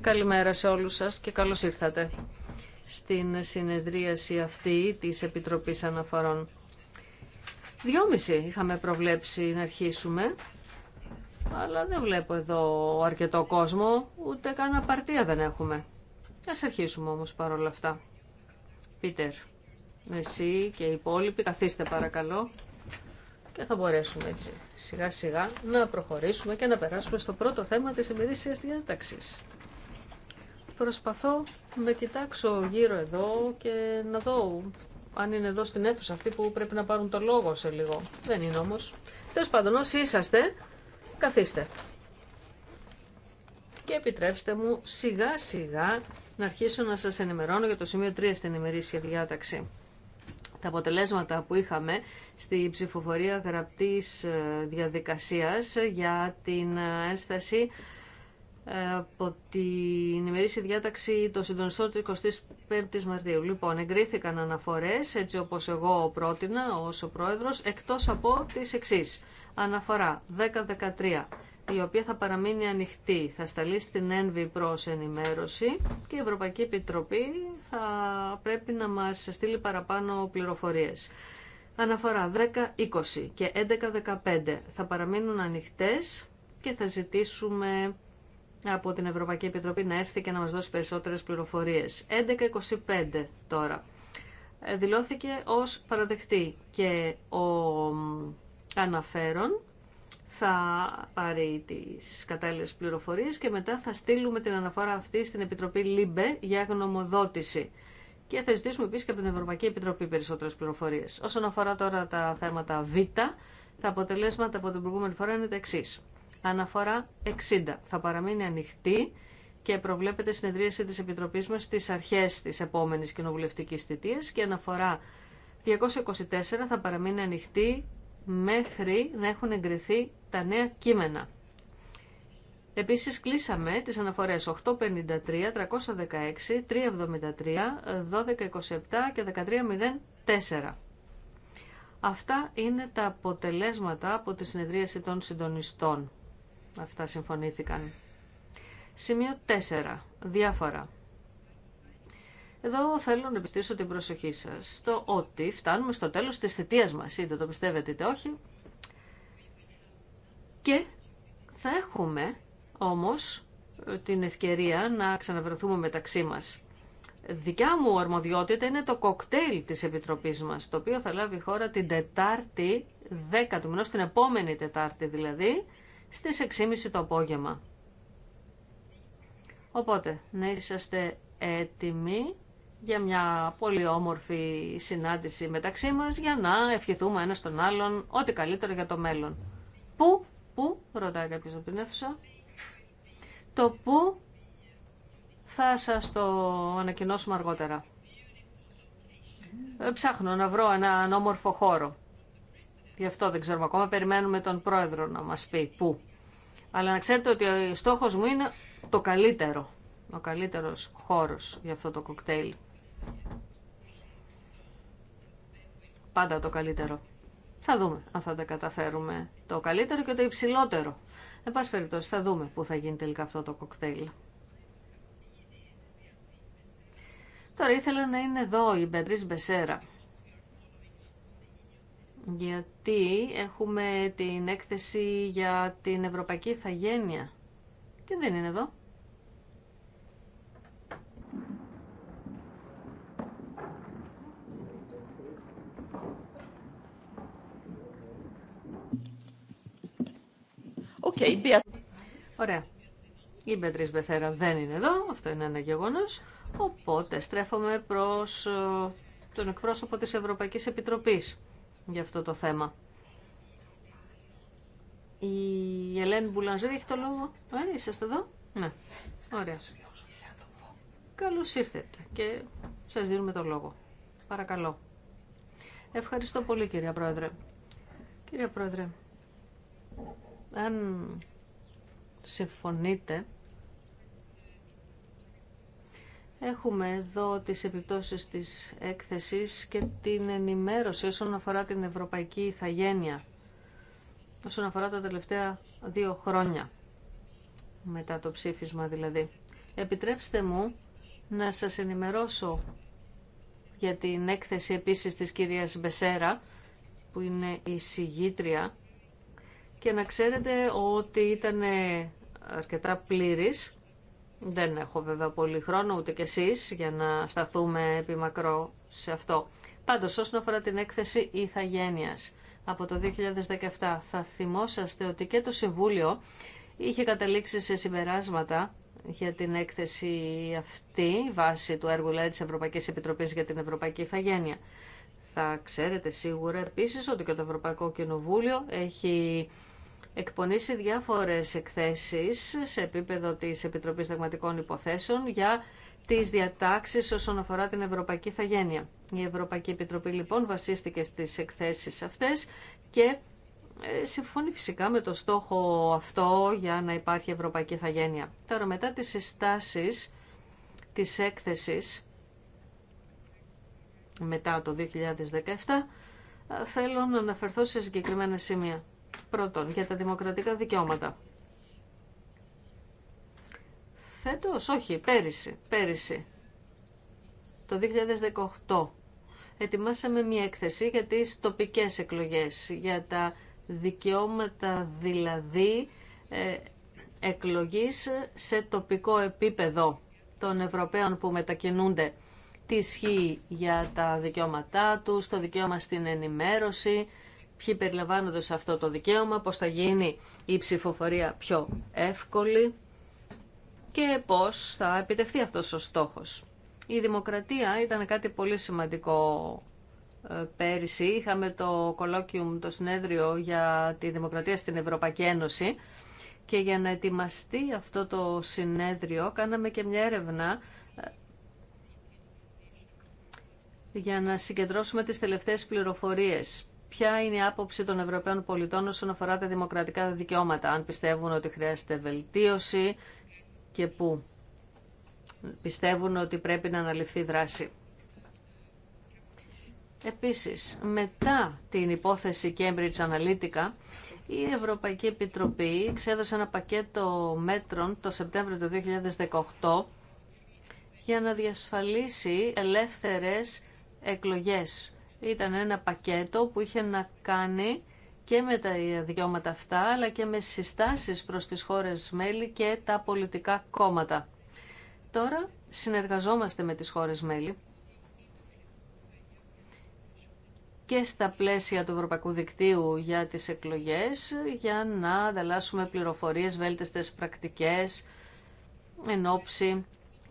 Καλημέρα σε όλους σας και καλώς ήρθατε στην συνεδρίαση αυτή της Επιτροπής Αναφορών. Δυόμιση είχαμε προβλέψει να αρχίσουμε, αλλά δεν βλέπω εδώ αρκετό κόσμο, ούτε καν απαρτία δεν έχουμε. Ας αρχίσουμε όμως παρόλα αυτά. Πίτερ, εσύ και οι υπόλοιποι, καθίστε παρακαλώ και θα μπορέσουμε έτσι σιγά σιγά να προχωρήσουμε και να περάσουμε στο πρώτο θέμα της ημερήσιας διάταξης. Προσπαθώ να κοιτάξω γύρω εδώ και να δω αν είναι εδώ στην αίθουσα αυτοί που πρέπει να πάρουν το λόγο σε λίγο. Δεν είναι όμως. Τέλος πάντων όσοι είσαστε, καθίστε. Και επιτρέψτε μου σιγά σιγά να αρχίσω να σας ενημερώνω για το σημείο 3 στην ημερήσια διάταξη τα αποτελέσματα που είχαμε στη ψηφοφορία γραπτής ε, διαδικασίας για την ε, ένσταση ε, από την ημερήσια διάταξη το συντονιστών του 25 η Μαρτίου. Λοιπόν, εγκρίθηκαν αναφορές, έτσι όπως εγώ πρότεινα ως ο πρόεδρος, εκτός από τις εξής. Αναφορά 10-13 η οποία θα παραμείνει ανοιχτή. Θα σταλεί στην ΕΝΒΗ προς ενημέρωση και η Ευρωπαϊκή Επιτροπή θα πρέπει να μας στείλει παραπάνω πληροφορίες. Αναφορά 10-20 και 11-15 θα παραμείνουν ανοιχτές και θα ζητήσουμε από την Ευρωπαϊκή Επιτροπή να έρθει και να μας δώσει περισσότερες πληροφορίες. 11-25 τώρα. Ε, δηλώθηκε ως παραδεκτή και ο αναφέρον θα πάρει τις κατάλληλες πληροφορίες και μετά θα στείλουμε την αναφορά αυτή στην Επιτροπή ΛΥΜΠΕ για γνωμοδότηση. Και θα ζητήσουμε επίσης και από την Ευρωπαϊκή Επιτροπή περισσότερες πληροφορίες. Όσον αφορά τώρα τα θέματα Β, τα αποτελέσματα από την προηγούμενη φορά είναι τα εξή. Αναφορά 60 θα παραμείνει ανοιχτή και προβλέπεται συνεδρίαση της Επιτροπής μας στις αρχές της επόμενης κοινοβουλευτικής θητείας και αναφορά 224 θα παραμείνει ανοιχτή μέχρι να έχουν εγκριθεί τα νέα κείμενα. Επίσης κλείσαμε τις αναφορές 853, 316, 373, 1227 και 1304. Αυτά είναι τα αποτελέσματα από τη συνεδρίαση των συντονιστών. Αυτά συμφωνήθηκαν. Σημείο 4. Διάφορα. Εδώ θέλω να επιστήσω την προσοχή σας στο ότι φτάνουμε στο τέλος της θητείας μας, είτε το πιστεύετε είτε όχι, και θα έχουμε όμως ε, την ευκαιρία να ξαναβρεθούμε μεταξύ μας. Δικιά μου αρμοδιότητα είναι το κοκτέιλ της Επιτροπής μας, το οποίο θα λάβει η χώρα την Τετάρτη 10 του μηνός, την επόμενη Τετάρτη δηλαδή, στις 6.30 το απόγευμα. Οπότε, να είσαστε έτοιμοι για μια πολύ όμορφη συνάντηση μεταξύ μας για να ευχηθούμε ένα τον άλλον ό,τι καλύτερο για το μέλλον. Πού, πού, ρωτάει κάποιος από την το πού θα σας το ανακοινώσουμε αργότερα. Ε, ψάχνω να βρω έναν όμορφο χώρο. Γι' αυτό δεν ξέρουμε ακόμα, περιμένουμε τον πρόεδρο να μας πει πού. Αλλά να ξέρετε ότι ο στόχος μου είναι το καλύτερο, ο καλύτερος χώρος για αυτό το κοκτέιλ. Πάντα το καλύτερο. Θα δούμε αν θα τα καταφέρουμε το καλύτερο και το υψηλότερο. Εν πάση περιπτώσει, θα δούμε πού θα γίνει τελικά αυτό το κοκτέιλ. Τώρα ήθελα να είναι εδώ η Μπεντρίς Μπεσέρα. Γιατί έχουμε την έκθεση για την Ευρωπαϊκή Ιθαγένεια. Και δεν είναι εδώ. Ωραία. Η Μπέτρις Μπεθέρα δεν είναι εδώ, αυτό είναι ένα γεγονός. Οπότε στρέφομαι προς ε, τον εκπρόσωπο της Ευρωπαϊκής Επιτροπής για αυτό το θέμα. Η Ελένη Μπουλανζέρη έχει το λόγο. Ε, είσαστε εδώ. Ναι. Ωραία. Καλώς ήρθετε και σας δίνουμε το λόγο. Παρακαλώ. Ευχαριστώ πολύ κυρία Πρόεδρε. Κύριε Πρόεδρε, αν συμφωνείτε, Έχουμε εδώ τις επιπτώσεις της έκθεσης και την ενημέρωση όσον αφορά την ευρωπαϊκή ηθαγένεια, όσον αφορά τα τελευταία δύο χρόνια, μετά το ψήφισμα δηλαδή. Επιτρέψτε μου να σας ενημερώσω για την έκθεση επίσης της κυρίας Μπεσέρα, που είναι η συγγήτρια και να ξέρετε ότι ήταν αρκετά πλήρης. Δεν έχω βέβαια πολύ χρόνο ούτε κι εσείς για να σταθούμε επιμακρό σε αυτό. Πάντως όσον αφορά την έκθεση ηθαγένειας από το 2017 θα θυμόσαστε ότι και το Συμβούλιο είχε καταλήξει σε συμπεράσματα για την έκθεση αυτή βάσει του έργου λέει της Ευρωπαϊκής Επιτροπής για την Ευρωπαϊκή Ιθαγένεια. Θα ξέρετε σίγουρα επίσης ότι και το Ευρωπαϊκό Κοινοβούλιο έχει εκπονήσει διάφορες εκθέσεις σε επίπεδο της Επιτροπής Δεγματικών Υποθέσεων για τις διατάξεις όσον αφορά την Ευρωπαϊκή Θαγένεια. Η Ευρωπαϊκή Επιτροπή λοιπόν βασίστηκε στις εκθέσεις αυτές και ε, συμφωνεί φυσικά με το στόχο αυτό για να υπάρχει Ευρωπαϊκή Θαγένεια. Τώρα μετά τις συστάσεις της έκθεσης μετά το 2017 ε, θέλω να αναφερθώ σε συγκεκριμένα σημεία. Πρώτον, για τα δημοκρατικά δικαιώματα. Φέτος, όχι, πέρυσι, πέρυσι, το 2018, ετοιμάσαμε μια έκθεση για τις τοπικές εκλογές, για τα δικαιώματα δηλαδή ε, εκλογής σε τοπικό επίπεδο των Ευρωπαίων που μετακινούνται. Τι ισχύει για τα δικαιώματά τους, το δικαίωμα στην ενημέρωση, ποιοι περιλαμβάνονται σε αυτό το δικαίωμα, πώς θα γίνει η ψηφοφορία πιο εύκολη και πώς θα επιτευχθεί αυτός ο στόχος. Η δημοκρατία ήταν κάτι πολύ σημαντικό ε, πέρυσι. Είχαμε το κολόκιουμ, το συνέδριο για τη δημοκρατία στην Ευρωπαϊκή Ένωση και για να ετοιμαστεί αυτό το συνέδριο κάναμε και μια έρευνα ε, για να συγκεντρώσουμε τις τελευταίες πληροφορίες ποια είναι η άποψη των Ευρωπαίων πολιτών όσον αφορά τα δημοκρατικά δικαιώματα, αν πιστεύουν ότι χρειάζεται βελτίωση και πού πιστεύουν ότι πρέπει να αναλυφθεί δράση. Επίσης, μετά την υπόθεση Cambridge Analytica, η Ευρωπαϊκή Επιτροπή ξέδωσε ένα πακέτο μέτρων το Σεπτέμβριο του 2018 για να διασφαλίσει ελεύθερες εκλογές ήταν ένα πακέτο που είχε να κάνει και με τα δικαιώματα αυτά, αλλά και με συστάσεις προς τις χώρες μέλη και τα πολιτικά κόμματα. Τώρα συνεργαζόμαστε με τις χώρες μέλη και στα πλαίσια του Ευρωπαϊκού Δικτύου για τις εκλογές, για να ανταλλάσσουμε πληροφορίες, βέλτιστες πρακτικές, εν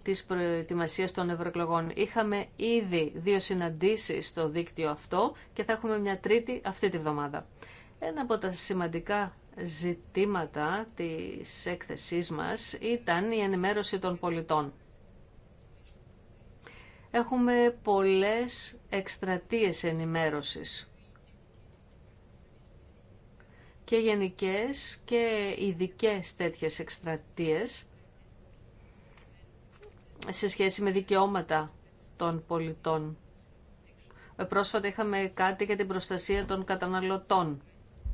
της προετοιμασία των ευρωεκλογών. Είχαμε ήδη δύο συναντήσεις στο δίκτυο αυτό και θα έχουμε μια τρίτη αυτή τη βδομάδα. Ένα από τα σημαντικά ζητήματα της έκθεσής μας ήταν η ενημέρωση των πολιτών. Έχουμε πολλές εκστρατείες ενημέρωσης και γενικές και ειδικές τέτοιες εκστρατείες σε σχέση με δικαιώματα των πολιτών. Ε, πρόσφατα είχαμε κάτι για την προστασία των καταναλωτών,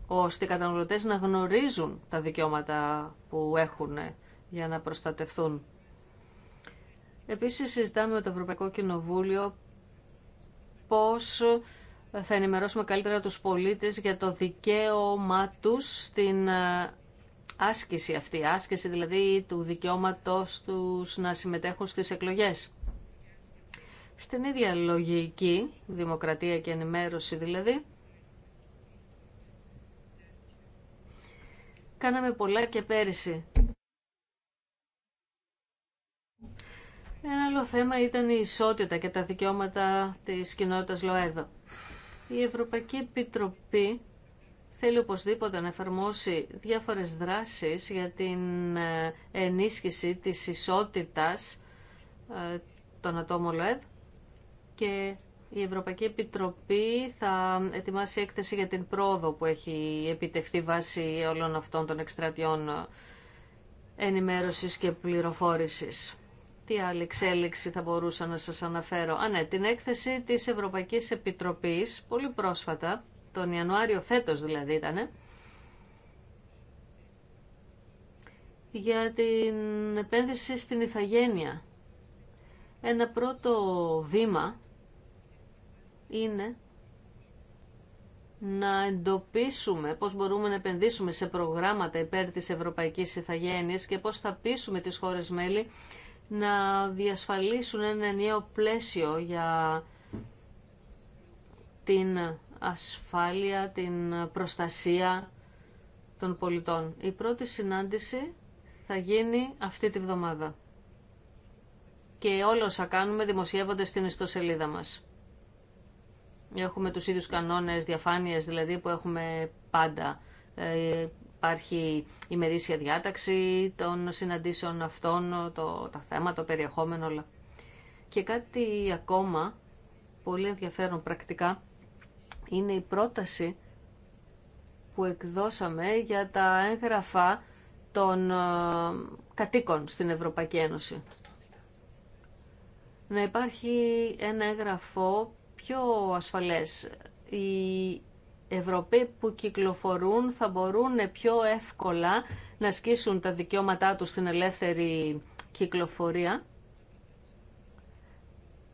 ώστε οι καταναλωτές να γνωρίζουν τα δικαιώματα που έχουν ε, για να προστατευθούν. Επίσης συζητάμε με το Ευρωπαϊκό Κοινοβούλιο πώς θα ενημερώσουμε καλύτερα τους πολίτες για το δικαίωμά τους στην ε, άσκηση αυτή, άσκηση δηλαδή του δικαιώματος τους να συμμετέχουν στις εκλογές. Στην ίδια λογική, δημοκρατία και ενημέρωση δηλαδή, κάναμε πολλά και πέρυσι. Ένα άλλο θέμα ήταν η ισότητα και τα δικαιώματα της κοινότητας ΛΟΕΔΟ. Η Ευρωπαϊκή Επιτροπή θέλει οπωσδήποτε να εφαρμόσει διάφορες δράσεις για την ε, ενίσχυση της ισότητας ε, των ατόμων ΛΟΕΔ και η Ευρωπαϊκή Επιτροπή θα ετοιμάσει έκθεση για την πρόοδο που έχει επιτευχθεί βάσει όλων αυτών των εκστρατιών ε, ενημέρωσης και πληροφόρησης. Τι άλλη εξέλιξη θα μπορούσα να σας αναφέρω. Α, ναι, την έκθεση της Ευρωπαϊκής Επιτροπής, πολύ πρόσφατα, τον Ιανουάριο φέτος δηλαδή ήτανε, για την επένδυση στην ηθαγένεια. Ένα πρώτο βήμα είναι να εντοπίσουμε πώς μπορούμε να επενδύσουμε σε προγράμματα υπέρ της Ευρωπαϊκής Ιθαγένειας και πώς θα πείσουμε τις χώρες μέλη να διασφαλίσουν ένα νέο πλαίσιο για την ασφάλεια, την προστασία των πολιτών. Η πρώτη συνάντηση θα γίνει αυτή τη βδομάδα. Και όλα όσα κάνουμε δημοσιεύονται στην ιστοσελίδα μας. Έχουμε τους ίδιους κανόνες διαφάνειας, δηλαδή που έχουμε πάντα. Ε, υπάρχει ημερήσια διάταξη των συναντήσεων αυτών, το, τα θέματα, το περιεχόμενο, όλα. Και κάτι ακόμα, πολύ ενδιαφέρον πρακτικά, είναι η πρόταση που εκδώσαμε για τα έγγραφα των ε, κατοίκων στην Ευρωπαϊκή Ένωση. Να υπάρχει ένα έγγραφο πιο ασφαλές. Οι Ευρωπαίοι που κυκλοφορούν θα μπορούν πιο εύκολα να ασκήσουν τα δικαιώματά τους στην ελεύθερη κυκλοφορία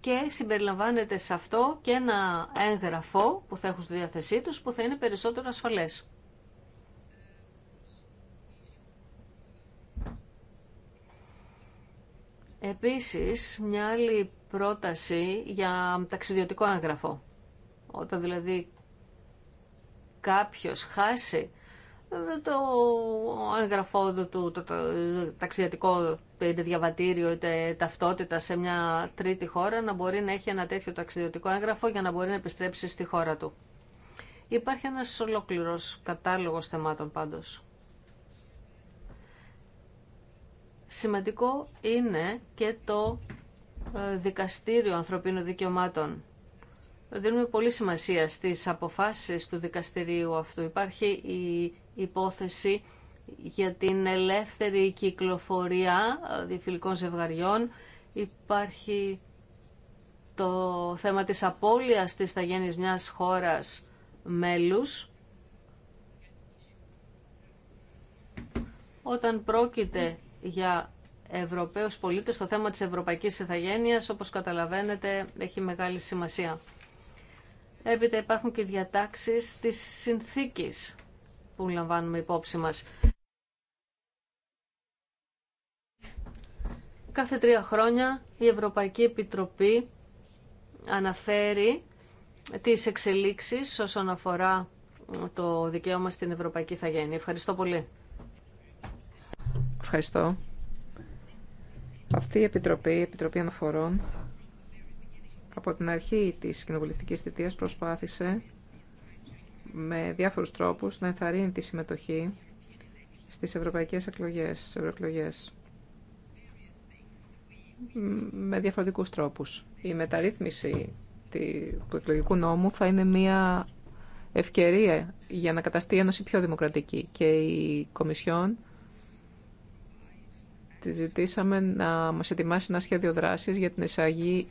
και συμπεριλαμβάνεται σε αυτό και ένα έγγραφο που θα έχουν στη διάθεσή τους που θα είναι περισσότερο ασφαλές. Επίσης, μια άλλη πρόταση για ταξιδιωτικό έγγραφο. Όταν δηλαδή κάποιος χάσει το έγγραφό του, το, είτε διαβατήριο είτε ταυτότητα σε μια τρίτη χώρα να μπορεί να έχει ένα τέτοιο ταξιδιωτικό έγγραφο για να μπορεί να επιστρέψει στη χώρα του. Υπάρχει ένας ολόκληρος κατάλογος θεμάτων πάντως. Σημαντικό είναι και το ε, Δικαστήριο Ανθρωπίνων Δικαιωμάτων. Δίνουμε πολύ σημασία στις αποφάσεις του δικαστηρίου αυτού. Υπάρχει η υπόθεση για την ελεύθερη κυκλοφορία διεφυλικών ζευγαριών. Υπάρχει το θέμα της απώλειας της θαγένης μιας χώρας μέλους. Όταν πρόκειται για Ευρωπαίους πολίτες, το θέμα της ευρωπαϊκής ηθαγένειας, όπως καταλαβαίνετε, έχει μεγάλη σημασία. Έπειτα υπάρχουν και διατάξεις της συνθήκης που λαμβάνουμε υπόψη μας. Κάθε τρία χρόνια η Ευρωπαϊκή Επιτροπή αναφέρει τις εξελίξεις όσον αφορά το δικαίωμα στην Ευρωπαϊκή Θαγένεια. Ευχαριστώ πολύ. Ευχαριστώ. Αυτή η Επιτροπή, η Επιτροπή Αναφορών, από την αρχή της κοινοβουλευτικής θητείας προσπάθησε με διάφορους τρόπους να ενθαρρύνει τη συμμετοχή στις ευρωπαϊκές εκλογές, στις ευρωεκλογές με διαφορετικούς τρόπους. Η μεταρρύθμιση του εκλογικού νόμου θα είναι μια ευκαιρία για να καταστεί η Ένωση πιο δημοκρατική και η Κομισιόν τη ζητήσαμε να μας ετοιμάσει ένα σχέδιο δράσης για την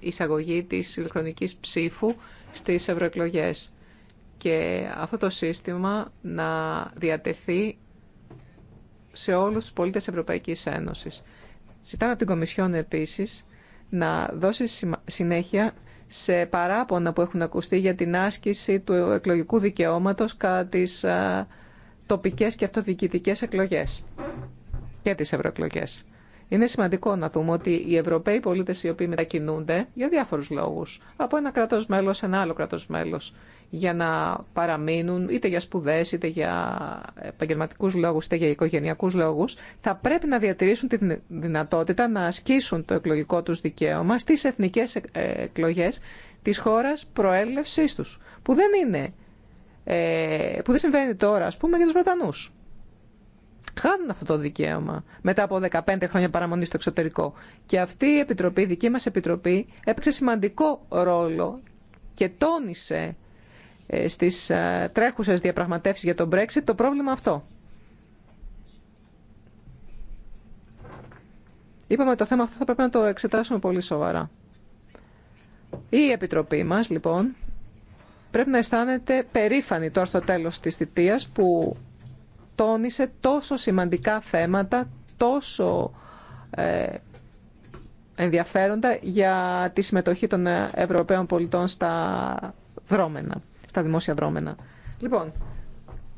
εισαγωγή της ηλεκτρονικής ψήφου στις ευρωεκλογές και αυτό το σύστημα να διατεθεί σε όλους τους πολίτες Ευρωπαϊκής Ένωσης. Ζητάμε από την Κομισιόν επίσης να δώσει συνέχεια σε παράπονα που έχουν ακουστεί για την άσκηση του εκλογικού δικαιώματος κατά τις ε, τοπικές και αυτοδιοικητικές εκλογές και τις ευρωεκλογές. Είναι σημαντικό να δούμε ότι οι Ευρωπαίοι πολίτε οι οποίοι μετακινούνται για διάφορου λόγου, από ένα κρατό μέλο, σε ένα άλλο κρατό μέλο, για να παραμείνουν είτε για σπουδέ, είτε για επαγγελματικού λόγου, είτε για οικογενειακούς λόγου, θα πρέπει να διατηρήσουν τη δυνατότητα να ασκήσουν το εκλογικό του δικαίωμα στι εθνικέ ε, εκλογέ τη χώρα προέλευσή του, που δεν είναι ε, που δεν συμβαίνει τώρα α πούμε για του Βρετανού χάνουν αυτό το δικαίωμα μετά από 15 χρόνια παραμονή στο εξωτερικό. Και αυτή η επιτροπή, η δική μας επιτροπή, έπαιξε σημαντικό ρόλο και τόνισε ε, στις ε, τρέχουσες διαπραγματεύσεις για τον Brexit το πρόβλημα αυτό. Είπαμε το θέμα αυτό θα πρέπει να το εξετάσουμε πολύ σοβαρά. Η Επιτροπή μας, λοιπόν, πρέπει να αισθάνεται περήφανη τώρα στο τέλος της θητείας που τόνισε τόσο σημαντικά θέματα, τόσο ε, ενδιαφέροντα για τη συμμετοχή των Ευρωπαίων πολιτών στα δρόμενα, στα δημόσια δρόμενα. Λοιπόν,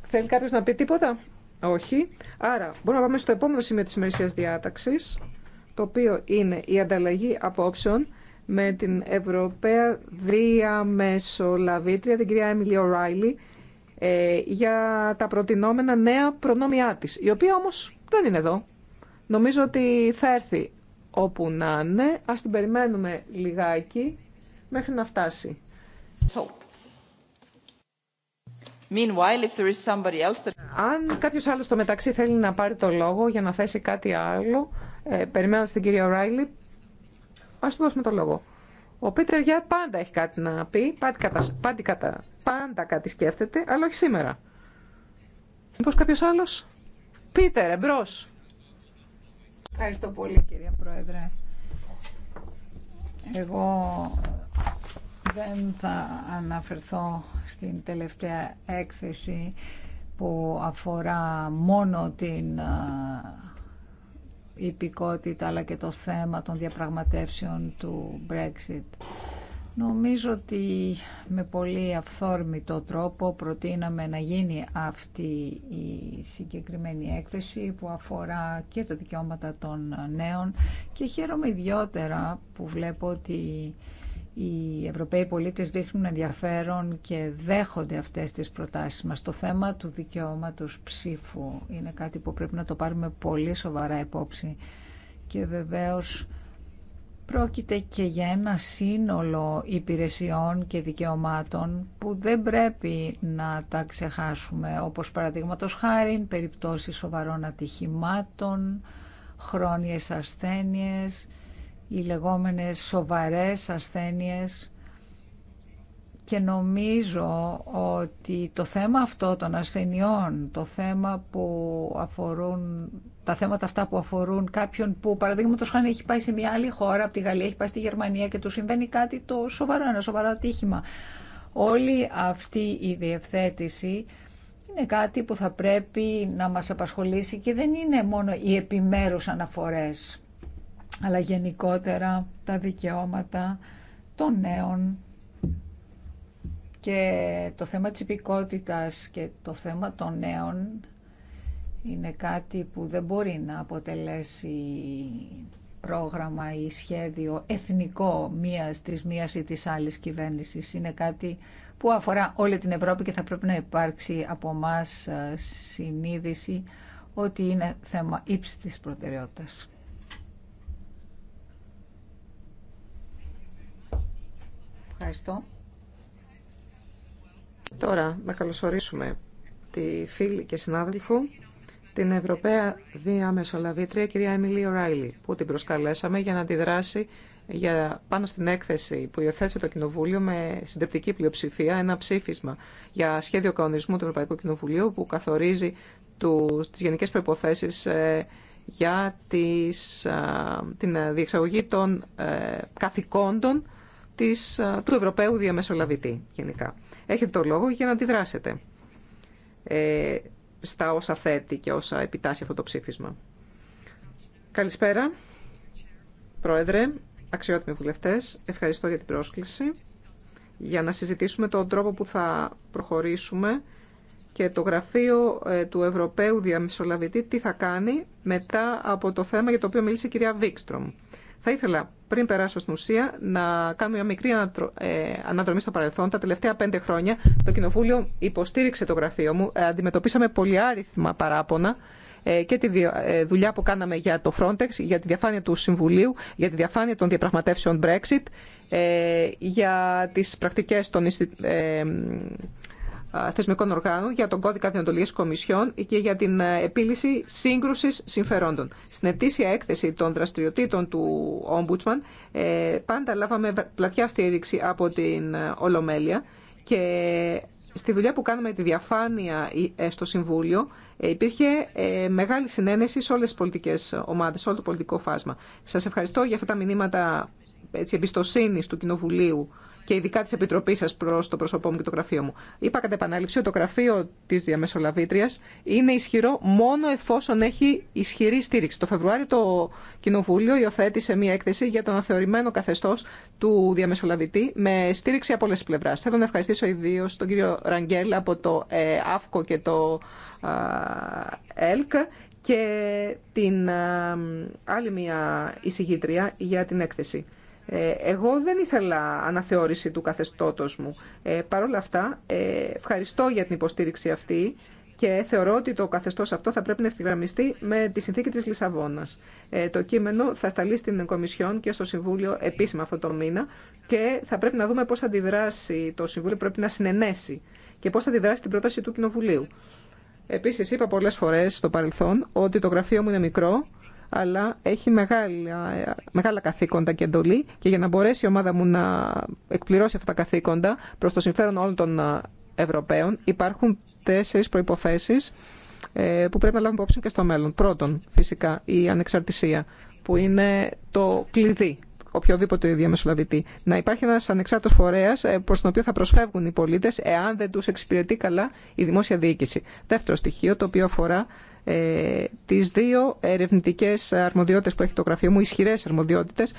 θέλει κάποιος να πει τίποτα? Όχι. Άρα, μπορούμε να πάμε στο επόμενο σημείο της ημερησίας διάταξης, το οποίο είναι η ανταλλαγή απόψεων με την Ευρωπαία Μεσολαβήτρια, την κυρία Έμιλι Οράιλι, ε, για τα προτινόμενα νέα προνόμια της, η οποία όμως δεν είναι εδώ. Νομίζω ότι θα έρθει όπου να είναι. Ας την περιμένουμε λιγάκι μέχρι να φτάσει. Αν κάποιο άλλο στο μεταξύ θέλει να πάρει το λόγο για να θέσει κάτι άλλο, ε, περιμένω στην κυρία Ράιλι, α του δώσουμε το λόγο. Ο Πίτερ πάντα έχει κάτι να πει, πάντα, κατα... πάντα, κατα... πάντα κάτι σκέφτεται, αλλά όχι σήμερα. Μήπω κάποιος άλλος. Πίτερ, εμπρό. Ευχαριστώ πολύ κυρία Πρόεδρε. Εγώ δεν θα αναφερθώ στην τελευταία έκθεση που αφορά μόνο την υπηκότητα αλλά και το θέμα των διαπραγματεύσεων του Brexit. Νομίζω ότι με πολύ αυθόρμητο τρόπο προτείναμε να γίνει αυτή η συγκεκριμένη έκθεση που αφορά και τα δικαιώματα των νέων και χαίρομαι ιδιότερα που βλέπω ότι οι Ευρωπαίοι πολίτες δείχνουν ενδιαφέρον και δέχονται αυτές τις προτάσεις μας. Το θέμα του δικαιώματος ψήφου είναι κάτι που πρέπει να το πάρουμε πολύ σοβαρά υπόψη και βεβαίως πρόκειται και για ένα σύνολο υπηρεσιών και δικαιωμάτων που δεν πρέπει να τα ξεχάσουμε όπως παραδείγματο χάρη περιπτώσεις σοβαρών ατυχημάτων, χρόνιες ασθένειες, οι λεγόμενες σοβαρές ασθένειες και νομίζω ότι το θέμα αυτό των ασθενειών, το θέμα που αφορούν, τα θέματα αυτά που αφορούν κάποιον που παραδείγματος χάνει έχει πάει σε μια άλλη χώρα, από τη Γαλλία έχει πάει στη Γερμανία και του συμβαίνει κάτι το σοβαρό, ένα σοβαρό ατύχημα. Όλη αυτή η διευθέτηση είναι κάτι που θα πρέπει να μας απασχολήσει και δεν είναι μόνο οι επιμέρους αναφορές αλλά γενικότερα τα δικαιώματα των νέων και το θέμα της υπηκότητας και το θέμα των νέων είναι κάτι που δεν μπορεί να αποτελέσει πρόγραμμα ή σχέδιο εθνικό μίας της μίας ή της άλλης κυβέρνησης. Είναι κάτι που αφορά όλη την Ευρώπη και θα πρέπει να υπάρξει από μας ε, συνείδηση ότι είναι θέμα ύψης της προτεραιότητας. Τώρα να καλωσορίσουμε τη φίλη και συνάδελφο, την Ευρωπαία Διαμεσολαβήτρια, κυρία Εμιλή Ράιλι, που την προσκαλέσαμε για να αντιδράσει για, πάνω στην έκθεση που υιοθέτησε το Κοινοβούλιο με συντριπτική πλειοψηφία ένα ψήφισμα για σχέδιο κανονισμού του Ευρωπαϊκού Κοινοβουλίου που καθορίζει τι τις γενικές προϋποθέσεις ε, για τις, την διεξαγωγή των ε, καθηκόντων της, του Ευρωπαίου Διαμεσολαβητή γενικά. Έχετε το λόγο για να αντιδράσετε ε, στα όσα θέτει και όσα επιτάσσει αυτό το ψήφισμα. Καλησπέρα, Πρόεδρε, αξιότιμοι βουλευτές. Ευχαριστώ για την πρόσκληση για να συζητήσουμε τον τρόπο που θα προχωρήσουμε και το γραφείο ε, του Ευρωπαίου Διαμεσολαβητή τι θα κάνει μετά από το θέμα για το οποίο μίλησε η κυρία Βίξτρομ. Θα ήθελα πριν περάσω στην ουσία, να κάνω μια μικρή ε, αναδρομή στο παρελθόν. Τα τελευταία πέντε χρόνια το Κοινοβούλιο υποστήριξε το γραφείο μου. Ε, αντιμετωπίσαμε άριθμα παράπονα ε, και τη δουλειά που κάναμε για το Frontex, για τη διαφάνεια του Συμβουλίου, για τη διαφάνεια των διαπραγματεύσεων Brexit, για τις πρακτικές των ε, θεσμικών οργάνων για τον κώδικα διοντολογίας κομισιών και για την ε, επίλυση σύγκρουσης συμφερόντων. Στην ετήσια έκθεση των δραστηριοτήτων του Ombudsman ε, πάντα λάβαμε πλατιά στήριξη από την Ολομέλεια και στη δουλειά που κάναμε τη διαφάνεια στο Συμβούλιο υπήρχε μεγάλη συνένεση σε όλες τις πολιτικές ομάδες, σε όλο το πολιτικό φάσμα. Σας ευχαριστώ για αυτά τα μηνύματα έτσι, εμπιστοσύνης του Κοινοβουλίου και ειδικά τη Επιτροπή σα προ το πρόσωπό μου και το γραφείο μου. Είπα κατά επανάληψη ότι το γραφείο τη Διαμεσολαβήτρια είναι ισχυρό μόνο εφόσον έχει ισχυρή στήριξη. Το Φεβρουάριο το Κοινοβούλιο υιοθέτησε μία έκθεση για τον αθεωρημένο καθεστώ του Διαμεσολαβητή με στήριξη από όλε τι πλευρά. Θέλω να ευχαριστήσω ιδίω τον κύριο Ραγκέλ από το ε, ΑΦΚΟ και το ΕΛΚ και την άλλη μία εισηγήτρια για την έκθεση. Ε, εγώ δεν ήθελα αναθεώρηση του καθεστώτος μου. Ε, Παρ' όλα αυτά, ε, ευχαριστώ για την υποστήριξη αυτή και θεωρώ ότι το καθεστώς αυτό θα πρέπει να ευθυγραμμιστεί με τη συνθήκη της Λισαβόνας. Ε, το κείμενο θα σταλεί στην Κομισιόν και στο Συμβούλιο επίσημα αυτό το μήνα και θα πρέπει να δούμε πώς θα αντιδράσει το Συμβούλιο, πρέπει να συνενέσει και πώς θα αντιδράσει την πρόταση του Κοινοβουλίου. Επίσης, είπα πολλές φορές στο παρελθόν ότι το γραφείο μου είναι μικρό αλλά έχει μεγάλα, μεγάλα καθήκοντα και εντολή και για να μπορέσει η ομάδα μου να εκπληρώσει αυτά τα καθήκοντα προς το συμφέρον όλων των Ευρωπαίων υπάρχουν τέσσερις προϋποθέσεις ε, που πρέπει να λάβουμε υπόψη και στο μέλλον. Πρώτον, φυσικά, η ανεξαρτησία που είναι το κλειδί οποιοδήποτε διαμεσολαβητή. Να υπάρχει ένα ανεξάρτητο φορέα ε, προ τον οποίο θα προσφεύγουν οι πολίτε εάν δεν του εξυπηρετεί καλά η δημόσια διοίκηση. Δεύτερο στοιχείο, το οποίο αφορά ε, τις δύο ερευνητικές αρμοδιότητες που έχει το γραφείο μου, ισχυρές αρμοδιότητες,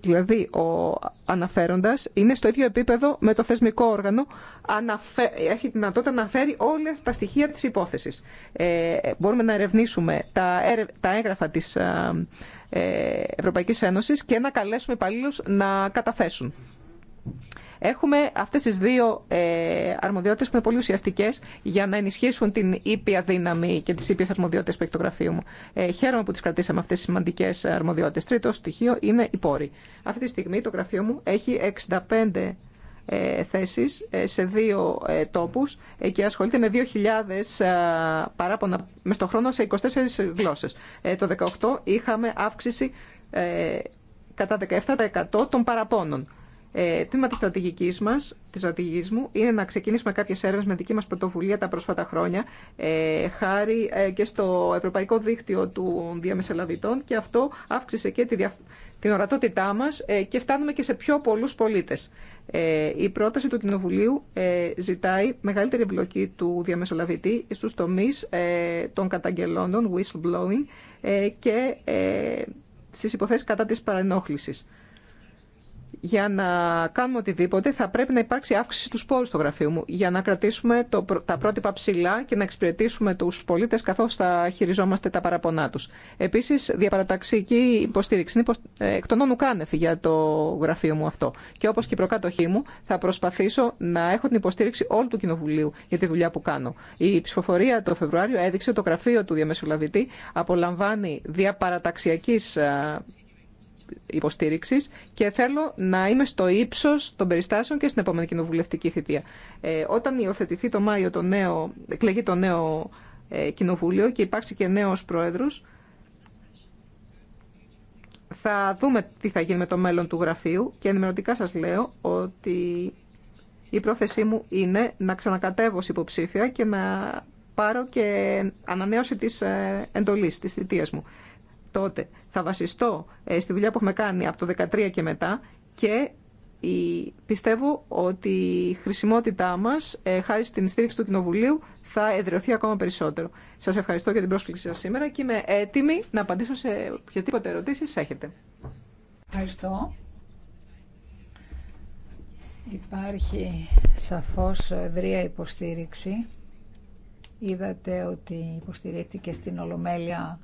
δηλαδή ο αναφέροντας είναι στο ίδιο επίπεδο με το θεσμικό όργανο, αναφέ, έχει δυνατότητα να φέρει όλες τα στοιχεία της υπόθεσης. Ε, μπορούμε να ερευνήσουμε τα, τα έγγραφα της ε, ε, Ευρωπαϊκής Ένωσης και να καλέσουμε υπαλλήλους να καταθέσουν. Έχουμε αυτέ τι δύο ε, αρμοδιότητες που είναι πολύ ουσιαστικέ για να ενισχύσουν την ήπια δύναμη και τις που έχει το γραφείο μου. Ε, χαίρομαι που τι κρατήσαμε αυτέ τι σημαντικέ αρμοδιότητε. Τρίτο στοιχείο είναι η πόρη. Αυτή τη στιγμή το γραφείο μου έχει 65 ε, θέσεις ε, σε δύο ε, τόπους ε, και ασχολείται με 2.000 παράπονα με στον χρόνο σε 24 γλώσσες. το 2018 είχαμε αύξηση κατά 17% των παραπώνων. Ε, τμήμα τη στρατηγική μα, τη στρατηγική μου, είναι να ξεκινήσουμε κάποιε έρευνε με δική μα πρωτοβουλία τα πρόσφατα χρόνια, ε, χάρη ε, και στο Ευρωπαϊκό Δίκτυο του Διαμεσολαβητών και αυτό αύξησε και την ορατότητά μα ε, και φτάνουμε και σε πιο πολλού πολίτε. Ε, η πρόταση του Κοινοβουλίου ζητάει μεγαλύτερη εμπλοκή του διαμεσολαβητή στου τομεί ε, των καταγγελώντων, whistleblowing, και ε, στι υποθέσει κατά τη παρενόχληση για να κάνουμε οτιδήποτε θα πρέπει να υπάρξει αύξηση του σπόρου στο γραφείο μου για να κρατήσουμε το, τα πρότυπα ψηλά και να εξυπηρετήσουμε του πολίτε καθώ θα χειριζόμαστε τα παραπονά του. Επίση, διαπαραταξική υποστήριξη είναι ε, εκ των όνου κάνευ για το γραφείο μου αυτό. Και όπω και η προκάτοχή μου θα προσπαθήσω να έχω την υποστήριξη όλου του Κοινοβουλίου για τη δουλειά που κάνω. Η ψηφοφορία το Φεβρουάριο έδειξε το γραφείο του διαμεσολαβητή απολαμβάνει διαπαραταξίακή. Ε, υποστήριξης και θέλω να είμαι στο ύψο των περιστάσεων και στην επόμενη κοινοβουλευτική θητεία. Ε, όταν υιοθετηθεί το Μάιο το νέο, εκλεγεί το νέο ε, κοινοβούλιο και υπάρξει και νέο πρόεδρος, θα δούμε τι θα γίνει με το μέλλον του γραφείου και ενημερωτικά σας λέω ότι η πρόθεσή μου είναι να ξανακατεύω υποψήφια και να πάρω και ανανέωση της ε, εντολής, της θητείας μου τότε θα βασιστώ ε, στη δουλειά που έχουμε κάνει από το 2013 και μετά και ε, πιστεύω ότι η χρησιμότητά μας, ε, χάρη στην στήριξη του Κοινοβουλίου, θα εδραιωθεί ακόμα περισσότερο. Σας ευχαριστώ για την πρόσκληση σας σήμερα και είμαι έτοιμη να απαντήσω σε οποιασδήποτε ερωτήσεις έχετε. Ευχαριστώ. Υπάρχει σαφώς ευρεία υποστήριξη. Είδατε ότι υποστηρίχθηκε στην Ολομέλεια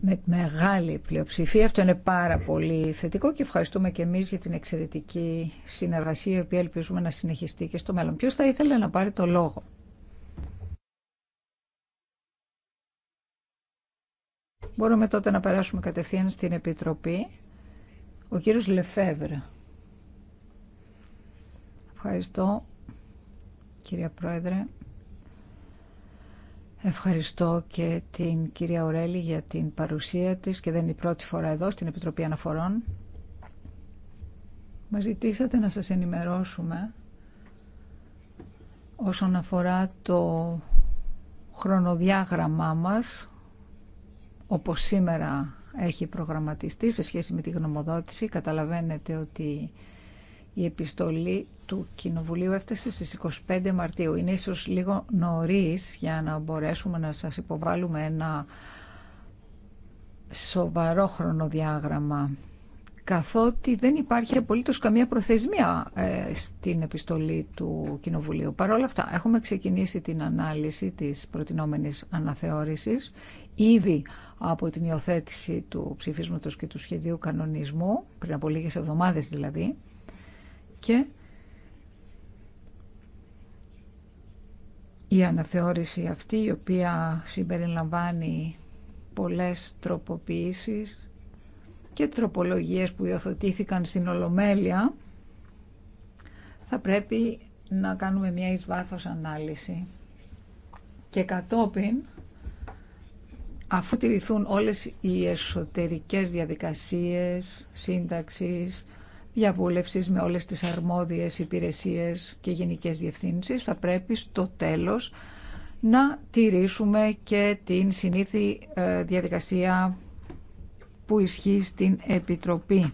με μεγάλη πλειοψηφία. Αυτό είναι πάρα πολύ θετικό και ευχαριστούμε και εμείς για την εξαιρετική συνεργασία η οποία ελπίζουμε να συνεχιστεί και στο μέλλον. Ποιος θα ήθελε να πάρει το λόγο. Μπορούμε τότε να περάσουμε κατευθείαν στην Επιτροπή. Ο κύριος Λεφεύρ. Ευχαριστώ, κυρία Πρόεδρε. Ευχαριστώ και την κυρία Ορέλη για την παρουσία της και δεν είναι η πρώτη φορά εδώ στην Επιτροπή Αναφορών. Μας ζητήσατε να σας ενημερώσουμε όσον αφορά το χρονοδιάγραμμά μας, όπως σήμερα έχει προγραμματιστεί σε σχέση με τη γνωμοδότηση. Καταλαβαίνετε ότι η επιστολή του Κοινοβουλίου έφτασε στις 25 Μαρτίου. Είναι ίσως λίγο νωρίς για να μπορέσουμε να σας υποβάλουμε ένα σοβαρό χρονοδιάγραμμα καθότι δεν υπάρχει απολύτως καμία προθεσμία ε, στην επιστολή του Κοινοβουλίου. Παρ' όλα αυτά, έχουμε ξεκινήσει την ανάλυση της προτινόμενης αναθεώρησης ήδη από την υιοθέτηση του ψηφίσματος και του σχεδίου κανονισμού, πριν από λίγες εβδομάδες δηλαδή, και η αναθεώρηση αυτή η οποία συμπεριλαμβάνει πολλές τροποποιήσεις και τροπολογίες που υιοθετήθηκαν στην Ολομέλεια θα πρέπει να κάνουμε μια εις βάθος ανάλυση και κατόπιν αφού τηρηθούν όλες οι εσωτερικές διαδικασίες σύνταξης διαβούλευσης με όλες τις αρμόδιες υπηρεσίες και γενικές διευθύνσεις θα πρέπει στο τέλος να τηρήσουμε και την συνήθη ε, διαδικασία που ισχύει στην Επιτροπή.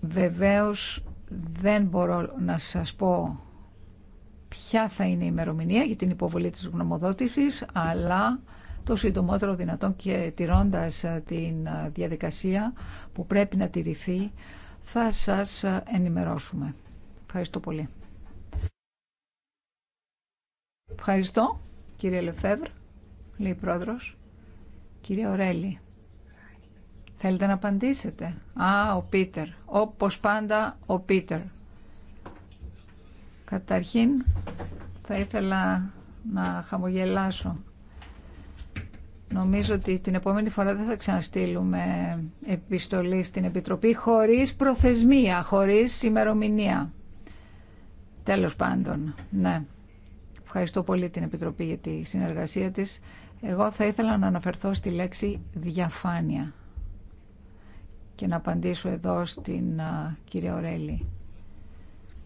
Βεβαίως δεν μπορώ να σας πω ποια θα είναι η ημερομηνία για την υποβολή της γνωμοδότησης, αλλά το συντομότερο δυνατόν και τηρώντας ε, την ε, διαδικασία που πρέπει να τηρηθεί θα σας ε, ενημερώσουμε. Ευχαριστώ πολύ. Ευχαριστώ κύριε Λεφεύρ, λέει πρόεδρος. Κύριε Ορέλη, θέλετε να απαντήσετε. Α, ο Πίτερ. Όπως πάντα ο Πίτερ. Καταρχήν θα ήθελα να χαμογελάσω Νομίζω ότι την επόμενη φορά δεν θα ξαναστείλουμε επιστολή στην Επιτροπή χωρίς προθεσμία, χωρίς ημερομηνία. Τέλος πάντων, ναι. Ευχαριστώ πολύ την Επιτροπή για τη συνεργασία της. Εγώ θα ήθελα να αναφερθώ στη λέξη διαφάνεια και να απαντήσω εδώ στην κυρία Ορέλη.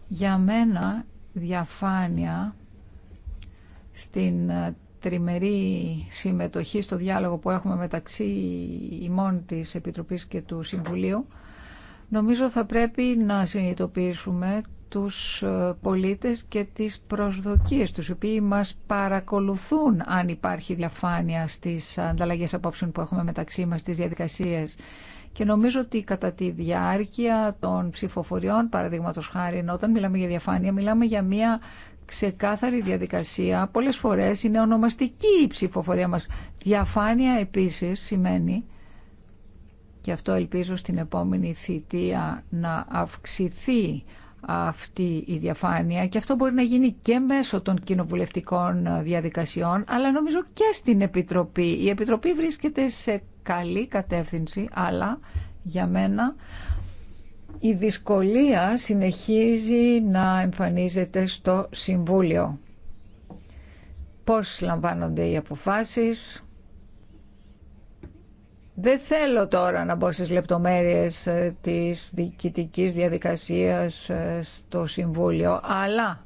Για μένα διαφάνεια στην τριμερή συμμετοχή στο διάλογο που έχουμε μεταξύ ημών της Επιτροπής και του Συμβουλίου, νομίζω θα πρέπει να συνειδητοποιήσουμε τους ε, πολίτες και τις προσδοκίες τους, οι οποίοι μας παρακολουθούν αν υπάρχει διαφάνεια στις ανταλλαγές απόψεων που έχουμε μεταξύ μας, στις διαδικασίες. Και νομίζω ότι κατά τη διάρκεια των ψηφοφοριών, παραδείγματο χάρη, όταν μιλάμε για διαφάνεια, μιλάμε για μια ξεκάθαρη διαδικασία. Πολλές φορές είναι ονομαστική η ψηφοφορία μας. Διαφάνεια επίσης σημαίνει και αυτό ελπίζω στην επόμενη θητεία να αυξηθεί αυτή η διαφάνεια και αυτό μπορεί να γίνει και μέσω των κοινοβουλευτικών διαδικασιών αλλά νομίζω και στην Επιτροπή. Η Επιτροπή βρίσκεται σε καλή κατεύθυνση αλλά για μένα η δυσκολία συνεχίζει να εμφανίζεται στο Συμβούλιο. Πώς λαμβάνονται οι αποφάσεις. Δεν θέλω τώρα να μπω στις λεπτομέρειες ε, της διοικητικής διαδικασίας ε, στο Συμβούλιο, αλλά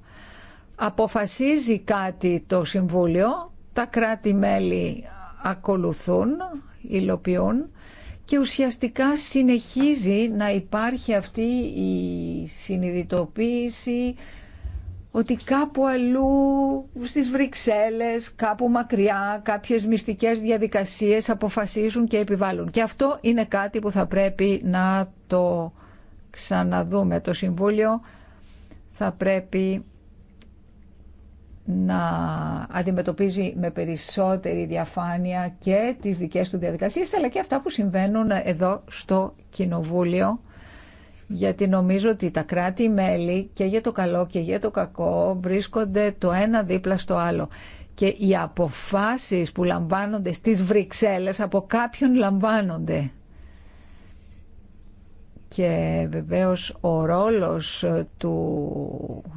αποφασίζει κάτι το Συμβούλιο, τα κράτη-μέλη ακολουθούν, υλοποιούν και ουσιαστικά συνεχίζει να υπάρχει αυτή η συνειδητοποίηση ότι κάπου αλλού στις Βρυξέλλες, κάπου μακριά, κάποιες μυστικές διαδικασίες αποφασίζουν και επιβάλλουν. Και αυτό είναι κάτι που θα πρέπει να το ξαναδούμε. Το Συμβούλιο θα πρέπει να αντιμετωπίζει με περισσότερη διαφάνεια και τις δικές του διαδικασίες αλλά και αυτά που συμβαίνουν εδώ στο Κοινοβούλιο γιατί νομίζω ότι τα κράτη-μέλη και για το καλό και για το κακό βρίσκονται το ένα δίπλα στο άλλο και οι αποφάσεις που λαμβάνονται στις Βρυξέλλες από κάποιον λαμβάνονται και βεβαίως ο ρόλος του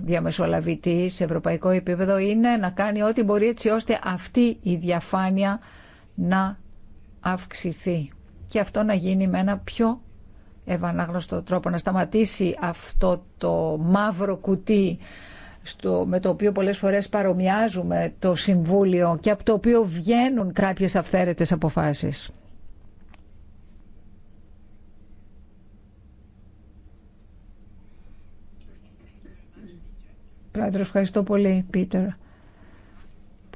διαμεσολαβητή σε ευρωπαϊκό επίπεδο είναι να κάνει ό,τι μπορεί έτσι ώστε αυτή η διαφάνεια να αυξηθεί και αυτό να γίνει με ένα πιο ευανάγνωστο τρόπο, να σταματήσει αυτό το μαύρο κουτί με το οποίο πολλές φορές παρομοιάζουμε το Συμβούλιο και από το οποίο βγαίνουν κάποιες αυθαίρετες αποφάσεις. Πρόεδρος, ευχαριστώ πολύ, Πίτερ.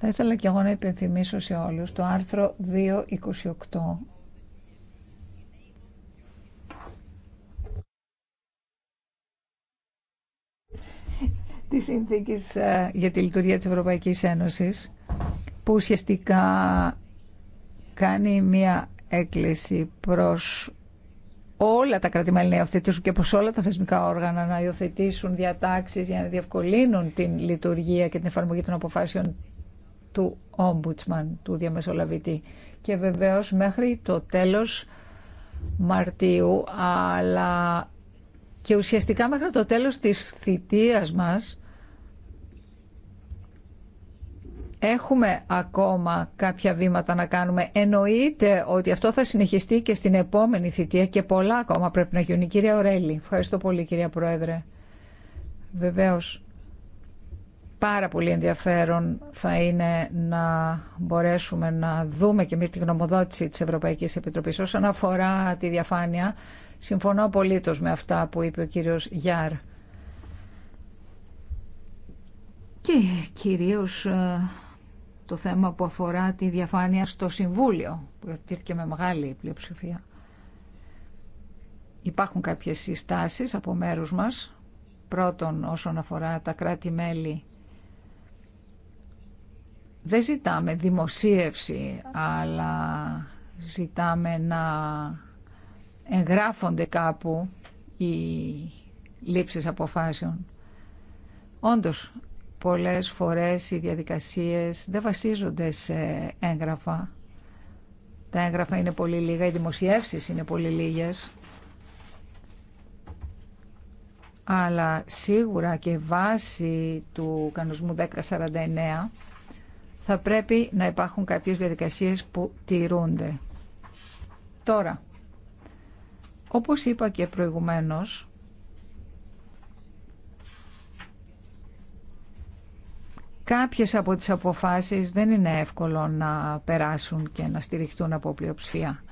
Θα ήθελα και εγώ να υπενθυμίσω σε όλους το άρθρο 228 της Συνθήκης ε, για τη Λειτουργία της Ευρωπαϊκής Ένωσης που ουσιαστικά κάνει μία έκκληση προς όλα τα κρατημέλη να υιοθετήσουν και πως όλα τα θεσμικά όργανα να υιοθετήσουν διατάξεις για να διευκολύνουν την λειτουργία και την εφαρμογή των αποφάσεων του Ombudsman, του διαμεσολαβητή. Και βεβαίως μέχρι το τέλος Μαρτίου, αλλά και ουσιαστικά μέχρι το τέλος της θητείας μας Έχουμε ακόμα κάποια βήματα να κάνουμε. Εννοείται ότι αυτό θα συνεχιστεί και στην επόμενη θητεία και πολλά ακόμα πρέπει να γίνουν. Κυρία Ορέλη, ευχαριστώ πολύ κυρία Πρόεδρε. Βεβαίως, πάρα πολύ ενδιαφέρον θα είναι να μπορέσουμε να δούμε και εμείς τη γνωμοδότηση της Ευρωπαϊκής Επιτροπής. Όσον αφορά τη διαφάνεια, συμφωνώ πολύ με αυτά που είπε ο κύριος Γιάρ. Και κυρίως ε, το θέμα που αφορά τη διαφάνεια στο Συμβούλιο, που ευθύθηκε με μεγάλη πλειοψηφία. Υπάρχουν κάποιες συστάσεις από μέρους μας. Πρώτον, όσον αφορά τα κράτη-μέλη, δεν ζητάμε δημοσίευση, αλλά ζητάμε να εγγράφονται κάπου οι λήψεις αποφάσεων. Όντως, Πολλές φορές οι διαδικασίες δεν βασίζονται σε έγγραφα. Τα έγγραφα είναι πολύ λίγα, οι δημοσιεύσεις είναι πολύ λίγες. Αλλά σίγουρα και βάσει του κανονισμού 1049 θα πρέπει να υπάρχουν κάποιες διαδικασίες που τηρούνται. Τώρα, όπως είπα και προηγουμένως, Κάποιες από τις αποφάσεις δεν είναι εύκολο να περάσουν και να στηριχθούν από πλειοψηφία.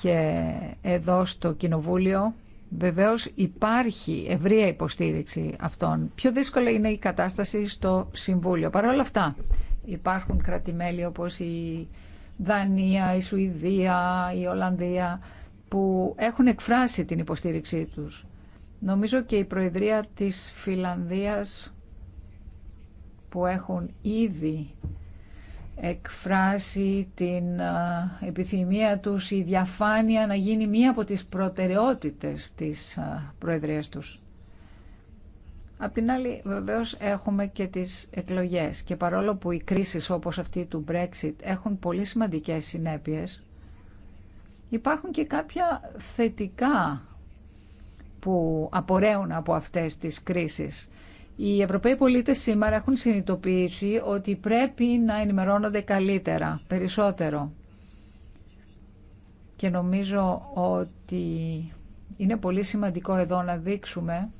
Και εδώ στο Κοινοβούλιο βεβαίως υπάρχει ευρεία υποστήριξη αυτών. Πιο δύσκολη είναι η κατάσταση στο Συμβούλιο. Παρ' όλα αυτά υπάρχουν κρατημέλη όπως η Δανία, η Σουηδία, η Ολλανδία που έχουν εκφράσει την υποστήριξή τους. Νομίζω και η Προεδρία της Φιλανδίας που έχουν ήδη εκφράσει την επιθυμία τους η διαφάνεια να γίνει μία από τις προτεραιότητες της Προεδρίας τους. Απ' την άλλη βεβαίως έχουμε και τις εκλογές και παρόλο που οι κρίσεις όπως αυτή του Brexit έχουν πολύ σημαντικές συνέπειες υπάρχουν και κάποια θετικά που απορρέουν από αυτές τις κρίσεις. Οι Ευρωπαίοι πολίτες σήμερα έχουν συνειδητοποιήσει ότι πρέπει να ενημερώνονται καλύτερα, περισσότερο. Και νομίζω ότι είναι πολύ σημαντικό εδώ να δείξουμε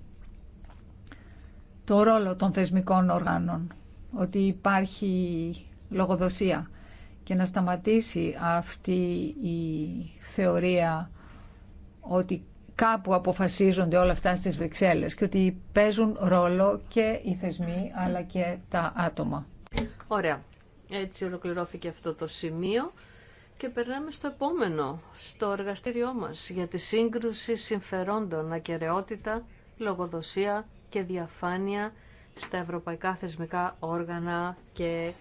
το ρόλο των θεσμικών οργάνων, ότι υπάρχει λογοδοσία και να σταματήσει αυτή η θεωρία ότι κάπου αποφασίζονται όλα αυτά στις Βρυξέλλες και ότι παίζουν ρόλο και οι θεσμοί αλλά και τα άτομα. Ωραία. Έτσι ολοκληρώθηκε αυτό το σημείο και περνάμε στο επόμενο, στο εργαστήριό μας για τη σύγκρουση συμφερόντων, ακεραιότητα, λογοδοσία και διαφάνεια στα ευρωπαϊκά θεσμικά όργανα και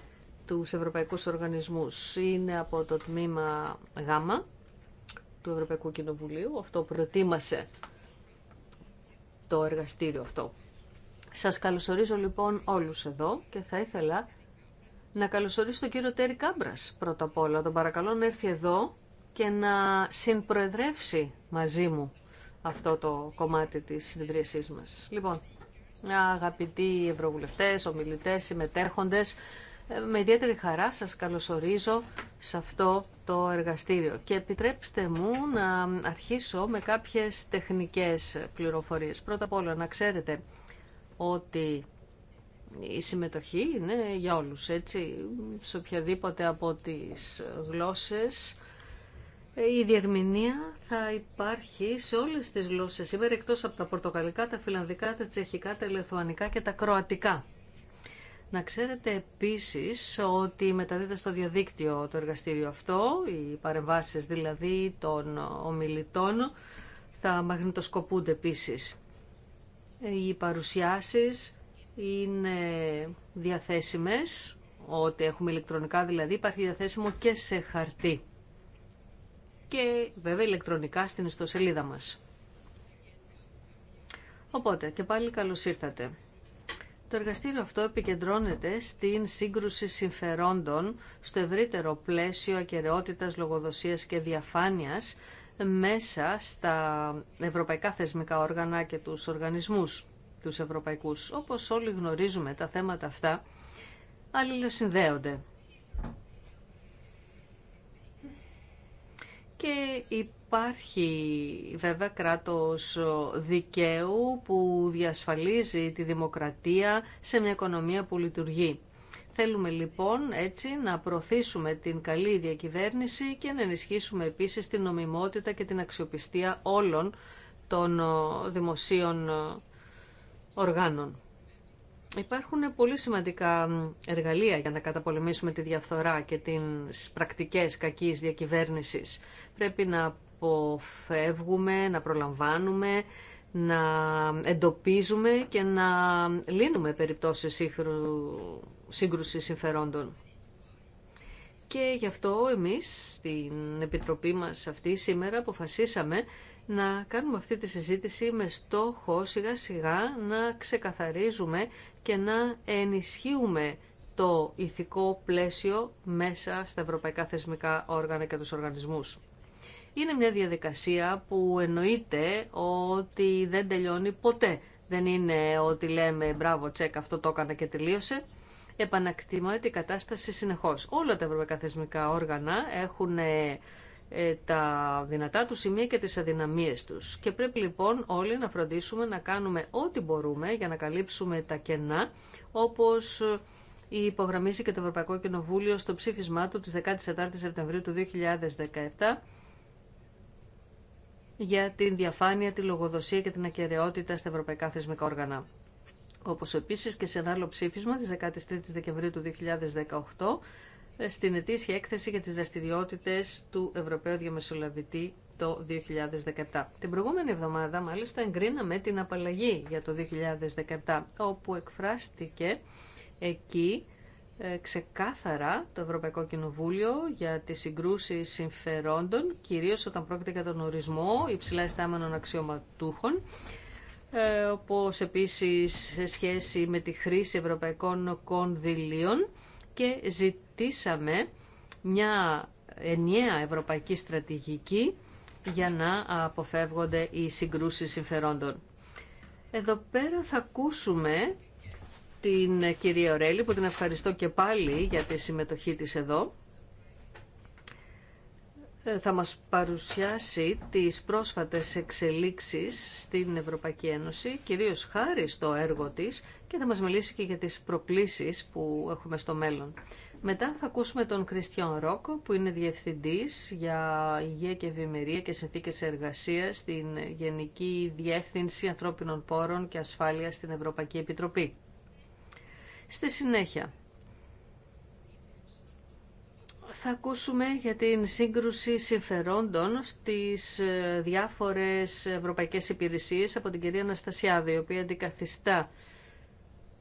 τους ευρωπαϊκούς οργανισμούς. Είναι από το τμήμα ΓΑΜΑ του Ευρωπαϊκού Κοινοβουλίου. Αυτό προετοίμασε το εργαστήριο αυτό. Σας καλωσορίζω λοιπόν όλους εδώ και θα ήθελα να καλωσορίσω τον κύριο Τέρι Κάμπρας πρώτα απ' όλα. Τον παρακαλώ να έρθει εδώ και να συμπροεδρεύσει μαζί μου αυτό το κομμάτι της συνεδρίασής μας. Λοιπόν, αγαπητοί ευρωβουλευτές, ομιλητές, συμμετέχοντες, ε, με ιδιαίτερη χαρά σας καλωσορίζω σε αυτό το εργαστήριο και επιτρέψτε μου να αρχίσω με κάποιες τεχνικές πληροφορίες. Πρώτα απ' όλα να ξέρετε ότι η συμμετοχή είναι για όλους, έτσι, σε οποιαδήποτε από τις γλώσσες. Η διερμηνία θα υπάρχει σε όλες τις γλώσσες σήμερα, εκτός από τα πορτοκαλικά, τα φιλανδικά, τα τσεχικά, τα ελεθουανικά και τα κροατικά. Να ξέρετε επίσης ότι μεταδίδεται στο διαδίκτυο το εργαστήριο αυτό, οι παρεμβάσεις δηλαδή των ομιλητών θα μαγνητοσκοπούνται επίσης. Οι παρουσιάσεις είναι διαθέσιμες, ό,τι έχουμε ηλεκτρονικά δηλαδή υπάρχει διαθέσιμο και σε χαρτί και βέβαια ηλεκτρονικά στην ιστοσελίδα μας. Οπότε και πάλι καλώς ήρθατε. Το εργαστήριο αυτό επικεντρώνεται στην σύγκρουση συμφερόντων στο ευρύτερο πλαίσιο ακαιρεότητας, λογοδοσίας και διαφάνειας μέσα στα ευρωπαϊκά θεσμικά όργανα και τους οργανισμούς τους ευρωπαϊκούς. Όπως όλοι γνωρίζουμε τα θέματα αυτά αλληλοσυνδέονται. και υπάρχει βέβαια κράτος δικαίου που διασφαλίζει τη δημοκρατία σε μια οικονομία που λειτουργεί. Θέλουμε λοιπόν έτσι να προωθήσουμε την καλή διακυβέρνηση και να ενισχύσουμε επίσης την νομιμότητα και την αξιοπιστία όλων των ε, δημοσίων ε, οργάνων. Υπάρχουν πολύ σημαντικά εργαλεία για να καταπολεμήσουμε τη διαφθορά και τις πρακτικές κακής διακυβέρνησης. Πρέπει να αποφεύγουμε, να προλαμβάνουμε, να εντοπίζουμε και να λύνουμε περιπτώσεις σύγκρουσης συμφερόντων. Και γι' αυτό εμείς στην Επιτροπή μας αυτή σήμερα αποφασίσαμε να κάνουμε αυτή τη συζήτηση με στόχο σιγά σιγά να ξεκαθαρίζουμε και να ενισχύουμε το ηθικό πλαίσιο μέσα στα ευρωπαϊκά θεσμικά όργανα και τους οργανισμούς. Είναι μια διαδικασία που εννοείται ότι δεν τελειώνει ποτέ. Δεν είναι ότι λέμε μπράβο τσεκ αυτό το έκανα και τελείωσε. Επανακτιμάται η κατάσταση συνεχώς. Όλα τα ευρωπαϊκά θεσμικά όργανα έχουν ε, τα δυνατά του σημεία και τις αδυναμίες τους. Και πρέπει λοιπόν όλοι να φροντίσουμε να κάνουμε ό,τι μπορούμε για να καλύψουμε τα κενά, όπως ε, υπογραμμίζει και το Ευρωπαϊκό Κοινοβούλιο στο ψήφισμά του της 14 η Σεπτεμβρίου του 2017 για την διαφάνεια, τη λογοδοσία και την ακεραιότητα στα ευρωπαϊκά θεσμικά όργανα. Όπως επίσης και σε ένα άλλο ψήφισμα της 13 Δεκεμβρίου του 2018 στην ετήσια έκθεση για τις δραστηριότητε του Ευρωπαίου Διαμεσολαβητή το 2017. Την προηγούμενη εβδομάδα μάλιστα εγκρίναμε την απαλλαγή για το 2017 όπου εκφράστηκε εκεί ε, ξεκάθαρα το Ευρωπαϊκό Κοινοβούλιο για τις συγκρούσεις συμφερόντων, κυρίως όταν πρόκειται για τον ορισμό υψηλά ειστάμενων αξιωματούχων, ε, όπως επίσης σε σχέση με τη χρήση ευρωπαϊκών κονδυλίων και ζητήσεων μια ενιαία ευρωπαϊκή στρατηγική για να αποφεύγονται οι συγκρούσεις συμφερόντων. Εδώ πέρα θα ακούσουμε την κυρία Ορέλη που την ευχαριστώ και πάλι για τη συμμετοχή της εδώ. Ε, θα μας παρουσιάσει τις πρόσφατες εξελίξεις στην Ευρωπαϊκή Ένωση, κυρίως χάρη στο έργο της και θα μας μιλήσει και για τις προκλήσεις που έχουμε στο μέλλον. Μετά θα ακούσουμε τον Κριστιαν Ρόκ, που είναι διευθυντής για υγεία και ευημερία και συνθήκες εργασίας στην Γενική Διεύθυνση Ανθρώπινων Πόρων και Ασφάλειας στην Ευρωπαϊκή Επιτροπή. Στη συνέχεια, θα ακούσουμε για την σύγκρουση συμφερόντων στις ε, διάφορες ευρωπαϊκές υπηρεσίες από την κυρία Αναστασιάδη, η οποία αντικαθιστά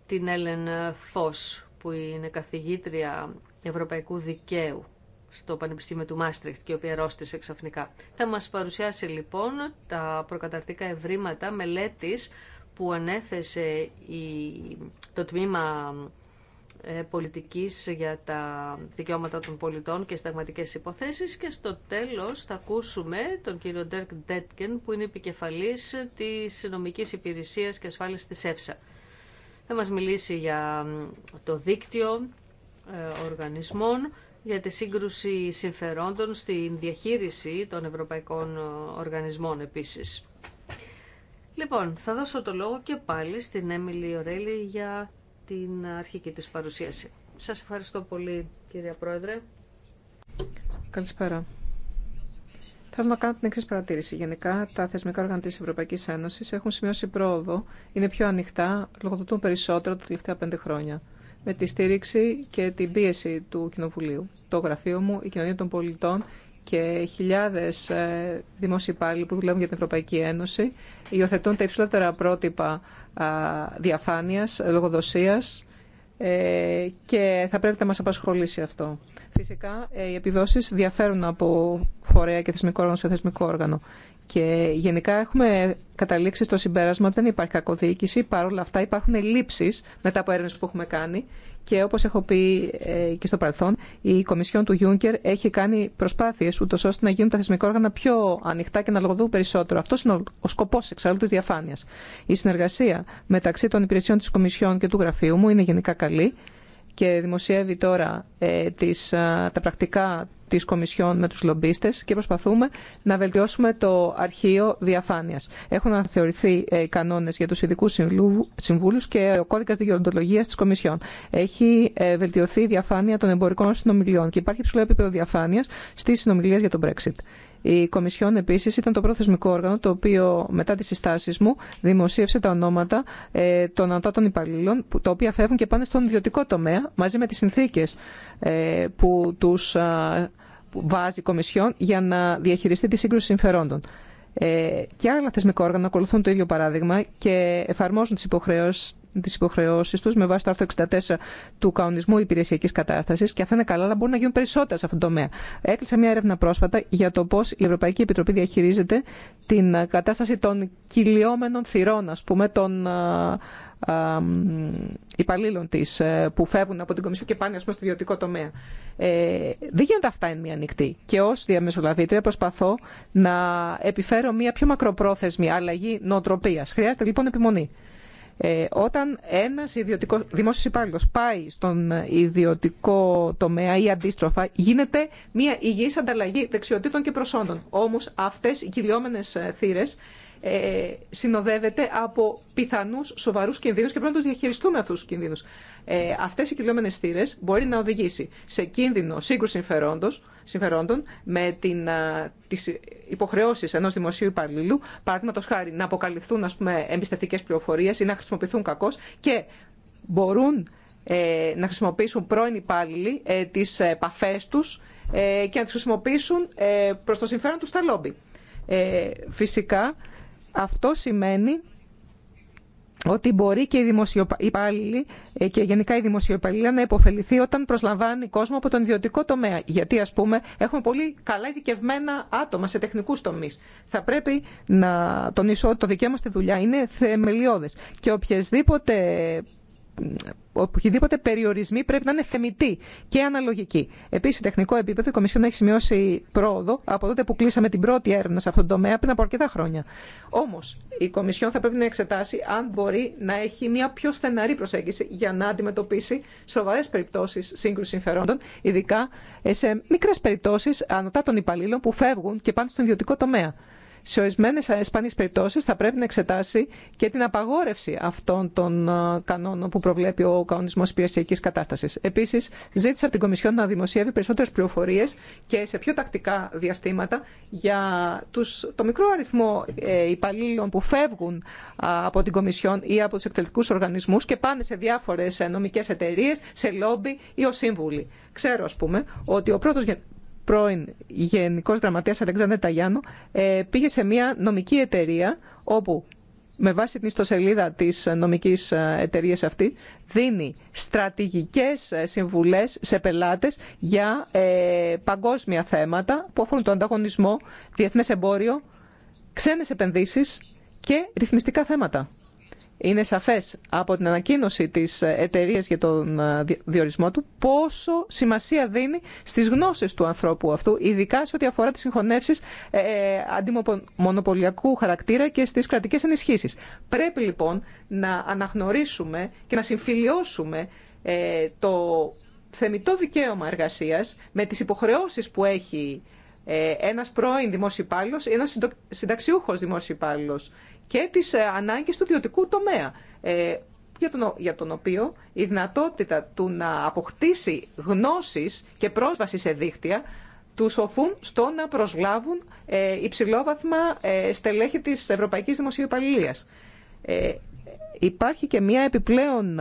την Έλεν Φως, που είναι καθηγήτρια Ευρωπαϊκού Δικαίου στο Πανεπιστήμιο του Μάστριχτ και η οποία ρώστησε ξαφνικά. Θα μας παρουσιάσει λοιπόν τα προκαταρτικά ευρήματα μελέτης που ανέθεσε η, το τμήμα ε, πολιτικής για τα δικαιώματα των πολιτών και σταγματικές υποθέσεις και στο τέλος θα ακούσουμε τον κύριο Ντέρκ Ντέτκεν που είναι επικεφαλής της νομικής υπηρεσίας και ασφάλισης της ΕΦΣΑ. Θα μας μιλήσει για το δίκτυο ε, οργανισμών, για τη σύγκρουση συμφερόντων στην διαχείριση των ευρωπαϊκών ε, οργανισμών επίσης. Λοιπόν, θα δώσω το λόγο και πάλι στην Έμιλη Ορέλη για την αρχική της παρουσίαση. Σας ευχαριστώ πολύ κυρία Πρόεδρε. Καλησπέρα. Θέλω να κάνω την εξή παρατήρηση. Γενικά, τα θεσμικά όργανα τη Ευρωπαϊκή Ένωση έχουν σημειώσει πρόοδο, είναι πιο ανοιχτά, λογοδοτούν περισσότερο τα τελευταία πέντε χρόνια. Με τη στήριξη και την πίεση του Κοινοβουλίου. Το γραφείο μου, η κοινωνία των πολιτών και χιλιάδε ε, δημόσιοι που δουλεύουν για την Ευρωπαϊκή Ένωση υιοθετούν τα υψηλότερα πρότυπα διαφάνεια, λογοδοσία ε, και θα πρέπει να μας απασχολήσει αυτό. Φυσικά, ε, οι επιδόσεις διαφέρουν από φορέα και θεσμικό όργανο σε θεσμικό όργανο. Και γενικά έχουμε καταλήξει στο συμπέρασμα ότι δεν υπάρχει κακοδιοίκηση. Παρ' όλα αυτά υπάρχουν λήψεις μετά από έρευνες που έχουμε κάνει και όπως έχω πει ε, και στο παρελθόν, η Κομισιόν του Γιούνκερ έχει κάνει προσπάθειες ούτως ώστε να γίνουν τα θεσμικά όργανα πιο ανοιχτά και να λογοδούν περισσότερο. Αυτός είναι ο σκοπός εξάλλου της διαφάνειας. Η συνεργασία μεταξύ των υπηρεσιών της Κομισιόν και του Γραφείου μου είναι γενικά καλή και δημοσιεύει τώρα ε, τα πρακτικά της Κομισιόν με τους λομπίστες και προσπαθούμε να βελτιώσουμε το αρχείο διαφάνειας. Έχουν αναθεωρηθεί ε, οι κανόνες για τους ειδικούς συμβούλους και ο κώδικας διοντολογίας της Κομισιόν. Έχει ε, βελτιωθεί η διαφάνεια των εμπορικών συνομιλιών και υπάρχει ψηλό επίπεδο διαφάνειας στις συνομιλίες για τον Brexit. Η Κομισιόν επίσης ήταν το προθεσμικό όργανο το οποίο μετά τις συστάσεις μου δημοσίευσε τα ονόματα ε, των ανωτάτων υπαλλήλων τα οποία φεύγουν και πάνε στον ιδιωτικό τομέα μαζί με τις συνθήκες ε, που τους βάζει η Κομισιόν για να διαχειριστεί τη σύγκρουση συμφερόντων. Ε, και άλλα θεσμικά όργανα ακολουθούν το ίδιο παράδειγμα και εφαρμόζουν τις υποχρεώσεις τι υποχρεώσει του με βάση το άρθρο 64 του κανονισμού υπηρεσιακή κατάσταση και αυτά είναι καλά, αλλά μπορούν να γίνουν περισσότερα σε αυτόν τον τομέα. Έκλεισα μια έρευνα πρόσφατα για το πώ η Ευρωπαϊκή Επιτροπή διαχειρίζεται την ε, κατάσταση των κυλιόμενων θυρών, α πούμε, των ε, ε, υπαλλήλων τη που φεύγουν από την Κομισιόν και πάνε ας πούμε, στο ιδιωτικό τομέα. Ε, δεν γίνονται αυτά εν μία νυχτή. Και ω διαμεσολαβήτρια προσπαθώ να επιφέρω μία πιο μακροπρόθεσμη αλλαγή νοοτροπία. Χρειάζεται λοιπόν επιμονή. Ε, όταν ένας δημόσιο υπάλληλο πάει στον ιδιωτικό τομέα ή αντίστροφα, γίνεται μια υγιή ανταλλαγή δεξιοτήτων και προσόντων. Όμω αυτές οι κυριόμενες ε, θύρες ε, συνοδεύεται από πιθανού σοβαρού κινδύνου και πρέπει να του διαχειριστούμε αυτού του κινδύνου. Ε, Αυτέ οι κυλιόμενε στήρε μπορεί να οδηγήσει σε κίνδυνο σύγκρουση συμφερόντων με τι υποχρεώσει ενό δημοσίου υπαλλήλου, παραδείγματο χάρη να αποκαλυφθούν εμπιστευτικέ πληροφορίε ή να χρησιμοποιηθούν κακώ και μπορούν ε, να χρησιμοποιήσουν πρώην υπάλληλοι ε, τι επαφέ του ε, και να τι χρησιμοποιήσουν ε, προ το συμφέρον του στα λόμπι. Ε, φυσικά αυτό σημαίνει ότι μπορεί και η δημοσιοπαλληλοί ε, και γενικά η δημοσιοπαλία να υποφεληθεί όταν προσλαμβάνει κόσμο από τον ιδιωτικό τομέα. Γιατί, α πούμε, έχουμε πολύ καλά ειδικευμένα άτομα σε τεχνικού τομεί. Θα πρέπει να τονίσω ότι το δικαίωμα στη δουλειά είναι θεμελιώδε. Και οποιασδήποτε οποιοδήποτε περιορισμοί πρέπει να είναι θεμητοί και αναλογικοί. Επίση, σε τεχνικό επίπεδο, η Κομισιόν έχει σημειώσει πρόοδο από τότε που κλείσαμε την πρώτη έρευνα σε αυτόν τον τομέα πριν από αρκετά χρόνια. Όμω, η Κομισιόν θα πρέπει να εξετάσει αν μπορεί να έχει μια πιο στεναρή προσέγγιση για να αντιμετωπίσει σοβαρέ περιπτώσει σύγκρουση συμφερόντων, ειδικά σε μικρέ περιπτώσει ανωτά των υπαλλήλων που φεύγουν και πάνε στον ιδιωτικό τομέα σε ορισμένε σπάνιε περιπτώσει θα πρέπει να εξετάσει και την απαγόρευση αυτών των ε, κανόνων που προβλέπει ο κανονισμό υπηρεσιακή κατάσταση. Επίση, ζήτησα από την Κομισιόν να δημοσιεύει περισσότερε πληροφορίε και σε πιο τακτικά διαστήματα για τους, το μικρό αριθμό ε, υπαλλήλων που φεύγουν από την Κομισιόν ή από του εκτελεστικού οργανισμού και πάνε σε διάφορε νομικέ εταιρείε, σε λόμπι ή ω σύμβουλοι. Ξέρω, α πούμε, ότι ο πρώτο πρώην Γενικό Γραμματέα Αλεξάνδρου Ταγιάννου, ε, πήγε σε μια νομική εταιρεία όπου με βάση την ιστοσελίδα της νομικής ε, εταιρείας αυτή, δίνει στρατηγικές ε, συμβουλές σε πελάτες για παγκόσμια θέματα που αφορούν τον ανταγωνισμό, διεθνές εμπόριο, ξένες επενδύσεις και ρυθμιστικά θέματα. Είναι σαφές από την ανακοίνωση της εταιρεία για τον ε, διορισμό του πόσο σημασία δίνει στις γνώσεις του ανθρώπου αυτού, ειδικά σε ό,τι αφορά τις συγχωνεύσεις ε, ε αντιμονοπολιακού χαρακτήρα και στις κρατικές ενισχύσεις. Πρέπει λοιπόν να αναγνωρίσουμε και να συμφιλιώσουμε ε, το θεμητό δικαίωμα εργασίας με τις υποχρεώσεις που έχει ε, ένας πρώην δημόσιο υπάλληλος, ένας συνταξιούχος δημόσιο υπάλληλος και τις ε, ανάγκες του ιδιωτικού τομέα, ε, για τον, για τον οποίο η δυνατότητα του να αποκτήσει γνώσεις και πρόσβαση σε δίκτυα τους οφούν στο να προσλάβουν υψηλόβαθμα στελέχη της Ευρωπαϊκής Δημοσίου Υπαλληλίας. Υπάρχει και μια επιπλέον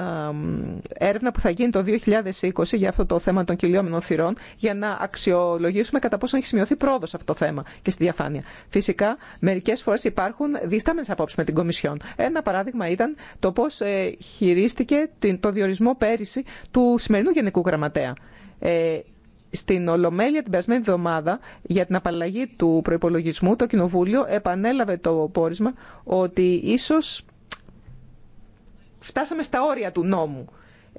έρευνα που θα γίνει το 2020 για αυτό το θέμα των κυλιόμενων θυρών για να αξιολογήσουμε κατά πόσο έχει σημειωθεί πρόοδο αυτό το θέμα και στη διαφάνεια. Φυσικά, μερικέ φορέ υπάρχουν διστάμενε απόψει με την Κομισιόν. Ένα παράδειγμα ήταν το πώ ε, χειρίστηκε το διορισμό πέρυσι του σημερινού Γενικού Γραμματέα. Ε, στην Ολομέλεια την περασμένη εβδομάδα για την απαλλαγή του προπολογισμού, το Κοινοβούλιο επανέλαβε το πόρισμα ότι ίσως φτάσαμε στα όρια του νόμου.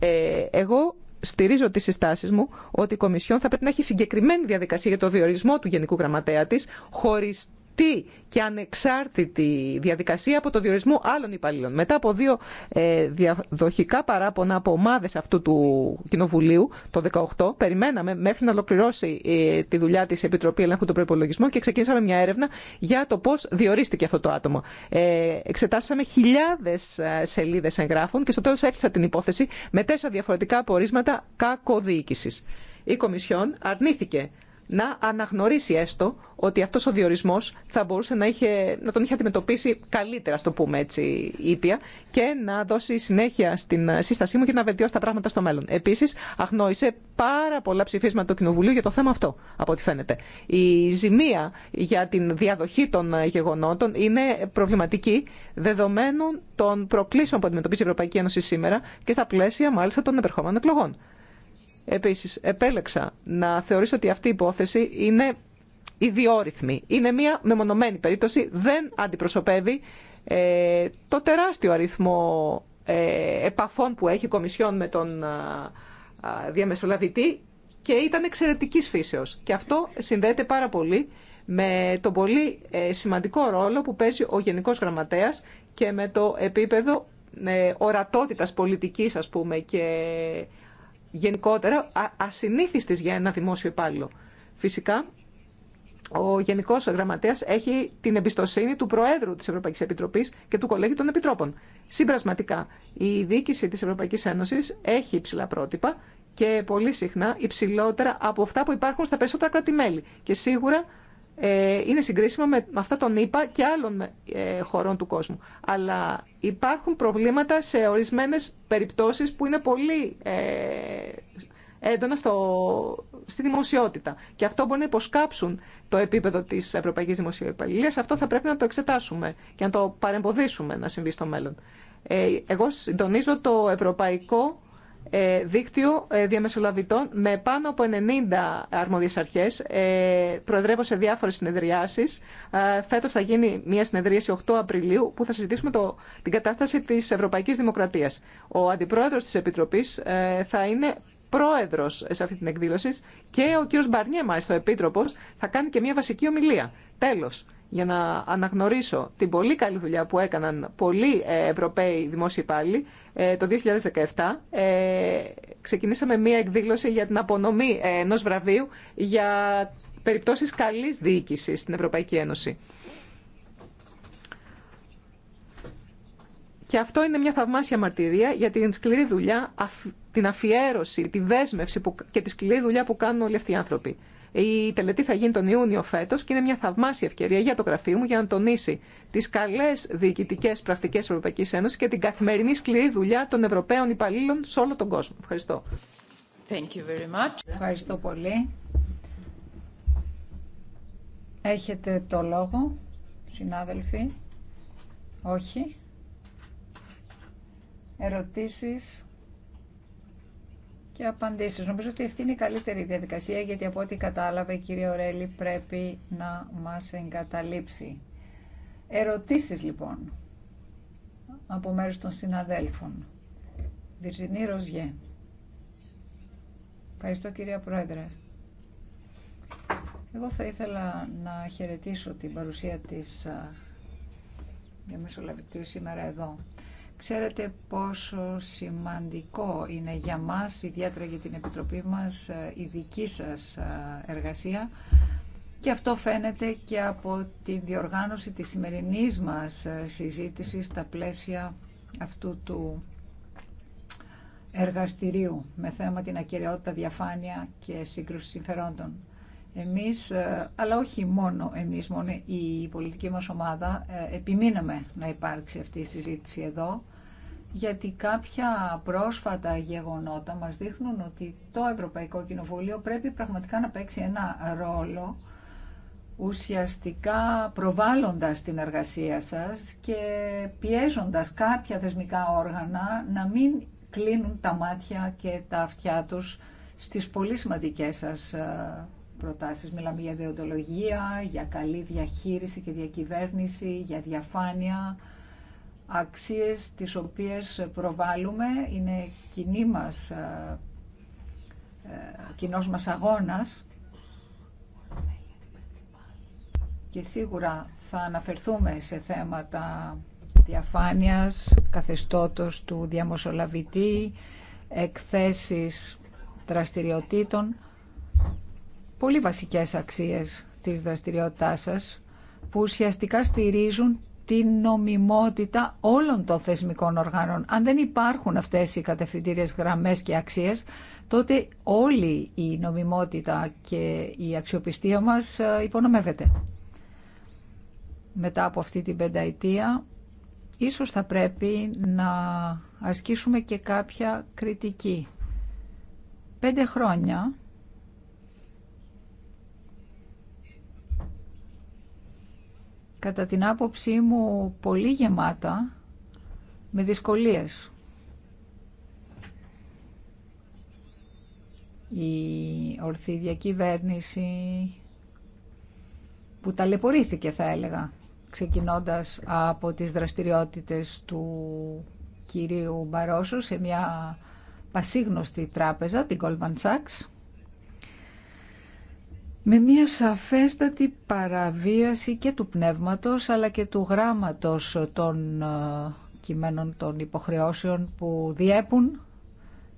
Ε, εγώ στηρίζω τις συστάσεις μου ότι η Κομισιόν θα πρέπει να έχει συγκεκριμένη διαδικασία για το διορισμό του Γενικού Γραμματέα της, χωρίς ανοιχτή και ανεξάρτητη διαδικασία από το διορισμό άλλων υπαλλήλων. Μετά από δύο ε, διαδοχικά παράπονα από ομάδε αυτού του Κοινοβουλίου, το 2018, περιμέναμε μέχρι να ολοκληρώσει ε, τη δουλειά τη Επιτροπή Ελέγχου του Προπολογισμού και ξεκίνησαμε μια έρευνα για το πώ διορίστηκε αυτό το άτομο. Ε, εξετάσαμε χιλιάδε σελίδε εγγράφων και στο τέλο έκλεισα την υπόθεση με τέσσερα διαφορετικά απορίσματα κακοδιοίκηση. Η Κομισιόν αρνήθηκε να αναγνωρίσει έστω ότι αυτός ο διορισμός θα μπορούσε να, είχε, να τον είχε αντιμετωπίσει καλύτερα, στο πούμε έτσι, ήπια και να δώσει συνέχεια στην σύστασή μου και να βελτιώσει τα πράγματα στο μέλλον. Επίσης, αγνόησε πάρα πολλά ψηφίσματα του Κοινοβουλίου για το θέμα αυτό, από ό,τι φαίνεται. Η ζημία για την διαδοχή των γεγονότων είναι προβληματική δεδομένων των προκλήσεων που αντιμετωπίζει η Ευρωπαϊκή Ένωση σήμερα και στα πλαίσια μάλιστα των επερχόμενων εκλογών. Επίσης, επέλεξα να θεωρήσω ότι αυτή η υπόθεση είναι ιδιόρυθμη. Είναι μια μεμονωμένη περίπτωση, δεν αντιπροσωπεύει ε, το τεράστιο αριθμό ε, επαφών που έχει η Κομισιόν με τον διαμεσολαβητή και ήταν εξαιρετικής φύσεως. Και αυτό συνδέεται πάρα πολύ με τον πολύ ε, σημαντικό ρόλο που παίζει ο Γενικός Γραμματέας και με το επίπεδο ορατότητας πολιτικής, ας πούμε, και γενικότερα ασυνήθιστης για ένα δημόσιο υπάλληλο. Φυσικά, ο Γενικό Γραμματέα έχει την εμπιστοσύνη του Προέδρου τη Ευρωπαϊκή Επιτροπή και του Κολέγιου των Επιτρόπων. Συμπρασματικά, η διοίκηση τη Ευρωπαϊκή Ένωση έχει υψηλά πρότυπα και πολύ συχνά υψηλότερα από αυτά που υπάρχουν στα περισσότερα κράτη-μέλη. Και σίγουρα ε, είναι συγκρίσιμα με αυτά των ΗΠΑ και άλλων ε, χωρών του κόσμου. Αλλά υπάρχουν προβλήματα σε ορισμένες περιπτώσεις που είναι πολύ ε, έντονα στο, στη δημοσιότητα. Και αυτό μπορεί να υποσκάψουν το επίπεδο της Ευρωπαϊκής Δημοσιοπαλληλία. Αυτό θα πρέπει να το εξετάσουμε και να το παρεμποδίσουμε να συμβεί στο μέλλον. εγώ συντονίζω το Ευρωπαϊκό ε, δίκτυο ε, διαμεσολαβητών με πάνω από 90 αρμόδιες αρχές. Ε, προεδρεύω σε διάφορες συνεδριάσεις. Φέτος θα γίνει μια συνεδρίαση 8 Απριλίου που θα συζητήσουμε το, την κατάσταση της Ευρωπαϊκής Δημοκρατίας. Ο Αντιπρόεδρος της Επιτροπής θα είναι πρόεδρος σε αυτή την εκδήλωση και ο κύριος Μπαρνιέ, μάλιστα, ο επίτροπο, θα κάνει και μια βασική ομιλία. Τέλος, για να αναγνωρίσω την πολύ καλή δουλειά που έκαναν πολλοί ε, Ευρωπαίοι δημόσιοι υπάλληλοι, ε, το 2017 ε, ξεκινήσαμε μία εκδήλωση για την απονομή ενό βραβείου για περιπτώσεις καλής διοίκηση στην Ευρωπαϊκή Ένωση. Και αυτό είναι μια θαυμάσια μαρτυρία για την σκληρή δουλειά, την αφιέρωση, τη δέσμευση και τη σκληρή δουλειά που κάνουν όλοι αυτοί οι άνθρωποι. Η τελετή θα γίνει τον Ιούνιο φέτο και είναι μια θαυμάσια ευκαιρία για το γραφείο μου για να τονίσει τι καλέ διοικητικέ πρακτικέ Ευρωπαϊκή Ένωση και την καθημερινή σκληρή δουλειά των Ευρωπαίων υπαλλήλων σε όλο τον κόσμο. Ευχαριστώ. Thank you very much. Ευχαριστώ πολύ. Έχετε το λόγο, συνάδελφοι. Όχι. Ερωτήσεις, και απαντήσεις. Νομίζω ότι αυτή είναι η καλύτερη διαδικασία γιατί από ό,τι κατάλαβε η κυρία Ορέλη πρέπει να μας εγκαταλείψει. Ερωτήσεις λοιπόν από μέρους των συναδέλφων. Βιρζινή Ροζιέ. Ευχαριστώ κυρία Πρόεδρε. Εγώ θα ήθελα να χαιρετήσω την παρουσία της ε, μεσολαβητή σήμερα εδώ. Ξέρετε πόσο σημαντικό είναι για μας, ιδιαίτερα για την Επιτροπή μας, η δική σας εργασία και αυτό φαίνεται και από την διοργάνωση της σημερινής μας συζήτησης στα πλαίσια αυτού του εργαστηρίου με θέμα την ακυρεότητα, διαφάνεια και σύγκρουση συμφερόντων. Εμείς, ε, αλλά όχι μόνο εμείς, μόνο η πολιτική μας ομάδα, ε, επιμείναμε να υπάρξει αυτή η συζήτηση εδώ, γιατί κάποια πρόσφατα γεγονότα μας δείχνουν ότι το Ευρωπαϊκό Κοινοβούλιο πρέπει πραγματικά να παίξει ένα ρόλο ουσιαστικά προβάλλοντας την εργασία σας και πιέζοντας κάποια θεσμικά όργανα να μην κλείνουν τα μάτια και τα αυτιά τους στις πολύ σημαντικές σας ε, προτάσεις. Μιλάμε για διοντολογία, για καλή διαχείριση και διακυβέρνηση, για διαφάνεια. Αξίες τις οποίες προβάλλουμε είναι κοινή μας, ε, ε, κοινός μας αγώνας και σίγουρα θα αναφερθούμε σε θέματα διαφάνειας, καθεστώτος του διαμοσολαβητή, εκθέσεις δραστηριοτήτων πολύ βασικές αξίες της δραστηριότητάς σας που ουσιαστικά στηρίζουν την νομιμότητα όλων των θεσμικών οργάνων. Αν δεν υπάρχουν αυτές οι κατευθυντήριες γραμμές και αξίες, τότε όλη η νομιμότητα και η αξιοπιστία μας ε, υπονομεύεται. Μετά από αυτή την πενταετία, ίσως θα πρέπει να ασκήσουμε και κάποια κριτική. Πέντε χρόνια κατά την άποψή μου πολύ γεμάτα με δυσκολίες. Η ορθή διακυβέρνηση που ταλαιπωρήθηκε θα έλεγα ξεκινώντας από τις δραστηριότητες του κυρίου Μπαρόσου σε μια πασίγνωστη τράπεζα, την Goldman Sachs με μια σαφέστατη παραβίαση και του πνεύματος αλλά και του γράμματος των ε, κειμένων των υποχρεώσεων που διέπουν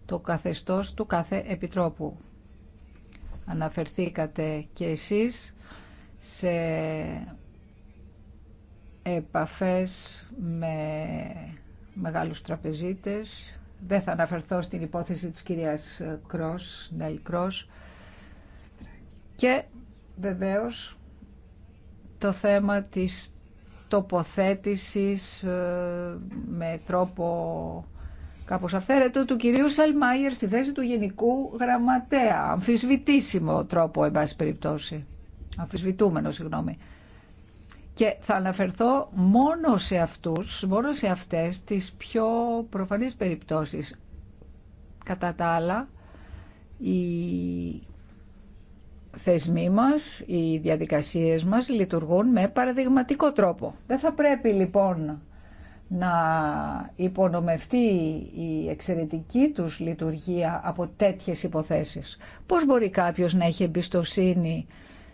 το καθεστώς του κάθε επιτρόπου. Αναφερθήκατε και εσείς σε επαφές με μεγάλους τραπεζίτες. Δεν θα αναφερθώ στην υπόθεση της κυρίας Κρός, Νέλ Κρός. Και βεβαίως το θέμα της τοποθέτησης ε, με τρόπο κάπως αυθαίρετο του κυρίου Σαλμάιερ στη θέση του Γενικού Γραμματέα. Αμφισβητήσιμο τρόπο, εν πάση περιπτώσει. Αμφισβητούμενο, συγγνώμη. Και θα αναφερθώ μόνο σε αυτούς, μόνο σε αυτές τις πιο προφανείς περιπτώσεις. Κατά τα άλλα, η θεσμοί μας, οι διαδικασίες μας λειτουργούν με παραδειγματικό τρόπο. Δεν θα πρέπει λοιπόν να υπονομευτεί η εξαιρετική τους λειτουργία από τέτοιες υποθέσεις. Πώς μπορεί κάποιος να έχει εμπιστοσύνη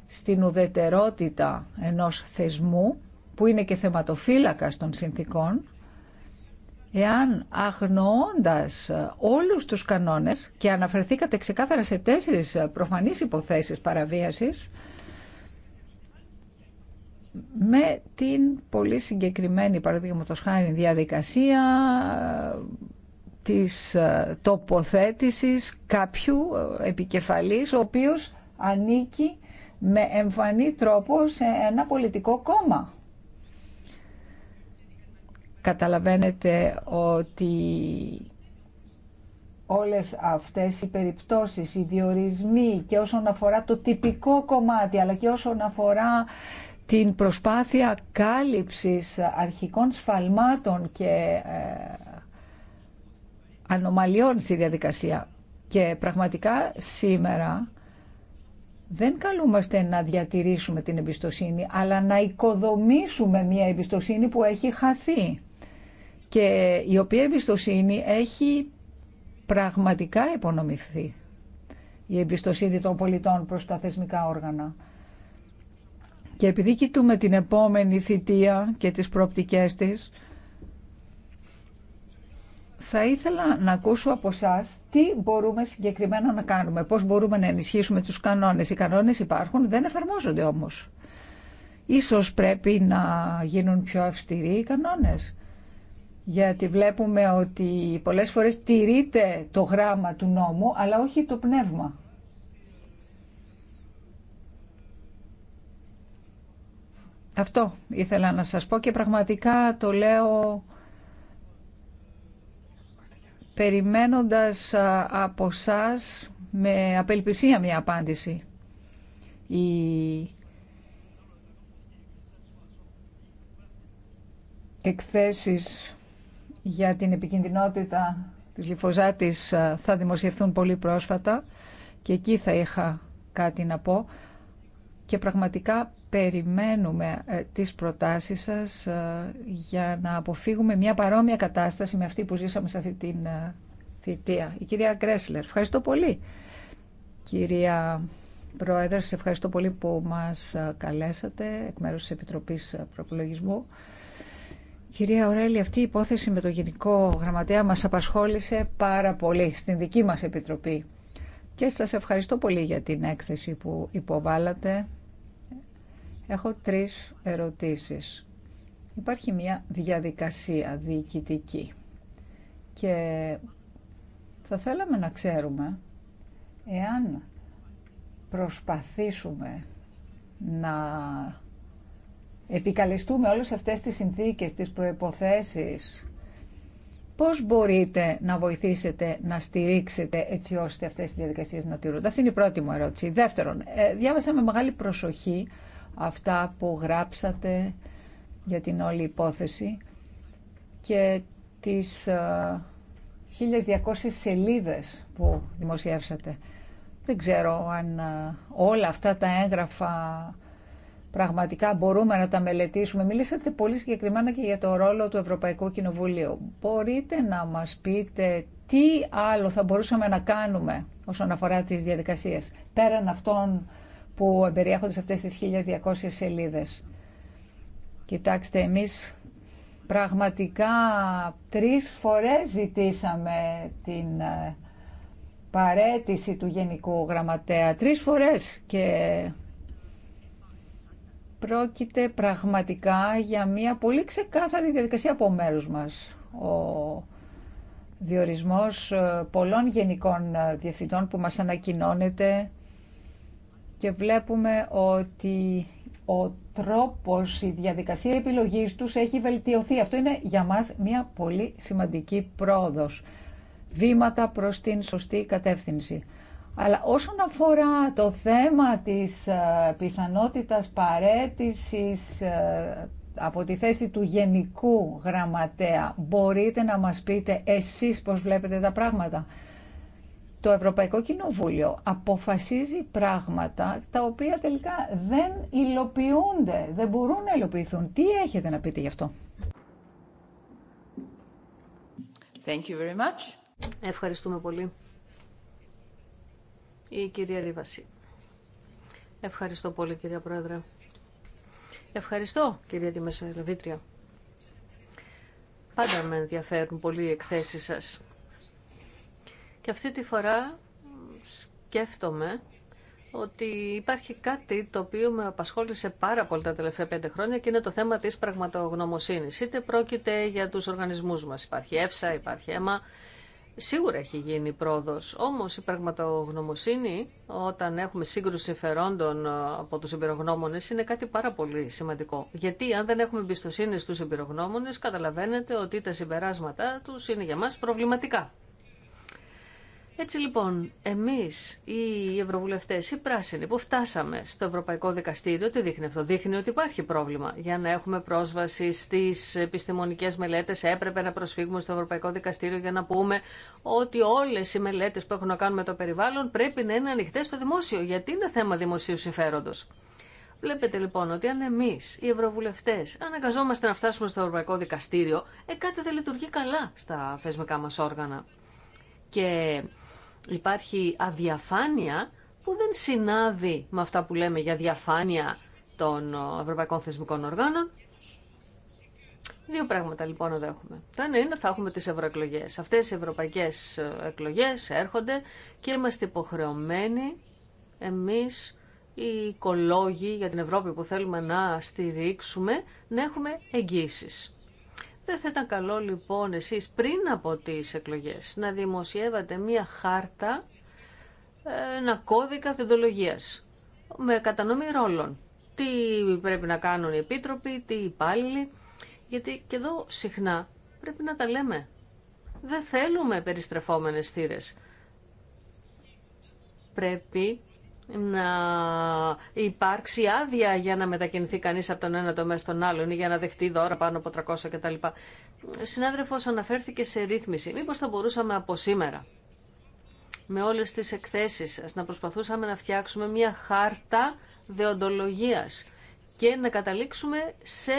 στην ουδετερότητα ενός θεσμού που είναι και θεματοφύλακα των συνθήκων εάν αγνοώντας ε, όλους τους κανόνες και αναφερθήκατε ξεκάθαρα σε τέσσερις ε, προφανείς υποθέσεις παραβίασης, με την πολύ συγκεκριμένη παραδείγματο χάρη διαδικασία ε, της τοποθέτησης κάποιου επικεφαλής ο οποίος ανήκει με εμφανή τρόπο σε ένα πολιτικό κόμμα. Καταλαβαίνετε ότι όλες αυτές οι περιπτώσεις, οι διορισμοί και όσον αφορά το τυπικό κομμάτι αλλά και όσον αφορά την προσπάθεια κάλυψης αρχικών σφαλμάτων και ε, ανομαλιών στη διαδικασία. Και πραγματικά σήμερα δεν καλούμαστε να διατηρήσουμε την εμπιστοσύνη αλλά να οικοδομήσουμε μια εμπιστοσύνη που έχει χαθεί και η οποία εμπιστοσύνη έχει πραγματικά υπονομηθεί η εμπιστοσύνη των πολιτών προς τα θεσμικά όργανα. Και επειδή κοιτούμε την επόμενη θητεία και τις προοπτικές της, θα ήθελα να ακούσω από εσά τι μπορούμε συγκεκριμένα να κάνουμε, πώς μπορούμε να ενισχύσουμε τους κανόνες. Οι κανόνες υπάρχουν, δεν εφαρμόζονται όμως. Ίσως πρέπει να γίνουν πιο αυστηροί οι κανόνες γιατί βλέπουμε ότι πολλές φορές τηρείται το γράμμα του νόμου, αλλά όχι το πνεύμα. Αυτό ήθελα να σας πω και πραγματικά το λέω περιμένοντας από σας με απελπισία μια απάντηση. Η εκθέσεις για την επικινδυνότητα της λιφοζάτης ε, θα δημοσιευθούν πολύ πρόσφατα και εκεί θα είχα κάτι να πω και πραγματικά περιμένουμε ε, τις προτάσεις σας ε, για να αποφύγουμε μια παρόμοια κατάσταση με αυτή που ζήσαμε σε αυτή την θητεία. Η κυρία Γκρέσλερ, ευχαριστώ πολύ. Κυρία Πρόεδρε, σας ευχαριστώ πολύ που μας καλέσατε εκ μέρους της Επιτροπής Προπολογισμού. Κυρία Ορέλη, αυτή η υπόθεση με το Γενικό Γραμματέα μας απασχόλησε πάρα πολύ στην δική μας Επιτροπή. Και σας ευχαριστώ πολύ για την έκθεση που υποβάλατε. Έχω τρεις ερωτήσεις. Υπάρχει μια διαδικασία διοικητική και θα θέλαμε να ξέρουμε εάν προσπαθήσουμε να επικαλεστούμε όλες αυτές τις συνθήκες, τις προϋποθέσεις, πώς μπορείτε να βοηθήσετε, να στηρίξετε έτσι ώστε αυτές οι διαδικασίες να τηρούνται. Αυτή είναι η πρώτη μου ερώτηση. Δεύτερον, ε, διάβασα με μεγάλη προσοχή αυτά που γράψατε για την όλη υπόθεση και τις 1200 ε, σελίδες που δημοσιεύσατε. Δεν ξέρω αν ε, όλα αυτά τα έγγραφα πραγματικά μπορούμε να τα μελετήσουμε. Μιλήσατε πολύ συγκεκριμένα και για το ρόλο του Ευρωπαϊκού Κοινοβουλίου. Μπορείτε να μας πείτε τι άλλο θα μπορούσαμε να κάνουμε όσον αφορά τις διαδικασίες, πέραν αυτών που εμπεριέχονται σε αυτές τις 1200 σελίδες. Κοιτάξτε, εμείς πραγματικά τρεις φορές ζητήσαμε την ε, παρέτηση του Γενικού Γραμματέα. Τρεις φορές και πρόκειται πραγματικά για μια πολύ ξεκάθαρη διαδικασία από μέρους μας. Ο διορισμός ε, πολλών γενικών ε, διευθυντών που μας ανακοινώνεται και βλέπουμε ότι ο τρόπος, η διαδικασία επιλογής τους έχει βελτιωθεί. Αυτό είναι για μας μια πολύ σημαντική πρόοδος. Βήματα προς την σωστή κατεύθυνση. Αλλά όσον αφορά το θέμα της ε, πιθανότητας παρέτησης ε, από τη θέση του Γενικού Γραμματέα, μπορείτε να μας πείτε εσείς πώς βλέπετε τα πράγματα. Το Ευρωπαϊκό Κοινοβούλιο αποφασίζει πράγματα τα οποία τελικά δεν υλοποιούνται, δεν μπορούν να υλοποιηθούν. Τι έχετε να πείτε γι' αυτό. Thank you very much. Ευχαριστούμε πολύ η κυρία Ρίβαση. Ευχαριστώ πολύ κυρία Πρόεδρε. Ευχαριστώ κυρία Τιμεσαλαβήτρια. Πάντα με ενδιαφέρουν πολύ οι εκθέσεις σας. Και αυτή τη φορά σκέφτομαι ότι υπάρχει κάτι το οποίο με απασχόλησε πάρα πολύ τα τελευταία πέντε χρόνια και είναι το θέμα της πραγματογνωμοσύνης. Είτε πρόκειται για τους οργανισμούς μας. Υπάρχει ΕΦΣΑ, υπάρχει ΕΜΑ, Σίγουρα έχει γίνει πρόοδος, όμως η πραγματογνωμοσύνη όταν έχουμε σύγκρουση συμφερόντων ε, από τους εμπειρογνώμονες είναι κάτι πάρα πολύ σημαντικό. Γιατί αν δεν έχουμε εμπιστοσύνη στους εμπειρογνώμονες καταλαβαίνετε ότι τα συμπεράσματά τους είναι για μας προβληματικά. Έτσι λοιπόν, εμείς οι Ευρωβουλευτές, οι πράσινοι που φτάσαμε στο Ευρωπαϊκό Δικαστήριο, τι δείχνει αυτό, δείχνει ότι υπάρχει πρόβλημα. Για να έχουμε πρόσβαση στις επιστημονικές μελέτες έπρεπε να προσφύγουμε στο Ευρωπαϊκό Δικαστήριο για να πούμε ότι όλες οι μελέτες που έχουν να κάνουν με το περιβάλλον πρέπει να είναι ανοιχτέ στο δημόσιο, γιατί είναι θέμα δημοσίου συμφέροντος. Βλέπετε λοιπόν ότι αν εμεί, οι Ευρωβουλευτέ, αναγκαζόμαστε να φτάσουμε στο Ευρωπαϊκό Δικαστήριο, ε, κάτι δεν λειτουργεί καλά στα θεσμικά μα όργανα και υπάρχει αδιαφάνεια που δεν συνάδει με αυτά που λέμε για διαφάνεια των ε, Ευρωπαϊκών Θεσμικών Οργάνων. Δύο πράγματα λοιπόν εδώ έχουμε. Το ένα είναι θα έχουμε τις ευρωεκλογέ. Αυτές οι ευρωπαϊκές ε, εκλογές έρχονται και είμαστε υποχρεωμένοι εμείς οι οικολόγοι για την Ευρώπη που θέλουμε να στηρίξουμε να έχουμε εγγύσει. Δεν θα ήταν καλό λοιπόν εσείς πριν από τις εκλογές να δημοσιεύατε μία χάρτα, ε, ένα κώδικα θεντολογίας με κατανομή ρόλων. Τι πρέπει να κάνουν οι επίτροποι, τι οι υπάλληλοι, γιατί και εδώ συχνά πρέπει να τα λέμε. Δεν θέλουμε περιστρεφόμενες θύρες. Πρέπει να υπάρξει άδεια για να μετακινηθεί κανείς από τον ένα τομέα στον άλλον ή για να δεχτεί δώρα πάνω από 300 κτλ. Ο αναφέρθηκε σε ρύθμιση. Μήπως θα μπορούσαμε από σήμερα με όλες τις εκθέσεις να προσπαθούσαμε να φτιάξουμε μια χάρτα δεοντολογίας και να καταλήξουμε σε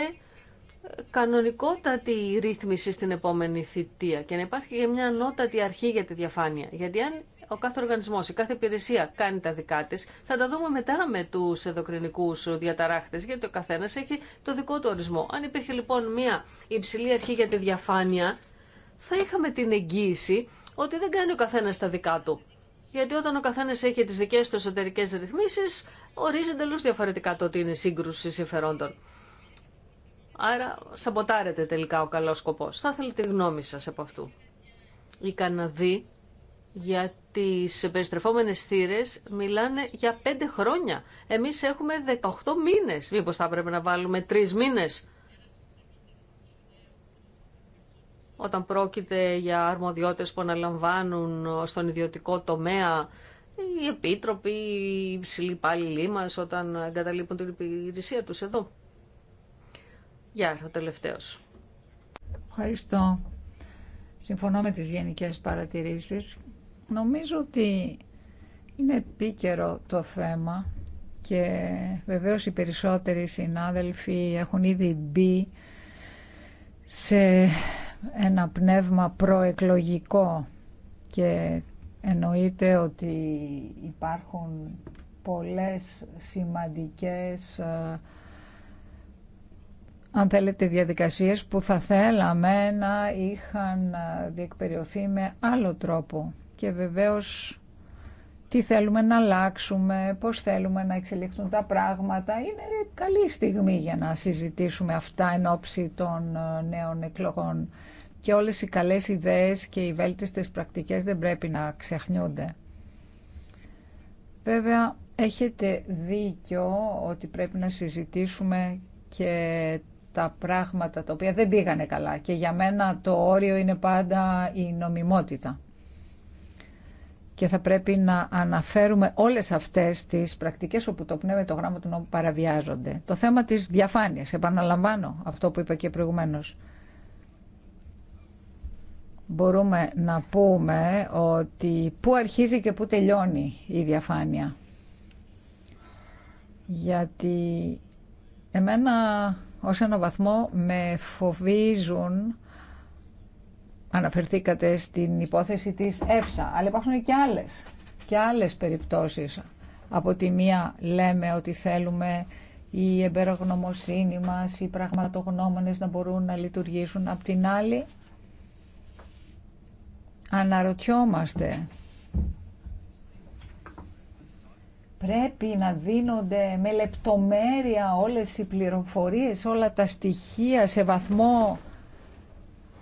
κανονικότατη ρύθμιση στην επόμενη θητεία και να υπάρχει και μια ανώτατη αρχή για τη διαφάνεια. Γιατί αν ο κάθε οργανισμό, η κάθε υπηρεσία κάνει τα δικά τη. Θα τα δούμε μετά με του ενδοκρινικού διαταράχτες, γιατί ο καθένα έχει το δικό του ορισμό. Αν υπήρχε λοιπόν μια υψηλή αρχή για τη διαφάνεια, θα είχαμε την εγγύηση ότι δεν κάνει ο καθένα τα δικά του. Γιατί όταν ο καθένα έχει τι δικέ του εσωτερικέ ρυθμίσει, ορίζει εντελώ διαφορετικά το ότι είναι σύγκρουση συμφερόντων. Άρα, σαμποτάρεται τελικά ο καλό σκοπό. Θα ήθελα τη γνώμη σα από αυτού. Η για τις περιστρεφόμενες θύρες μιλάνε για πέντε χρόνια. Εμείς έχουμε 18 μήνες. Μήπως θα πρέπει να βάλουμε τρεις μήνες. Όταν πρόκειται για αρμοδιότητες που αναλαμβάνουν στον ιδιωτικό τομέα, οι επίτροποι, οι υψηλοί υπάλληλοι μας όταν εγκαταλείπουν την υπηρεσία τους εδώ. Γεια, ο τελευταίος. Ευχαριστώ. Συμφωνώ με τις γενικές παρατηρήσεις Νομίζω ότι είναι επίκαιρο το θέμα και βεβαίως οι περισσότεροι συνάδελφοι έχουν ήδη μπει σε ένα πνεύμα προεκλογικό και εννοείται ότι υπάρχουν πολλές σημαντικές ε, αν θέλετε διαδικασίες που θα θέλαμε να είχαν ε, διεκπεριωθεί με άλλο τρόπο και βεβαίως τι θέλουμε να αλλάξουμε, πώς θέλουμε να εξελιχθούν τα πράγματα. Είναι καλή στιγμή για να συζητήσουμε αυτά εν ώψη των ε, νέων εκλογών και όλες οι καλές ιδέες και οι βέλτιστες πρακτικές δεν πρέπει να ξεχνιούνται. Βέβαια, έχετε δίκιο ότι πρέπει να συζητήσουμε και τα πράγματα τα οποία δεν πήγανε καλά και για μένα το όριο είναι πάντα η νομιμότητα και θα πρέπει να αναφέρουμε όλες αυτές τις πρακτικές όπου το πνεύμα το γράμμα του νόμου παραβιάζονται. Το θέμα της διαφάνειας, επαναλαμβάνω αυτό που είπα και προηγουμένως. Μπορούμε να πούμε ότι πού αρχίζει και πού τελειώνει η διαφάνεια. Γιατί εμένα ως ένα βαθμό με φοβίζουν Αναφερθήκατε στην υπόθεση της ΕΦΣΑ, αλλά υπάρχουν και άλλες, και άλλες περιπτώσεις. Από τη μία λέμε ότι θέλουμε η εμπερογνωμοσύνη μας, οι πραγματογνώμονες να μπορούν να λειτουργήσουν. από την άλλη, αναρωτιόμαστε. Πρέπει να δίνονται με λεπτομέρεια όλες οι πληροφορίες, όλα τα στοιχεία σε βαθμό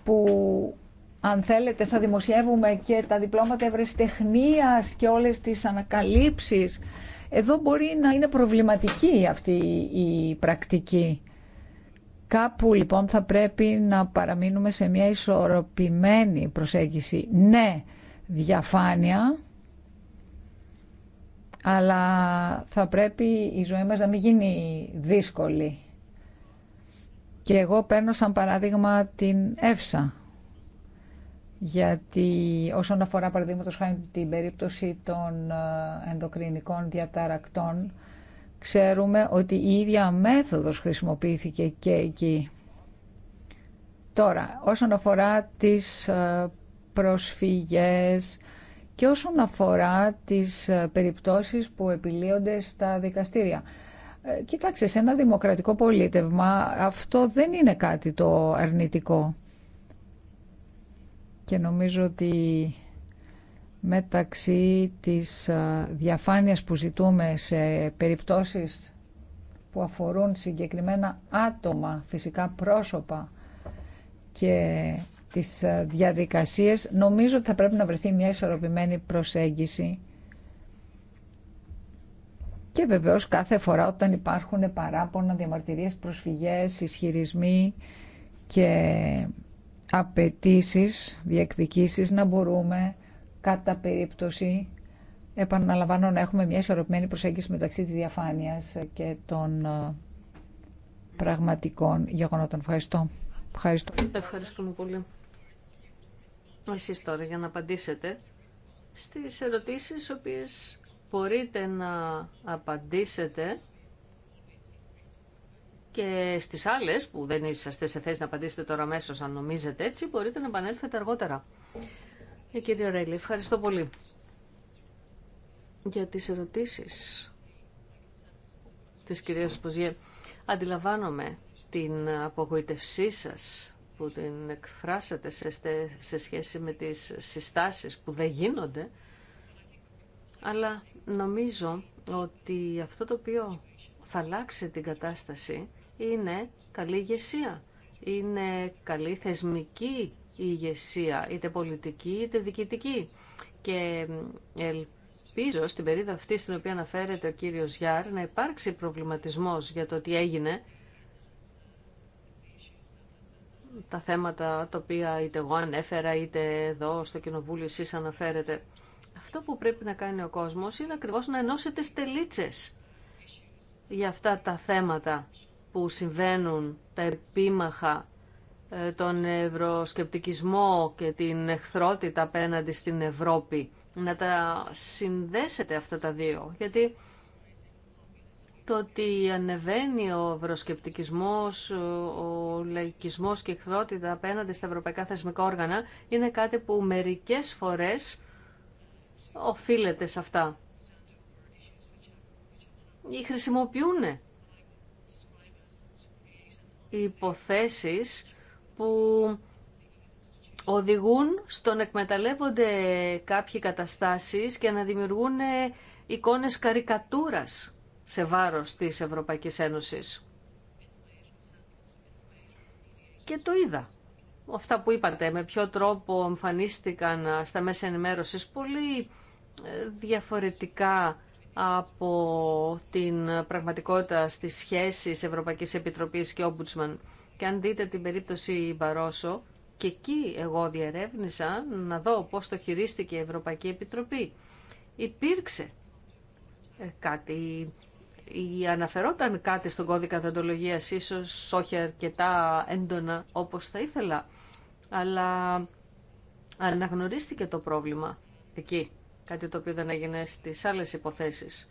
που αν θέλετε θα δημοσιεύουμε και τα διπλώματα ευρεσιτεχνίας και όλες τις ανακαλύψεις. Εδώ μπορεί να είναι προβληματική αυτή η πρακτική. Κάπου λοιπόν θα πρέπει να παραμείνουμε σε μια ισορροπημένη προσέγγιση. Ναι, διαφάνεια, αλλά θα πρέπει η ζωή μας να μην γίνει δύσκολη. Και εγώ παίρνω σαν παράδειγμα την Εύσα γιατί όσον αφορά παραδείγματο χάρη την περίπτωση των ε, ενδοκρινικών διαταρακτών, ξέρουμε ότι η ίδια μέθοδος χρησιμοποιήθηκε και εκεί. Τώρα, όσον αφορά τις ε, προσφυγές και όσον αφορά τις ε, περιπτώσεις που επιλύονται στα δικαστήρια. Κοιτάξτε, σε ένα δημοκρατικό πολίτευμα αυτό δεν είναι κάτι το αρνητικό και νομίζω ότι μεταξύ της διαφάνειας που ζητούμε σε περιπτώσεις που αφορούν συγκεκριμένα άτομα, φυσικά πρόσωπα και τις διαδικασίες, νομίζω ότι θα πρέπει να βρεθεί μια ισορροπημένη προσέγγιση και βεβαίως κάθε φορά όταν υπάρχουν παράπονα, διαμαρτυρίες, προσφυγές, ισχυρισμοί και απαιτήσεις, διεκδικήσεις να μπορούμε κατά περίπτωση επαναλαμβάνω να έχουμε μια ισορροπημένη προσέγγιση μεταξύ της διαφάνειας και των ε, πραγματικών γεγονότων. Ευχαριστώ. Ευχαριστώ. Ευχαριστούμε πολύ. Εσείς τώρα για να απαντήσετε στις ερωτήσεις οποίες μπορείτε να απαντήσετε και στις άλλες που δεν είσαστε σε θέση να απαντήσετε τώρα αμέσω αν νομίζετε έτσι, μπορείτε να επανέλθετε αργότερα. Ε, κύριε Ρέλη, ευχαριστώ πολύ για τις ερωτήσεις της κυρίας Ποζιέ. Αντιλαμβάνομαι την απογοητευσή σας που την εκφράσατε σε σχέση με τις συστάσεις που δεν γίνονται, αλλά νομίζω ότι αυτό το οποίο θα αλλάξει την κατάσταση είναι καλή ηγεσία. Είναι καλή θεσμική ηγεσία, είτε πολιτική είτε διοικητική. Και ελπίζω στην περίοδο αυτή στην οποία αναφέρεται ο κύριος Γιάρ να υπάρξει προβληματισμός για το τι έγινε τα θέματα τα οποία είτε εγώ ανέφερα είτε εδώ στο κοινοβούλιο εσείς αναφέρετε. Αυτό που πρέπει να κάνει ο κόσμος είναι ακριβώς να ενώσετε στελίτσες για αυτά τα θέματα που συμβαίνουν, τα επίμαχα, ε, τον ευρωσκεπτικισμό και την εχθρότητα απέναντι στην Ευρώπη. Να τα συνδέσετε αυτά τα δύο, γιατί το ότι ανεβαίνει ο ευρωσκεπτικισμός, ο λαϊκισμός και η εχθρότητα απέναντι στα ευρωπαϊκά θεσμικά όργανα είναι κάτι που μερικές φορές οφείλεται σε αυτά. Ή χρησιμοποιούν υποθέσεις που οδηγούν στο να εκμεταλλεύονται κάποιοι καταστάσεις και να δημιουργούν ε, εικόνες καρικατούρας σε βάρος της Ευρωπαϊκής Ένωσης. Και το είδα. Αυτά που είπατε, με ποιο τρόπο εμφανίστηκαν ε, στα μέσα ενημέρωσης πολύ ε, διαφορετικά από την πραγματικότητα στις σχέσεις Ευρωπαϊκής Επιτροπής και Ombudsman. Και αν δείτε την περίπτωση Μπαρόσο, και εκεί εγώ διερεύνησα να δω πώς το χειρίστηκε η Ευρωπαϊκή Επιτροπή. Υπήρξε ε, κάτι, ή αναφερόταν κάτι στον κώδικα δοντολογίας, ίσως όχι αρκετά έντονα όπως θα ήθελα, αλλά αναγνωρίστηκε το πρόβλημα εκεί. Κάτι το οποίο δεν έγινε στις άλλες υποθέσεις.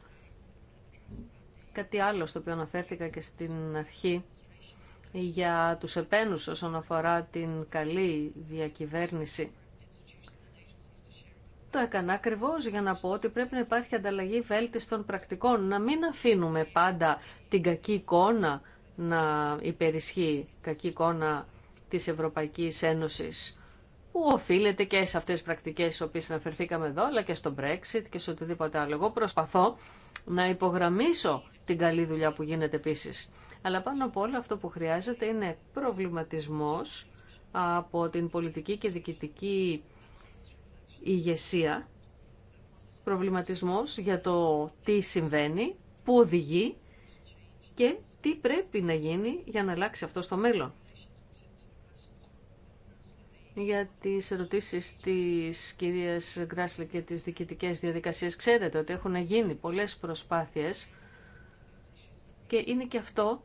Κάτι άλλο στο οποίο αναφέρθηκα και στην αρχή για τους επένους όσον αφορά την καλή διακυβέρνηση. Το έκανα ακριβώ για να πω ότι πρέπει να υπάρχει ανταλλαγή βέλτιστων πρακτικών. Να μην αφήνουμε πάντα την κακή εικόνα να υπερισχύει, κακή εικόνα της Ευρωπαϊκής Ένωσης που οφείλεται και σε αυτές τις πρακτικές στις οποίες αναφερθήκαμε εδώ, αλλά και στο Brexit και σε οτιδήποτε άλλο. Εγώ προσπαθώ να υπογραμμίσω την καλή δουλειά που γίνεται επίση. Αλλά πάνω από όλα αυτό που χρειάζεται είναι προβληματισμός από την πολιτική και διοικητική ηγεσία, προβληματισμός για το τι συμβαίνει, πού οδηγεί και τι πρέπει να γίνει για να αλλάξει αυτό στο μέλλον για τις ερωτήσεις της κυρίας Γκράσλε και τις διοικητικές διαδικασίες. Ξέρετε ότι έχουν γίνει πολλές προσπάθειες και είναι και αυτό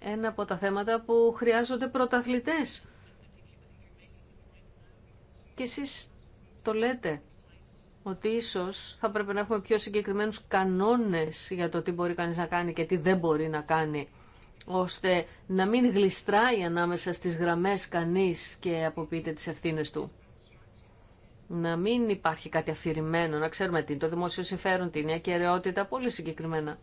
ένα από τα θέματα που χρειάζονται πρωταθλητές. Και εσείς το λέτε ότι ίσως θα πρέπει να έχουμε πιο συγκεκριμένους κανόνες για το τι μπορεί κανείς να κάνει και τι δεν μπορεί να κάνει ώστε να μην γλιστράει ανάμεσα στις γραμμές κανείς και αποποιείται τις ευθύνες του. Να μην υπάρχει κάτι αφηρημένο, να ξέρουμε τι είναι το δημόσιο συμφέρον, την ακαιρεότητα, πολύ συγκεκριμένα.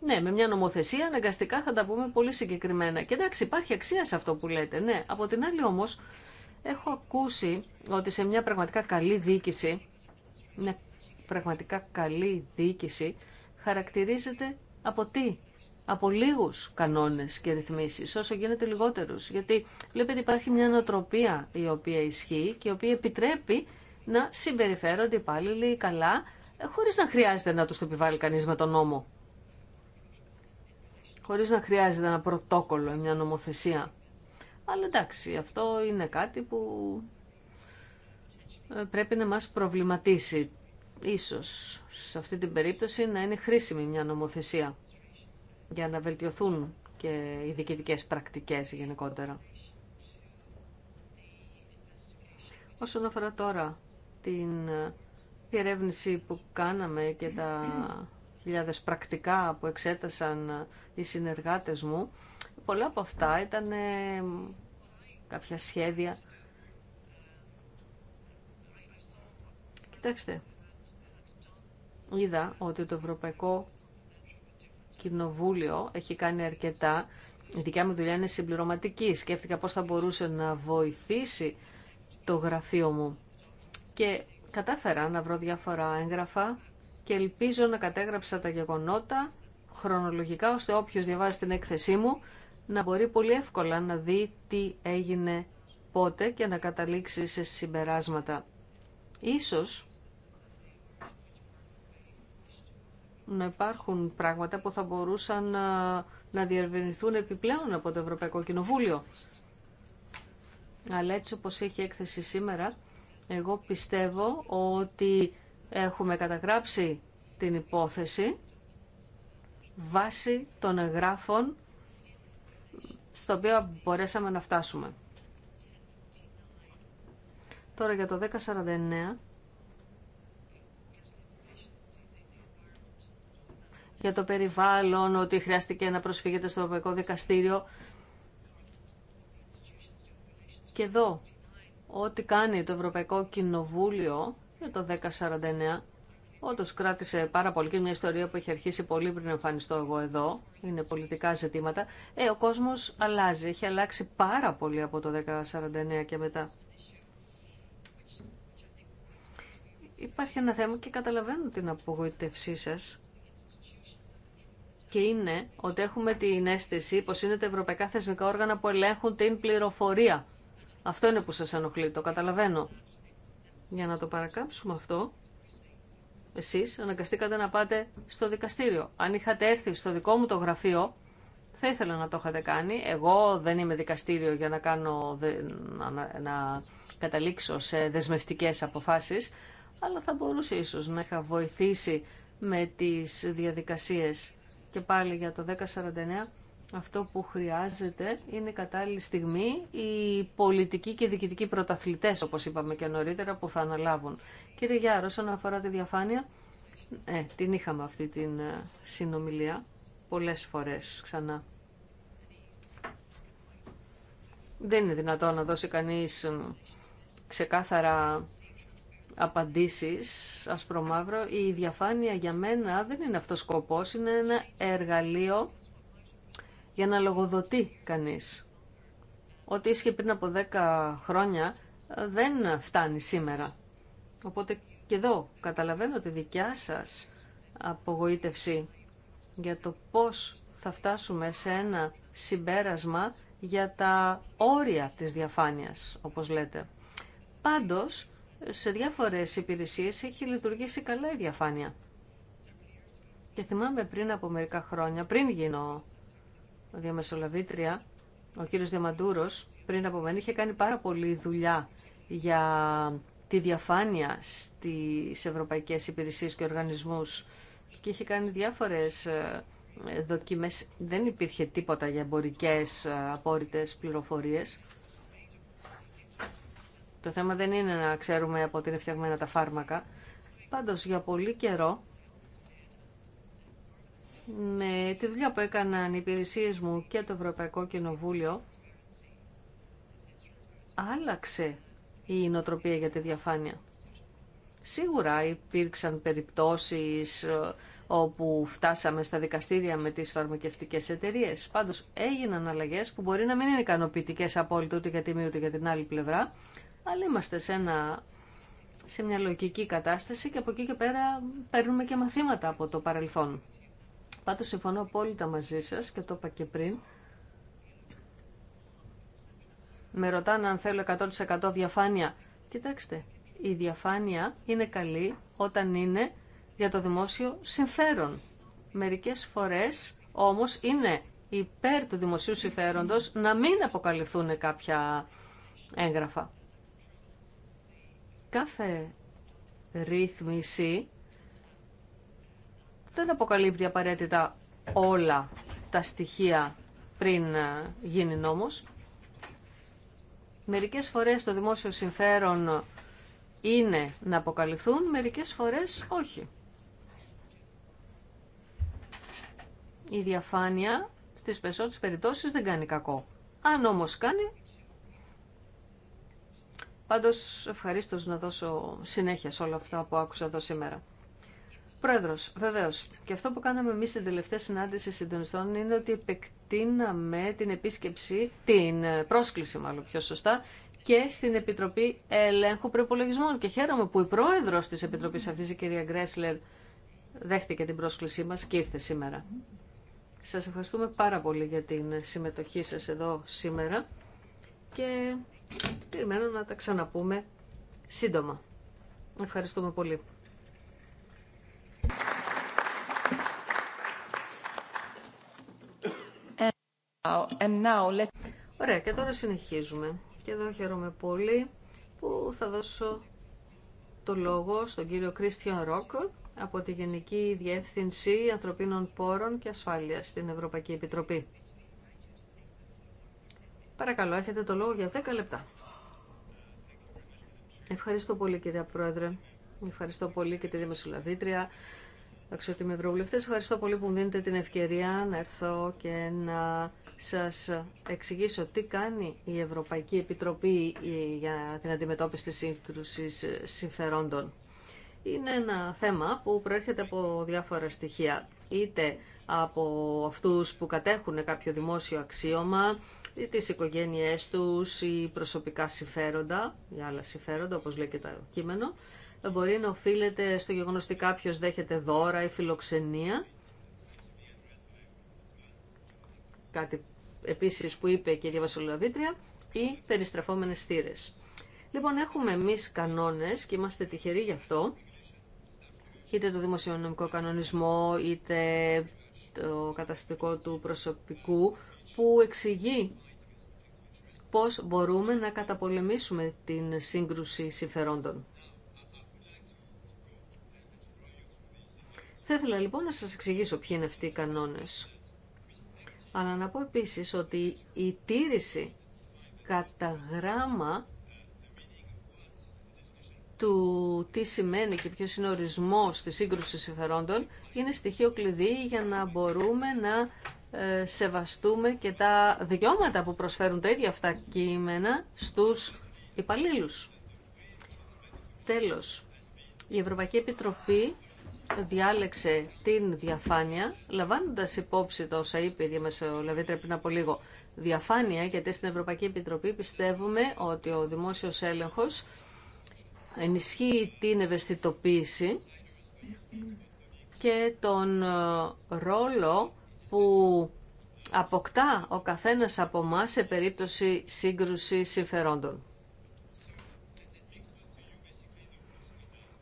Ναι, με μια νομοθεσία αναγκαστικά θα τα πούμε πολύ συγκεκριμένα. Και εντάξει, υπάρχει αξία σε αυτό που λέτε, ναι. Από την άλλη όμως, έχω ακούσει ότι σε μια πραγματικά καλή διοίκηση, μια πραγματικά καλή διοίκηση, χαρακτηρίζεται από τι, από λίγους κανόνες και ρυθμίσεις, όσο γίνεται λιγότερου. Γιατί βλέπετε υπάρχει μια νοοτροπία η οποία ισχύει και η οποία επιτρέπει να συμπεριφέρονται οι υπάλληλοι καλά, ε, χωρίς να χρειάζεται να του το επιβάλλει κανείς με τον νόμο. Χωρίς να χρειάζεται ένα πρωτόκολλο, μια νομοθεσία. Αλλά εντάξει, αυτό είναι κάτι που ε, πρέπει να μας προβληματίσει ίσως σε αυτή την περίπτωση να είναι χρήσιμη μια νομοθεσία για να βελτιωθούν και οι διοικητικές πρακτικές γενικότερα. Όσον αφορά τώρα την διερεύνηση που κάναμε και τα χιλιάδες πρακτικά που εξέτασαν οι συνεργάτες μου, πολλά από αυτά ήταν ε, κάποια σχέδια. Κοιτάξτε, είδα ότι το Ευρωπαϊκό Κοινοβούλιο έχει κάνει αρκετά. Η δικιά μου δουλειά είναι συμπληρωματική. Σκέφτηκα πώς θα μπορούσε να βοηθήσει το γραφείο μου. Και κατάφερα να βρω διάφορα έγγραφα και ελπίζω να κατέγραψα τα γεγονότα χρονολογικά, ώστε όποιος διαβάζει την έκθεσή μου να μπορεί πολύ εύκολα να δει τι έγινε πότε και να καταλήξει σε συμπεράσματα. Ίσως να υπάρχουν πράγματα που θα μπορούσαν ε, να, να επιπλέον από το Ευρωπαϊκό Κοινοβούλιο. Αλλά έτσι όπως έχει έκθεση σήμερα, εγώ πιστεύω ότι έχουμε καταγράψει την υπόθεση βάσει των εγγράφων στο οποίο μπορέσαμε να φτάσουμε. Τώρα για το 1049 για το περιβάλλον, ότι χρειάστηκε να προσφύγετε στο Ευρωπαϊκό Δικαστήριο. Και εδώ, ό,τι κάνει το Ευρωπαϊκό Κοινοβούλιο για το 1049, όντως κράτησε πάρα πολύ και μια ιστορία που έχει αρχίσει πολύ πριν εμφανιστώ εγώ εδώ, είναι πολιτικά ζητήματα. Ε, ο κόσμος αλλάζει, έχει αλλάξει πάρα πολύ από το 1049 και μετά. Υπάρχει ένα θέμα και καταλαβαίνω την απογοητευσή σας και είναι ότι έχουμε την αίσθηση πως είναι τα ευρωπαϊκά θεσμικά όργανα που ελέγχουν την πληροφορία. Αυτό είναι που σας ενοχλεί, το καταλαβαίνω. Για να το παρακάμψουμε αυτό, εσείς αναγκαστήκατε να πάτε στο δικαστήριο. Αν είχατε έρθει στο δικό μου το γραφείο, θα ήθελα να το είχατε κάνει. Εγώ δεν είμαι δικαστήριο για να, κάνω, να καταλήξω σε δεσμευτικές αποφάσεις, αλλά θα μπορούσε ίσως να είχα βοηθήσει με τις διαδικασίες και πάλι για το 1049 αυτό που χρειάζεται είναι η κατάλληλη στιγμή οι πολιτικοί και διοικητικοί πρωταθλητές, όπως είπαμε και νωρίτερα, που θα αναλάβουν. Κύριε Γιάρο, όσον αφορά τη διαφάνεια, ε, την είχαμε αυτή την ε, συνομιλία πολλές φορές ξανά. Δεν είναι δυνατόν να δώσει κανείς ξεκάθαρα απαντήσεις ασπρομαύρο Η διαφάνεια για μένα δεν είναι αυτός σκοπός, είναι ένα εργαλείο για να λογοδοτεί κανείς. Ό,τι ίσχυε πριν από 10 χρόνια ε, δεν φτάνει σήμερα. Οπότε και εδώ καταλαβαίνω τη δικιά σας απογοήτευση για το πώς θα φτάσουμε σε ένα συμπέρασμα για τα όρια της διαφάνειας, όπως λέτε. Πάντως, σε διάφορες υπηρεσίες έχει λειτουργήσει καλά η διαφάνεια. Και θυμάμαι πριν από μερικά χρόνια, πριν γίνω διαμεσολαβήτρια, ο κύριος Διαμαντούρος πριν από μένα είχε κάνει πάρα πολλή δουλειά για τη διαφάνεια στις ευρωπαϊκές υπηρεσίες και οργανισμούς και είχε κάνει διάφορες ε, δοκιμές. Δεν υπήρχε τίποτα για εμπορικές ε, απόρριτες πληροφορίες. Το θέμα δεν είναι να ξέρουμε από τι είναι φτιαγμένα τα φάρμακα. Πάντως για πολύ καιρό με τη δουλειά που έκαναν οι υπηρεσίε μου και το Ευρωπαϊκό Κοινοβούλιο άλλαξε η νοοτροπία για τη διαφάνεια. Σίγουρα υπήρξαν περιπτώσεις ε, όπου φτάσαμε στα δικαστήρια με τις φαρμακευτικές εταιρείες. Πάντως έγιναν αλλαγές που μπορεί να μην είναι ικανοποιητικέ απόλυτα ούτε για τη μία ούτε για την άλλη πλευρά, αλλά είμαστε σε, ένα, σε μια λογική κατάσταση και από εκεί και πέρα παίρνουμε και μαθήματα από το παρελθόν. Πάντως συμφωνώ απόλυτα μαζί σας και το είπα και πριν. Με ρωτάνε αν θέλω 100% διαφάνεια. Κοιτάξτε, η διαφάνεια είναι καλή όταν είναι για το δημόσιο συμφέρον. Μερικές φορές όμως είναι υπέρ του δημοσίου συμφέροντος να μην αποκαλυφθούν κάποια έγγραφα κάθε ρύθμιση δεν αποκαλύπτει απαραίτητα όλα τα στοιχεία πριν ε, γίνει νόμος. Μερικές φορές το δημόσιο συμφέρον είναι να αποκαλυφθούν, μερικές φορές όχι. Η διαφάνεια στις περισσότερες περιπτώσεις δεν κάνει κακό. Αν όμως κάνει, Πάντως ευχαρίστω να δώσω συνέχεια σε όλα αυτά που άκουσα εδώ σήμερα. Πρόεδρος, βεβαίω, Και αυτό που κάναμε εμεί στην τελευταία συνάντηση συντονιστών είναι ότι επεκτείναμε την επίσκεψη, την πρόσκληση μάλλον πιο σωστά, και στην Επιτροπή Ελέγχου Προπολογισμών. Και χαίρομαι που η πρόεδρος της Επιτροπής αυτή η κυρία Γκρέσλερ, δέχτηκε την πρόσκλησή μα και ήρθε σήμερα. Σα ευχαριστούμε πάρα πολύ για την συμμετοχή σα εδώ σήμερα και Περιμένω να τα ξαναπούμε σύντομα. Ευχαριστούμε πολύ. And Ωραία, και τώρα συνεχίζουμε. Και εδώ χαίρομαι πολύ που θα δώσω το λόγο στον κύριο Κρίστιαν Ροκ από τη Γενική Διεύθυνση Ανθρωπίνων Πόρων και Ασφάλειας στην Ευρωπαϊκή Επιτροπή. Παρακαλώ, έχετε το λόγο για 10 λεπτά. Ευχαριστώ πολύ κυρία Πρόεδρε. Ευχαριστώ πολύ και τη Δημοσιολαβήτρια. Αξιότιμοι Ευρωβουλευτέ, ευχαριστώ πολύ που μου δίνετε την ευκαιρία να έρθω και να σα εξηγήσω τι κάνει η Ευρωπαϊκή Επιτροπή ε, για την αντιμετώπιση τη σύγκρουση συμφερόντων. Είναι ένα θέμα που προέρχεται από διάφορα στοιχεία, είτε από αυτού που κατέχουν κάποιο δημόσιο αξίωμα, τις οικογένειές τους ή προσωπικά συμφέροντα, ή άλλα συμφέροντα όπως λέει και το κείμενο, μπορεί να οφείλεται στο γεγονός ότι κάποιος δέχεται δώρα ή φιλοξενία. Κάτι επίσης που είπε η κυρία Βασιλοβήτρια ή περιστρεφόμενες θύρες. Λοιπόν, έχουμε εμεί κανόνες και είμαστε τυχεροί γι' αυτό, είτε το δημοσιονομικό κανονισμό, είτε το καταστατικό του προσωπικού, που ειπε και η διαβασολαβήτρια η περιστρεφομενες στήρες. λοιπον εχουμε εμει κανονες και ειμαστε τυχεροι γι αυτο ειτε το δημοσιονομικο κανονισμο ειτε το καταστικό του προσωπικου που εξηγει πώς μπορούμε να καταπολεμήσουμε την σύγκρουση συμφερόντων. Θα ήθελα λοιπόν να σας εξηγήσω ποιοι είναι αυτοί οι κανόνες. Αλλά να πω επίσης ότι η τήρηση κατά γράμμα του τι σημαίνει και ποιος είναι ο ορισμός της σύγκρουσης συμφερόντων είναι στοιχείο κλειδί για να μπορούμε να ε, σεβαστούμε και τα δικαιώματα που προσφέρουν τα ίδια αυτά κείμενα στους υπαλλήλους. Τέλος, η Ευρωπαϊκή Επιτροπή διάλεξε την διαφάνεια, λαμβάνοντας υπόψη το όσα είπε η Διαμεσολαβήτρια πριν από λίγο, διαφάνεια, γιατί στην Ευρωπαϊκή Επιτροπή πιστεύουμε ότι ο δημόσιος έλεγχος ενισχύει την ευαισθητοποίηση και τον ε, ρόλο που αποκτά ο καθένας από εμά σε περίπτωση σύγκρουση συμφερόντων.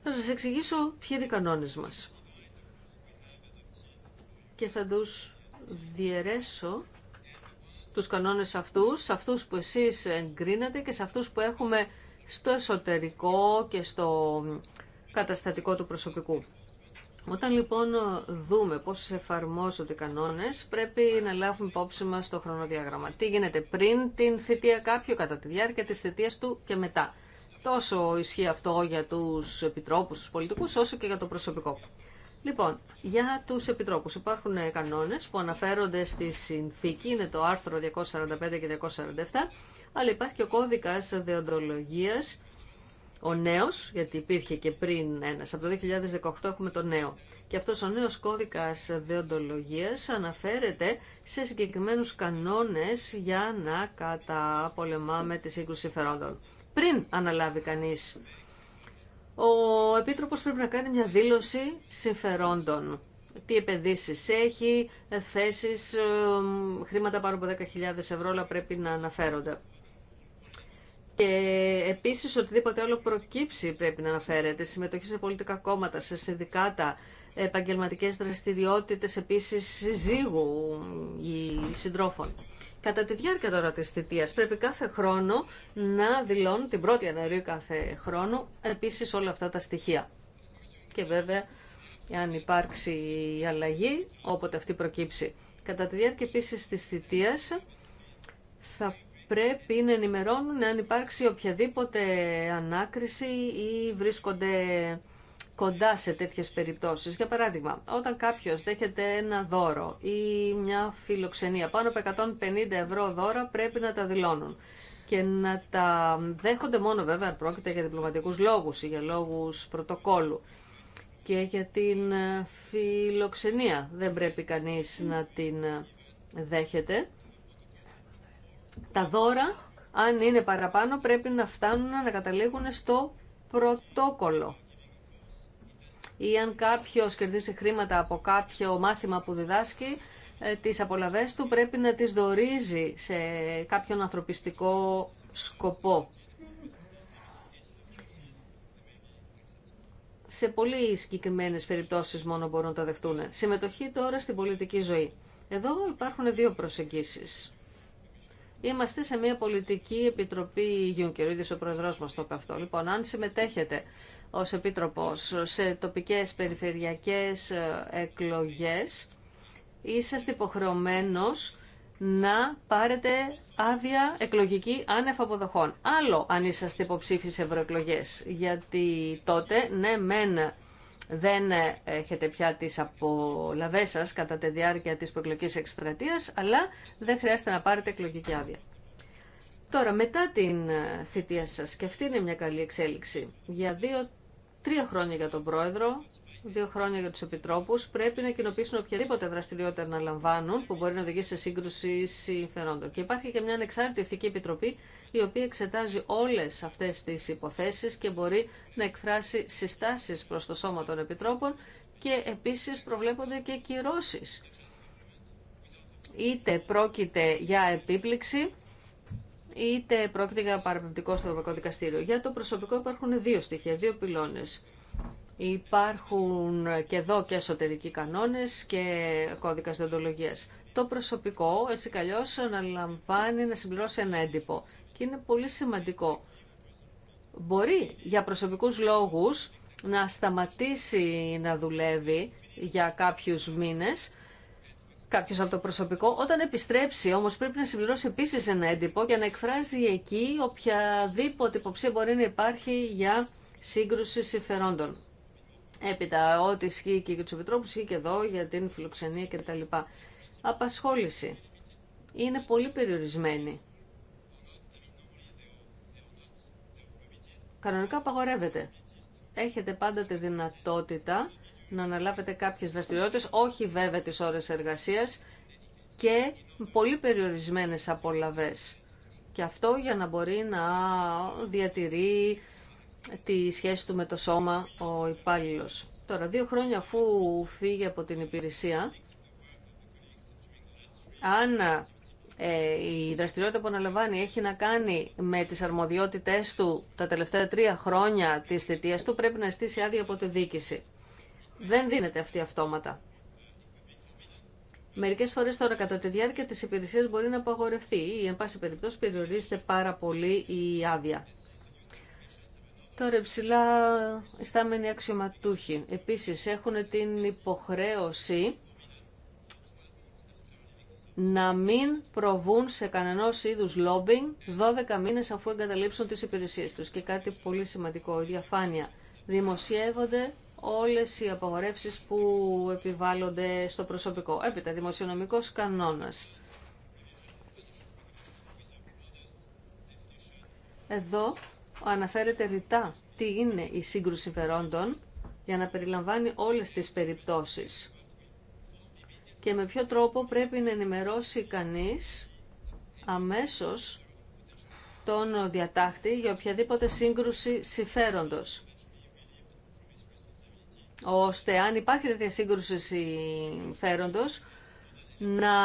Θα σας εξηγήσω ποιοι είναι οι κανόνες μας. Και θα τους διαιρέσω τους κανόνες αυτούς, σε αυτούς που εσείς εγκρίνατε και σε αυτούς που έχουμε στο εσωτερικό και στο καταστατικό του προσωπικού. Όταν λοιπόν δούμε πώς εφαρμόζονται οι κανόνες, πρέπει να λάβουμε υπόψη μας το χρονοδιάγραμμα. Τι γίνεται πριν την θητεία κάποιου, κατά τη διάρκεια της θητείας του και μετά. Τόσο ισχύει αυτό για τους επιτρόπους, τους πολιτικούς, όσο και για το προσωπικό. Λοιπόν, για τους επιτρόπους υπάρχουν κανόνες που αναφέρονται στη συνθήκη, είναι το άρθρο 245 και 247, αλλά υπάρχει και ο κώδικας δεοντολογίας ο νέος, γιατί υπήρχε και πριν ένα από το 2018 έχουμε το νέο. Και αυτός ο νέος κώδικας δεοντολογίας αναφέρεται σε συγκεκριμένους κανόνες για να καταπολεμάμε τη σύγκρουση συμφερόντων. Πριν αναλάβει κανείς, ο Επίτροπος πρέπει να κάνει μια δήλωση συμφερόντων. Τι επενδύσει έχει, θέσεις, ε, χρήματα πάνω από 10.000 ευρώ, όλα πρέπει να αναφέρονται. Και επίση οτιδήποτε άλλο προκύψει πρέπει να αναφέρεται. Συμμετοχή σε πολιτικά κόμματα, σε συνδικάτα, επαγγελματικέ δραστηριότητες, επίσης ζύγου ή συντρόφων. Κατά τη διάρκεια τώρα τη θητεία, πρέπει κάθε χρόνο να δηλώνουν την 1η κάθε χρόνο επίσης όλα αυτά τα στοιχεία. Και βέβαια αν υπάρξει αλλαγή όποτε αυτή προκύψει. Κατά τη διάρκεια επίση τη θητεία, θα πρέπει να ενημερώνουν αν υπάρξει οποιαδήποτε ανάκριση ή βρίσκονται κοντά σε τέτοιες περιπτώσεις. Για παράδειγμα, όταν κάποιος δέχεται ένα δώρο ή μια φιλοξενία πάνω από 150 ευρώ δώρα πρέπει να τα δηλώνουν και να τα δέχονται μόνο βέβαια αν πρόκειται για διπλωματικούς λόγους ή για λόγους πρωτοκόλου και για την φιλοξενία δεν πρέπει κανείς να την δέχεται τα δώρα, αν είναι παραπάνω, πρέπει να φτάνουν να καταλήγουν στο πρωτόκολλο. Ή αν κάποιος κερδίσει χρήματα από κάποιο μάθημα που διδάσκει, ε, τις απολαβές του πρέπει να τις δορίζει σε κάποιον ανθρωπιστικό σκοπό. σε πολύ συγκεκριμένε περιπτώσεις μόνο μπορούν να τα δεχτούν. Συμμετοχή τώρα στην πολιτική ζωή. Εδώ υπάρχουν δύο προσεγγίσεις. Είμαστε σε μια πολιτική επιτροπή υγιών ο ο πρόεδρός μας το καυτό. Λοιπόν, αν συμμετέχετε ως επίτροπος σε τοπικές περιφερειακές ε, εκλογές, είσαστε υποχρεωμένος να πάρετε άδεια εκλογική άνευ αποδοχών. Άλλο αν είσαστε υποψήφιοι σε ευρωεκλογέ. Γιατί τότε, ναι, μένα δεν έχετε πια τις απολαβές σας κατά τη διάρκεια της προεκλογικής εκστρατείας, αλλά δεν χρειάζεται να πάρετε εκλογική άδεια. Τώρα, μετά την θητεία σας, και αυτή είναι μια καλή εξέλιξη, για δύο-τρία χρόνια για τον πρόεδρο, δύο χρόνια για του επιτρόπους, πρέπει να κοινοποιήσουν οποιαδήποτε δραστηριότητα να λαμβάνουν που μπορεί να οδηγήσει σε σύγκρουση συμφερόντων. Και υπάρχει και μια ανεξάρτητη ηθική επιτροπή η οποία εξετάζει όλε αυτέ τι υποθέσει και μπορεί να εκφράσει συστάσει προ το σώμα των επιτρόπων και επίση προβλέπονται και κυρώσει. Είτε πρόκειται για επίπληξη, είτε πρόκειται για παραπληκτικό στο Ευρωπαϊκό Δικαστήριο. Για το προσωπικό υπάρχουν δύο στοιχεία, δύο πυλώνες. Υπάρχουν και εδώ και εσωτερικοί κανόνες και κώδικας διοντολογίας. Το προσωπικό έτσι καλλιώς αναλαμβάνει να συμπληρώσει ένα έντυπο και είναι πολύ σημαντικό. Μπορεί για προσωπικούς λόγους να σταματήσει να δουλεύει για κάποιους μήνες κάποιος από το προσωπικό. Όταν επιστρέψει όμως πρέπει να συμπληρώσει επίσης ένα έντυπο για να εκφράζει εκεί οποιαδήποτε υποψία μπορεί να υπάρχει για σύγκρουση συμφερόντων. Έπειτα, ό,τι ισχύει και για του επιτρόπου, ισχύει και εδώ για την φιλοξενία κτλ. Απασχόληση. Είναι πολύ περιορισμένη. Κανονικά απαγορεύεται. Έχετε πάντα τη δυνατότητα να αναλάβετε κάποιες δραστηριότητες, όχι βέβαια τις ώρες εργασίας και πολύ περιορισμένες απολαβές. Και αυτό για να μπορεί να διατηρεί τη σχέση του με το σώμα ο υπάλληλο. Τώρα, δύο χρόνια αφού φύγει από την υπηρεσία, αν ε, η δραστηριότητα που αναλαμβάνει έχει να κάνει με τις αρμοδιότητές του τα τελευταία τρία χρόνια της θητείας του, πρέπει να στήσει άδεια από τη δίκηση. Δεν δίνεται αυτή αυτόματα. Μερικές φορές τώρα κατά τη διάρκεια της υπηρεσίας μπορεί να απαγορευτεί ή εν πάση περιπτώσει περιορίζεται πάρα πολύ η άδεια. Τώρα υψηλά σταμενοί αξιωματούχοι. Επίσης έχουν την υποχρέωση να μην προβούν σε κανένα είδου λόμπινγκ 12 μήνες αφού εγκαταλείψουν τις υπηρεσίες τους. Και κάτι πολύ σημαντικό, η διαφάνεια. Δημοσιεύονται όλες οι απαγορεύσεις που επιβάλλονται στο προσωπικό. Έπειτα, δημοσιονομικός κανόνας. Εδώ αναφέρεται ρητά τι είναι η σύγκρουση συμφερόντων για να περιλαμβάνει όλες τις περιπτώσεις και με ποιο τρόπο πρέπει να ενημερώσει κανείς αμέσως τον διατάχτη για οποιαδήποτε σύγκρουση συμφέροντος ώστε αν υπάρχει τέτοια σύγκρουση συμφέροντος να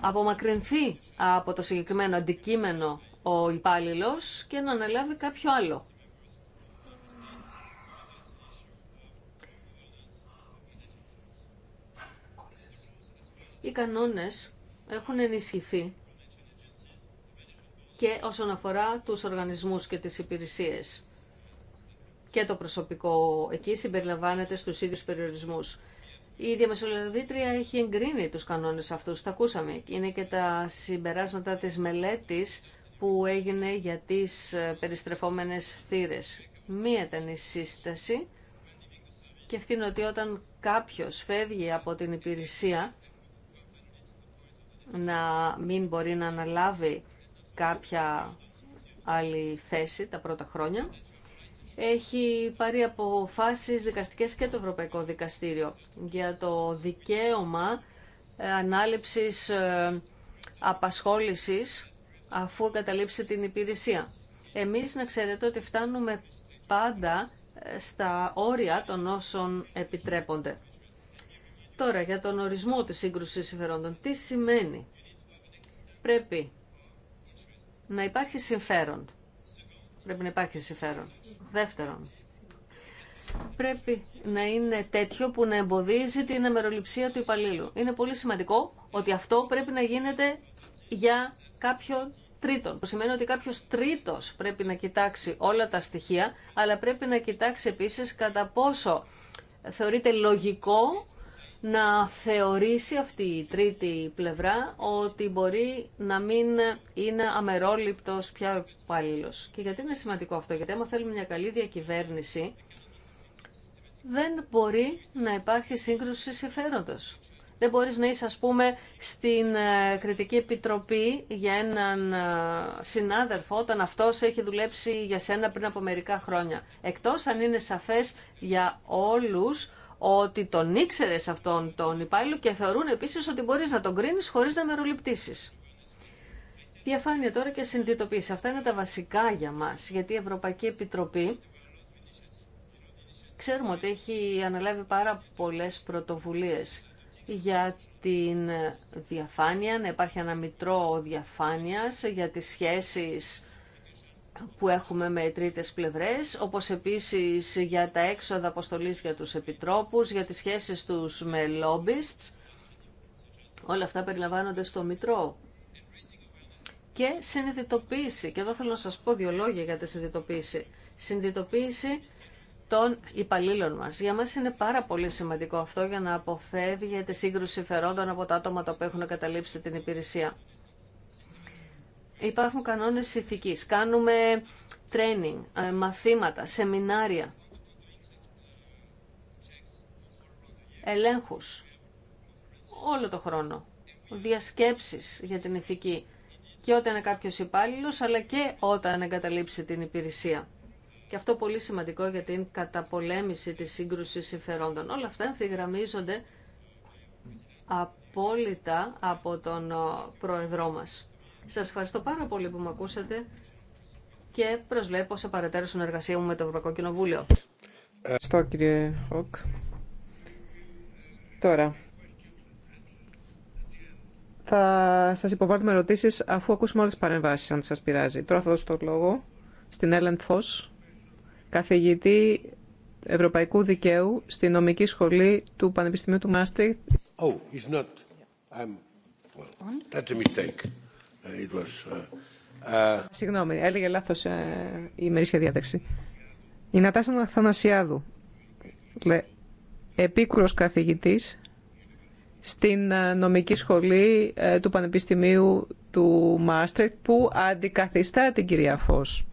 απομακρυνθεί από το συγκεκριμένο αντικείμενο ο υπάλληλο και να αναλάβει κάποιο άλλο. Οι κανόνες έχουν ενισχυθεί και όσον αφορά τους οργανισμούς και τις υπηρεσίες. Και το προσωπικό εκεί συμπεριλαμβάνεται στους ίδιους περιορισμούς. Η διαμεσολαβήτρια έχει εγκρίνει τους κανόνες αυτούς, τα ακούσαμε. Είναι και τα συμπεράσματα της μελέτης που έγινε για τις ε, περιστρεφόμενες θύρες. Μία ήταν η σύσταση και αυτή είναι ότι όταν κάποιος φεύγει από την υπηρεσία να μην μπορεί να αναλάβει κάποια άλλη θέση τα πρώτα χρόνια. Έχει πάρει αποφάσεις δικαστικές και το Ευρωπαϊκό Δικαστήριο για το δικαίωμα ε, ανάληψης ε, απασχόλησης αφού εγκαταλείψει την υπηρεσία. Εμείς να ξέρετε ότι φτάνουμε πάντα ε, στα όρια των όσων επιτρέπονται. Τώρα, για τον ορισμό της σύγκρουσης συμφερόντων, τι σημαίνει. Πρέπει να υπάρχει συμφέρον. Πρέπει να υπάρχει συμφέρον. Δεύτερον, πρέπει να είναι τέτοιο που να εμποδίζει την αμεροληψία του υπαλλήλου. Είναι πολύ σημαντικό ότι αυτό πρέπει να γίνεται για κάποιον τρίτον. σημαίνει ότι κάποιο τρίτο πρέπει να κοιτάξει όλα τα στοιχεία, αλλά πρέπει να κοιτάξει επίση κατά πόσο θεωρείται λογικό να θεωρήσει αυτή η τρίτη πλευρά ότι μπορεί να μην είναι αμερόληπτος πια υπάλληλο. Και γιατί είναι σημαντικό αυτό, γιατί άμα θέλουμε μια καλή διακυβέρνηση, δεν μπορεί να υπάρχει σύγκρουση συμφέροντος. Δεν μπορεί να είσαι, ας πούμε, στην ε, Κριτική Επιτροπή για έναν ε, συνάδελφο όταν αυτός έχει δουλέψει για σένα πριν από μερικά χρόνια. Εκτός αν είναι σαφές για όλους ότι τον ήξερε αυτόν τον υπάλληλο και θεωρούν επίσης ότι μπορεί να τον κρίνεις χωρίς να μεροληπτήσεις. Διαφάνεια τώρα και συνειδητοποίηση. Αυτά είναι τα βασικά για μας, γιατί η Ευρωπαϊκή Επιτροπή ξέρουμε ότι έχει αναλάβει πάρα πολλές πρωτοβουλίες για την διαφάνεια, να υπάρχει ένα μητρό διαφάνειας για τις σχέσεις που έχουμε με τρίτες πλευρές, όπως επίσης για τα έξοδα αποστολής για τους επιτρόπους, για τις σχέσεις τους με lobbyists. Όλα αυτά περιλαμβάνονται στο Μητρό. Και συνειδητοποίηση. Και εδώ θέλω να σας πω δύο λόγια για τη συνειδητοποίηση. Συνειδητοποίηση των υπαλλήλων μας. Για μα είναι πάρα πολύ σημαντικό αυτό για να αποφεύγεται σύγκρουση φερόντων από τα άτομα τα οποία έχουν καταλήψει την υπηρεσία. Υπάρχουν κανόνες ηθικής. Κάνουμε training, ε, μαθήματα, σεμινάρια, ελέγχους, όλο το χρόνο, διασκέψεις για την ηθική και όταν είναι κάποιος υπάλληλο, αλλά και όταν εγκαταλείψει την υπηρεσία. Και αυτό πολύ σημαντικό για την καταπολέμηση της σύγκρουσης συμφερόντων. Όλα αυτά ευθυγραμμίζονται απόλυτα από τον Πρόεδρό μας. Σας ευχαριστώ πάρα πολύ που με ακούσατε και προσβλέπω σε παρατέρω συνεργασία μου με το Ευρωπαϊκό Κοινοβούλιο. Ευχαριστώ κύριε Χοκ. Τώρα, θα σας υποβάλουμε ερωτήσεις αφού ακούσουμε όλες τις παρεμβάσεις, αν σας πειράζει. Τώρα θα δώσω το λόγο στην Έλεν Φως καθηγητή Ευρωπαϊκού Δικαίου στη νομική σχολή του Πανεπιστημίου του Μάστριχτ. Συγγνώμη, έλεγε λάθος ε, η ημερήσια διάταξη. Η Νατάσα Θανασιάδου, λέ, επίκουρος καθηγητής στην ε, νομική σχολή ε, του Πανεπιστημίου του Μάστρετ που αντικαθιστά την κυρία Φως.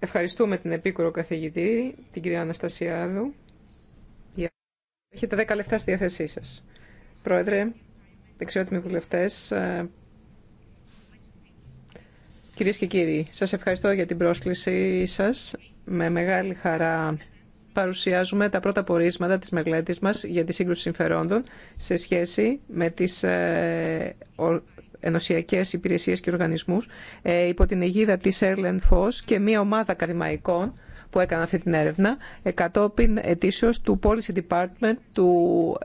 Ευχαριστούμε την επίκουρο καθηγητή, την κυρία Αναστασιάδου. Έχετε 10 λεπτά στη διάθεσή σας. Πρόεδρε, δεξιότιμοι βουλευτέ. Ε, κυρίες και κύριοι, σας ευχαριστώ για την πρόσκλησή σας. Με μεγάλη χαρά παρουσιάζουμε τα πρώτα πορίσματα της μελέτης μας για τη σύγκρουση συμφερόντων σε σχέση με τις ε, ενωσιακέ υπηρεσίες και οργανισμούς ε, υπό την αιγίδα της Erlen Foss και μια ομάδα ακαδημαϊκών που έκαναν αυτή την έρευνα ε, κατόπιν ετήσεω του Policy Department του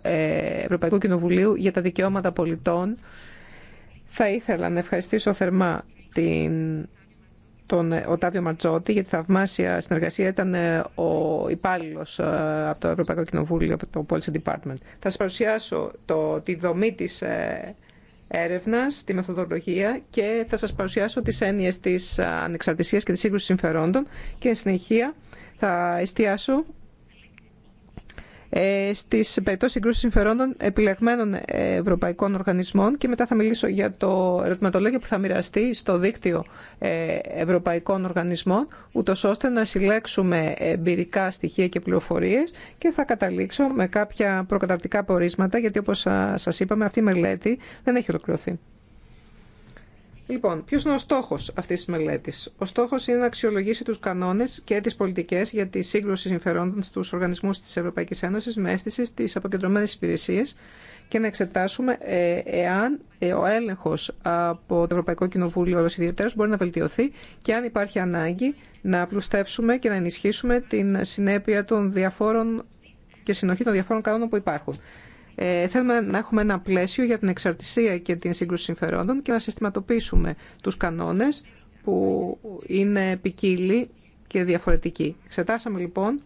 ε, Ευρωπαϊκού Κοινοβουλίου για τα δικαιώματα πολιτών. Θα ήθελα να ευχαριστήσω θερμά την τον Οτάβιο Ματζότη για τη θαυμάσια συνεργασία. Ήταν ο υπάλληλο από το Ευρωπαϊκό Κοινοβούλιο, από το Policy Department. Θα σα παρουσιάσω το, τη δομή τη έρευνας, τη μεθοδολογία και θα σας παρουσιάσω τις έννοιες της ανεξαρτησίας και της σύγκρουσης συμφερόντων και συνεχεία θα εστιάσω ε, στις περιπτώσει συγκρούσεων συμφερόντων επιλεγμένων ευρωπαϊκών οργανισμών και μετά θα μιλήσω για το ερωτηματολόγιο που θα μοιραστεί στο δίκτυο ε, ευρωπαϊκών οργανισμών ούτω ώστε να συλλέξουμε εμπειρικά στοιχεία και πληροφορίες και θα καταλήξω με κάποια προκαταρτικά πορίσματα γιατί όπως σας είπαμε αυτή η μελέτη δεν έχει ολοκληρωθεί. Λοιπόν, ποιο είναι ο στόχο αυτή τη μελέτη. Ο στόχο είναι να αξιολογήσει του κανόνε και τι πολιτικέ για τη σύγκρουση συμφερόντων στου οργανισμού τη Ευρωπαϊκή Ένωση με αίσθηση στι αποκεντρωμένε υπηρεσίε και να εξετάσουμε ε, εάν ε, ο έλεγχο από το Ευρωπαϊκό Κοινοβούλιο όλο ιδιαίτερο μπορεί να βελτιωθεί και αν υπάρχει ανάγκη να απλουστεύσουμε και να ενισχύσουμε την συνέπεια των διαφόρων και συνοχή των διαφόρων κανόνων που υπάρχουν. Ε, θέλουμε να έχουμε ένα πλαίσιο για την εξαρτησία και την σύγκρουση συμφερόντων και να συστηματοποιήσουμε τους κανόνες που είναι ποικίλοι και διαφορετικοί. Εξετάσαμε λοιπόν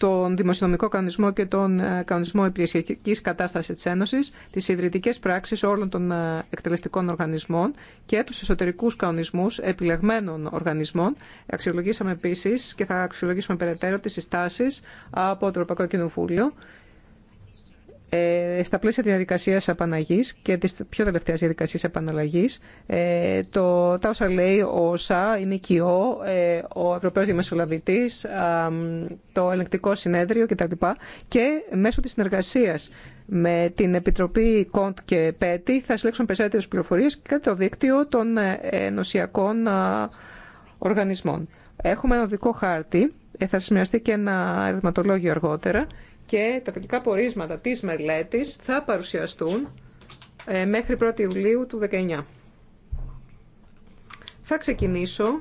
τον δημοσιονομικό κανονισμό και τον ε, κανονισμό υπηρεσιακή κατάσταση τη Ένωση, τι ιδρυτικέ πράξει όλων των ε, εκτελεστικών οργανισμών και του εσωτερικού κανονισμού επιλεγμένων οργανισμών. Αξιολογήσαμε επίση και θα αξιολογήσουμε περαιτέρω τι συστάσει από το Ευρωπαϊκό Κοινοβούλιο ε, στα πλαίσια της διαδικασίας απαναγής και της πιο τελευταίας διαδικασίας επαναλλαγή, ε, το, τα όσα λέει ο ΣΑ, η ΜΚΟ, ε, ο Ευρωπαίος Διαμεσολαβητής, το Ελεκτικό Συνέδριο κτλ. Και μέσω της συνεργασίας με την Επιτροπή Κοντ και ΠΕΤΗ θα συλλέξουν περισσότερες πληροφορίες και το δίκτυο των ενωσιακών οργανισμών. Έχουμε ένα δικό χάρτη, θα σας και ένα ερωτηματολόγιο αργότερα, και τα τελικά πορίσματα της μελέτης θα παρουσιαστούν ε, μέχρι 1η Ιουλίου του 2019. Θα ξεκινήσω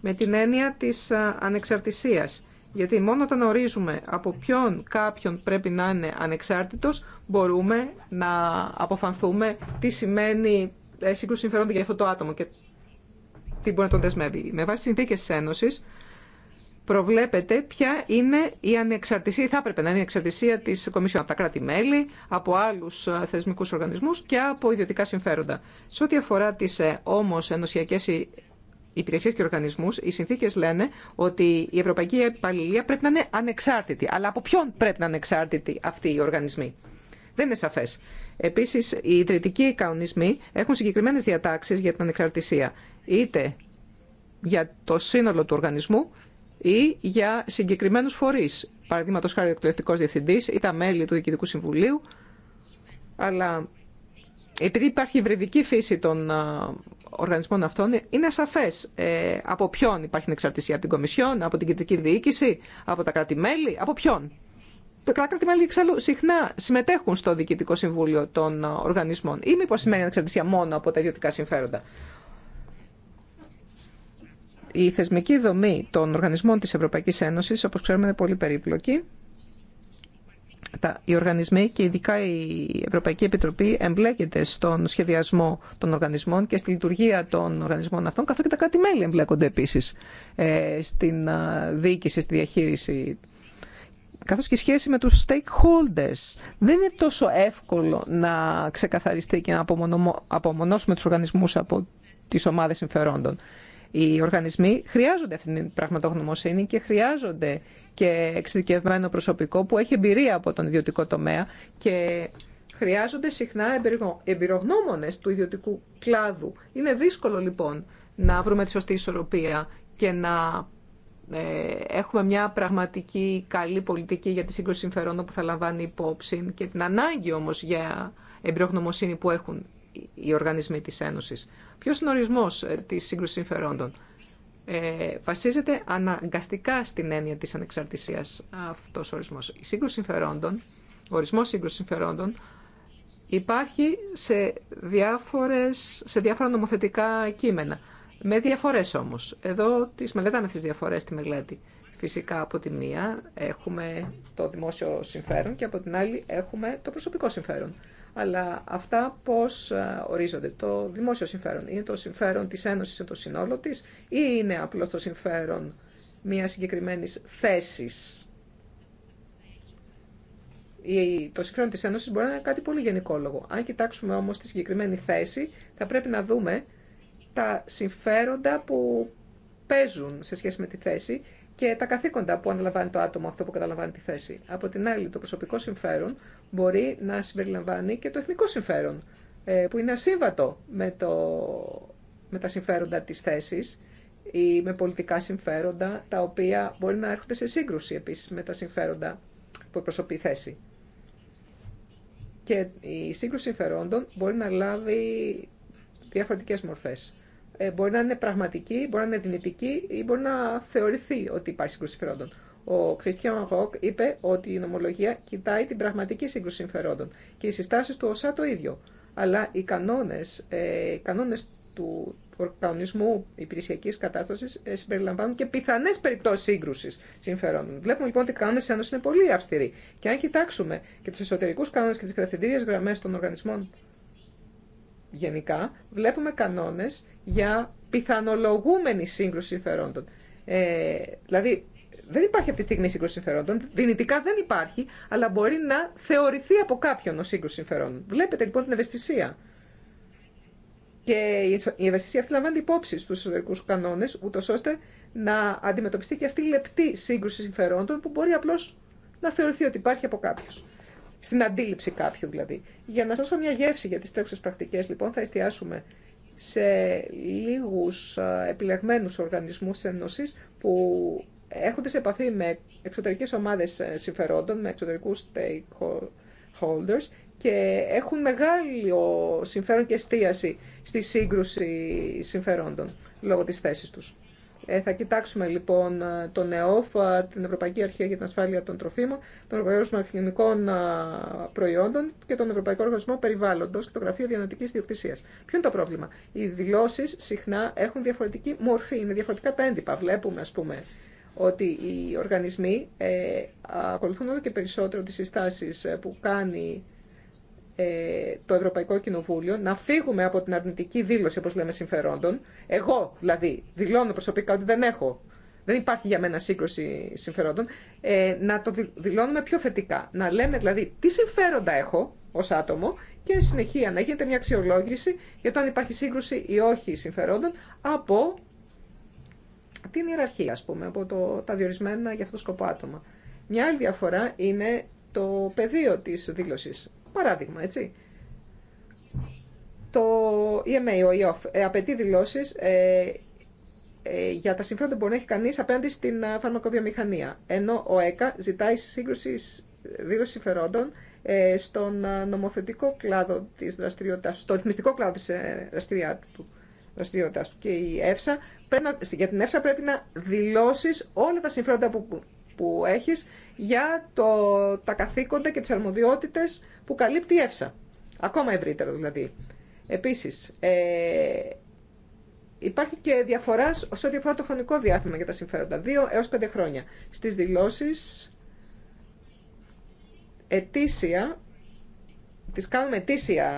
με την έννοια της ανεξαρτησίας. Γιατί μόνο όταν ορίζουμε από ποιον κάποιον πρέπει να είναι ανεξάρτητος, μπορούμε να αποφανθούμε τι σημαίνει ε, σύγκρουση συμφερόντων για αυτό το άτομο και τι μπορεί να τον δεσμεύει. Με βάση τις συνθήκες της Ένωσης, προβλέπεται ποια είναι η ανεξαρτησία, θα έπρεπε να είναι η ανεξαρτησία τη Κομισιόν από τα κράτη-μέλη, από άλλου ε, θεσμικού οργανισμού και από ιδιωτικά συμφέροντα. Σε ό,τι αφορά τι ε, όμω ενωσιακέ υπηρεσίε και οργανισμού, οι συνθήκε λένε ότι η Ευρωπαϊκή Επαλληλία πρέπει να είναι ανεξάρτητη. Αλλά από ποιον πρέπει να είναι ανεξάρτητοι αυτοί οι οργανισμοί. Δεν είναι σαφέ. Επίση, οι ιδρυτικοί κανονισμοί έχουν συγκεκριμένε διατάξει για την ανεξαρτησία. Είτε για το σύνολο του οργανισμού, ή για συγκεκριμένους φορείς, παραδείγματο χάρη ο εκτελεστικό διευθυντή ή τα μέλη του Διοικητικού Συμβουλίου, αλλά επειδή υπάρχει υβριδική φύση των οργανισμών αυτών, είναι σαφές ε, από ποιον υπάρχει εξαρτησία, από την Κομισιόν, από την Κεντρική Διοίκηση, από τα κράτη-μέλη, από ποιον. Τα κράτη-μέλη εξάλλου συχνά συμμετέχουν στο Διοικητικό Συμβούλιο των Οργανισμών. Ή μήπω σημαίνει εξαρτησία μόνο από τα ιδιωτικά συμφέροντα η θεσμική δομή των οργανισμών της Ευρωπαϊκής Ένωσης, όπως ξέρουμε, είναι πολύ περίπλοκη. οι οργανισμοί και ειδικά η Ευρωπαϊκή Επιτροπή εμπλέκεται στον σχεδιασμό των οργανισμών και στη λειτουργία των οργανισμών αυτών, καθώς και τα κράτη-μέλη εμπλέκονται επίσης ε, στην ε, διοίκηση, στη διαχείριση καθώς και η σχέση με τους stakeholders. Δεν είναι τόσο εύκολο να ξεκαθαριστεί και να απομονώσουμε τους οργανισμούς από τις ομάδες συμφερόντων οι οργανισμοί χρειάζονται αυτή την πραγματογνωμοσύνη και χρειάζονται και εξειδικευμένο προσωπικό που έχει εμπειρία από τον ιδιωτικό τομέα και χρειάζονται συχνά εμπειρογνώμονες του ιδιωτικού κλάδου. Είναι δύσκολο λοιπόν να βρούμε τη σωστή ισορροπία και να ε, έχουμε μια πραγματική καλή πολιτική για τη σύγκρουση συμφερόνων που θα λαμβάνει υπόψη και την ανάγκη όμως για εμπειρογνωμοσύνη που έχουν οι οργανισμοί της Ένωσης. Ποιος είναι ο ορισμός ε, της σύγκρουσης συμφερόντων. Ε, βασίζεται αναγκαστικά στην έννοια της ανεξαρτησίας αυτός ο ορισμός. Η σύγκρουση συμφερόντων, ο ορισμός σύγκρουσης συμφερόντων υπάρχει σε, διάφορες, σε διάφορα νομοθετικά κείμενα. Με διαφορές όμως. Εδώ τις μελετάμε τις διαφορές στη μελέτη. Φυσικά από τη μία έχουμε το δημόσιο συμφέρον και από την άλλη έχουμε το προσωπικό συμφέρον. Αλλά αυτά πώς ε, ορίζονται. Το δημόσιο συμφέρον είναι το συμφέρον της Ένωσης σε το συνόλο της ή είναι απλώς το συμφέρον μια συγκεκριμένης θέσης. Το συμφέρον της Ένωσης μπορεί να είναι κάτι πολύ γενικόλογο. Αν κοιτάξουμε όμως τη συγκεκριμένη θέση θα πρέπει να δούμε τα συμφέροντα που παίζουν σε σχέση με τη θέση και τα καθήκοντα που αναλαμβάνει το άτομο αυτό που καταλαμβάνει τη θέση. Από την άλλη, το προσωπικό συμφέρον μπορεί να συμπεριλαμβάνει και το εθνικό συμφέρον, ε, που είναι ασύμβατο με, το, με τα συμφέροντα της θέσης ή με πολιτικά συμφέροντα, τα οποία μπορεί να έρχονται σε σύγκρουση επίσης με τα συμφέροντα που εκπροσωπεί η θέση. Και η σύγκρουση συμφερόντων μπορεί να λάβει διαφορετικές μορφές. Ε, μπορεί να είναι πραγματική, μπορεί να είναι δυνητική ή μπορεί να θεωρηθεί ότι υπάρχει σύγκρουση συμφερόντων. Ο Christian Rock είπε ότι η νομολογία κοιτάει την πραγματική σύγκρουση συμφερόντων και οι συστάσει του ΩΣΑ το ίδιο. Αλλά οι κανόνε ε, κανόνες του κανονισμού υπηρεσιακή κατάσταση ε, συμπεριλαμβάνουν και πιθανέ περιπτώσει σύγκρουση συμφερόντων. Βλέπουμε λοιπόν ότι οι κανόνε είναι πολύ αυστηροί. Και αν κοιτάξουμε και του εσωτερικού κανόνε και τι κατευθυντήριε γραμμέ των οργανισμών γενικά, βλέπουμε κανόνε για πιθανολογούμενη σύγκρουση συμφερόντων. Ε, δηλαδή, δεν υπάρχει αυτή τη στιγμή σύγκρουση συμφερόντων. Δυνητικά δεν υπάρχει, αλλά μπορεί να θεωρηθεί από κάποιον ο σύγκρουση συμφερόντων. Βλέπετε λοιπόν την ευαισθησία. Και η ευαισθησία αυτή λαμβάνει υπόψη στου εσωτερικού κανόνε, ούτω ώστε να αντιμετωπιστεί και αυτή η λεπτή σύγκρουση συμφερόντων που μπορεί απλώ να θεωρηθεί ότι υπάρχει από κάποιο. Στην αντίληψη κάποιου δηλαδή. Για να σα δώσω μια γεύση για τι τρέχουσε πρακτικέ, λοιπόν, θα εστιάσουμε σε λίγους ε, επιλεγμένους οργανισμούς Ένωσης που έρχονται σε επαφή με εξωτερικές ομάδες ε, συμφερόντων, με εξωτερικούς stakeholders και έχουν μεγάλο συμφέρον και εστίαση στη σύγκρουση συμφερόντων λόγω της θέσης τους. Ε, θα κοιτάξουμε λοιπόν ε, τον ΕΟΦ, ε, την Ευρωπαϊκή Αρχή για την Ασφάλεια των Τροφίμων, τον Ευρωπαϊκό Οργανισμό Προϊόντων και τον Ευρωπαϊκό Οργανισμό Περιβάλλοντο και το Γραφείο Διανοτική Διοκτησία. Ποιο είναι το πρόβλημα. Οι δηλώσει συχνά έχουν διαφορετική μορφή, είναι διαφορετικά τα έντυπα. Βλέπουμε, α πούμε, ότι οι οργανισμοί ε, ακολουθούν όλο και περισσότερο τι συστάσει που κάνει ε, το Ευρωπαϊκό Κοινοβούλιο να φύγουμε από την αρνητική δήλωση, όπως λέμε, συμφερόντων. Εγώ, δηλαδή, δηλώνω προσωπικά ότι δεν έχω, δεν υπάρχει για μένα σύγκρουση συμφερόντων, ε, να το δηλώνουμε πιο θετικά. Να λέμε, δηλαδή, τι συμφέροντα έχω ως άτομο και συνεχεία να γίνεται μια αξιολόγηση για το αν υπάρχει σύγκρουση ή όχι συμφερόντων από την ιεραρχία, ας πούμε, από το, τα διορισμένα για αυτό το σκοπό άτομα. Μια άλλη διαφορά είναι το πεδίο της δήλωσης Παράδειγμα, έτσι. Το EMA, ο EOF, ε, απαιτεί δηλώσει ε, ε, για τα συμφέροντα που μπορεί να έχει κανεί απέναντι στην φαρμακοβιομηχανία. Ενώ ο ΕΚΑ ζητάει σύγκρουση δήλωση συμφερόντων στον νομοθετικό κλάδο τη δραστηριότητά του, στο ρυθμιστικό κλάδο τη δραστηριότητά του. Και η ΕΦΣΑ, πρέπει να, για την ΕΦΣΑ πρέπει να δηλώσει όλα τα συμφέροντα που που έχεις για το, τα καθήκοντα και τις αρμοδιότητες που καλύπτει η ΕΦΣΑ. Ακόμα ευρύτερο δηλαδή. Επίσης, ε, υπάρχει και διαφορά σε ό,τι αφορά το χρονικό διάστημα για τα συμφέροντα. Δύο έως πέντε χρόνια. Στις δηλώσεις ετήσια, τις κάνουμε ετήσια,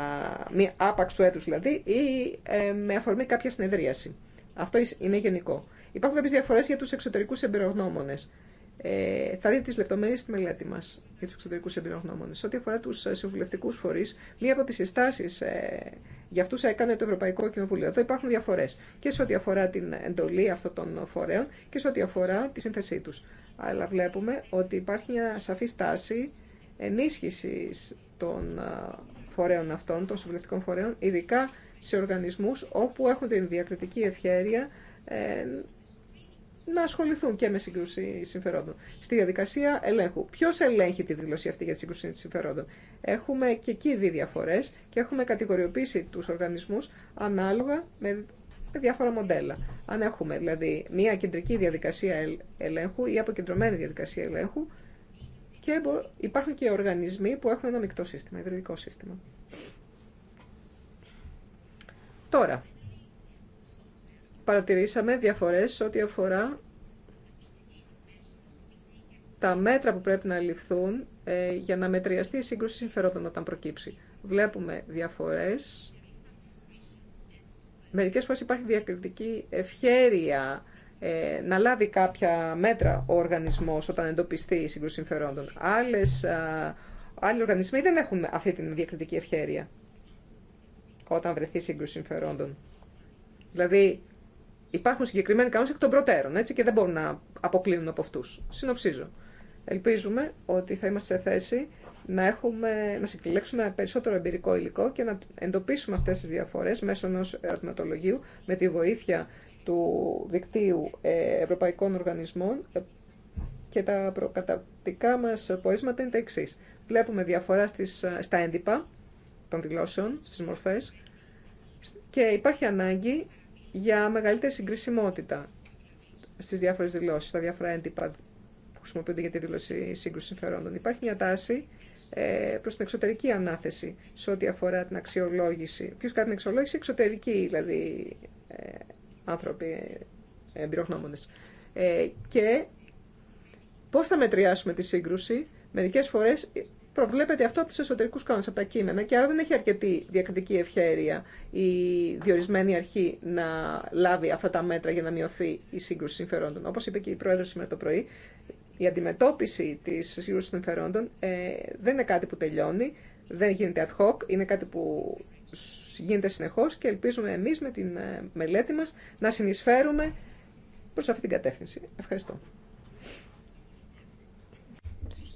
μία άπαξ του έτους δηλαδή, ή ε, με αφορμή κάποια συνεδρίαση. Αυτό είναι γενικό. Υπάρχουν κάποιε διαφορές για τους εξωτερικούς εμπειρογνώμονε. Ε, θα δείτε τι λεπτομέρειε στη μελέτη μα για του εξωτερικού εμπειρογνώμονε. Ό,τι αφορά του ε, συμβουλευτικού φορεί, μία από τι συστάσει ε, για αυτού έκανε το Ευρωπαϊκό Κοινοβούλιο. Εδώ υπάρχουν διαφορέ και σε ό,τι αφορά την εντολή αυτών των φορέων και σε ό,τι αφορά τη σύνθεσή του. Αλλά βλέπουμε ότι υπάρχει μια σαφή στάση ενίσχυση των ε, φορέων αυτών, των συμβουλευτικών φορέων, ειδικά σε οργανισμού όπου έχουν την διακριτική ευχέρεια ε, να ασχοληθούν και με σύγκρουση συμφερόντων. Στη διαδικασία ελέγχου. Ποιο ελέγχει τη δήλωση αυτή για τη σύγκρουση συμφερόντων. Έχουμε και εκεί δει διαφορέ και έχουμε κατηγοριοποιήσει του οργανισμού ανάλογα με διάφορα μοντέλα. Αν έχουμε δηλαδή μια κεντρική διαδικασία ελέγχου ή αποκεντρωμένη διαδικασία ελέγχου και υπάρχουν και οργανισμοί που έχουν ένα μεικτό σύστημα, υβριδικό σύστημα. Τώρα, παρατηρήσαμε διαφορές ό,τι αφορά τα μέτρα που πρέπει να ληφθούν ε, για να μετριαστεί η σύγκρουση συμφερόντων όταν προκύψει. Βλέπουμε διαφορές. Μερικές φορές υπάρχει διακριτική ευχέρεια ε, να λάβει κάποια μέτρα ο οργανισμός όταν εντοπιστεί η σύγκρουση συμφερόντων. Άλλες, άλλοι οργανισμοί δεν έχουν αυτή την διακριτική ευχέρεια όταν βρεθεί σύγκρουση συμφερόντων. Δηλαδή, υπάρχουν συγκεκριμένοι κανόνε εκ των προτέρων έτσι, και δεν μπορούν να αποκλίνουν από αυτού. Συνοψίζω. Ελπίζουμε ότι θα είμαστε σε θέση να, έχουμε, να περισσότερο εμπειρικό υλικό και να εντοπίσουμε αυτές τις διαφορές μέσω ενός ερωτηματολογίου με τη βοήθεια του δικτύου ε, ευρωπαϊκών οργανισμών ε, και τα προκαταπτικά μας πορίσματα είναι τα εξή. Βλέπουμε διαφορά στις, ε, στα έντυπα των δηλώσεων, στις μορφές και υπάρχει ανάγκη για μεγαλύτερη συγκρισιμότητα στις διάφορες δηλώσεις, στα διάφορα έντυπα που χρησιμοποιούνται για τη δήλωση σύγκρουση συμφερόντων. Υπάρχει μια τάση ε, προς την εξωτερική ανάθεση σε ό,τι αφορά την αξιολόγηση. Ποιο κάνει την αξιολόγηση, εξωτερικοί δηλαδή ε, άνθρωποι, εμπειρογνώμονες. Ε, και πώς θα μετριάσουμε τη σύγκρουση, μερικές φορές προβλέπεται αυτό από του εσωτερικού κανόνε, από τα κείμενα και άρα δεν έχει αρκετή διακριτική ευχαίρεια η διορισμένη αρχή να λάβει αυτά τα μέτρα για να μειωθεί η σύγκρουση συμφερόντων. Όπω είπε και η Πρόεδρο σήμερα το πρωί, η αντιμετώπιση τη σύγκρουση συμφερόντων ε, δεν είναι κάτι που τελειώνει, δεν γίνεται ad hoc, είναι κάτι που γίνεται συνεχώ και ελπίζουμε εμεί με την ε, μελέτη μα να συνεισφέρουμε προ αυτή την κατεύθυνση. Ευχαριστώ.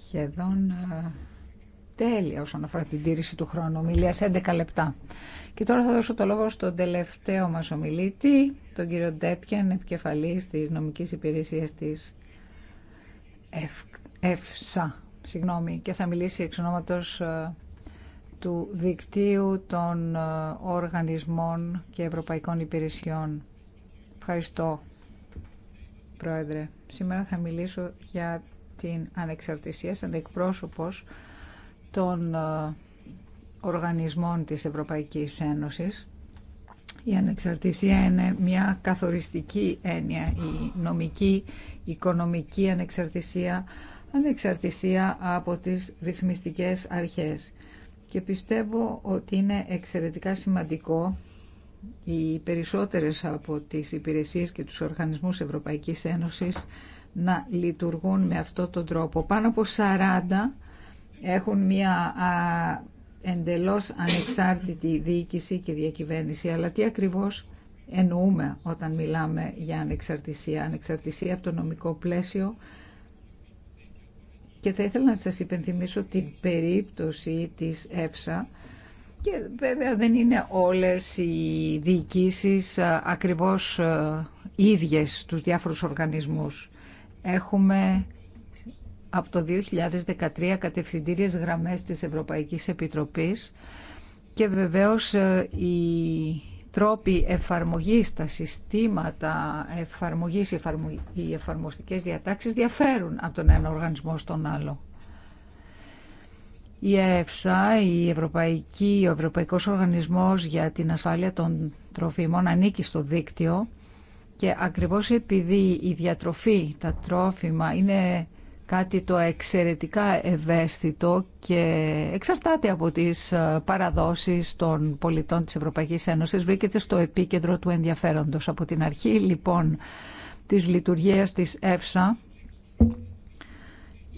Σχεδόν ε, τέλεια όσον αφορά την τήρηση του χρόνου ομιλία 11 λεπτά. Και τώρα θα δώσω το λόγο στον τελευταίο μας ομιλήτη, τον κύριο Ντέτκεν, επικεφαλή τη Νομική Υπηρεσία της ΕΦΣΑ. Συγγνώμη, και θα μιλήσει εξ ονόματος ε, του δικτύου των ε, οργανισμών και ευρωπαϊκών υπηρεσιών. Ευχαριστώ, Πρόεδρε. Σήμερα θα μιλήσω για την ανεξαρτησία σαν εκπρόσωπος των ε, οργανισμών της Ευρωπαϊκής Ένωσης. Η ανεξαρτησία είναι μια καθοριστική έννοια, η νομική, η οικονομική ανεξαρτησία, ανεξαρτησία από τις ρυθμιστικές αρχές. Και πιστεύω ότι είναι εξαιρετικά σημαντικό οι περισσότερες από τις υπηρεσίες και τους οργανισμούς Ευρωπαϊκής Ένωσης να λειτουργούν με αυτό τον τρόπο. Πάνω από 40 έχουν μια εντελώς ανεξάρτητη διοίκηση και διακυβέρνηση. Αλλά τι ακριβώς εννοούμε όταν μιλάμε για ανεξαρτησία. Ανεξαρτησία από το νομικό πλαίσιο και θα ήθελα να σας υπενθυμίσω την περίπτωση της ΕΦΣΑ και βέβαια δεν είναι όλες οι διοικήσεις ακριβώς ίδιες τους διάφορους οργανισμούς. Έχουμε από το 2013 κατευθυντήριες γραμμές της Ευρωπαϊκής Επιτροπής και βεβαίως ε, οι τρόποι εφαρμογής, τα συστήματα εφαρμογής, οι εφαρμοστικές διατάξεις διαφέρουν από τον ένα οργανισμό στον άλλο. Η ΕΕΦΣΑ, η Ευρωπαϊκή, ο Ευρωπαϊκός Οργανισμός για την Ασφάλεια των Τροφίμων ανήκει στο δίκτυο και ακριβώς επειδή η διατροφή, τα τρόφιμα είναι κάτι το εξαιρετικά ευαίσθητο και εξαρτάται από τις ε, παραδόσεις των πολιτών της Ευρωπαϊκής Ένωσης βρίσκεται στο επίκεντρο του ενδιαφέροντος. Από την αρχή λοιπόν της λειτουργίας της ΕΦΣΑ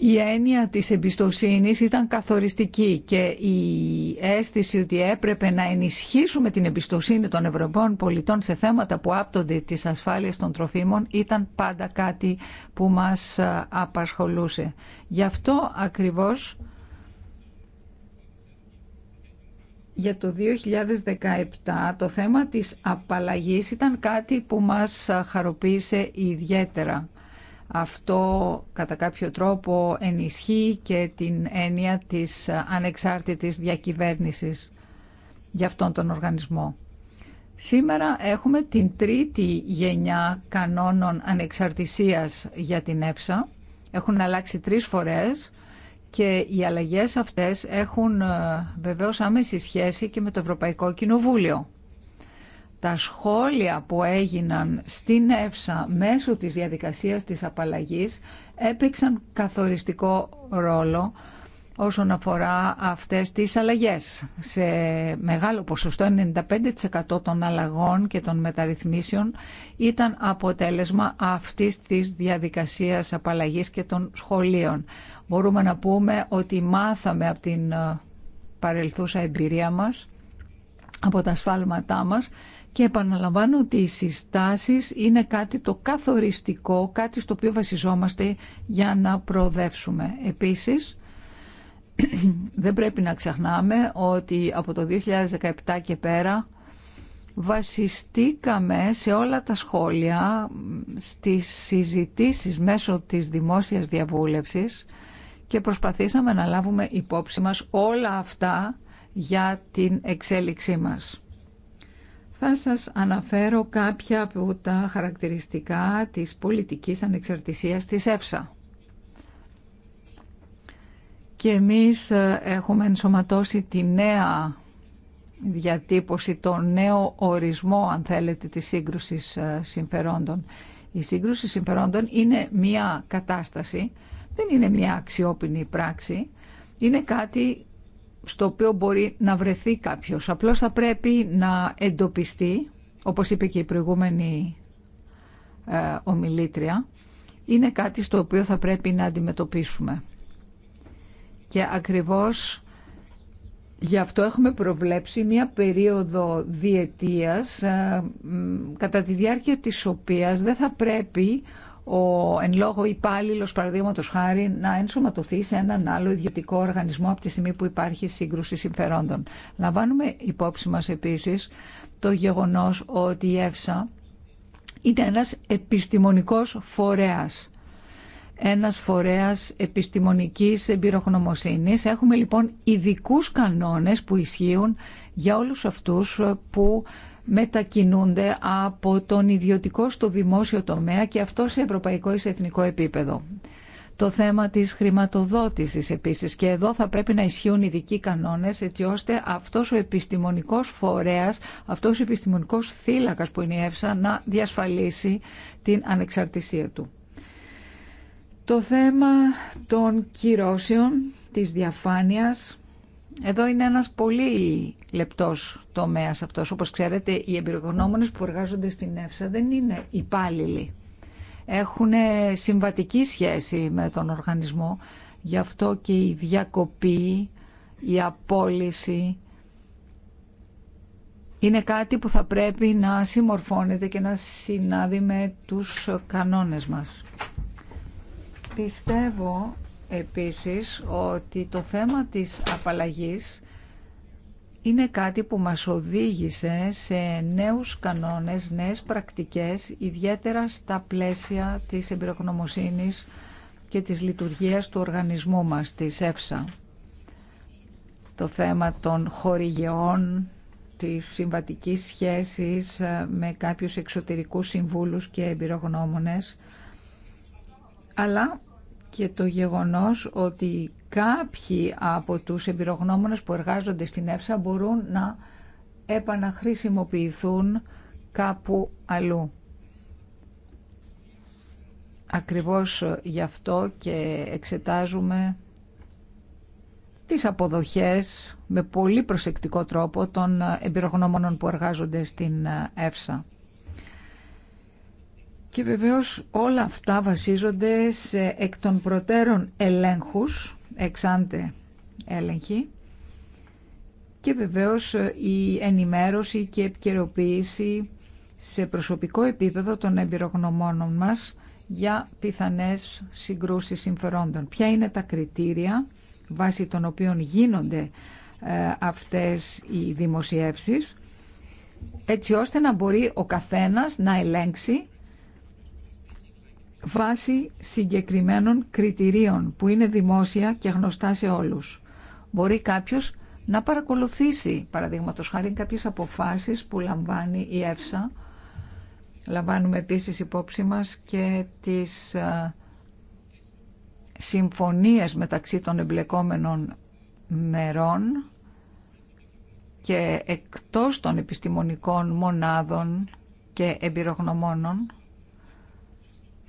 η έννοια της εμπιστοσύνης ήταν καθοριστική και η αίσθηση ότι έπρεπε να ενισχύσουμε την εμπιστοσύνη των Ευρωπαίων πολιτών σε θέματα που άπτονται της ασφάλειας των τροφίμων ήταν πάντα κάτι που μας ε, απασχολούσε. Γι' αυτό ακριβώς για το 2017 το θέμα της απαλλαγής ήταν κάτι που μας χαροποίησε ιδιαίτερα αυτό κατά κάποιο τρόπο ενισχύει και την έννοια της ανεξάρτητης διακυβέρνησης για αυτόν τον οργανισμό. Σήμερα έχουμε την τρίτη γενιά κανόνων ανεξαρτησίας για την ΕΨΑ. Έχουν αλλάξει τρεις φορές και οι αλλαγές αυτές έχουν ε, βεβαίως άμεση σχέση και με το Ευρωπαϊκό Κοινοβούλιο τα σχόλια που έγιναν στην ΕΦΣΑ μέσω της διαδικασίας της απαλλαγής έπαιξαν καθοριστικό ρόλο όσον αφορά αυτές τις αλλαγές. Σε μεγάλο ποσοστό, 95% των αλλαγών και των μεταρρυθμίσεων ήταν αποτέλεσμα αυτής της διαδικασίας απαλλαγής και των σχολείων. Μπορούμε να πούμε ότι μάθαμε από την παρελθούσα εμπειρία μας, από τα σφάλματά μας και επαναλαμβάνω ότι οι συστάσεις είναι κάτι το καθοριστικό, κάτι στο οποίο βασιζόμαστε για να προοδεύσουμε. Επίσης, δεν πρέπει να ξεχνάμε ότι από το 2017 και πέρα βασιστήκαμε σε όλα τα σχόλια, στις συζητήσεις μέσω της δημόσιας διαβούλευσης και προσπαθήσαμε να λάβουμε υπόψη μας όλα αυτά για την εξέλιξή μας. Θα σας αναφέρω κάποια από τα χαρακτηριστικά της πολιτικής ανεξαρτησίας της ΕΦΣΑ. Και εμείς ε, έχουμε ενσωματώσει τη νέα διατύπωση, το νέο ορισμό, αν θέλετε, της σύγκρουσης ε, συμφερόντων. Η σύγκρουση συμφερόντων είναι μία κατάσταση, δεν είναι μία αξιόπινη πράξη, είναι κάτι στο οποίο μπορεί να βρεθεί κάποιος. Απλώς θα πρέπει να εντοπιστεί, όπως είπε και η προηγούμενη ε, ομιλήτρια, είναι κάτι στο οποίο θα πρέπει να αντιμετωπίσουμε. Και ακριβώς γι' αυτό έχουμε προβλέψει μια περίοδο διετίας ε, κατά τη διάρκεια της οποίας δεν θα πρέπει ο εν λόγω υπάλληλο, παραδείγματο χάρη, να ενσωματωθεί σε έναν άλλο ιδιωτικό οργανισμό από τη στιγμή που υπάρχει σύγκρουση συμφερόντων. Λαμβάνουμε υπόψη μα επίση το γεγονό ότι η ΕΦΣΑ είναι ένα επιστημονικό φορέα, ένας φορέας επιστημονικής εμπειρογνωμοσύνης. Έχουμε λοιπόν ειδικού κανόνες που ισχύουν για όλους αυτούς που μετακινούνται από τον ιδιωτικό στο δημόσιο τομέα και αυτό σε ευρωπαϊκό ή σε εθνικό επίπεδο. Το θέμα της χρηματοδότησης επίσης και εδώ θα πρέπει να ισχύουν ειδικοί κανόνες έτσι ώστε αυτός ο επιστημονικός φορέας, αυτός ο επιστημονικός θύλακας που είναι η ΕΦΣΑ να διασφαλίσει την ανεξαρτησία του. Το θέμα των κυρώσεων, της διαφάνειας, εδώ είναι ένας πολύ λεπτός τομέας αυτός. Όπως ξέρετε, οι εμπειρογνώμονες που εργάζονται στην ΕΦΣΑ δεν είναι υπάλληλοι. Έχουν συμβατική σχέση με τον οργανισμό. Γι' αυτό και η διακοπή, η απόλυση είναι κάτι που θα πρέπει να συμμορφώνεται και να συνάδει με τους κανόνες μας. Πιστεύω επίσης ότι το θέμα της απαλλαγής είναι κάτι που μας οδήγησε σε νέους κανόνες, νέες πρακτικές, ιδιαίτερα στα πλαίσια της εμπειρογνωμοσύνης και της λειτουργίας του οργανισμού μας, της ΕΦΣΑ. Το θέμα των χορηγεών, της συμβατικής σχέσης ε, με κάποιους εξωτερικούς συμβούλους και εμπειρογνώμονες, αλλά και το γεγονός ότι κάποιοι από τους εμπειρογνώμονες που εργάζονται στην ΕΦΣΑ μπορούν να επαναχρησιμοποιηθούν κάπου αλλού. Ακριβώς γι' αυτό και εξετάζουμε τις αποδοχές με πολύ προσεκτικό τρόπο των εμπειρογνώμονων που εργάζονται στην ΕΦΣΑ. Και βεβαίως όλα αυτά βασίζονται σε εκ των προτέρων ελέγχους, εξάντε έλεγχοι, και βεβαίως η ενημέρωση και επικαιροποίηση σε προσωπικό επίπεδο των εμπειρογνωμόνων μας για πιθανές συγκρούσεις συμφερόντων. Ποια είναι τα κριτήρια βάσει των οποίων γίνονται ε, αυτές οι δημοσιεύσεις έτσι ώστε να μπορεί ο καθένας να ελέγξει βάσει συγκεκριμένων κριτηρίων που είναι δημόσια και γνωστά σε όλους. Μπορεί κάποιος να παρακολουθήσει, παραδείγματο χάρη, κάποιες αποφάσεις που λαμβάνει η ΕΦΣΑ. Λαμβάνουμε επίσης υπόψη μας και τις ε, συμφωνίες μεταξύ των εμπλεκόμενων μερών και εκτός των επιστημονικών μονάδων και εμπειρογνωμόνων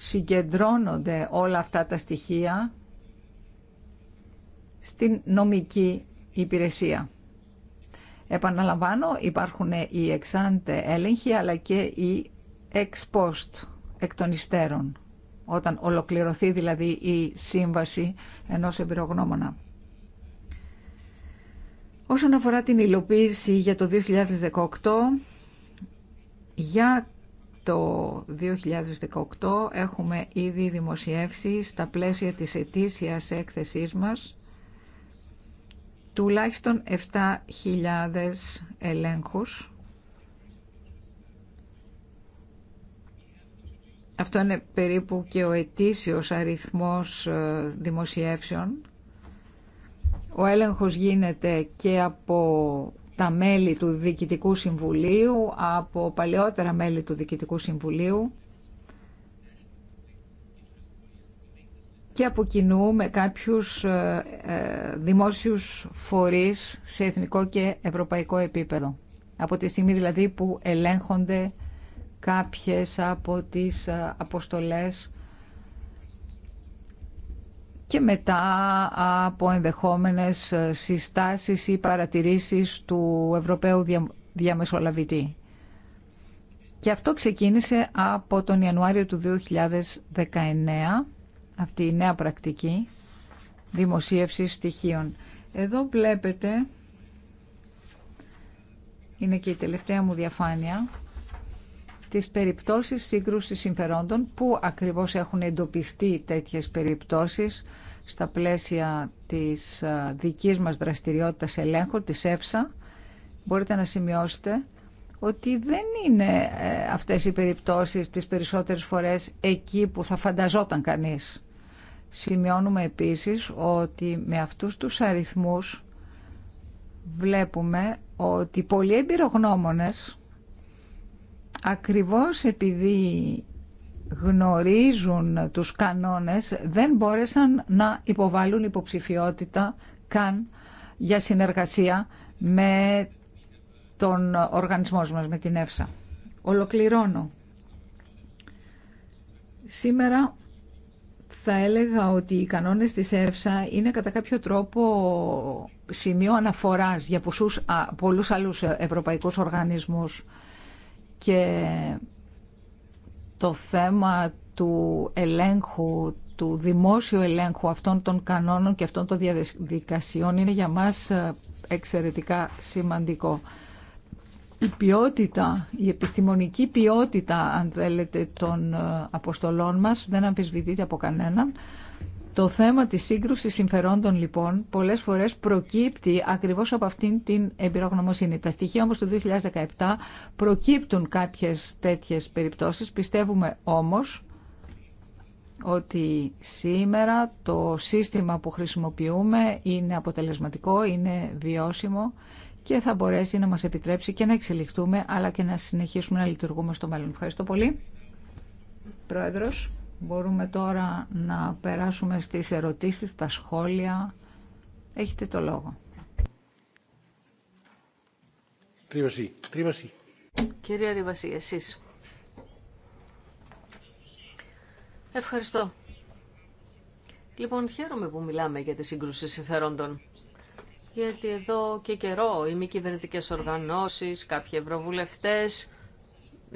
συγκεντρώνονται όλα αυτά τα στοιχεία στην νομική υπηρεσία. Επαναλαμβάνω, υπάρχουν οι εξάντε έλεγχοι αλλά και οι ex post εκ των υστέρων, όταν ολοκληρωθεί δηλαδή η σύμβαση ενός εμπειρογνώμονα. Όσον αφορά την υλοποίηση για το 2018, για το 2018 έχουμε ήδη δημοσιεύσει στα πλαίσια της ετήσιας έκθεσής μας τουλάχιστον 7.000 ελέγχους. Αυτό είναι περίπου και ο ετήσιος αριθμός ε, δημοσιεύσεων. Ο έλεγχος γίνεται και από τα μέλη του Διοικητικού Συμβουλίου, από παλαιότερα μέλη του Διοικητικού Συμβουλίου και από κοινού με κάποιους ε, ε, δημόσιους φορείς σε εθνικό και ευρωπαϊκό επίπεδο. Από τη στιγμή δηλαδή που ελέγχονται κάποιες από τις ε, αποστολές και μετά από ενδεχόμενες συστάσεις ή παρατηρήσεις του Ευρωπαίου Διαμεσολαβητή. Και αυτό ξεκίνησε από τον Ιανουάριο του 2019, αυτή η νέα πρακτική δημοσίευση στοιχείων. Εδώ βλέπετε, είναι και η τελευταία μου διαφάνεια, τις περιπτώσεις σύγκρουσης συμφερόντων που ακριβώς έχουν εντοπιστεί τέτοιες περιπτώσεις στα πλαίσια της δικής μας δραστηριότητας ελέγχου, της ΕΦΣΑ, μπορείτε να σημειώσετε ότι δεν είναι ε, αυτές οι περιπτώσεις τις περισσότερες φορές εκεί που θα φανταζόταν κανείς. Σημειώνουμε επίσης ότι με αυτούς τους αριθμούς βλέπουμε ότι πολλοί εμπειρογνώμονες ακριβώς επειδή γνωρίζουν τους κανόνες δεν μπόρεσαν να υποβάλουν υποψηφιότητα καν για συνεργασία με τον οργανισμό μας, με την ΕΦΣΑ. Ολοκληρώνω. Σήμερα θα έλεγα ότι οι κανόνες της ΕΦΣΑ είναι κατά κάποιο τρόπο σημείο αναφοράς για πολλούς άλλους ευρωπαϊκούς οργανισμούς και το θέμα του ελέγχου, του δημόσιου ελέγχου αυτών των κανόνων και αυτών των διαδικασιών είναι για μας ε, εξαιρετικά σημαντικό. Η ποιότητα, η επιστημονική ποιότητα, αν θέλετε, των ε, αποστολών μας δεν αμφισβητείται από κανέναν, το θέμα της σύγκρουσης συμφερόντων λοιπόν πολλές φορές προκύπτει ακριβώς από αυτήν την εμπειρογνωμοσύνη. Τα στοιχεία όμως του 2017 προκύπτουν κάποιες τέτοιες περιπτώσεις. Πιστεύουμε όμως ότι σήμερα το σύστημα που χρησιμοποιούμε είναι αποτελεσματικό, είναι βιώσιμο και θα μπορέσει να μας επιτρέψει και να εξελιχθούμε αλλά και να συνεχίσουμε να λειτουργούμε στο μέλλον. Ευχαριστώ πολύ. Πρόεδρος. Μπορούμε τώρα να περάσουμε στις ερωτήσεις, τα σχόλια. Έχετε το λόγο. Κυρία Ριβασί, εσείς. Ευχαριστώ. Λοιπόν, χαίρομαι που μιλάμε για τη σύγκρουση συμφερόντων. Γιατί εδώ και καιρό οι μη κυβερνητικέ οργανώσεις, κάποιοι ευρωβουλευτές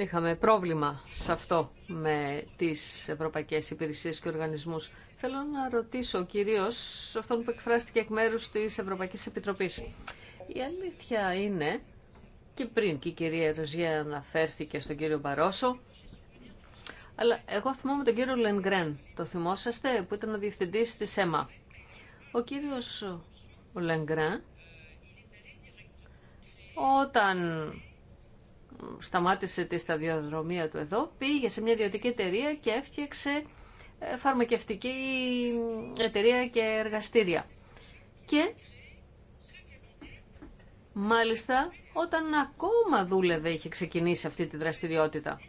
είχαμε πρόβλημα σε αυτό με τις ευρωπαϊκές υπηρεσίες και οργανισμούς. Θέλω να ρωτήσω κυρίως αυτόν που εκφράστηκε εκ μέρους της Ευρωπαϊκής Επιτροπής. Η αλήθεια είναι, και πριν και η κυρία Ροζιά αναφέρθηκε στον κύριο Μπαρόσο, αλλά εγώ θυμόμαι τον κύριο Λενγκρέν, το θυμόσαστε, που ήταν ο διευθυντής της ΕΜΑ. Ο κύριος Λενγκρέν, όταν σταμάτησε τη σταδιοδρομία του εδώ, πήγε σε μια ιδιωτική εταιρεία και έφτιαξε ε, φαρμακευτική εταιρεία και εργαστήρια. Και μάλιστα όταν ακόμα δούλευε είχε ξεκινήσει αυτή τη δραστηριότητα.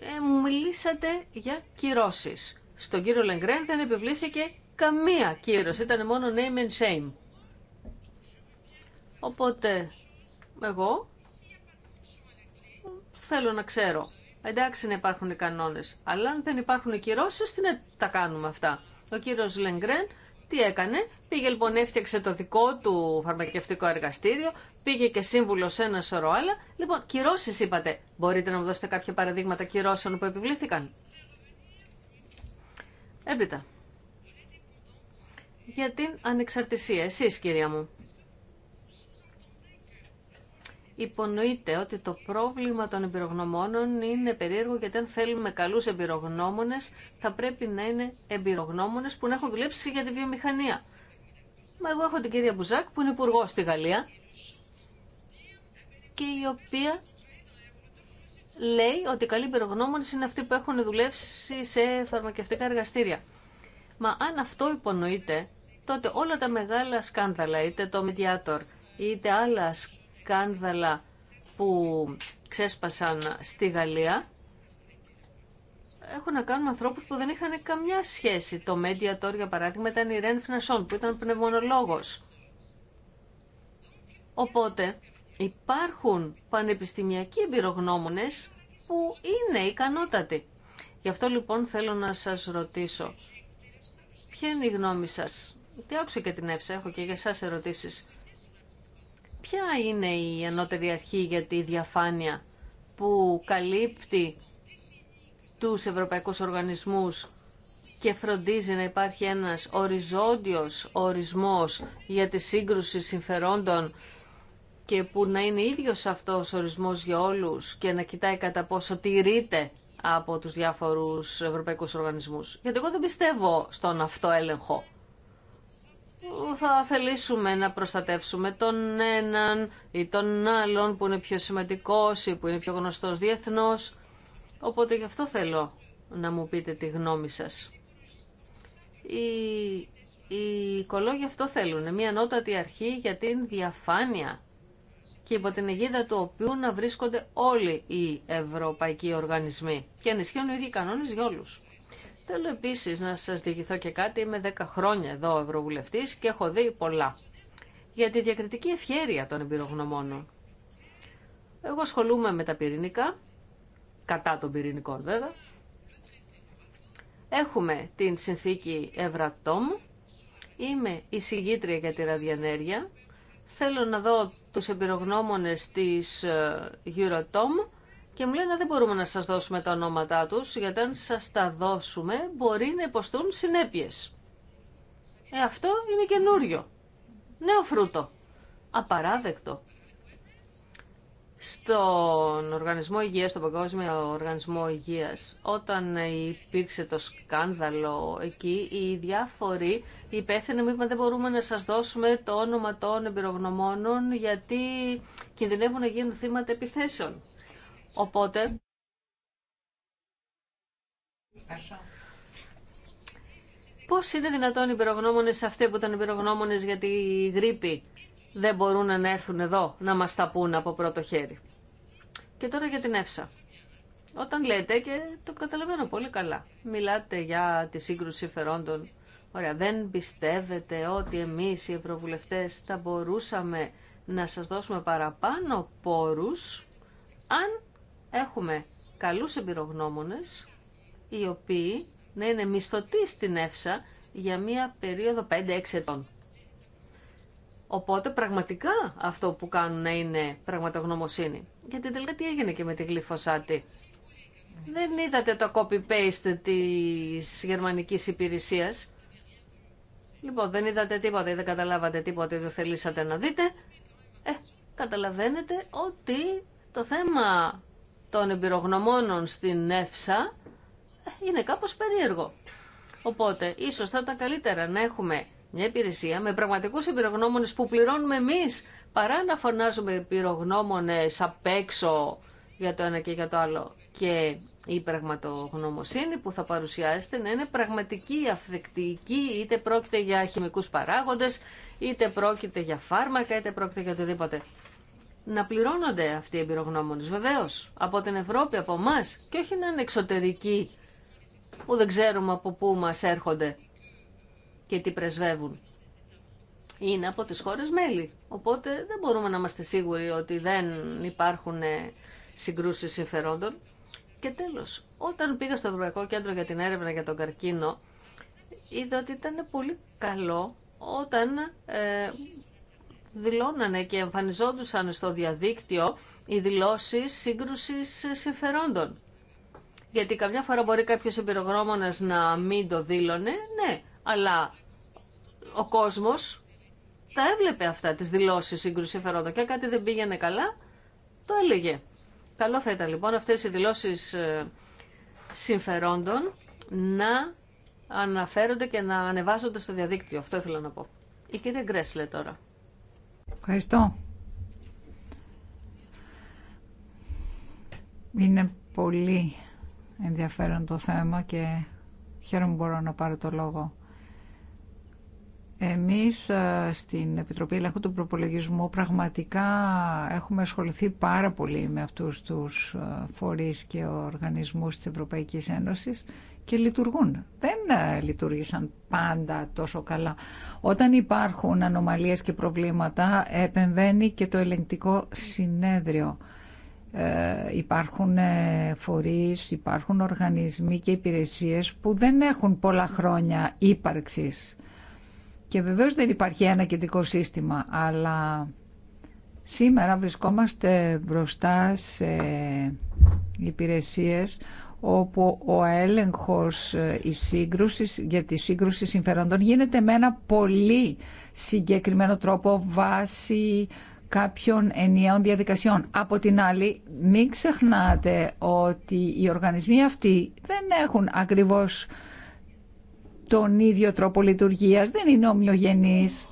Ε, μιλήσατε για κυρώσεις. Στον κύριο Λεγκρέν δεν επιβλήθηκε καμία κύρωση, ήταν μόνο name and shame. Οπότε εγώ θέλω να ξέρω. Εντάξει να υπάρχουν οι κανόνες, αλλά αν δεν υπάρχουν κυρώσει, τι να τα κάνουμε αυτά. Ο κύριο Λεγκρέν τι έκανε, πήγε λοιπόν έφτιαξε το δικό του φαρμακευτικό εργαστήριο, πήγε και σύμβουλο σε ένα σωρό άλλα. Λοιπόν, κυρώσει είπατε. Μπορείτε να μου δώσετε κάποια παραδείγματα κυρώσεων που επιβλήθηκαν. Έπειτα. Για την ανεξαρτησία, εσείς κυρία μου υπονοείται ότι το πρόβλημα των εμπειρογνωμόνων είναι περίεργο γιατί αν θέλουμε καλούς εμπειρογνώμονες θα πρέπει να είναι εμπειρογνώμονες που να έχουν δουλέψει για τη βιομηχανία. Μα εγώ έχω την κυρία Μπουζάκ που είναι υπουργό στη Γαλλία και η οποία λέει ότι οι καλοί εμπειρογνώμονες είναι αυτοί που έχουν δουλέψει σε φαρμακευτικά εργαστήρια. Μα αν αυτό υπονοείται, τότε όλα τα μεγάλα σκάνδαλα, είτε το Mediator, είτε άλλα σκάνδαλα, σκάνδαλα που ξέσπασαν στη Γαλλία έχουν να κάνουν ανθρώπους που δεν είχαν καμιά σχέση. Το Mediator, για παράδειγμα, ήταν η Ρεν Φνασόν, που ήταν πνευμονολόγος. Οπότε υπάρχουν πανεπιστημιακοί εμπειρογνώμονες που είναι ικανότατοι. Γι' αυτό λοιπόν θέλω να σας ρωτήσω, ποια είναι η γνώμη σας. Τι άκουσα και την έψα, έχω και για εσάς ερωτήσεις. Ποια είναι η ανώτερη αρχή για τη διαφάνεια που καλύπτει τους ευρωπαϊκούς οργανισμούς και φροντίζει να υπάρχει ένας οριζόντιος ορισμός για τη σύγκρουση συμφερόντων και που να είναι ίδιος αυτός ορισμός για όλους και να κοιτάει κατά πόσο τηρείται από τους διάφορους ευρωπαϊκούς οργανισμούς. Γιατί εγώ δεν πιστεύω στον αυτό έλεγχο θα θελήσουμε να προστατεύσουμε τον έναν ή τον άλλον που είναι πιο σημαντικός ή που είναι πιο γνωστός διεθνώς. Οπότε γι' αυτό θέλω να μου πείτε τη γνώμη σας. Οι, οι οικολόγοι αυτό θέλουν, μια νότατη αρχή για την διαφάνεια και υπό την αιγίδα του οποίου να βρίσκονται όλοι οι ευρωπαϊκοί οργανισμοί και ανισχύουν οι ίδιοι κανόνες για όλους. Θέλω επίσης να σας διηγηθώ και κάτι. Είμαι 10 χρόνια εδώ ευρωβουλευτής και έχω δει πολλά. Για τη διακριτική ευχέρεια των εμπειρογνωμόνων. Εγώ ασχολούμαι με τα πυρηνικά, κατά των πυρηνικών βέβαια. Έχουμε την συνθήκη Ευρατόμ. Είμαι συγγήτρια για τη ραδιενέργεια. Θέλω να δω τους εμπειρογνώμονες της ε, Eurotom και μου λένε δεν μπορούμε να σας δώσουμε τα ονόματά τους, γιατί αν σας τα δώσουμε μπορεί να υποστούν συνέπειες. Ε, αυτό είναι καινούριο. Νέο φρούτο. Απαράδεκτο. Στον Οργανισμό Υγείας, στον Παγκόσμιο Οργανισμό Υγείας, όταν υπήρξε το σκάνδαλο εκεί, οι διάφοροι υπεύθυνοι μου είπαν δεν μπορούμε να σας δώσουμε το όνομα των εμπειρογνωμόνων γιατί κινδυνεύουν να γίνουν θύματα επιθέσεων. Οπότε... Πώς είναι δυνατόν οι πυρογνώμονες αυτοί που ήταν πυρογνώμονες γιατί τη γρήπη δεν μπορούν να έρθουν εδώ να μας τα πούν από πρώτο χέρι. Και τώρα για την Εύσα. Όταν λέτε και το καταλαβαίνω πολύ καλά. Μιλάτε για τη σύγκρουση φερόντων. Ωραία, δεν πιστεύετε ότι εμείς οι ευρωβουλευτές θα μπορούσαμε να σας δώσουμε παραπάνω πόρους αν έχουμε καλούς εμπειρογνώμονες οι οποίοι να είναι μισθωτοί στην ΕΦΣΑ για μία περίοδο 5-6 ετών. Οπότε πραγματικά αυτό που κάνουν να είναι πραγματογνωμοσύνη. Γιατί τελικά τι έγινε και με τη γλυφοσάτη. Δεν είδατε το copy-paste της γερμανικής υπηρεσίας. Λοιπόν, δεν είδατε τίποτα ή δεν καταλάβατε τίποτα ή δεν θελήσατε να δείτε. Ε, καταλαβαίνετε ότι το θέμα των εμπειρογνωμόνων στην ΕΦΣΑ είναι κάπως περίεργο. Οπότε, ίσως θα ήταν καλύτερα να έχουμε μια υπηρεσία με πραγματικούς εμπειρογνώμονες που πληρώνουμε εμείς, παρά να φωνάζουμε εμπειρογνώμονες απ' έξω για το ένα και για το άλλο. Και η πραγματογνωμοσύνη που θα παρουσιάζεται να είναι πραγματική, αυθεκτική, είτε πρόκειται για χημικούς παράγοντες, είτε πρόκειται για φάρμακα, είτε πρόκειται για οτιδήποτε να πληρώνονται αυτοί οι εμπειρογνώμονες, βεβαίως, από την Ευρώπη, από εμά και όχι να είναι εξωτερικοί που δεν ξέρουμε από πού μας έρχονται και τι πρεσβεύουν. Είναι από τις χώρες μέλη, οπότε δεν μπορούμε να είμαστε σίγουροι ότι δεν υπάρχουν ε, συγκρούσεις συμφερόντων. Και τέλος, όταν πήγα στο Ευρωπαϊκό Κέντρο για την Έρευνα για τον Καρκίνο, είδα ότι ήταν πολύ καλό όταν ε, δηλώνανε και εμφανιζόντουσαν στο διαδίκτυο οι δηλώσεις σύγκρουσης συμφερόντων. Γιατί καμιά φορά μπορεί κάποιος εμπειρογνώμονας να μην το δήλωνε, ναι, αλλά ο κόσμος τα έβλεπε αυτά τις δηλώσεις σύγκρουσης συμφερόντων και κάτι δεν πήγαινε καλά, το έλεγε. Καλό θα ήταν λοιπόν αυτές οι δηλώσεις ε, συμφερόντων να αναφέρονται και να ανεβάζονται στο διαδίκτυο. Αυτό ήθελα να πω. Η κυρία Γκρέσλε τώρα. Ευχαριστώ. Είναι πολύ ενδιαφέρον το θέμα και χαίρομαι που μπορώ να πάρω το λόγο. Εμείς ε, στην Επιτροπή Ελέγχου του Προπολογισμού πραγματικά έχουμε ασχοληθεί πάρα πολύ με αυτούς τους ε, φορείς και οργανισμούς της Ευρωπαϊκής Ένωσης και λειτουργούν. Δεν ε, λειτουργήσαν πάντα τόσο καλά. Όταν υπάρχουν ανομαλίες και προβλήματα επεμβαίνει και το ελεγκτικό συνέδριο. Ε, υπάρχουν ε, φορείς, υπάρχουν οργανισμοί και υπηρεσίες που δεν έχουν πολλά χρόνια ύπαρξης. Και βεβαίως δεν υπάρχει ένα κεντρικό σύστημα, αλλά σήμερα βρισκόμαστε μπροστά σε υπηρεσίες όπου ο έλεγχος ε, η σύγκρουση, για τη σύγκρουση συμφερόντων γίνεται με ένα πολύ συγκεκριμένο τρόπο βάση κάποιων ενιαίων διαδικασιών. Από την άλλη, μην ξεχνάτε ότι οι οργανισμοί αυτοί δεν έχουν ακριβώς τον ίδιο τρόπο λειτουργίας, δεν είναι ομοιογενείς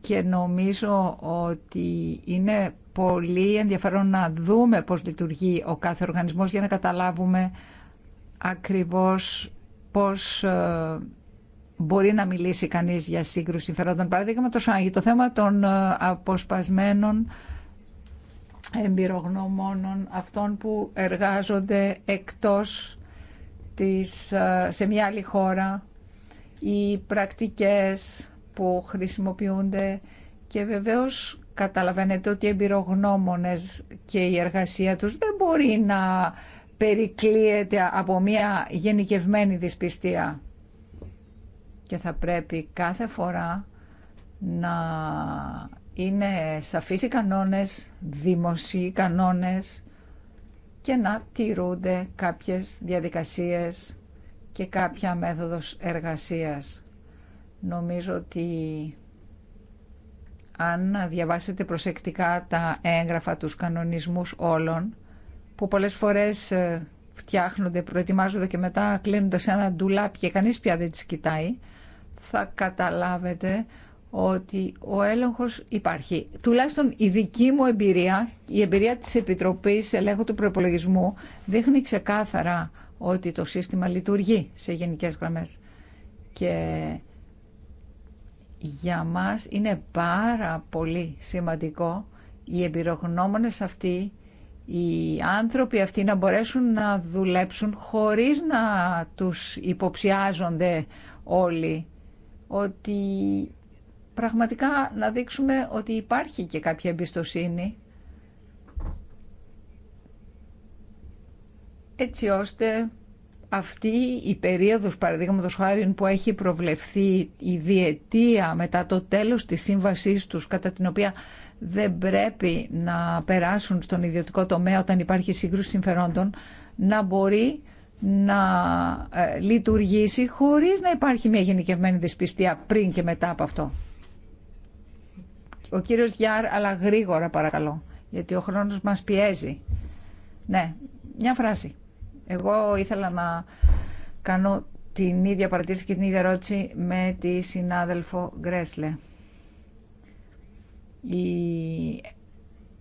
και νομίζω ότι είναι πολύ ενδιαφέρον να δούμε πώς λειτουργεί ο κάθε οργανισμός για να καταλάβουμε ακριβώς πώς ε, μπορεί να μιλήσει κανείς για σύγκρουση συμφερόντων. Παράδειγμα, το, το θέμα των ε, αποσπασμένων εμπειρογνωμόνων, αυτών που εργάζονται εκτός της, ε, σε μια άλλη χώρα, οι πρακτικές που χρησιμοποιούνται και βεβαίως Καταλαβαίνετε ότι οι εμπειρογνώμονες και η εργασία τους δεν μπορεί να περικλείεται από μια γενικευμένη δυσπιστία. Και θα πρέπει κάθε φορά να είναι σαφείς οι κανόνες, δημοσίοι κανόνες και να τηρούνται κάποιες διαδικασίες και κάποια μέθοδος εργασίας. Νομίζω ότι αν διαβάσετε προσεκτικά τα έγγραφα τους κανονισμούς όλων, που πολλές φορές ε, φτιάχνονται, προετοιμάζονται και μετά κλείνονται σε ένα ντουλάπ και κανείς πια δεν τις κοιτάει, θα καταλάβετε ότι ο έλεγχος υπάρχει. Τουλάχιστον η δική μου εμπειρία, η εμπειρία της Επιτροπής Ελέγχου του Προπολογισμού, δείχνει ξεκάθαρα ότι το σύστημα λειτουργεί σε γενικές γραμμές για μας είναι πάρα πολύ σημαντικό οι εμπειρογνώμονες αυτοί, οι άνθρωποι αυτοί να μπορέσουν να δουλέψουν χωρίς να τους υποψιάζονται όλοι ότι πραγματικά να δείξουμε ότι υπάρχει και κάποια εμπιστοσύνη έτσι ώστε αυτή η περίοδος παραδείγματο χάρη που έχει προβλεφθεί η διετία μετά το τέλος της σύμβασής τους κατά την οποία δεν πρέπει να περάσουν στον ιδιωτικό τομέα όταν υπάρχει σύγκρουση συμφερόντων να μπορεί να ε, λειτουργήσει χωρίς να υπάρχει μια γενικευμένη δυσπιστία πριν και μετά από αυτό. Ο κύριος Γιάρ, αλλά γρήγορα παρακαλώ, γιατί ο χρόνος μας πιέζει. Ναι, μια φράση. Εγώ ήθελα να κάνω την ίδια παρατήρηση και την ίδια ερώτηση με τη συνάδελφο Γκρέσλε. Η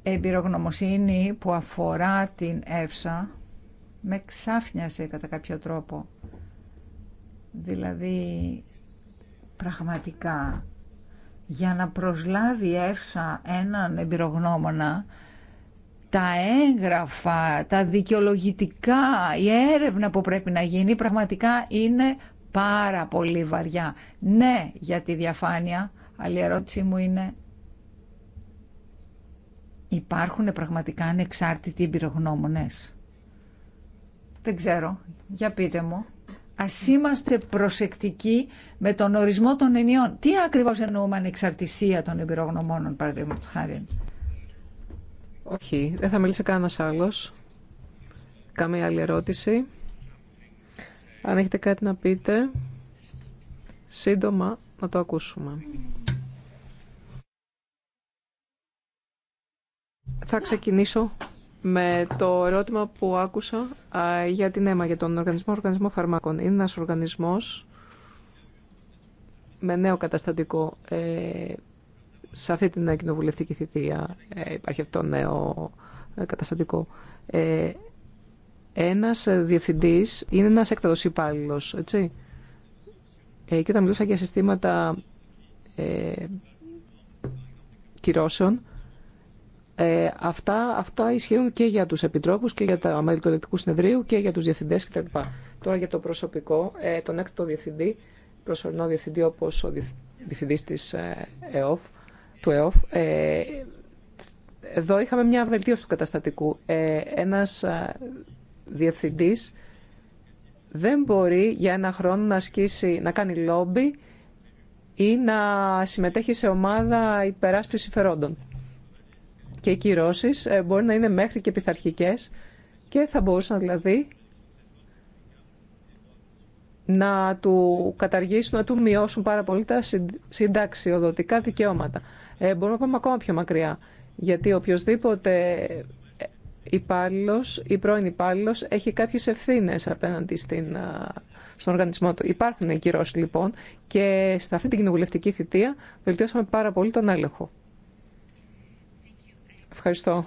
εμπειρογνωμοσύνη που αφορά την ΕΦΣΑ με ξάφνιασε κατά κάποιο τρόπο. Δηλαδή, πραγματικά, για να προσλάβει η ΕΦΣΑ έναν εμπειρογνώμονα τα έγγραφα, τα δικαιολογητικά, η έρευνα που πρέπει να γίνει πραγματικά είναι πάρα πολύ βαριά. Ναι για τη διαφάνεια, αλλά η ερώτησή μου είναι υπάρχουν πραγματικά ανεξάρτητοι εμπειρογνώμονες. Δεν ξέρω, για πείτε μου. α είμαστε προσεκτικοί με τον ορισμό των ενιών. Τι ακριβώς εννοούμε ανεξαρτησία των εμπειρογνωμόνων, παραδείγματος χάρη. Όχι, δεν θα μιλήσει κανένα άλλο. Καμία άλλη ερώτηση. Αν έχετε κάτι να πείτε, σύντομα να το ακούσουμε. Θα ξεκινήσω με το ερώτημα που άκουσα για την αίμα, για τον Οργανισμό Οργανισμό Φαρμάκων. Είναι ένας οργανισμός με νέο καταστατικό. Ε, σε αυτή την κοινοβουλευτική θητεία ε, υπάρχει αυτό το νέο ε, καταστατικό. Ε, ένας διευθυντής είναι ένας έκτατος υπάλληλο, έτσι. Ε, και όταν μιλούσα για συστήματα ε, κυρώσεων, ε, αυτά, αυτά ισχύουν και για τους επιτρόπους και για τα μέλη του ελεκτικού συνεδρίου και για τους διευθυντές κτλ. Τώρα για το προσωπικό, ε, τον έκτατο διευθυντή, προσωρινό διευθυντή όπως ο διευθυντής της ΕΟΦ, του ΕΟΦ, εδώ είχαμε μια βελτίωση του καταστατικού. Ε, ένας ε, διευθυντής δεν μπορεί για ένα χρόνο να ασκήσει, να κάνει λόμπι ή να συμμετέχει σε ομάδα υπεράσπιση φερόντων. Και οι κυρώσει ε, μπορεί να είναι μέχρι και πειθαρχικέ και θα μπορούσαν δηλαδή να του καταργήσουν, να του μειώσουν πάρα πολύ τα συνταξιοδοτικά δικαιώματα. Ε, μπορούμε να πάμε ακόμα πιο μακριά. Γιατί οποιοδήποτε υπάλληλο ή πρώην υπάλληλο έχει κάποιες ευθύνε απέναντι στην, στον οργανισμό του. Υπάρχουν κυρώσει λοιπόν και σε αυτή την κοινοβουλευτική θητεία βελτιώσαμε πάρα πολύ τον έλεγχο. Ευχαριστώ.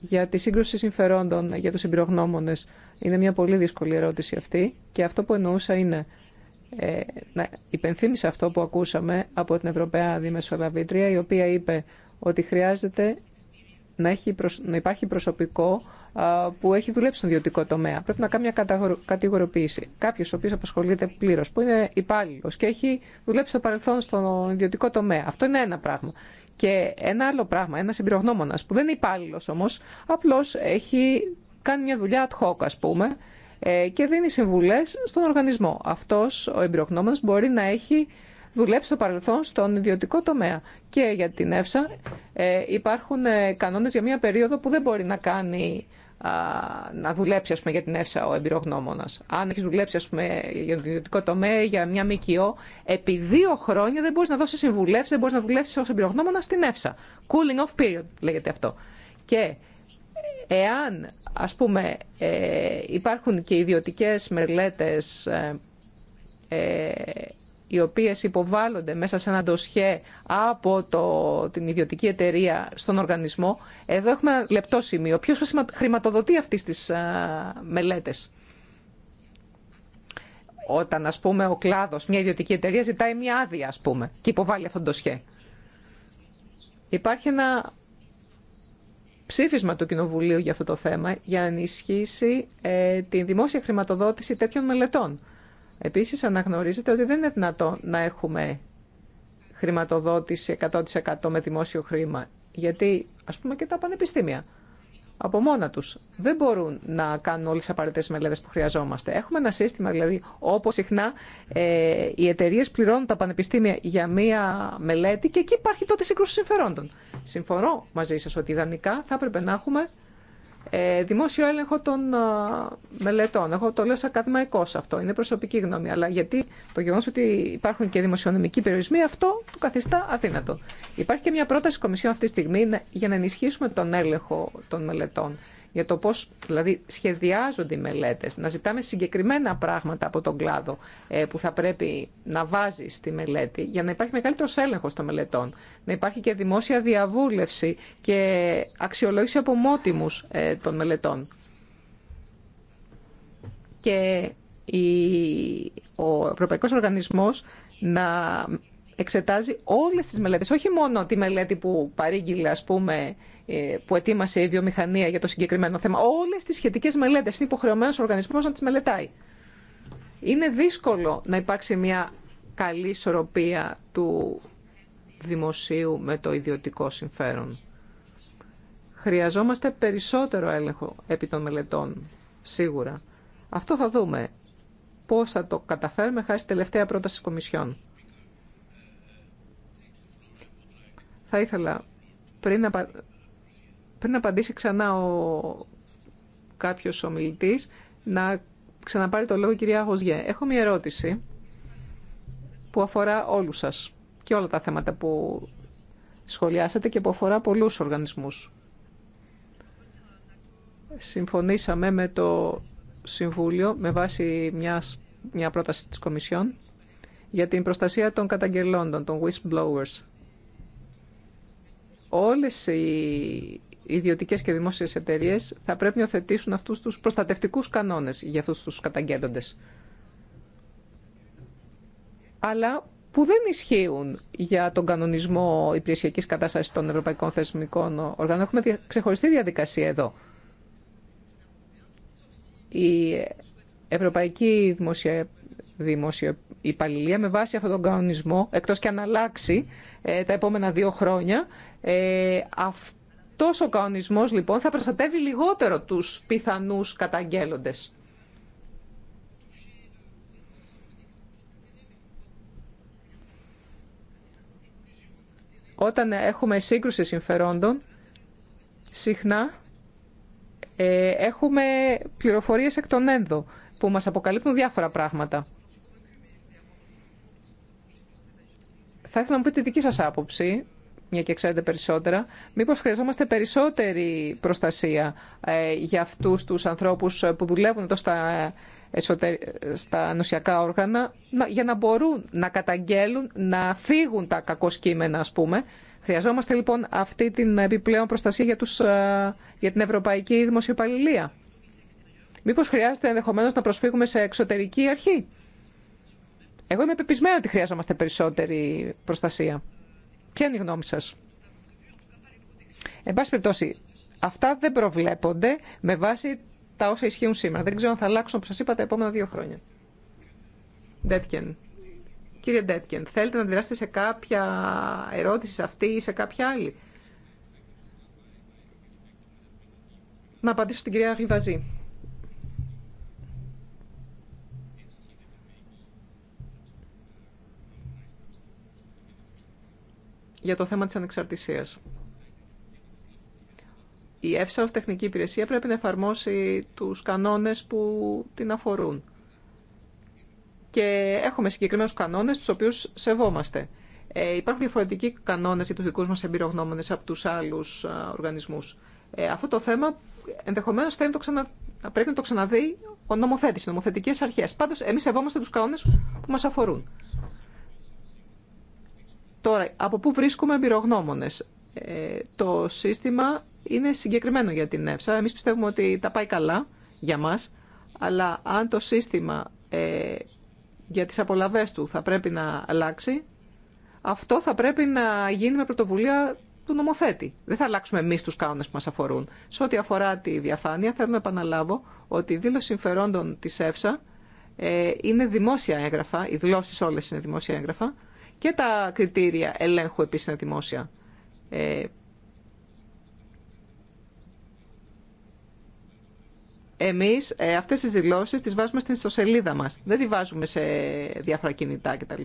Για τη σύγκρουση συμφερόντων για τους συμπειρογνώμονες είναι μια πολύ δύσκολη ερώτηση αυτή και αυτό που εννοούσα είναι ε, να υπενθύμισε αυτό που ακούσαμε από την Ευρωπαία Δημεσολαβήτρια, η οποία είπε ότι χρειάζεται να, έχει να υπάρχει προσωπικό που έχει δουλέψει στον ιδιωτικό τομέα. Πρέπει να κάνει μια κατηγοροποίηση. Κάποιο ο οποίο απασχολείται πλήρω, που είναι υπάλληλο και έχει δουλέψει στο παρελθόν στον ιδιωτικό τομέα. Αυτό είναι ένα πράγμα. Και ένα άλλο πράγμα, ένα εμπειρογνώμονα που δεν είναι υπάλληλο όμω, απλώ έχει κάνει μια δουλειά ad hoc, α πούμε, ε, και δίνει συμβουλές στον οργανισμό. Αυτός ο εμπειρογνώμονα μπορεί να έχει δουλέψει στο παρελθόν στον ιδιωτικό τομέα. Και για την ΕΦΣΑ ε, υπάρχουν ε, κανόνες για μια περίοδο που δεν μπορεί να κάνει να δουλέψει πούμε, για την ΕΦΣΑ ο εμπειρογνώμονα. Αν έχει δουλέψει πούμε, για τον ιδιωτικό τομέα, για μια ΜΚΟ, επί δύο χρόνια δεν μπορεί να δώσει συμβουλές, δεν μπορεί να δουλέψει ω εμπειρογνώμονα στην ΕΦΣΑ. Cooling off period λέγεται αυτό. Και Εάν, ας πούμε, ε, υπάρχουν και ιδιωτικές μελέτες ε, ε, οι οποίες υποβάλλονται μέσα σε ένα ντοσχέ από το, την ιδιωτική εταιρεία στον οργανισμό, εδώ έχουμε ένα λεπτό σημείο. Ποιος χρηματοδοτεί αυτές τις μελέτες. Όταν, ας πούμε, ο κλάδος, μια ιδιωτική εταιρεία ζητάει μια άδεια, ας πούμε, και υποβάλλει αυτό το ντοσχέ. Υπάρχει ένα ψήφισμα του Κοινοβουλίου για αυτό το θέμα για να ενισχύσει ε, την δημόσια χρηματοδότηση τέτοιων μελετών. Επίσης αναγνωρίζεται ότι δεν είναι δυνατό να έχουμε χρηματοδότηση 100% με δημόσιο χρήμα, γιατί ας πούμε και τα πανεπιστήμια από μόνα τους. Δεν μπορούν να κάνουν όλες τις απαραίτητες μελέτες που χρειαζόμαστε. Έχουμε ένα σύστημα, δηλαδή, όπως συχνά ε, οι εταιρείε πληρώνουν τα πανεπιστήμια για μία μελέτη και εκεί υπάρχει τότε σύγκρουση συμφερόντων. Συμφωνώ μαζί σας ότι ιδανικά θα έπρεπε να έχουμε ε, δημόσιο έλεγχο των ε, μελετών. Εγώ το λέω σαν ακαδημαϊκό αυτό. Είναι προσωπική γνώμη. Αλλά γιατί το γεγονό ότι υπάρχουν και δημοσιονομικοί περιορισμοί, αυτό το καθιστά αδύνατο. Υπάρχει και μια πρόταση Κομισιόν αυτή τη στιγμή για να ενισχύσουμε τον έλεγχο των μελετών για το πώς δηλαδή, σχεδιάζονται οι μελέτες, να ζητάμε συγκεκριμένα πράγματα από τον κλάδο ε, που θα πρέπει να βάζει στη μελέτη για να υπάρχει μεγαλύτερο έλεγχο των μελετών, να υπάρχει και δημόσια διαβούλευση και αξιολόγηση από μότιμους ε, των μελετών. Και ο Ευρωπαϊκός Οργανισμός να εξετάζει όλες τις μελέτες, όχι μόνο τη μελέτη που παρήγγειλε, ας πούμε, ε, που ετοίμασε η βιομηχανία για το συγκεκριμένο θέμα. Όλε τι σχετικέ μελέτε είναι υποχρεωμένο ο οργανισμό να τι μελετάει. Είναι δύσκολο να υπάρξει μια καλή ισορροπία του δημοσίου με το ιδιωτικό συμφέρον. Χρειαζόμαστε περισσότερο έλεγχο επί των μελετών, σίγουρα. Αυτό θα δούμε πώς θα το καταφέρουμε χάρη στη τελευταία πρόταση Κομισιόν. Θα ήθελα πριν να πριν απαντήσει ξανά ο κάποιος ομιλητή να ξαναπάρει το λόγο η κυρία Χωζιέ. Έχω μια ερώτηση που αφορά όλους σας και όλα τα θέματα που σχολιάσατε και που αφορά πολλούς οργανισμούς. Συμφωνήσαμε με το Συμβούλιο με βάση μιας, μια πρόταση της Κομισιόν για την προστασία των καταγγελόντων, των whistleblowers. Όλες οι ιδιωτικές και δημόσιες εταιρείες θα πρέπει να θετήσουν αυτούς τους προστατευτικούς κανόνες για αυτούς τους καταγγέλλοντες. Αλλά που δεν ισχύουν για τον κανονισμό υπηρεσιακή κατάσταση των ευρωπαϊκών θεσμικών οργάνων. Έχουμε ξεχωριστή διαδικασία εδώ. Η ευρωπαϊκή δημοσια... δημοσια... υπαλληλία με βάση αυτόν τον κανονισμό, εκτός και αν αλλάξει ε, τα επόμενα δύο χρόνια, ε, αυτό τόσο ο κανονισμός λοιπόν θα προστατεύει λιγότερο τους πιθανούς καταγγέλλοντες. Όταν έχουμε σύγκρουση συμφερόντων, συχνά ε, έχουμε πληροφορίες εκ των ένδο που μας αποκαλύπτουν διάφορα πράγματα. Θα ήθελα να μου πείτε τη δική σας άποψη μια και ξέρετε περισσότερα, μήπως χρειαζόμαστε περισσότερη προστασία ε, για αυτούς τους ανθρώπους που δουλεύουν εδώ στα, στα νοσιακά όργανα, για να μπορούν να καταγγέλουν, να φύγουν τα κακοσκήμενα, ας πούμε. Χρειαζόμαστε λοιπόν αυτή την επιπλέον προστασία για, τους, ε, για την ευρωπαϊκή δημοσιοπαλληλία. Μήπως χρειάζεται ενδεχομένω να προσφύγουμε σε εξωτερική αρχή. Εγώ είμαι πεπισμένη ότι χρειαζόμαστε περισσότερη προστασία. Ποια είναι η γνώμη σας. Εν πάση περιπτώσει, αυτά δεν προβλέπονται με βάση τα όσα ισχύουν σήμερα. Δεν ξέρω αν θα αλλάξουν, όπως σας είπα, τα επόμενα δύο χρόνια. Κύριε Ντέτκεν, θέλετε να αντιδράσετε σε κάποια ερώτηση σε αυτή ή σε κάποια άλλη. Να απαντήσω στην κυρία Γιβαζή. για το θέμα της ανεξαρτησίας. Η ΕΦΣΑ ως τεχνική υπηρεσία πρέπει να εφαρμόσει τους κανόνες που την αφορούν. Και έχουμε συγκεκριμένους κανόνες τους οποίους σεβόμαστε. Ε, υπάρχουν διαφορετικοί κανόνες για τους δικούς μας εμπειρογνώμονες από τους άλλους α, οργανισμούς. Ε, αυτό το θέμα ενδεχομένως πρέπει να το ξαναδεί ο νομοθέτης, οι νομοθετικές αρχές. Πάντως, εμείς σεβόμαστε τους κανόνες που μας αφορούν. Τώρα, από πού βρίσκουμε εμπειρογνώμονε. Ε, το σύστημα είναι συγκεκριμένο για την ΕΦΣΑ. Εμεί πιστεύουμε ότι τα πάει καλά για μα, αλλά αν το σύστημα ε, για τι απολαυέ του θα πρέπει να αλλάξει, αυτό θα πρέπει να γίνει με πρωτοβουλία του νομοθέτη. Δεν θα αλλάξουμε εμεί του κάνονες που μα αφορούν. Σε ό,τι αφορά τη διαφάνεια, θέλω να επαναλάβω ότι η δήλωση συμφερόντων τη ΕΦΣΑ ε, είναι δημόσια έγγραφα, οι δηλώσει όλε είναι δημόσια έγγραφα και τα κριτήρια ελέγχου επίσης είναι δημόσια. Ε, εμείς ε, αυτές τις δηλώσεις τις βάζουμε στην ιστοσελίδα μας. Δεν τη βάζουμε σε διάφορα κινητά κτλ.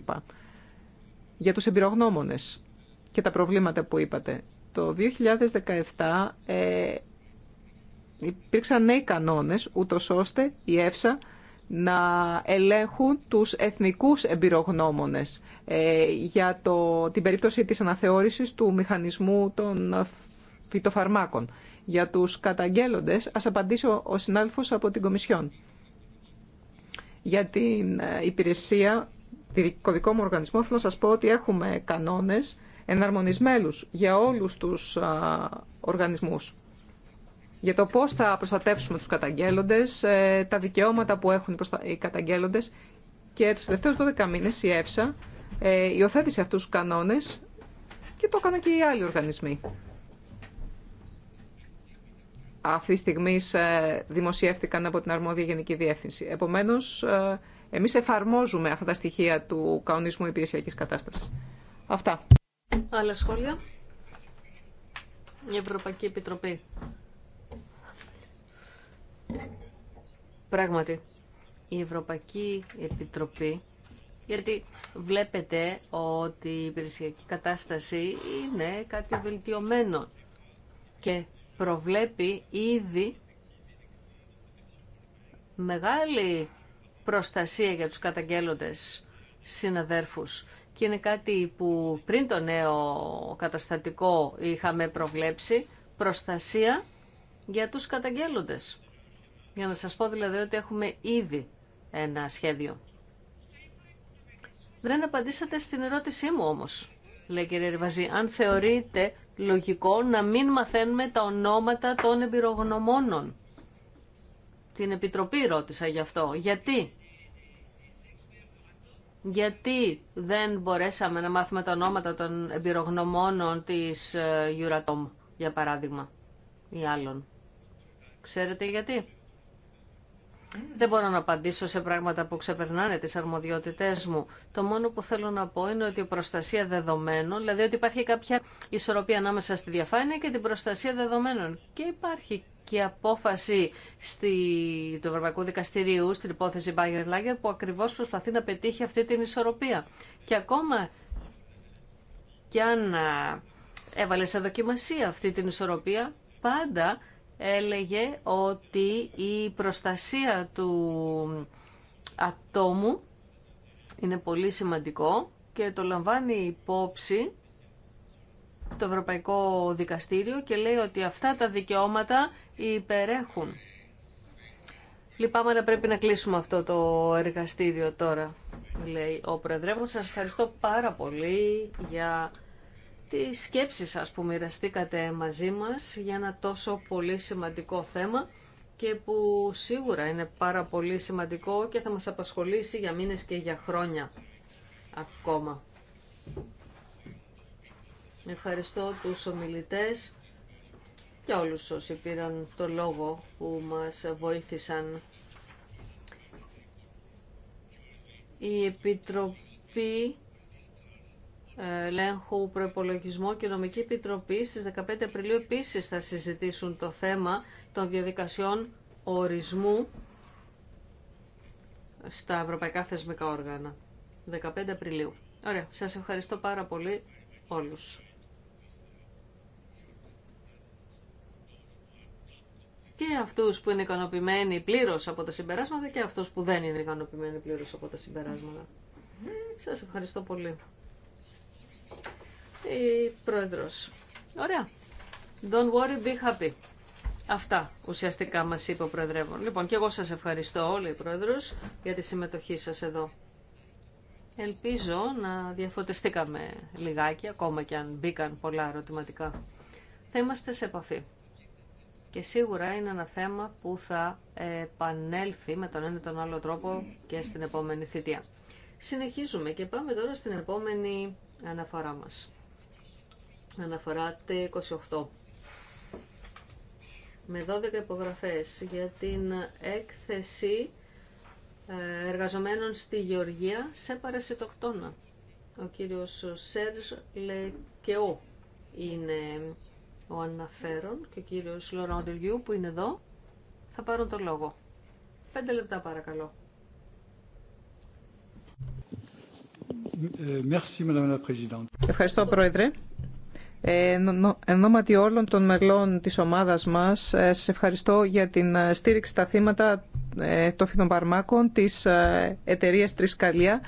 Για τους εμπειρογνώμονες και τα προβλήματα που είπατε. Το 2017 ε, υπήρξαν νέοι κανόνες, ούτω ώστε η ΕΦΣΑ να ελέγχουν τους εθνικούς εμπειρογνώμονες ε, για το, την περίπτωση της αναθεώρησης του μηχανισμού των φυτοφαρμάκων. Για τους καταγγέλλοντες, ας απαντήσει ο συνάδελφος από την Κομισιόν. Για την ε, υπηρεσία, το δικό μου οργανισμό, θέλω να σας πω ότι έχουμε κανόνες εναρμονισμένους για όλους τους οργανισμούς για το πώς θα προστατεύσουμε τους καταγγέλλοντες, ε, τα δικαιώματα που έχουν οι καταγγέλλοντες και τους τελευταίους 12 μήνες η ΕΦΣΑ ε, υιοθέτησε αυτούς τους κανόνες και το έκαναν και οι άλλοι οργανισμοί. Αυτή τη στιγμή ε, δημοσιεύτηκαν από την αρμόδια Γενική Διεύθυνση. Επομένως, εμείς εφαρμόζουμε αυτά τα στοιχεία του κανονισμού υπηρεσιακής κατάστασης. Αυτά. Άλλα σχόλια. Η Ευρωπαϊκή Επιτροπή. Πράγματι, η Ευρωπαϊκή Επιτροπή, γιατί βλέπετε ότι η υπηρεσιακή κατάσταση είναι κάτι βελτιωμένο και προβλέπει ήδη μεγάλη προστασία για τους καταγγέλλοντες συναδέρφους και είναι κάτι που πριν το νέο καταστατικό είχαμε προβλέψει προστασία για τους καταγγέλλοντες. Για να σας πω δηλαδή ότι έχουμε ήδη ένα σχέδιο. Δεν απαντήσατε στην ερώτησή μου όμως, λέει κύριε Ριβαζή. Αν θεωρείτε λογικό να μην μαθαίνουμε τα ονόματα των εμπειρογνωμόνων. Την Επιτροπή ρώτησα γι' αυτό. Γιατί. Γιατί δεν μπορέσαμε να μάθουμε τα ονόματα των εμπειρογνωμόνων της ε, Euratom, για παράδειγμα, ή άλλων. Ξέρετε γιατί. Δεν μπορώ να απαντήσω σε πράγματα που ξεπερνάνε τις αρμοδιότητές μου. Το μόνο που θέλω να πω είναι ότι η προστασία δεδομένων, δηλαδή ότι υπάρχει κάποια ισορροπία ανάμεσα στη διαφάνεια και την προστασία δεδομένων. Και υπάρχει και απόφαση στη, του Ευρωπαϊκού Δικαστηρίου στην υπόθεση Bayer Lager που ακριβώς προσπαθεί να πετύχει αυτή την ισορροπία. Και ακόμα κι αν ε, έβαλε σε δοκιμασία αυτή την ισορροπία, πάντα έλεγε ότι η προστασία του ατόμου είναι πολύ σημαντικό και το λαμβάνει υπόψη το Ευρωπαϊκό Δικαστήριο και λέει ότι αυτά τα δικαιώματα υπερέχουν. Λυπάμαι να πρέπει να κλείσουμε αυτό το εργαστήριο τώρα, λέει ο Προεδρεύων. Σας ευχαριστώ πάρα πολύ για τι σκέψεις σας που μοιραστήκατε μαζί μας για ένα τόσο πολύ σημαντικό θέμα και που σίγουρα είναι πάρα πολύ σημαντικό και θα μας απασχολήσει για μήνες και για χρόνια ακόμα. Ευχαριστώ τους ομιλητές και όλους όσοι πήραν το λόγο που μας βοήθησαν. Η Επιτροπή ελέγχου προπολογισμού και νομική επιτροπή στις 15 Απριλίου επίση θα συζητήσουν το θέμα των διαδικασιών ορισμού στα ευρωπαϊκά θεσμικά όργανα. 15 Απριλίου. Ωραία. Σας ευχαριστώ πάρα πολύ όλους. Και αυτούς που είναι ικανοποιημένοι πλήρως από τα συμπεράσματα και αυτούς που δεν είναι ικανοποιημένοι πλήρως από τα συμπεράσματα. Σας ευχαριστώ πολύ η πρόεδρος. Ωραία. Don't worry, be happy. Αυτά ουσιαστικά μας είπε ο Προεδρεύων. Λοιπόν, και εγώ σας ευχαριστώ όλοι, Πρόεδρος, για τη συμμετοχή σας εδώ. Ελπίζω να διαφωτιστήκαμε λιγάκι, ακόμα και αν μπήκαν πολλά ερωτηματικά. Θα είμαστε σε επαφή. Και σίγουρα είναι ένα θέμα που θα επανέλθει με τον ένα ή τον άλλο τρόπο και στην επόμενη θητεία. Συνεχίζουμε και πάμε τώρα στην επόμενη αναφορά μας αναφορά T28 με 12 υπογραφές για την έκθεση ε, εργαζομένων στη Γεωργία σε παρασιτοκτόνα. Ο κύριος Σέρζ Λεκεό είναι ο αναφέρον και ο κύριος Λοραντουριού που είναι εδώ θα πάρουν το λόγο. Πέντε λεπτά παρακαλώ. Ε, ε, Ευχαριστώ Πρόεδρε. Εν ονόματι όλων των μελών της ομάδας μας, ε, σας ευχαριστώ για την ε, στήριξη στα θύματα ε, των φυτοπαρμάκων της εταιρείας Τρισκαλία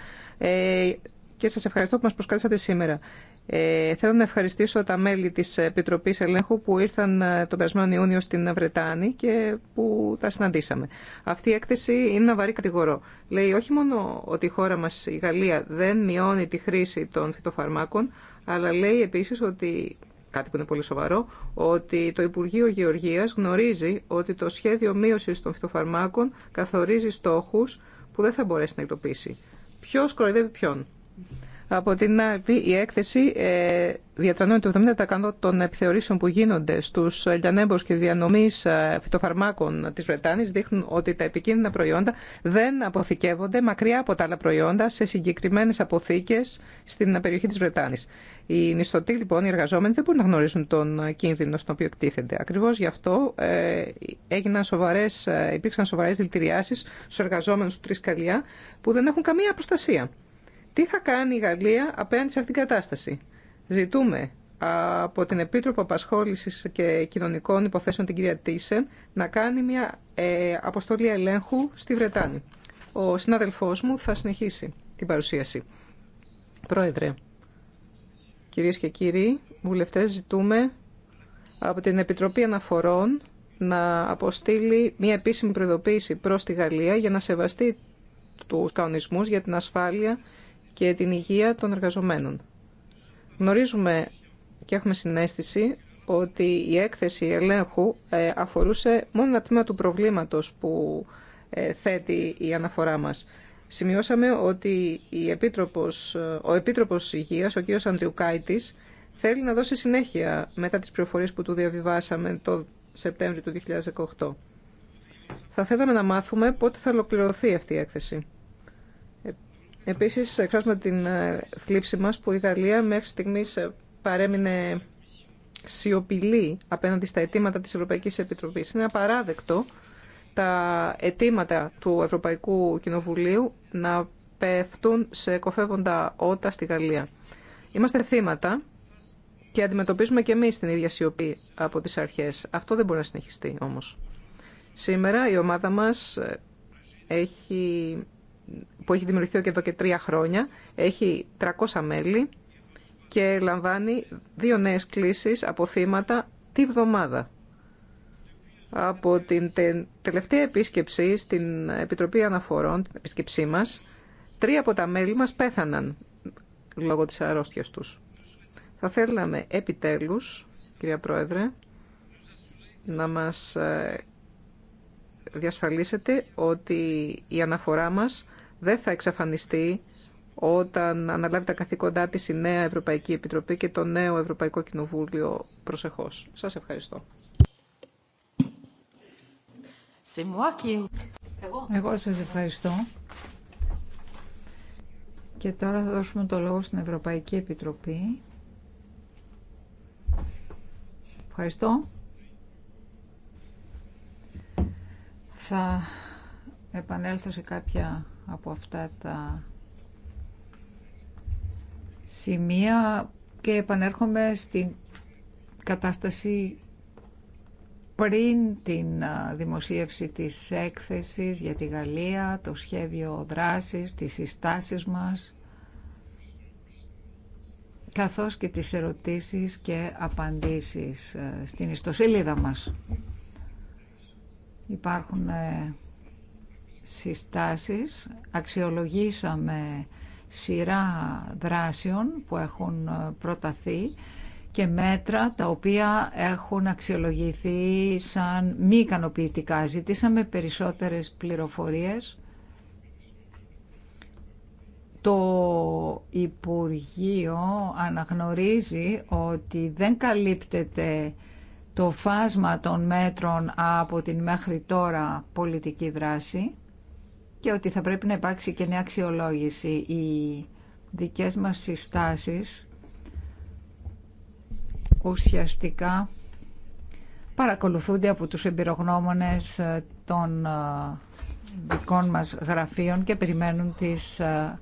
και σας ευχαριστώ που μας προσκάλεσατε σήμερα. Ε, θέλω να ευχαριστήσω τα μέλη της Επιτροπής Ελέγχου που ήρθαν τον περασμένο Ιούνιο στην Βρετάνη και που τα συναντήσαμε. Αυτή η έκθεση είναι ένα βαρύ κατηγορό. Λέει όχι μόνο ότι η χώρα μας, η Γαλλία, δεν μειώνει τη χρήση των φυτοφαρμάκων, αλλά λέει επίσης ότι, κάτι που είναι πολύ σοβαρό, ότι το Υπουργείο Γεωργίας γνωρίζει ότι το σχέδιο μείωσης των φυτοφαρμάκων καθορίζει στόχους που δεν θα μπορέσει να εκτοπίσει. Ποιο κοροϊδεύει ποιον. Από την άλλη, η έκθεση ε, διατρανώνει το 70% των επιθεωρήσεων που γίνονται στου λιανέμπορου και διανομή ε, φυτοφαρμάκων τη Βρετάνη δείχνουν ότι τα επικίνδυνα προϊόντα δεν αποθηκεύονται μακριά από τα άλλα προϊόντα σε συγκεκριμένε αποθήκε στην περιοχή τη Βρετάνη. Οι μισθωτοί λοιπόν, οι εργαζόμενοι δεν μπορούν να γνωρίζουν τον κίνδυνο στον οποίο εκτίθενται. Ακριβώ γι' αυτό ε, έγιναν σοβαρές, ε, υπήρξαν σοβαρέ δηλητηριάσει στου εργαζόμενου του Τρισκαλιά που δεν έχουν καμία προστασία. Τι θα κάνει η Γαλλία απέναντι σε αυτήν την κατάσταση. Ζητούμε από την Επίτροπο Απασχόληση και Κοινωνικών Υποθέσεων, την κυρία Τίσεν, να κάνει μια ε, αποστολή ελέγχου στη Βρετάνη. Ο συνάδελφός μου θα συνεχίσει την παρουσίαση. Πρόεδρε, Κυρίες και κύριοι, βουλευτές, ζητούμε από την Επιτροπή Αναφορών να αποστείλει μια επίσημη προειδοποίηση προς τη Γαλλία για να σεβαστεί τους κανονισμούς για την ασφάλεια και την υγεία των εργαζομένων. Γνωρίζουμε και έχουμε συνέστηση ότι η έκθεση ελέγχου ε, αφορούσε μόνο ένα τμήμα του προβλήματος που ε, θέτει η αναφορά μας. Σημειώσαμε ότι η Επίτροπος, ο Επίτροπος Υγείας, ο κ. Ανδριουκάητης, θέλει να δώσει συνέχεια μετά τις πληροφορίες που του διαβιβάσαμε το Σεπτέμβριο του 2018. Θα θέλαμε να μάθουμε πότε θα ολοκληρωθεί αυτή η έκθεση. Επίσης, εκφράζουμε την ε, θλίψη μας που η Γαλλία μέχρι στιγμής ε, παρέμεινε σιωπηλή απέναντι στα αιτήματα της Ευρωπαϊκής Επιτροπής. Είναι απαράδεκτο τα αιτήματα του Ευρωπαϊκού Κοινοβουλίου να πέφτουν σε κοφεύοντα ότα στη Γαλλία. Είμαστε θύματα και αντιμετωπίζουμε και εμείς την ίδια σιωπή από τις αρχές. Αυτό δεν μπορεί να συνεχιστεί όμως. Σήμερα η ομάδα μας ε, έχει, που έχει δημιουργηθεί και εδώ και τρία χρόνια έχει 300 μέλη και λαμβάνει δύο νέες κλήσεις από θύματα τη βδομάδα από την τελευταία επίσκεψη στην Επιτροπή Αναφορών, την επίσκεψή μας, τρία από τα μέλη μας πέθαναν λόγω της αρρώστιας τους. Θα θέλαμε επιτέλους, κυρία Πρόεδρε, να μας ε, διασφαλίσετε ότι η αναφορά μας δεν θα εξαφανιστεί όταν αναλάβει τα καθήκοντά της η νέα Ευρωπαϊκή Επιτροπή και το νέο Ευρωπαϊκό Κοινοβούλιο προσεχώς. Σας ευχαριστώ. Εγώ. σα ευχαριστώ. Και τώρα θα δώσουμε το λόγο στην Ευρωπαϊκή Επιτροπή. Ευχαριστώ. Θα επανέλθω σε κάποια από αυτά τα σημεία και επανέρχομαι στην κατάσταση πριν την δημοσίευση της έκθεσης για τη Γαλλία, το σχέδιο δράσης, τις συστάσεις μας, καθώς και τις ερωτήσεις και απαντήσεις στην ιστοσελίδα μας. Υπάρχουν ε, συστάσεις, αξιολογήσαμε σειρά δράσεων που έχουν ε, προταθεί και μέτρα τα οποία έχουν αξιολογηθεί σαν μη ικανοποιητικά. Ζητήσαμε περισσότερες πληροφορίες. Το Υπουργείο αναγνωρίζει ότι δεν καλύπτεται το φάσμα των μέτρων από την μέχρι τώρα πολιτική δράση και ότι θα πρέπει να υπάρξει και νέα αξιολόγηση. Οι δικές μας συστάσεις ουσιαστικά παρακολουθούνται από τους εμπειρογνώμονες ε, των ε, δικών μας γραφείων και περιμένουν τις ε,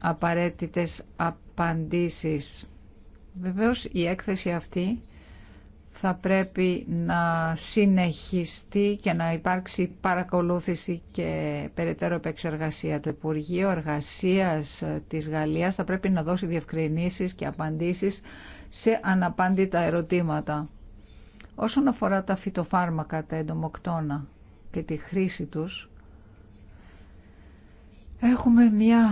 απαραίτητες απαντήσεις. Βεβαίως η έκθεση αυτή θα πρέπει να συνεχιστεί και να υπάρξει παρακολούθηση και περαιτέρω επεξεργασία. Το Υπουργείο Εργασίας της Γαλλίας θα πρέπει να δώσει διευκρινήσεις και απαντήσεις σε αναπάντητα ερωτήματα. Όσον αφορά τα φυτοφάρμακα, τα εντομοκτώνα και τη χρήση τους, έχουμε μια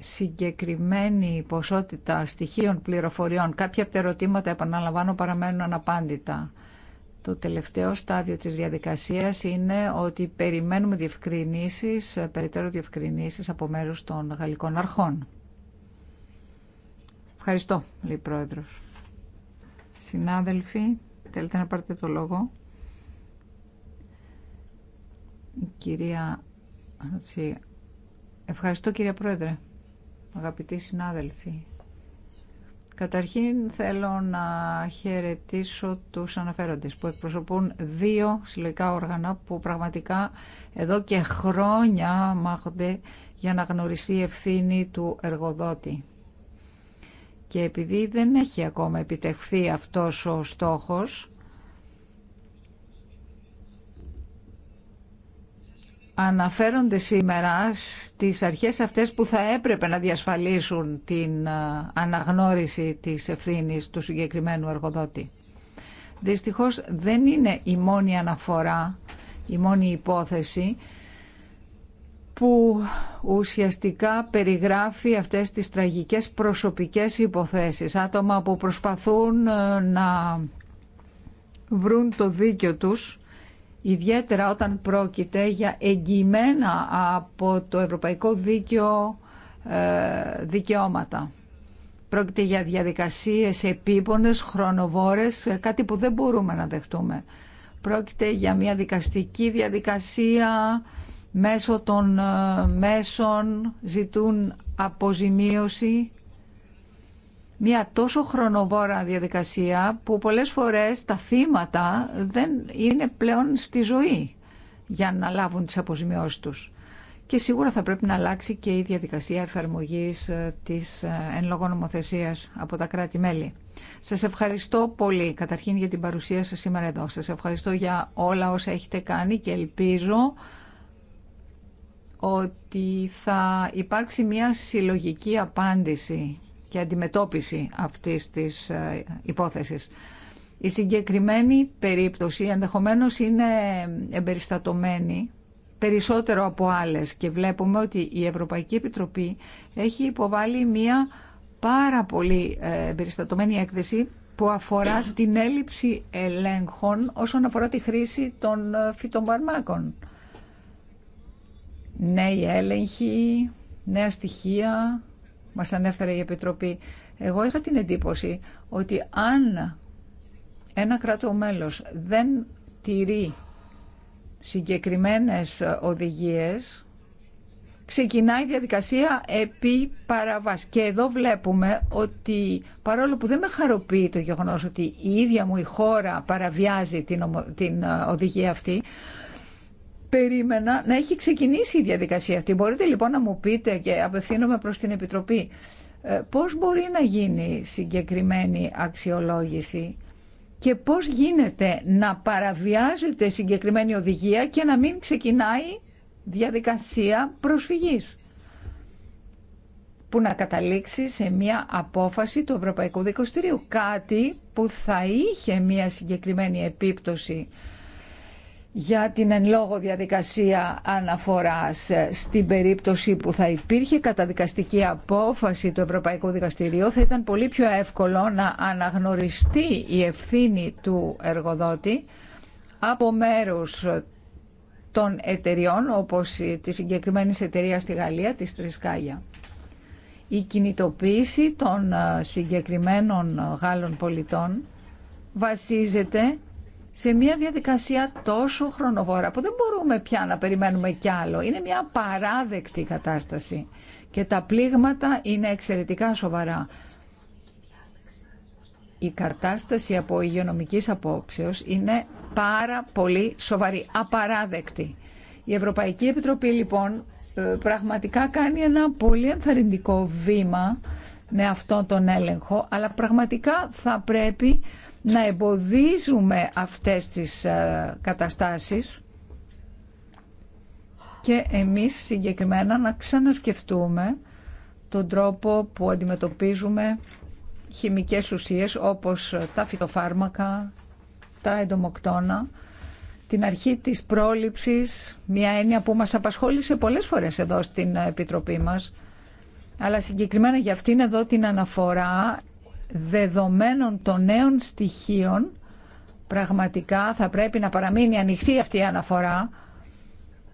συγκεκριμένη ποσότητα στοιχείων πληροφοριών. Κάποια από τα ερωτήματα, επαναλαμβάνω, παραμένουν αναπάντητα. Το τελευταίο στάδιο της διαδικασίας είναι ότι περιμένουμε διευκρινήσεις, περιττέρω διευκρινήσεις από μέρους των γαλλικών αρχών. Ευχαριστώ, λέει πρόεδρος. Συνάδελφοι, θέλετε να πάρετε το λόγο. Κυρία, κυρία Ευχαριστώ κυρία Πρόεδρε, αγαπητοί συνάδελφοι. Καταρχήν θέλω να χαιρετήσω τους αναφέροντες που εκπροσωπούν δύο συλλογικά όργανα που πραγματικά εδώ και χρόνια μάχονται για να γνωριστεί η ευθύνη του εργοδότη. Και επειδή δεν έχει ακόμα επιτευχθεί αυτός ο στόχος, αναφέρονται σήμερα στις αρχές αυτές που θα έπρεπε να διασφαλίσουν την ε, αναγνώριση της ευθύνης του συγκεκριμένου εργοδότη. Δυστυχώς δεν είναι η μόνη αναφορά, η μόνη υπόθεση που ουσιαστικά περιγράφει αυτές τις τραγικές προσωπικές υποθέσεις. Άτομα που προσπαθούν ε, να βρουν το δίκιο τους, ιδιαίτερα όταν πρόκειται για εγγυημένα από το Ευρωπαϊκό Δίκαιο ε, δικαιώματα. Πρόκειται για διαδικασίες επίπονες, χρονοβόρες, ε, κάτι που δεν μπορούμε να δεχτούμε. Πρόκειται για μια δικαστική διαδικασία μέσω των ε, μέσων ζητούν αποζημίωση μια τόσο χρονοβόρα διαδικασία που πολλές φορές τα θύματα δεν είναι πλέον στη ζωή για να λάβουν τις αποζημιώσεις τους. Και σίγουρα θα πρέπει να αλλάξει και η διαδικασία εφαρμογής ε, της ε, εν λόγω νομοθεσίας από τα κράτη-μέλη. Σας ευχαριστώ πολύ καταρχήν για την παρουσία σας σήμερα εδώ. Σας ευχαριστώ για όλα όσα έχετε κάνει και ελπίζω ότι θα υπάρξει μια συλλογική απάντηση και αντιμετώπιση αυτής της ε, υπόθεσης. Η συγκεκριμένη περίπτωση ενδεχομένως είναι εμπεριστατωμένη περισσότερο από άλλες και βλέπουμε ότι η Ευρωπαϊκή Επιτροπή έχει υποβάλει μία πάρα πολύ ε, εμπεριστατωμένη έκθεση που αφορά την έλλειψη ελέγχων όσον αφορά τη χρήση των ε, φυτοπαρμάκων νέοι έλεγχοι, νέα στοιχεία, μας ανέφερε η Επιτροπή. Εγώ είχα την εντύπωση ότι αν ένα κράτο μέλος δεν τηρεί συγκεκριμένες οδηγίες, ξεκινάει η διαδικασία επί παραβάς. Και εδώ βλέπουμε ότι παρόλο που δεν με χαροποιεί το γεγονός ότι η ίδια μου η χώρα παραβιάζει την οδηγία αυτή, περίμενα να έχει ξεκινήσει η διαδικασία αυτή. Μπορείτε λοιπόν να μου πείτε και απευθύνομαι προς την Επιτροπή ε, πώς μπορεί να γίνει συγκεκριμένη αξιολόγηση και πώς γίνεται να παραβιάζεται συγκεκριμένη οδηγία και να μην ξεκινάει διαδικασία προσφυγής που να καταλήξει σε μια απόφαση του Ευρωπαϊκού Δικαστηρίου. Κάτι που θα είχε μια συγκεκριμένη επίπτωση για την εν λόγω διαδικασία αναφοράς ε, στην περίπτωση που θα υπήρχε καταδικαστική απόφαση του Ευρωπαϊκού Δικαστηρίου θα ήταν πολύ πιο εύκολο να αναγνωριστεί η ευθύνη του εργοδότη από μέρους των εταιριών όπως τη συγκεκριμένη εταιρεία στη Γαλλία, της Τρισκάγια. Η κινητοποίηση των ε, συγκεκριμένων ε, Γάλλων πολιτών βασίζεται σε μια διαδικασία τόσο χρονοβόρα που δεν μπορούμε πια να περιμένουμε κι άλλο. Είναι μια παράδεκτη κατάσταση και τα πλήγματα είναι εξαιρετικά σοβαρά. Η κατάσταση από υγειονομικής απόψεως είναι πάρα πολύ σοβαρή, απαράδεκτη. Η Ευρωπαϊκή Επιτροπή λοιπόν ε, πραγματικά κάνει ένα πολύ ενθαρρυντικό βήμα με αυτόν τον έλεγχο, αλλά πραγματικά θα πρέπει να εμποδίζουμε αυτές τις ε, καταστάσεις και εμείς συγκεκριμένα να ξανασκεφτούμε τον τρόπο που αντιμετωπίζουμε χημικές ουσίες όπως τα φυτοφάρμακα, τα εντομοκτώνα, την αρχή της πρόληψης, μια έννοια που μας απασχόλησε πολλές φορές εδώ στην Επιτροπή μας, αλλά συγκεκριμένα για αυτήν εδώ την αναφορά δεδομένων των νέων στοιχείων πραγματικά θα πρέπει να παραμείνει ανοιχτή αυτή η αναφορά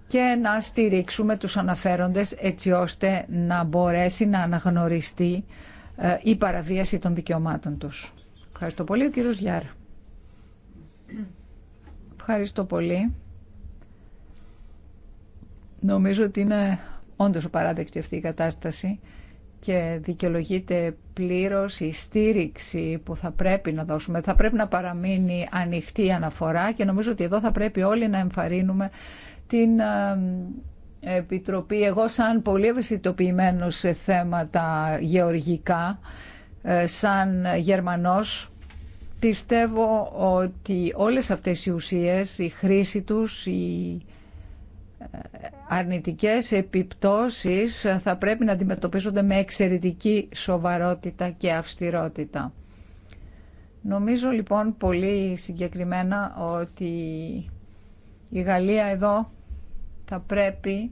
και να στηρίξουμε τους αναφέροντες έτσι ώστε να μπορέσει να αναγνωριστεί ε, η παραβίαση των δικαιωμάτων τους. Ευχαριστώ πολύ ο κύριος Γιάρ. Ευχαριστώ πολύ. Νομίζω ότι είναι όντως παράδεκτη αυτή η κατάσταση και δικαιολογείται πλήρως η στήριξη που θα πρέπει να δώσουμε. Θα πρέπει να παραμείνει ανοιχτή η αναφορά και νομίζω ότι εδώ θα πρέπει όλοι να εμφαρίνουμε την ε, Επιτροπή. Εγώ σαν πολύ ευαισθητοποιημένο σε θέματα γεωργικά, ε, σαν Γερμανός, πιστεύω ότι όλες αυτές οι ουσίες, η χρήση τους, η αρνητικές επιπτώσεις θα πρέπει να αντιμετωπίζονται με εξαιρετική σοβαρότητα και αυστηρότητα. Νομίζω λοιπόν πολύ συγκεκριμένα ότι η Γαλλία εδώ θα πρέπει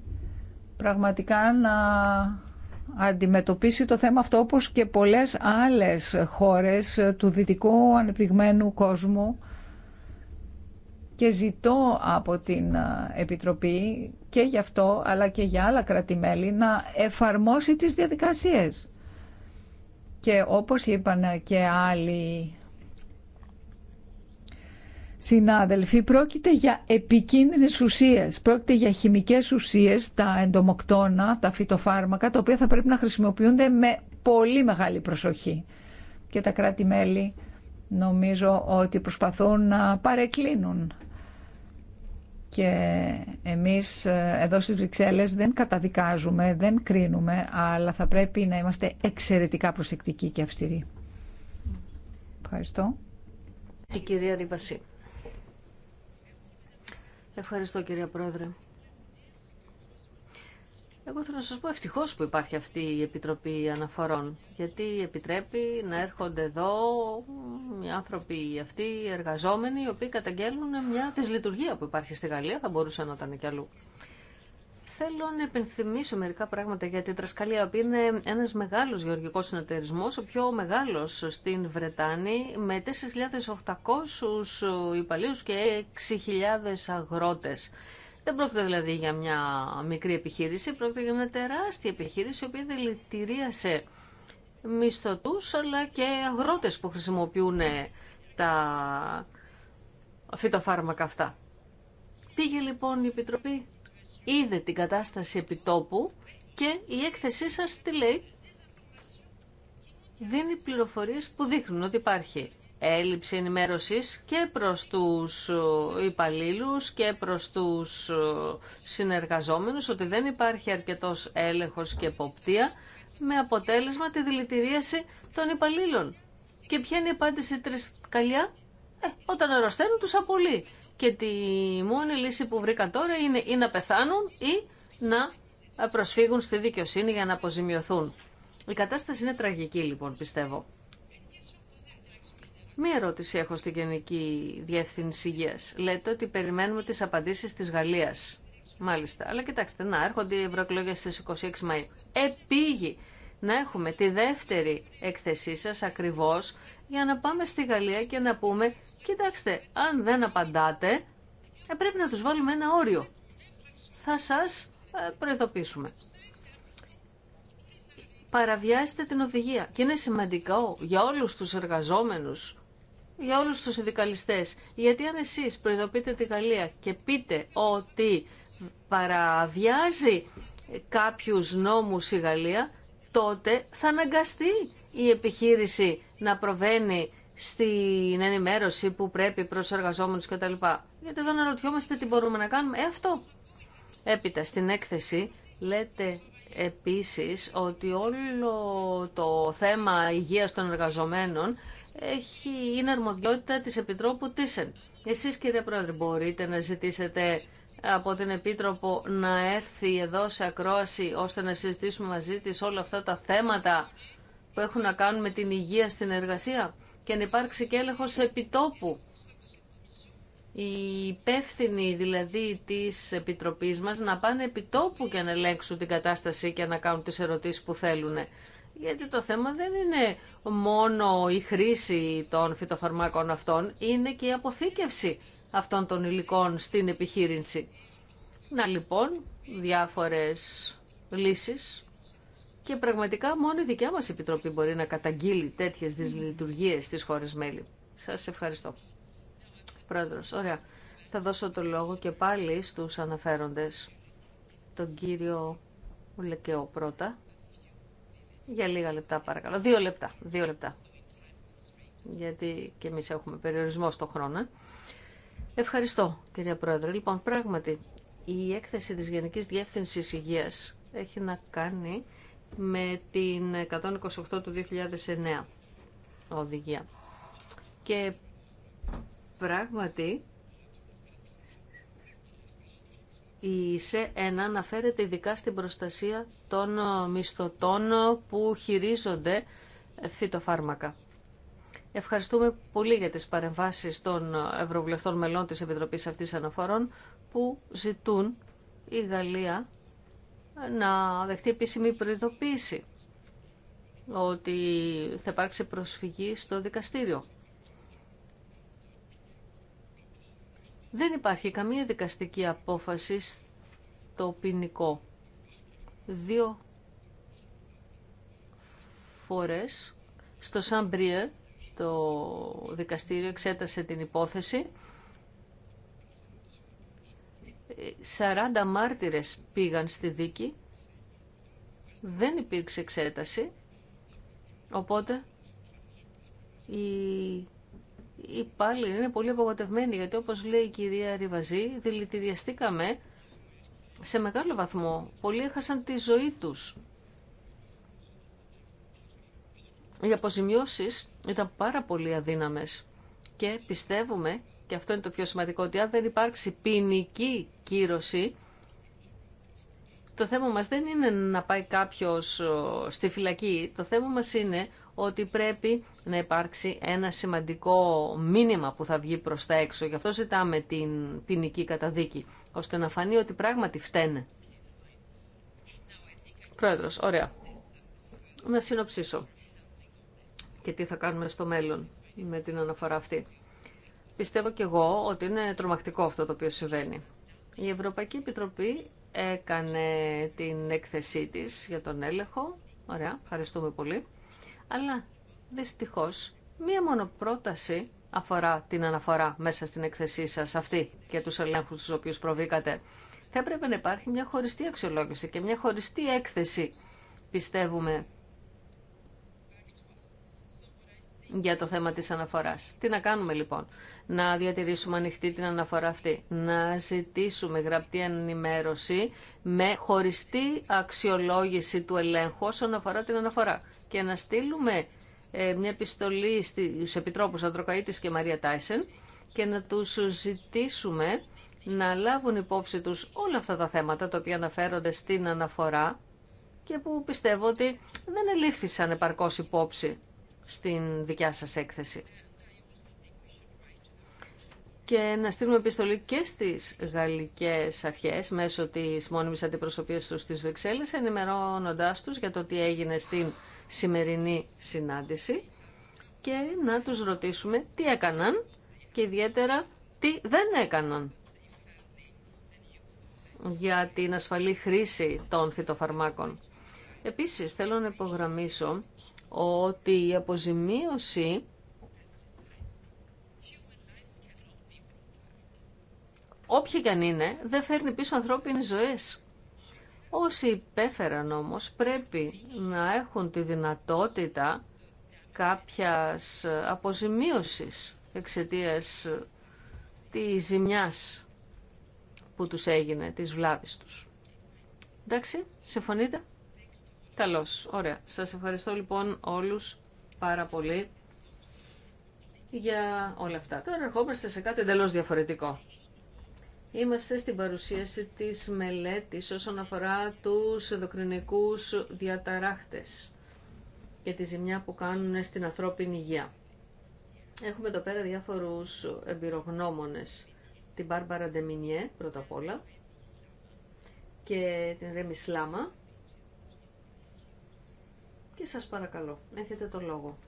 πραγματικά να αντιμετωπίσει το θέμα αυτό όπως και πολλές άλλες χώρες του δυτικού ανεπτυγμένου κόσμου και ζητώ από την Επιτροπή και γι' αυτό αλλά και για άλλα κρατημέλη να εφαρμόσει τις διαδικασίες. Και όπως είπαν και άλλοι συνάδελφοι, πρόκειται για επικίνδυνες ουσίες, πρόκειται για χημικές ουσίες, τα εντομοκτώνα, τα φυτοφάρμακα, τα οποία θα πρέπει να χρησιμοποιούνται με πολύ μεγάλη προσοχή. Και τα κράτη-μέλη νομίζω ότι προσπαθούν να παρεκκλίνουν και εμείς ε, εδώ στις Βρυξέλλες δεν καταδικάζουμε, δεν κρίνουμε, αλλά θα πρέπει να είμαστε εξαιρετικά προσεκτικοί και αυστηροί. Ευχαριστώ. Η κυρία Ριβασί. Ευχαριστώ κυρία Πρόεδρε. Εγώ θέλω να σας πω ευτυχώς που υπάρχει αυτή η Επιτροπή Αναφορών, γιατί επιτρέπει να έρχονται εδώ οι άνθρωποι αυτοί, οι εργαζόμενοι, οι οποίοι καταγγέλνουν μια δυσλειτουργία που υπάρχει στη Γαλλία, θα μπορούσε να ήταν και αλλού. Θέλω να επενθυμίσω μερικά πράγματα για τη Τρασκαλία, που είναι ένας μεγάλος γεωργικός συνεταιρισμός, ο πιο μεγάλος στην Βρετάνη, με 4.800 υπαλλήλους και 6.000 αγρότες. Δεν πρόκειται δηλαδή για μια μικρή επιχείρηση, πρόκειται για μια τεράστια επιχείρηση, η οποία δηλητηρίασε μισθωτούς, αλλά και αγρότες που χρησιμοποιούν τα φυτοφάρμακα αυτά. Πήγε λοιπόν η Επιτροπή, είδε την κατάσταση επιτόπου και η έκθεσή σας τι λέει. Δίνει πληροφορίες που δείχνουν ότι υπάρχει έλλειψη ενημέρωσης και προς τους ε, υπαλλήλους και προς τους ε, συνεργαζόμενους ότι δεν υπάρχει αρκετός έλεγχος και εποπτεία με αποτέλεσμα τη δηλητηρίαση των υπαλλήλων. Και ποια είναι η απάντηση τρισκαλιά? Ε, όταν αρρωσταίνουν τους απολύει. Και τη μόνη λύση που βρήκαν τώρα είναι ή να πεθάνουν ή να προσφύγουν στη δικαιοσύνη για να αποζημιωθούν. Η κατάσταση είναι τραγική λοιπόν πιστεύω. Μία ερώτηση έχω στην Γενική Διεύθυνση υγεία. Λέτε ότι περιμένουμε τις απαντήσεις τη Γαλλία. Μάλιστα. Αλλά κοιτάξτε, να έρχονται οι ευρωεκλογέ στις 26 Μαΐου. Επίγει να έχουμε τη δεύτερη έκθεσή σα ακριβώ για να πάμε στη Γαλλία και να πούμε «Κοιτάξτε, αν δεν απαντάτε, ε, πρέπει να του βάλουμε ένα όριο. Θα σα ε, προειδοποιήσουμε». Παραβιάστε την οδηγία και είναι σημαντικό για όλους τους εργαζόμενους για όλους τους συνδικαλιστές. Γιατί αν εσείς προειδοποιείτε τη Γαλλία και πείτε ότι παραβιάζει κάποιους νόμους η Γαλλία, τότε θα αναγκαστεί η επιχείρηση να προβαίνει στην ενημέρωση που πρέπει προς εργαζόμενους κτλ. Γιατί εδώ αναρωτιόμαστε τι μπορούμε να κάνουμε. Ε, αυτό. Έπειτα, στην έκθεση λέτε επίσης ότι όλο το θέμα υγείας των εργαζομένων έχει, είναι αρμοδιότητα της Επιτρόπου Τίσεν. Εσείς κύριε Πρόεδρε μπορείτε να ζητήσετε από την Επίτροπο να έρθει εδώ σε ακρόαση ώστε να συζητήσουμε μαζί της όλα αυτά τα θέματα που έχουν να κάνουν με την υγεία στην εργασία και να υπάρξει και έλεγχος επιτόπου. Οι υπεύθυνοι δηλαδή της Επιτροπής μας να πάνε επιτόπου και να ελέγξουν την κατάσταση και να κάνουν τις ερωτήσεις που θέλουν γιατί το θέμα δεν είναι μόνο η χρήση των φυτοφαρμάκων αυτών, είναι και η αποθήκευση αυτών των υλικών στην επιχείρηση. Να λοιπόν, διάφορες λύσεις και πραγματικά μόνο η δικιά μας Επιτροπή μπορεί να καταγγείλει τέτοιες δυσλειτουργίες στις χώρες μέλη. Σας ευχαριστώ. Πρόεδρος, ωραία. Θα δώσω το λόγο και πάλι στους αναφέροντες. Τον κύριο Λεκεό πρώτα για λίγα λεπτά παρακαλώ. Δύο λεπτά. Δύο λεπτά. Γιατί και εμείς έχουμε περιορισμό στο χρόνο. Ε. Ευχαριστώ κυρία Πρόεδρε. Λοιπόν, πράγματι η έκθεση της Γενικής Διεύθυνσης Υγείας έχει να κάνει με την 128 του 2009 οδηγία. Και πράγματι η ΣΕ 1 αναφέρεται ειδικά στην προστασία των ε, μισθωτών που χειρίζονται ε, φυτοφάρμακα. Ευχαριστούμε πολύ για τις παρεμβάσεις των ε, Ευρωβουλευτών μελών της Επιτροπής αυτής αναφορών που ζητούν η Γαλλία να δεχτεί επίσημη προειδοποίηση ότι θα υπάρξει προσφυγή στο δικαστήριο. Δεν υπάρχει καμία δικαστική απόφαση στο ποινικό. Δύο φορές στο Σαμπριέ το δικαστήριο εξέτασε την υπόθεση. 40 μάρτυρες πήγαν στη δίκη. Δεν υπήρξε εξέταση. Οπότε η οι υπάλληλοι είναι πολύ απογοητευμένοι, γιατί όπως λέει η κυρία Ριβαζή, δηλητηριαστήκαμε σε μεγάλο βαθμό. Πολλοί έχασαν τη ζωή τους. Οι αποζημιώσεις ήταν πάρα πολύ αδύναμες και πιστεύουμε, και αυτό είναι το πιο σημαντικό, ότι αν δεν υπάρξει ποινική κύρωση, το θέμα μας δεν είναι να πάει κάποιος ε, στη φυλακή, το θέμα μας είναι ότι πρέπει να υπάρξει ένα σημαντικό μήνυμα που θα βγει προς τα έξω. Γι' αυτό ζητάμε την ποινική καταδίκη, ώστε να φανεί ότι πράγματι φταίνε. Πρόεδρος, ωραία. Να συνοψίσω και τι θα κάνουμε στο μέλλον με την αναφορά αυτή. Πιστεύω και εγώ ότι είναι τρομακτικό αυτό το οποίο συμβαίνει. Η Ευρωπαϊκή Επιτροπή έκανε την έκθεσή της για τον έλεγχο. Ωραία, ευχαριστούμε πολύ αλλά δυστυχώς μία μόνο πρόταση αφορά την αναφορά μέσα στην εκθεσή σας αυτή και τους ελέγχους στους οποίους προβήκατε. Θα έπρεπε να υπάρχει μια χωριστή αξιολόγηση και μια χωριστή έκθεση, πιστεύουμε, για το θέμα της αναφοράς. Τι να κάνουμε λοιπόν, να διατηρήσουμε ανοιχτή την αναφορά αυτή, να ζητήσουμε γραπτή ενημέρωση με χωριστή αξιολόγηση του ελέγχου όσον αφορά την αναφορά και να στείλουμε ε, μια επιστολή στους Επιτρόπους Αντροκαΐτης και Μαρία Τάισεν και να τους ζητήσουμε να λάβουν υπόψη τους όλα αυτά τα θέματα τα οποία αναφέρονται στην αναφορά και που πιστεύω ότι δεν ελήφθησαν επαρκώς υπόψη στην δικιά σας έκθεση. Και να στείλουμε επιστολή και στις γαλλικές αρχές μέσω της μόνιμης αντιπροσωπείας τους στις Βεξέλλες ενημερώνοντάς τους για το τι έγινε στην σημερινή συνάντηση και να τους ρωτήσουμε τι έκαναν και ιδιαίτερα τι δεν έκαναν για την ασφαλή χρήση των φυτοφαρμάκων. Επίσης θέλω να υπογραμμίσω ότι η αποζημίωση όποια και αν είναι, δεν φέρνει πίσω ανθρώπινες ζωές. Όσοι υπέφεραν όμως πρέπει να έχουν τη δυνατότητα κάποιας αποζημίωσης εξαιτίας της ζημιάς που τους έγινε, της βλάβης τους. Εντάξει, συμφωνείτε? Καλώς, ωραία. Σας ευχαριστώ λοιπόν όλους πάρα πολύ για όλα αυτά. Τώρα ερχόμαστε σε κάτι εντελώς διαφορετικό. Είμαστε στην παρουσίαση της μελέτης όσον αφορά τους ενδοκρινικούς διαταράχτες και τη ζημιά που κάνουν στην ανθρώπινη υγεία. Έχουμε εδώ πέρα διάφορους εμπειρογνώμονες. Την Μπάρμπαρα Ντεμινιέ πρώτα απ' όλα και την Ρέμι Σλάμα. Και σας παρακαλώ, έχετε το λόγο.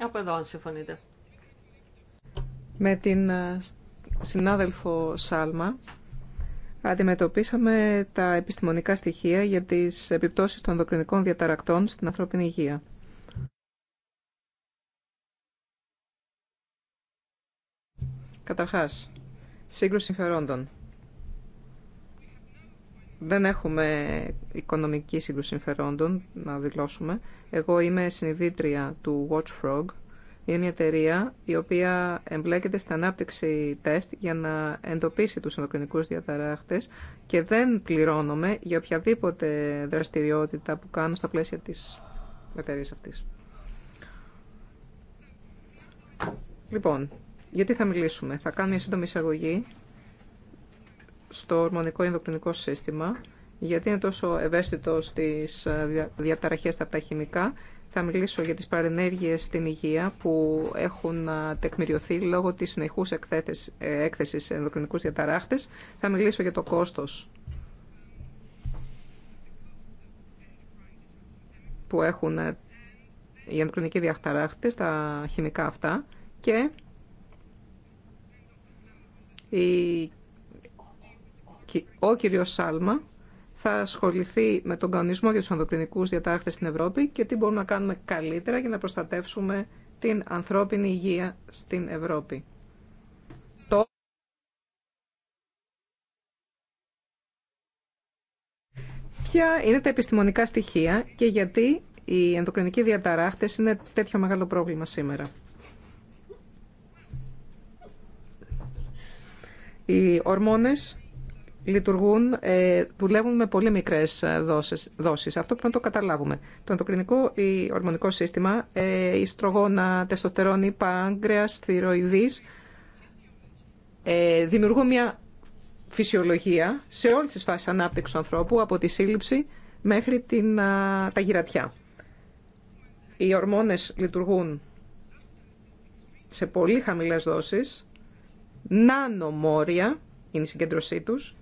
Από εδώ αν συμφωνείτε με την ε, συνάδελφο Σάλμα αντιμετωπίσαμε τα επιστημονικά στοιχεία για τις επιπτώσεις των ενδοκρινικών διαταρακτών στην ανθρώπινη υγεία. Καταρχάς, σύγκρουση συμφερόντων. Δεν έχουμε οικονομική σύγκρουση συμφερόντων, να δηλώσουμε. Εγώ είμαι συνειδήτρια του Watch Frog, είναι μια εταιρεία η οποία εμπλέκεται στην ανάπτυξη τεστ για να εντοπίσει τους ενδοκρινικούς διαταράχτες και δεν πληρώνομαι για οποιαδήποτε δραστηριότητα που κάνω στα πλαίσια της εταιρεία αυτής. Λοιπόν, γιατί θα μιλήσουμε. Θα κάνω μια σύντομη εισαγωγή στο ορμονικό ενδοκρινικό σύστημα, γιατί είναι τόσο ευαίσθητο στις ε, διαταραχές από τα χημικά θα μιλήσω για τις παρενέργειες στην υγεία που έχουν τεκμηριωθεί λόγω της συνεχούς ε, έκθεσης σε ενδοκρινικούς διαταράχτες. Θα μιλήσω για το κόστος που έχουν ε, οι ενδοκρινικοί διαταράχτες, τα χημικά αυτά και ο κύριος Σάλμα θα ασχοληθεί με τον κανονισμό για τους ανδοκρινικούς διαταράχτες στην Ευρώπη και τι μπορούμε να κάνουμε καλύτερα για να προστατεύσουμε την ανθρώπινη υγεία στην Ευρώπη. Ποια είναι τα επιστημονικά στοιχεία και γιατί οι ενδοκρινικοί διαταράχτες είναι τέτοιο μεγάλο πρόβλημα σήμερα. Οι ορμόνες λειτουργούν, ε, δουλεύουν με πολύ μικρές ε, δόσεις, Αυτό πρέπει να το καταλάβουμε. Το ενδοκρινικό ή ορμονικό σύστημα, ε, η στρογόνα, τεστοστερόνη, πάγκρεας, παγκρεας ε, δημιουργούν μια φυσιολογία σε όλες τις φάσεις ανάπτυξης του ανθρώπου, από τη σύλληψη μέχρι την, τα γυρατιά. Οι ορμόνες λειτουργούν σε πολύ χαμηλές δόσεις, νανομόρια είναι η συγκέντρωσή τους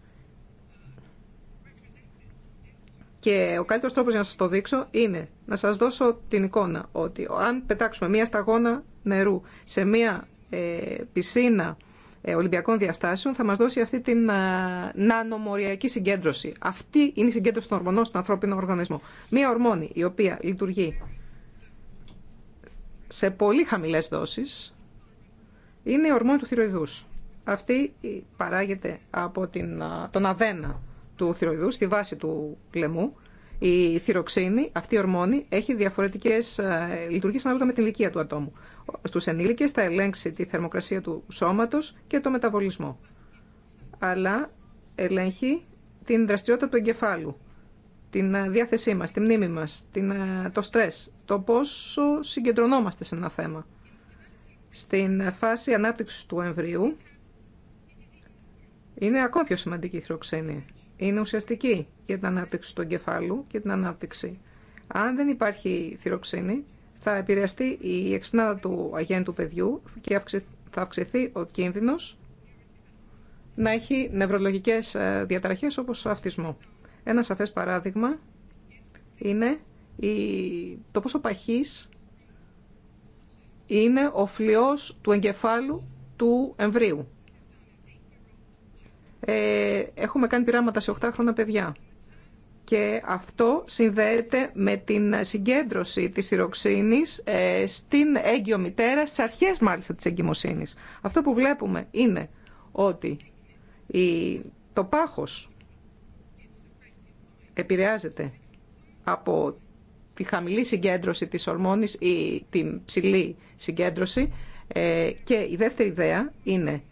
Και ο καλύτερος τρόπος για να σας το δείξω είναι να σας δώσω την εικόνα ότι αν πετάξουμε μία σταγόνα νερού σε μία ε, πισίνα ε, Ολυμπιακών διαστάσεων θα μας δώσει αυτή την ε, νανομοριακή συγκέντρωση. Αυτή είναι η συγκέντρωση των ορμονών στον ανθρώπινο οργανισμό. Μία ορμόνη η οποία λειτουργεί σε πολύ χαμηλές δόσεις είναι η ορμόνη του θηροειδού. Αυτή παράγεται από την, τον αδένα του θηροειδού, στη βάση του κλεμού, η θυροξίνη, αυτή η ορμόνη, έχει διαφορετικέ ε, λειτουργίε ανάλογα με την ηλικία του ατόμου. Στου ενήλικε θα ελέγξει τη θερμοκρασία του σώματο και το μεταβολισμό. Αλλά ελέγχει την δραστηριότητα του εγκεφάλου, την ε, διάθεσή μα, τη μνήμη μα, ε, το στρες, το πόσο συγκεντρωνόμαστε σε ένα θέμα. Στην φάση ανάπτυξη του εμβρίου είναι ακόμα πιο σημαντική η θηροξένη είναι ουσιαστική για την ανάπτυξη του εγκεφάλου και την ανάπτυξη. Αν δεν υπάρχει θυροξίνη, θα επηρεαστεί η εξυπνάδα του αγέντου παιδιού και θα αυξηθεί ο κίνδυνος να έχει νευρολογικές ε, διαταραχές όπως ο αυτισμό. Ένα σαφές παράδειγμα είναι το πόσο παχής είναι ο φλοιός του εγκεφάλου του εμβρίου ε, έχουμε κάνει πειράματα σε 8 χρόνια παιδιά. Και αυτό συνδέεται με την συγκέντρωση της ηροξίνης ε, στην έγκυο μητέρα, στις αρχές μάλιστα της εγκυμοσύνης. Αυτό που βλέπουμε είναι ότι η, το πάχος επηρεάζεται από τη χαμηλή συγκέντρωση της ορμόνης ή την ψηλή συγκέντρωση. Ε, και η δεύτερη ιδέα είναι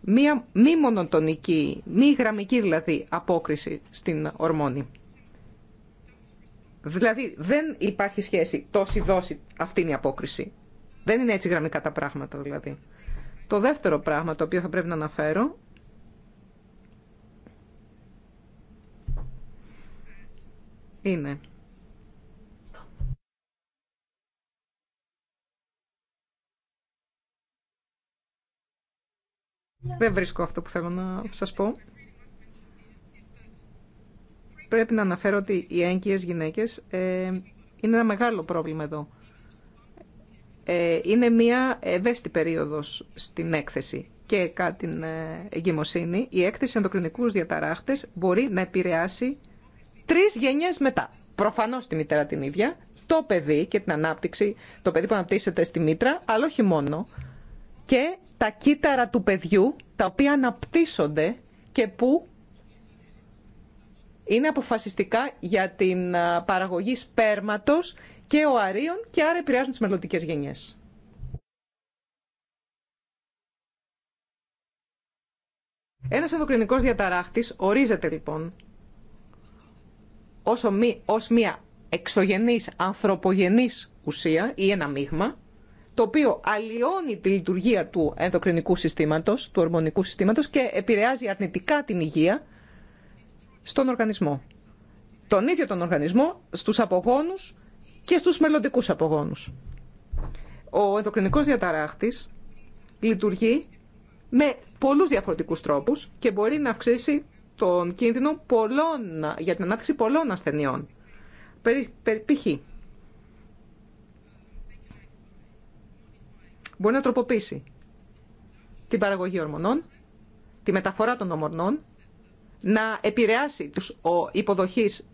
μία μη μονοτονική, μη γραμμική δηλαδή απόκριση στην ορμόνη. Δηλαδή δεν υπάρχει σχέση τόση δόση αυτή η απόκριση. Δεν είναι έτσι γραμμικά τα πράγματα δηλαδή. Το δεύτερο πράγμα το οποίο θα πρέπει να αναφέρω είναι Δεν βρίσκω αυτό που θέλω να σας πω. Πρέπει να αναφέρω ότι οι έγκυες γυναίκες ε, είναι ένα μεγάλο πρόβλημα εδώ. Ε, είναι μία ευαίσθητη περίοδος στην έκθεση και κάτι την ε, εγκυμοσύνη. Η έκθεση ενδοκρινικούς διαταράχτες μπορεί να επηρεάσει τρεις γενιές μετά. Προφανώς τη μητέρα την ίδια, το παιδί και την ανάπτυξη, το παιδί που αναπτύσσεται στη μήτρα, αλλά όχι μόνο και τα κύτταρα του παιδιού τα οποία αναπτύσσονται και που είναι αποφασιστικά για την παραγωγή σπέρματος και ο οαρίων και άρα επηρεάζουν τις μελλοντικές γενιές. Ένας ενδοκρινικός διαταράχτης ορίζεται λοιπόν ως μία εξωγενής ανθρωπογενής ουσία ή ένα μείγμα το οποίο αλλοιώνει τη λειτουργία του ενδοκρινικού συστήματος, του ορμονικού συστήματος και επηρεάζει αρνητικά την υγεία στον οργανισμό. Τον ίδιο τον οργανισμό, στους απογόνους και στους μελλοντικού απογόνους. Ο ενδοκρινικός διαταράχτης λειτουργεί με πολλούς διαφορετικούς τρόπους και μπορεί να αυξήσει τον κίνδυνο για την ανάπτυξη πολλών ασθενειών. Π.χ. μπορεί να τροποποιήσει την παραγωγή ορμονών, τη μεταφορά των ορμονών, να επηρεάσει τους ο, υποδοχής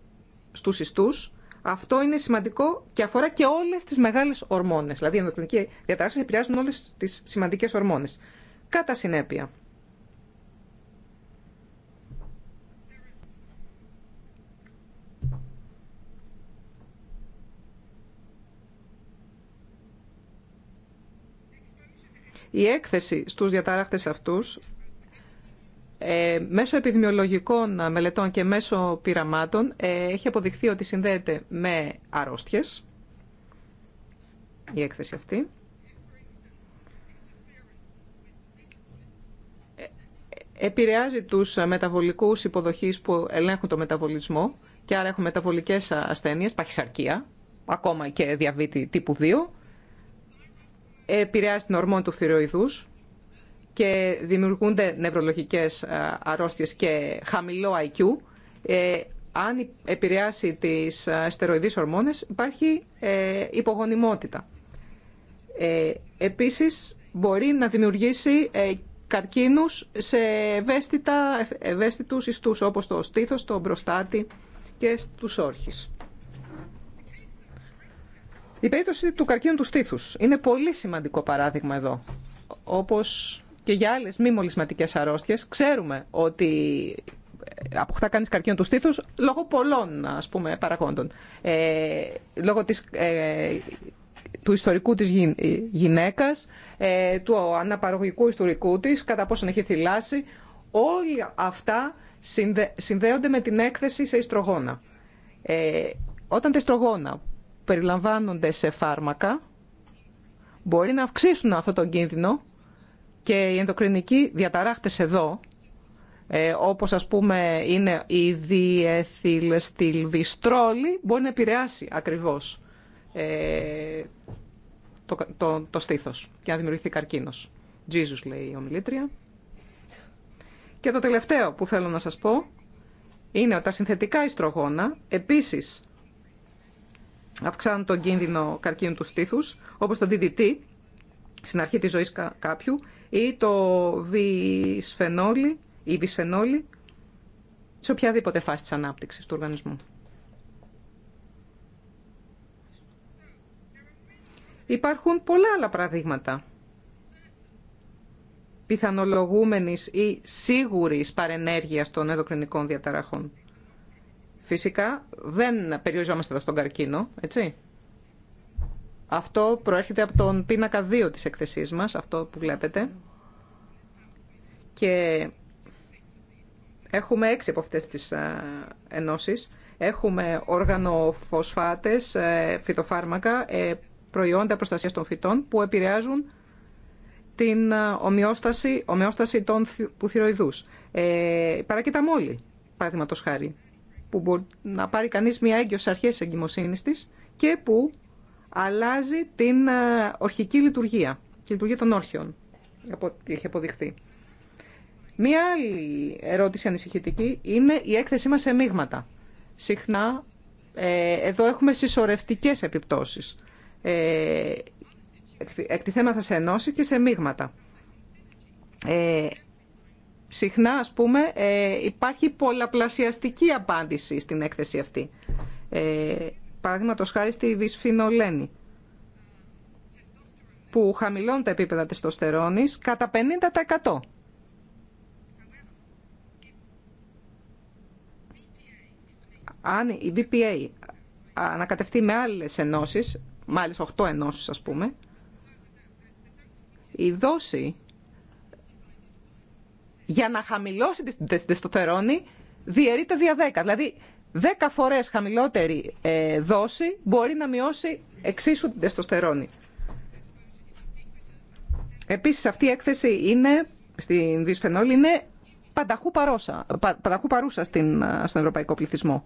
στους ιστούς. Αυτό είναι σημαντικό και αφορά και όλες τις μεγάλες ορμόνες. Δηλαδή, οι ενδοκρινικοί διαταράξεις επηρεάζουν όλες τις σημαντικές ορμόνες. Κατά συνέπεια, Η έκθεση στους διαταράχτες αυτούς ε, μέσω επιδημιολογικών μελετών και μέσω πειραμάτων ε, έχει αποδειχθεί ότι συνδέεται με αρρώστιες η έκθεση αυτή. Ε, επηρεάζει τους μεταβολικούς υποδοχείς που ελέγχουν το μεταβολισμό και άρα έχουν μεταβολικές ασθένειες, παχυσαρκία, ακόμα και διαβήτη τύπου 2 επηρεάζει την ορμόνη του θηροειδούς και δημιουργούνται νευρολογικές ε, αρρώστιες και χαμηλό IQ. Ε, αν επηρεάσει τις ε, στεροειδείς ορμόνες υπάρχει ε, υπογονιμότητα. επίσης μπορεί να δημιουργήσει καρκίνους σε ευαίσθητα, ευαίσθητους ιστούς όπως το στήθος, το μπροστάτι και στους όρχες. Η περίπτωση του καρκίνου του στήθους είναι πολύ σημαντικό παράδειγμα εδώ. Όπως και για άλλε μη μολυσματικέ αρρώστιες, ξέρουμε ότι ε, αποκτά κάνει καρκίνο του στήθους λόγω πολλών ας πούμε, παραγόντων. Ε, λόγω της, ε, του ιστορικού της γυ, γυναίκας, του αναπαραγωγικού ιστορικού της, κατά πόσον έχει θυλάσει, όλα αυτά συνδέονται με την έκθεση σε ιστρογόνα. όταν τα ιστρογόνα περιλαμβάνονται σε φάρμακα μπορεί να αυξήσουν αυτό το κίνδυνο και οι ενδοκρινικοί διαταράχτες εδώ, ε, όπως ας πούμε είναι η διεθυλστιλβιστρόλη, μπορεί να επηρεάσει ακριβώς ε, το, το, το στήθος και να δημιουργηθεί καρκίνος. Jesus λέει η ομιλήτρια. Και το τελευταίο που θέλω να σας πω είναι ότι τα συνθετικά ιστρογόνα επίσης αυξάνουν τον κίνδυνο καρκίνου του στήθους, όπως το DDT, στην αρχή τη ζωή κάποιου, ή το βυσφενόλι, ή βισφενολι σε οποιαδήποτε φάση τη ανάπτυξη του οργανισμού. Υπάρχουν πολλά άλλα παραδείγματα πιθανολογούμενης ή σίγουρης παρενέργειας των ενδοκρινικών διαταραχών. Φυσικά δεν περιοριζόμαστε εδώ στον καρκίνο, έτσι. Αυτό προέρχεται από τον πίνακα 2 της εκθεσής μας, αυτό που βλέπετε. Και έχουμε έξι από αυτές τις ενώσεις. Έχουμε όργανοφωσφάτες, ε, φυτοφάρμακα, ε, προϊόντα προστασίας των φυτών που επηρεάζουν την ομοιόσταση, ομοιόσταση των, του θυροειδούς. Ε, μόλι, παραδείγματος χάρη που μπορεί να πάρει κανείς μια έγκυος αρχές εγκυμοσύνης της και που αλλάζει την ε, ορχική λειτουργία, τη λειτουργία των όρχεων, από ό,τι έχει αποδειχθεί. Μία άλλη ερώτηση ανησυχητική είναι η έκθεσή μας σε μείγματα. Συχνά ε, εδώ έχουμε συσσωρευτικές επιπτώσεις. Ε, εκτιθέμαθα σε ενώσει και σε μείγματα. Ε, Συχνά, ας πούμε, ε, υπάρχει πολλαπλασιαστική απάντηση στην έκθεση αυτή. Ε, Παραδείγματος χάρη στη βυσφινολένη, που χαμηλώνει τα επίπεδα τεστοστερόνης κατά 50%. Αν η BPA ανακατευτεί με άλλες ενώσεις, μάλιστα 8 ενώσεις ας πούμε, η δόση για να χαμηλώσει την τεστοτερόνη διαιρείται δια 10. Δηλαδή 10 φορές χαμηλότερη ε, δόση μπορεί να μειώσει εξίσου την τεστοστερόνη. Επίσης αυτή η έκθεση είναι, στην δυσφενόλη είναι πανταχού, παρόσα, πανταχού παρούσα στην, ε, στον ευρωπαϊκό πληθυσμό.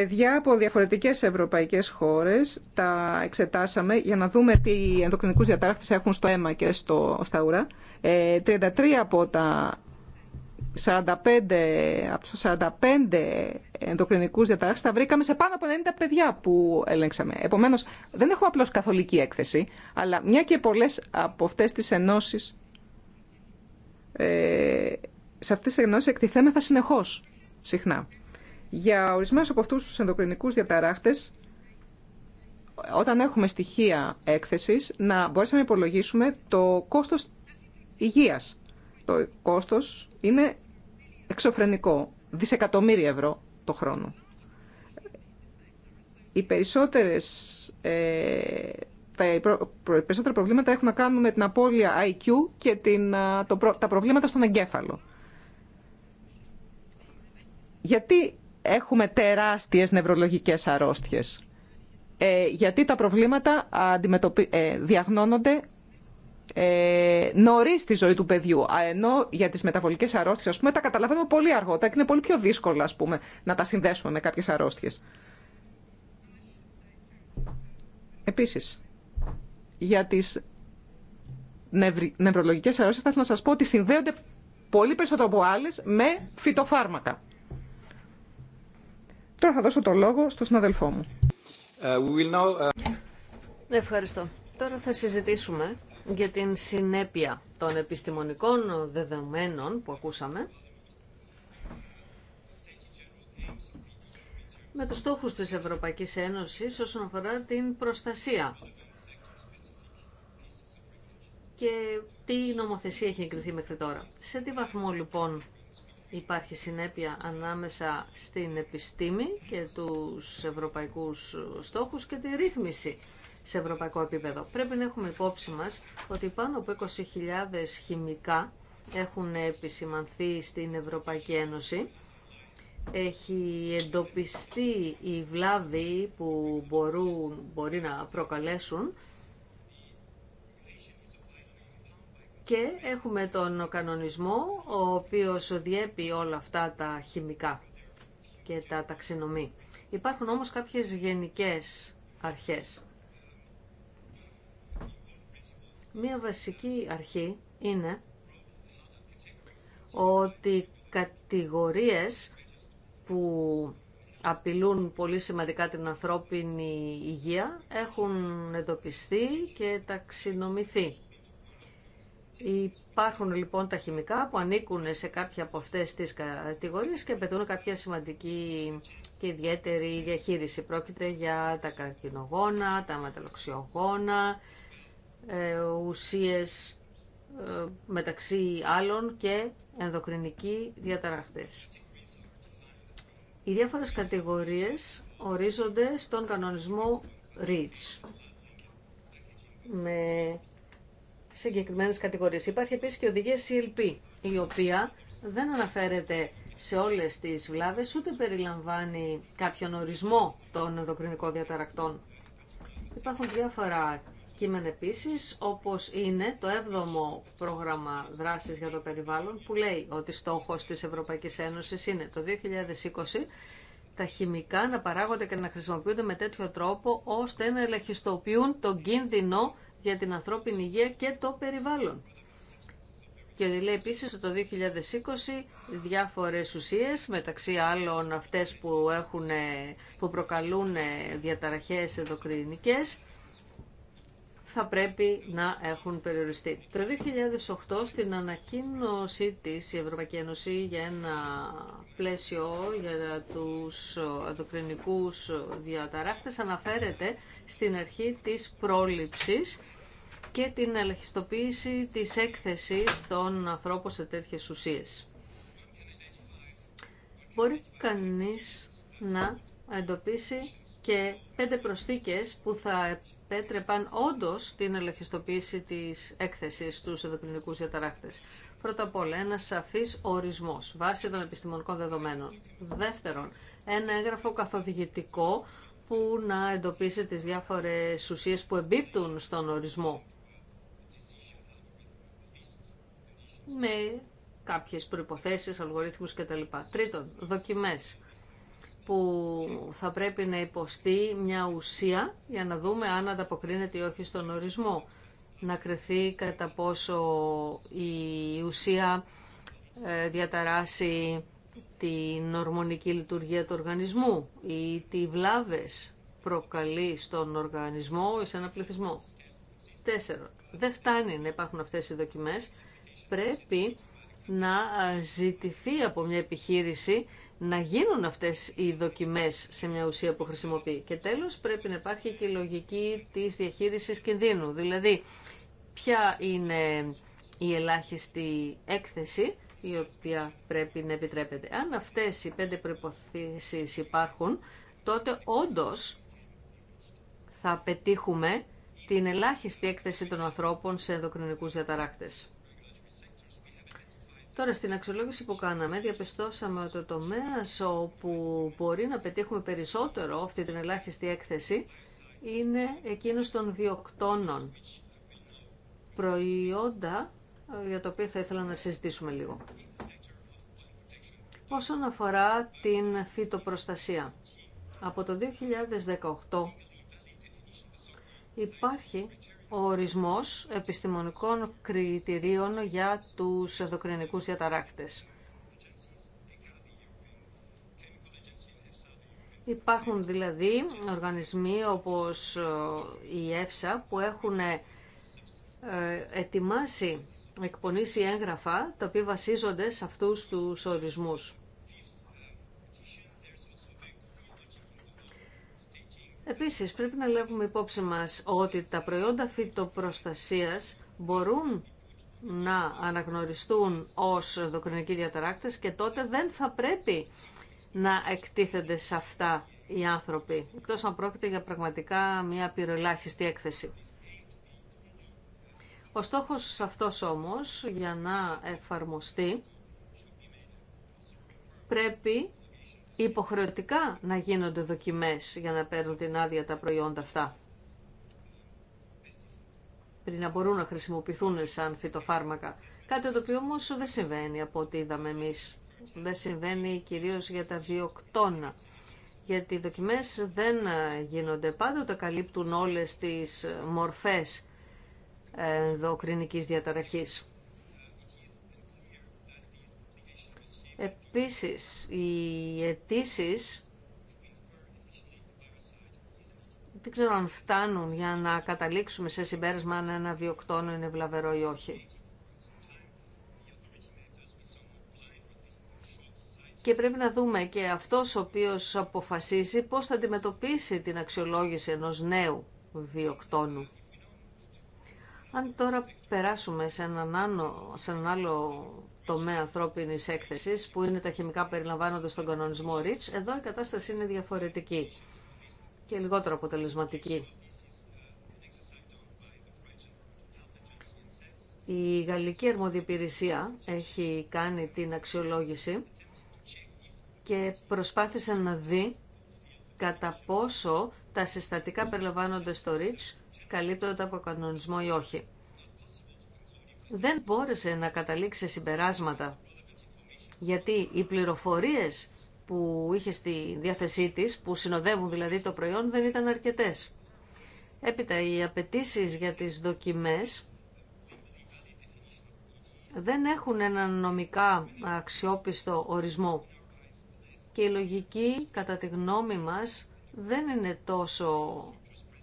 παιδιά από διαφορετικές ευρωπαϊκές χώρες τα εξετάσαμε για να δούμε τι ενδοκρινικούς διατάραχτες έχουν στο αίμα και στο, στα ουρά. Ε, 33 από τα 45, από τους 45 ενδοκρινικούς τα βρήκαμε σε πάνω από 90 παιδιά που ελέγξαμε. Επομένως δεν έχουμε απλώς καθολική έκθεση, αλλά μια και πολλές από αυτές τις ενώσεις ε, σε αυτές τις ενώσεις εκτιθέμεθα συνεχώς, συχνά. Για ορισμένους από αυτούς τους ενδοκρινικούς διαταράχτες, όταν έχουμε στοιχεία έκθεσης, να μπορέσουμε να υπολογίσουμε το κόστος υγείας. Το κόστος είναι εξωφρενικό, δισεκατομμύρια ευρώ το χρόνο. Οι περισσότερες, ε, τα περισσότερα προβλήματα έχουν να κάνουν με την απώλεια IQ και την, το, τα προβλήματα στον εγκέφαλο. Γιατί έχουμε τεράστιες νευρολογικές αρρώστιες. Ε, γιατί τα προβλήματα ε, διαγνώνονται ε, νωρί στη ζωή του παιδιού. Ενώ για τι μεταβολικέ αρρώστιε, α πούμε, τα καταλαβαίνουμε πολύ αργότερα και είναι πολύ πιο δύσκολο ας πούμε, να τα συνδέσουμε με κάποιε αρρώστιε. Επίση, για τι νευρολογικές νευρολογικέ αρρώστιε, θα ήθελα να σα πω ότι συνδέονται πολύ περισσότερο από άλλε με φυτοφάρμακα. Τώρα θα δώσω το λόγο στον συναδελφό μου. Ε, ε, Ευχαριστώ. Τώρα θα συζητήσουμε για την συνέπεια των επιστημονικών δεδομένων που ακούσαμε με τους στόχους της Ευρωπαϊκής Ένωσης όσον αφορά την προστασία και τι νομοθεσία έχει εγκριθεί μέχρι τώρα. Σε τι βαθμό λοιπόν υπάρχει συνέπεια ανάμεσα στην επιστήμη και τους ευρωπαϊκούς στόχους και τη ρύθμιση σε ευρωπαϊκό επίπεδο. Πρέπει να έχουμε υπόψη μας ότι πάνω από 20.000 χημικά έχουν επισημανθεί στην Ευρωπαϊκή Ένωση. Έχει εντοπιστεί η βλάβη που μπορούν, μπορεί να προκαλέσουν Και έχουμε τον κανονισμό, ο οποίος διέπει όλα αυτά τα χημικά και τα ταξινομεί. Υπάρχουν όμως κάποιες γενικές αρχές. Μία βασική αρχή είναι ότι κατηγορίες που απειλούν πολύ σημαντικά την ανθρώπινη υγεία έχουν εντοπιστεί και ταξινομηθεί. Υπάρχουν λοιπόν τα χημικά που ανήκουν σε κάποια από αυτές τις κατηγορίες και απαιτούν κάποια σημαντική και ιδιαίτερη διαχείριση. Πρόκειται για τα καρκινογόνα, τα μεταλλοξιογόνα, ε, ουσίες ε, μεταξύ άλλων και ενδοκρινικοί διαταραχτές. Οι διάφορες κατηγορίες ορίζονται στον κανονισμό REACH με συγκεκριμένε κατηγορίε. Υπάρχει επίση και οδηγία CLP, η οποία δεν αναφέρεται σε όλε τι βλάβε ούτε περιλαμβάνει κάποιον ορισμό των ενδοκρινικών διαταρακτών. Υπάρχουν διάφορα κείμενα επίση, όπω είναι το 7ο πρόγραμμα δράση για το περιβάλλον, που λέει ότι στόχο τη Ευρωπαϊκή Ένωση είναι το 2020 τα χημικά να παράγονται και να χρησιμοποιούνται με τέτοιο τρόπο ώστε να ελαχιστοποιούν τον κίνδυνο για την ανθρώπινη υγεία και το περιβάλλον. Και λέει επίσης ότι το 2020 διάφορε ουσίε, μεταξύ άλλων αυτές που, έχουν, που προκαλούν διαταραχές ενδοκρινικές, θα πρέπει να έχουν περιοριστεί. Το 2008 στην ανακοίνωσή της η Ευρωπαϊκή Ένωση για ένα πλαίσιο για τους ενδοκρινικούς διαταράκτες αναφέρεται στην αρχή της πρόληψης και την ελεγχιστοποίηση της έκθεσης των ανθρώπων σε τέτοιες ουσίες. Μπορεί κανείς να εντοπίσει και πέντε προσθήκες που θα πέτρεπαν όντως την ελεγχιστοποίηση της έκθεσης στους ενδοκρινικού διαταράκτε. Πρώτα απ' όλα, ένα σαφή ορισμός βάσει των επιστημονικών δεδομένων. Δεύτερον, ένα έγγραφο καθοδηγητικό που να εντοπίσει τις διάφορες ουσίες που εμπίπτουν στον ορισμό. Με κάποιες προϋποθέσεις, αλγορίθμους κτλ. Τρίτον, δοκιμές που θα πρέπει να υποστεί μια ουσία για να δούμε αν ανταποκρίνεται ή όχι στον ορισμό. Να κρυθεί κατά πόσο η ουσία ε, διαταράσει την ορμονική λειτουργία του οργανισμού ή τι βλάβες προκαλεί στον οργανισμό ή σε ένα πληθυσμό. Τέσσερα. Δεν φτάνει να υπάρχουν αυτές οι δοκιμές. Πρέπει να ε, ζητηθεί από μια επιχείρηση να γίνουν αυτές οι δοκιμές σε μια ουσία που χρησιμοποιεί. Και τέλος πρέπει να υπάρχει και η λογική της διαχείρισης κινδύνου, δηλαδή ποια είναι η ελάχιστη έκθεση η οποία πρέπει να επιτρέπεται. Αν αυτές οι πέντε προϋποθέσεις υπάρχουν, τότε όντως θα πετύχουμε την ελάχιστη έκθεση των ανθρώπων σε ενδοκρινικούς διαταράκτες. Τώρα στην αξιολόγηση που κάναμε διαπιστώσαμε ότι το τομέα όπου μπορεί να πετύχουμε περισσότερο αυτή την ελάχιστη έκθεση είναι εκείνος των βιοκτώνων. Προϊόντα για το οποίο θα ήθελα να συζητήσουμε λίγο. Όσον αφορά την φυτοπροστασία, από το 2018 υπάρχει ο ορισμός επιστημονικών κριτηρίων για τους ενδοκρινικούς διαταράκτες. Υπάρχουν δηλαδή οργανισμοί όπως ε, η ΕΦΣΑ που έχουν ε, ετοιμάσει, εκπονήσει έγγραφα τα οποία βασίζονται σε αυτούς τους ορισμούς. Επίσης πρέπει να λάβουμε υπόψη μας ότι τα προϊόντα φυτοπροστασίας μπορούν να αναγνωριστούν ως δοκρινικοί διαταράκτες και τότε δεν θα πρέπει να εκτίθενται σε αυτά οι άνθρωποι, εκτός αν πρόκειται για πραγματικά μια πυρολάχιστη έκθεση. Ο στόχος αυτός όμως για να εφαρμοστεί πρέπει υποχρεωτικά να γίνονται δοκιμές για να παίρνουν την άδεια τα προϊόντα αυτά πριν να μπορούν να χρησιμοποιηθούν σαν φυτοφάρμακα. Κάτι το οποίο όμως δεν συμβαίνει από ό,τι είδαμε εμείς. Δεν συμβαίνει κυρίως για τα βιοκτώνα. Γιατί οι δοκιμές δεν γίνονται πάντοτε, καλύπτουν όλες τις μορφές ενδοκρινικής διαταραχής. Επίσης, οι αιτήσει δεν ξέρω αν φτάνουν για να καταλήξουμε σε συμπέρασμα αν ένα βιοκτόνο είναι βλαβερό ή όχι. Και πρέπει να δούμε και αυτός ο οποίος αποφασίζει πώς θα αντιμετωπίσει την αξιολόγηση ενός νέου βιοκτόνου. Αν τώρα περάσουμε σε έναν, άλλο, σε έναν άλλο τομέα ανθρώπινη έκθεση που είναι τα χημικά περιλαμβάνοντα τον στον κανονισμό REACH, εδώ η κατάσταση είναι διαφορετική και λιγότερο αποτελεσματική. Η Γαλλική Υπηρεσία έχει κάνει την αξιολόγηση και προσπάθησε να δει κατά πόσο τα συστατικά περιλαμβάνοντα στο REACH καλύπτονται από κανονισμό ή όχι δεν μπόρεσε να καταλήξει σε συμπεράσματα γιατί οι πληροφορίες που είχε στη διάθεσή της, που συνοδεύουν δηλαδή το προϊόν, δεν ήταν αρκετές. Έπειτα, οι απαιτήσει για τις δοκιμές δεν έχουν έναν νομικά αξιόπιστο ορισμό και η λογική, κατά τη γνώμη μας, δεν είναι τόσο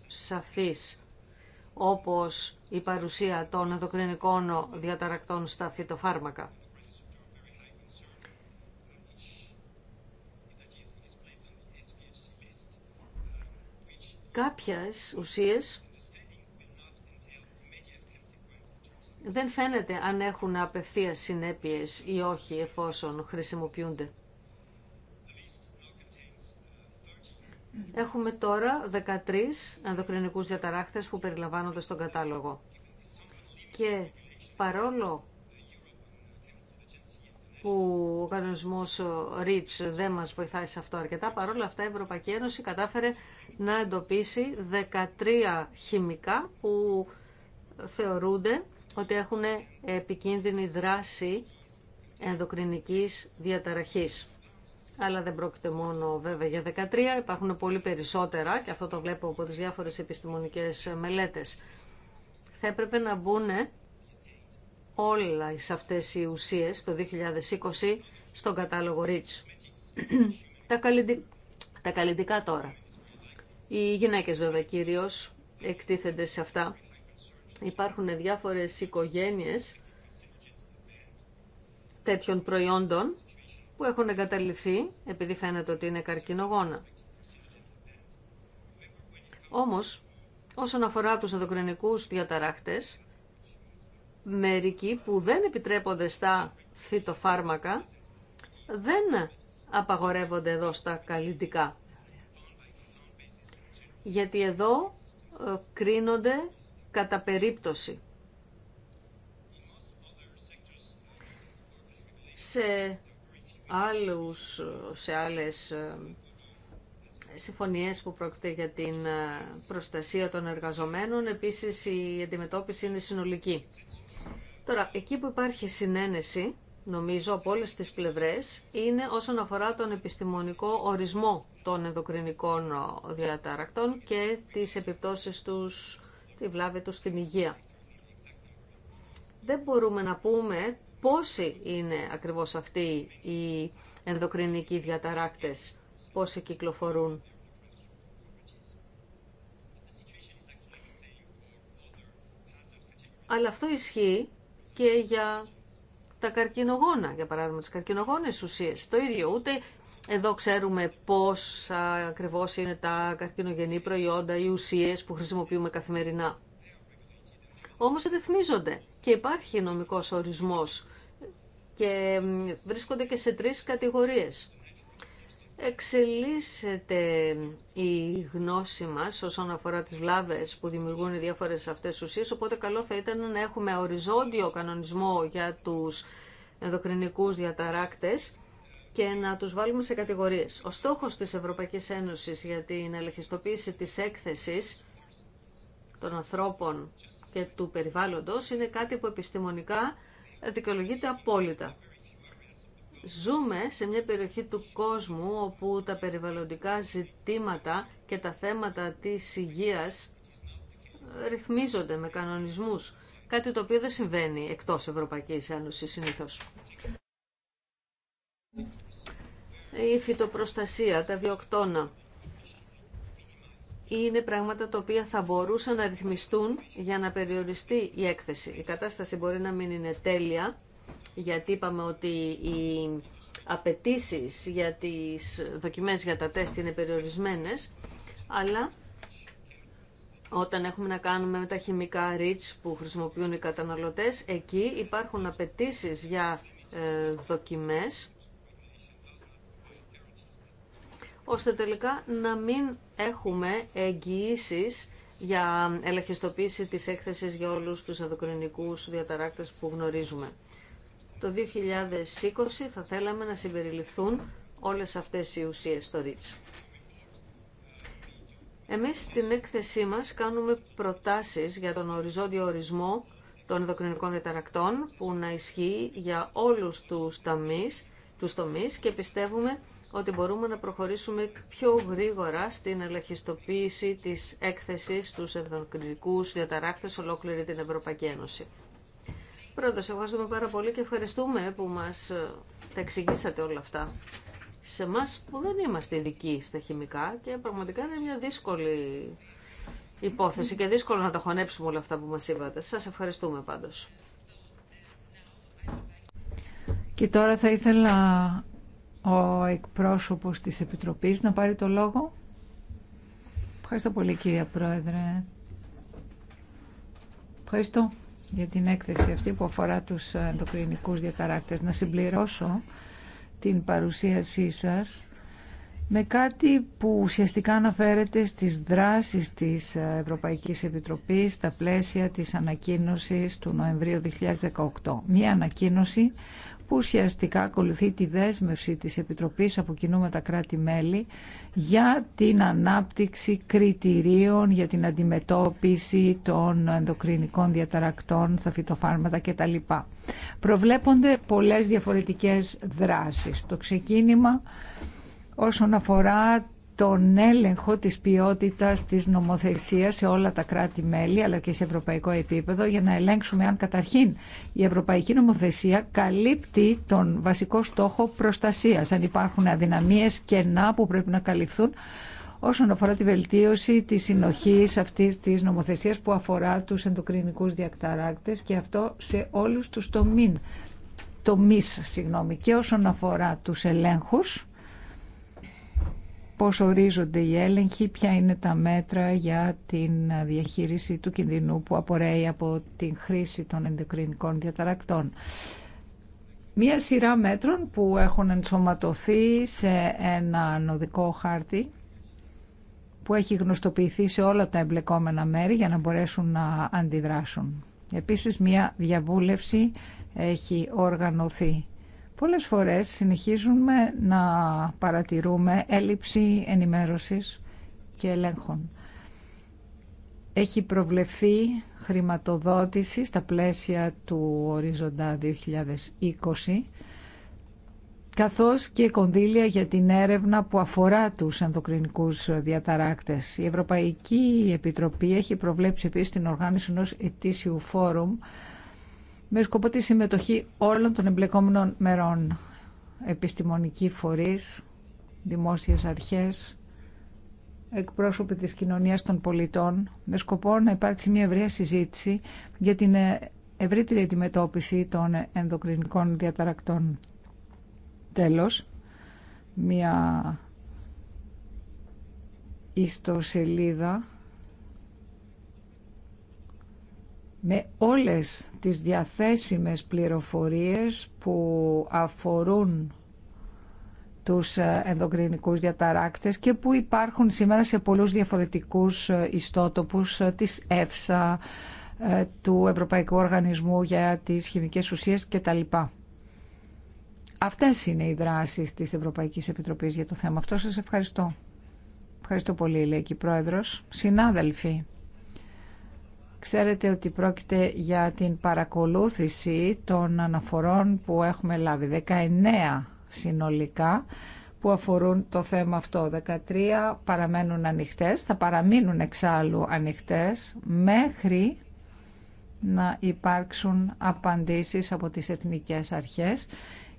σαφής όπως η παρουσία των ενδοκρινικών διαταρακτών στα φυτοφάρμακα. Κάποιες ουσίες δεν φαίνεται αν έχουν απευθείας συνέπειες ή όχι εφόσον χρησιμοποιούνται. Έχουμε τώρα 13 ενδοκρινικούς διαταράχτες που περιλαμβάνονται στον κατάλογο. Και παρόλο που ο κανονισμό REACH δεν μας βοηθάει σε αυτό αρκετά, παρόλα αυτά η Ευρωπαϊκή Ένωση κατάφερε να εντοπίσει 13 χημικά που θεωρούνται ότι έχουν επικίνδυνη δράση ενδοκρινικής διαταραχής αλλά δεν πρόκειται μόνο βέβαια για 13, υπάρχουν πολύ περισσότερα και αυτό το βλέπω από τις διάφορες επιστημονικές μελέτες. Θα έπρεπε να μπουν όλα σε αυτές οι ουσίες το 2020 στον κατάλογο REACH. τα, καλλιντι... τα καλλιντικά τώρα. Οι γυναίκες βέβαια κυρίως εκτίθενται σε αυτά. Υπάρχουν διάφορες οικογένειες τέτοιων προϊόντων που έχουν εγκαταλειφθεί επειδή φαίνεται ότι είναι καρκινογόνα. Όμως, όσον αφορά τους ενδοκρινικούς διαταράχτες, μερικοί που δεν επιτρέπονται στα φυτοφάρμακα, δεν απαγορεύονται εδώ στα καλλιντικά. Γιατί εδώ ε, κρίνονται κατά περίπτωση. Σε άλλους, σε άλλες ε, συμφωνίες που πρόκειται για την ε, προστασία των εργαζομένων. Επίσης η αντιμετώπιση είναι συνολική. Τώρα, εκεί που υπάρχει συνένεση, νομίζω από όλες τις πλευρές, είναι όσον αφορά τον επιστημονικό ορισμό των ενδοκρινικών διαταρακτών και τις επιπτώσεις τους, τη βλάβη τους στην υγεία. Δεν μπορούμε να πούμε πόσοι είναι ακριβώς αυτοί οι ενδοκρινικοί διαταράκτες, πόσοι κυκλοφορούν. Αλλά αυτό ισχύει και για τα καρκινογόνα, για παράδειγμα τις καρκινογόνες ουσίες. Το ίδιο ούτε εδώ ξέρουμε πώς ακριβώς είναι τα καρκινογενή προϊόντα, οι ουσίες που χρησιμοποιούμε καθημερινά. Όμως ρυθμίζονται και υπάρχει νομικός ορισμός και βρίσκονται και σε τρεις κατηγορίες. Εξελίσσεται η γνώση μας όσον αφορά τις βλάβες που δημιουργούν οι διάφορες αυτές ουσίες, οπότε καλό θα ήταν να έχουμε οριζόντιο κανονισμό για τους ενδοκρινικούς διαταράκτες και να τους βάλουμε σε κατηγορίες. Ο στόχος της Ευρωπαϊκής Ένωσης για την ελεγχιστοποίηση της έκθεσης των ανθρώπων και του περιβάλλοντος είναι κάτι που επιστημονικά δικαιολογείται απόλυτα. Ζούμε σε μια περιοχή του κόσμου όπου τα περιβαλλοντικά ζητήματα και τα θέματα της υγείας ε, ρυθμίζονται με κανονισμούς. Κάτι το οποίο δεν συμβαίνει εκτός Ευρωπαϊκής Ένωσης συνήθως. Η φυτοπροστασία, τα βιοκτώνα, είναι πράγματα τα οποία θα μπορούσαν να ρυθμιστούν για να περιοριστεί η έκθεση. Η κατάσταση μπορεί να μην είναι τέλεια, γιατί είπαμε ότι οι απαιτήσει για τις δοκιμές για τα τεστ είναι περιορισμένες, αλλά όταν έχουμε να κάνουμε με τα χημικά REACH που χρησιμοποιούν οι καταναλωτές, εκεί υπάρχουν απαιτήσει για ε, δοκιμές ώστε τελικά να μην έχουμε εγγυήσει για ελαχιστοποίηση της έκθεσης για όλους τους ενδοκρινικούς διαταράκτες που γνωρίζουμε. Το 2020 θα θέλαμε να συμπεριληφθούν όλες αυτές οι ουσίες στο REACH. Εμείς στην έκθεσή μας κάνουμε προτάσεις για τον οριζόντιο ορισμό των ενδοκρινικών διαταρακτών που να ισχύει για όλους τους τομείς, τους τομείς και πιστεύουμε ότι μπορούμε να προχωρήσουμε πιο γρήγορα στην ελαχιστοποίηση της έκθεσης στους ενδοκριτικούς διαταράκτες ολόκληρη την Ευρωπαϊκή Ένωση. Πρώτος, ευχαριστούμε πάρα πολύ και ευχαριστούμε που μας ε, τα εξηγήσατε όλα αυτά. Σε εμά που δεν είμαστε ειδικοί στα χημικά και πραγματικά είναι μια δύσκολη υπόθεση και δύσκολο να τα χωνέψουμε όλα αυτά που μας είπατε. Σας ευχαριστούμε πάντως. Και τώρα θα ήθελα ο εκπρόσωπος της Επιτροπής να πάρει το λόγο. Ευχαριστώ πολύ κυρία Πρόεδρε. Ευχαριστώ για την έκθεση αυτή που αφορά τους ενδοκρινικούς διαταράκτες. Να συμπληρώσω την παρουσίασή σας με κάτι που ουσιαστικά αναφέρεται στις δράσεις της Ευρωπαϊκής Επιτροπής στα πλαίσια της ανακοίνωσης του Νοεμβρίου 2018. Μία ανακοίνωση που ουσιαστικά ακολουθεί τη δέσμευση της Επιτροπής από κοινού κράτη-μέλη για την ανάπτυξη κριτηρίων για την αντιμετώπιση των ενδοκρινικών διαταρακτών στα φυτοφάρματα κτλ. Προβλέπονται πολλές διαφορετικές δράσεις. Το ξεκίνημα όσον αφορά τον έλεγχο της ποιότητας της νομοθεσίας σε όλα τα κράτη-μέλη αλλά και σε ευρωπαϊκό επίπεδο για να ελέγξουμε αν καταρχήν η ευρωπαϊκή νομοθεσία καλύπτει τον βασικό στόχο προστασίας, αν υπάρχουν αδυναμίες, κενά που πρέπει να καλυφθούν όσον αφορά τη βελτίωση της συνοχής αυτής της νομοθεσίας που αφορά τους ενδοκρινικούς διακταράκτες και αυτό σε όλους τους τομείς, τομείς και όσον αφορά τους ελέγχους πώς ορίζονται οι έλεγχοι, ποια είναι τα μέτρα για την διαχείριση του κινδυνού που απορρέει από την χρήση των ενδοκρινικών διαταρακτών. Μία σειρά μέτρων που έχουν ενσωματωθεί σε ένα νοδικό χάρτη που έχει γνωστοποιηθεί σε όλα τα εμπλεκόμενα μέρη για να μπορέσουν να αντιδράσουν. Επίσης, μία διαβούλευση έχει οργανωθεί Πολλές φορές συνεχίζουμε να παρατηρούμε έλλειψη ενημέρωσης και ελέγχων. Έχει προβλεφθεί χρηματοδότηση στα πλαίσια του Οριζοντά 2020 καθώς και κονδύλια για την έρευνα που αφορά τους ενδοκρινικούς διαταράκτες. Η Ευρωπαϊκή Επιτροπή έχει προβλέψει επίσης την οργάνωση ενός ετήσιου φόρουμ με σκοπό τη συμμετοχή όλων των εμπλεκόμενων μερών, επιστημονική φορείς, δημόσιες αρχές, εκπρόσωποι της κοινωνίας των πολιτών, με σκοπό να υπάρξει μια ευρεία συζήτηση για την ε, ευρύτερη αντιμετώπιση των ενδοκρινικών διαταρακτών. Τέλος, μια ιστοσελίδα με όλες τις διαθέσιμες πληροφορίες που αφορούν τους ε, ενδοκρινικούς διαταράκτες και που υπάρχουν σήμερα σε πολλούς διαφορετικούς ε, ιστότοπους ε, της ΕΦΣΑ, του Ευρωπαϊκού Οργανισμού για τις Χημικές Ουσίες κτλ. Αυτές είναι οι δράσεις της Ευρωπαϊκής Επιτροπής για το θέμα αυτό. Σας ευχαριστώ. Ευχαριστώ πολύ, λέει και Πρόεδρος. Συνάδελφοι, Ξέρετε ότι πρόκειται για την παρακολούθηση των αναφορών που έχουμε λάβει. 19 συνολικά που αφορούν το θέμα αυτό. 13 παραμένουν ανοιχτές, θα παραμείνουν εξάλλου ανοιχτές μέχρι να υπάρξουν απαντήσεις από τις εθνικές αρχές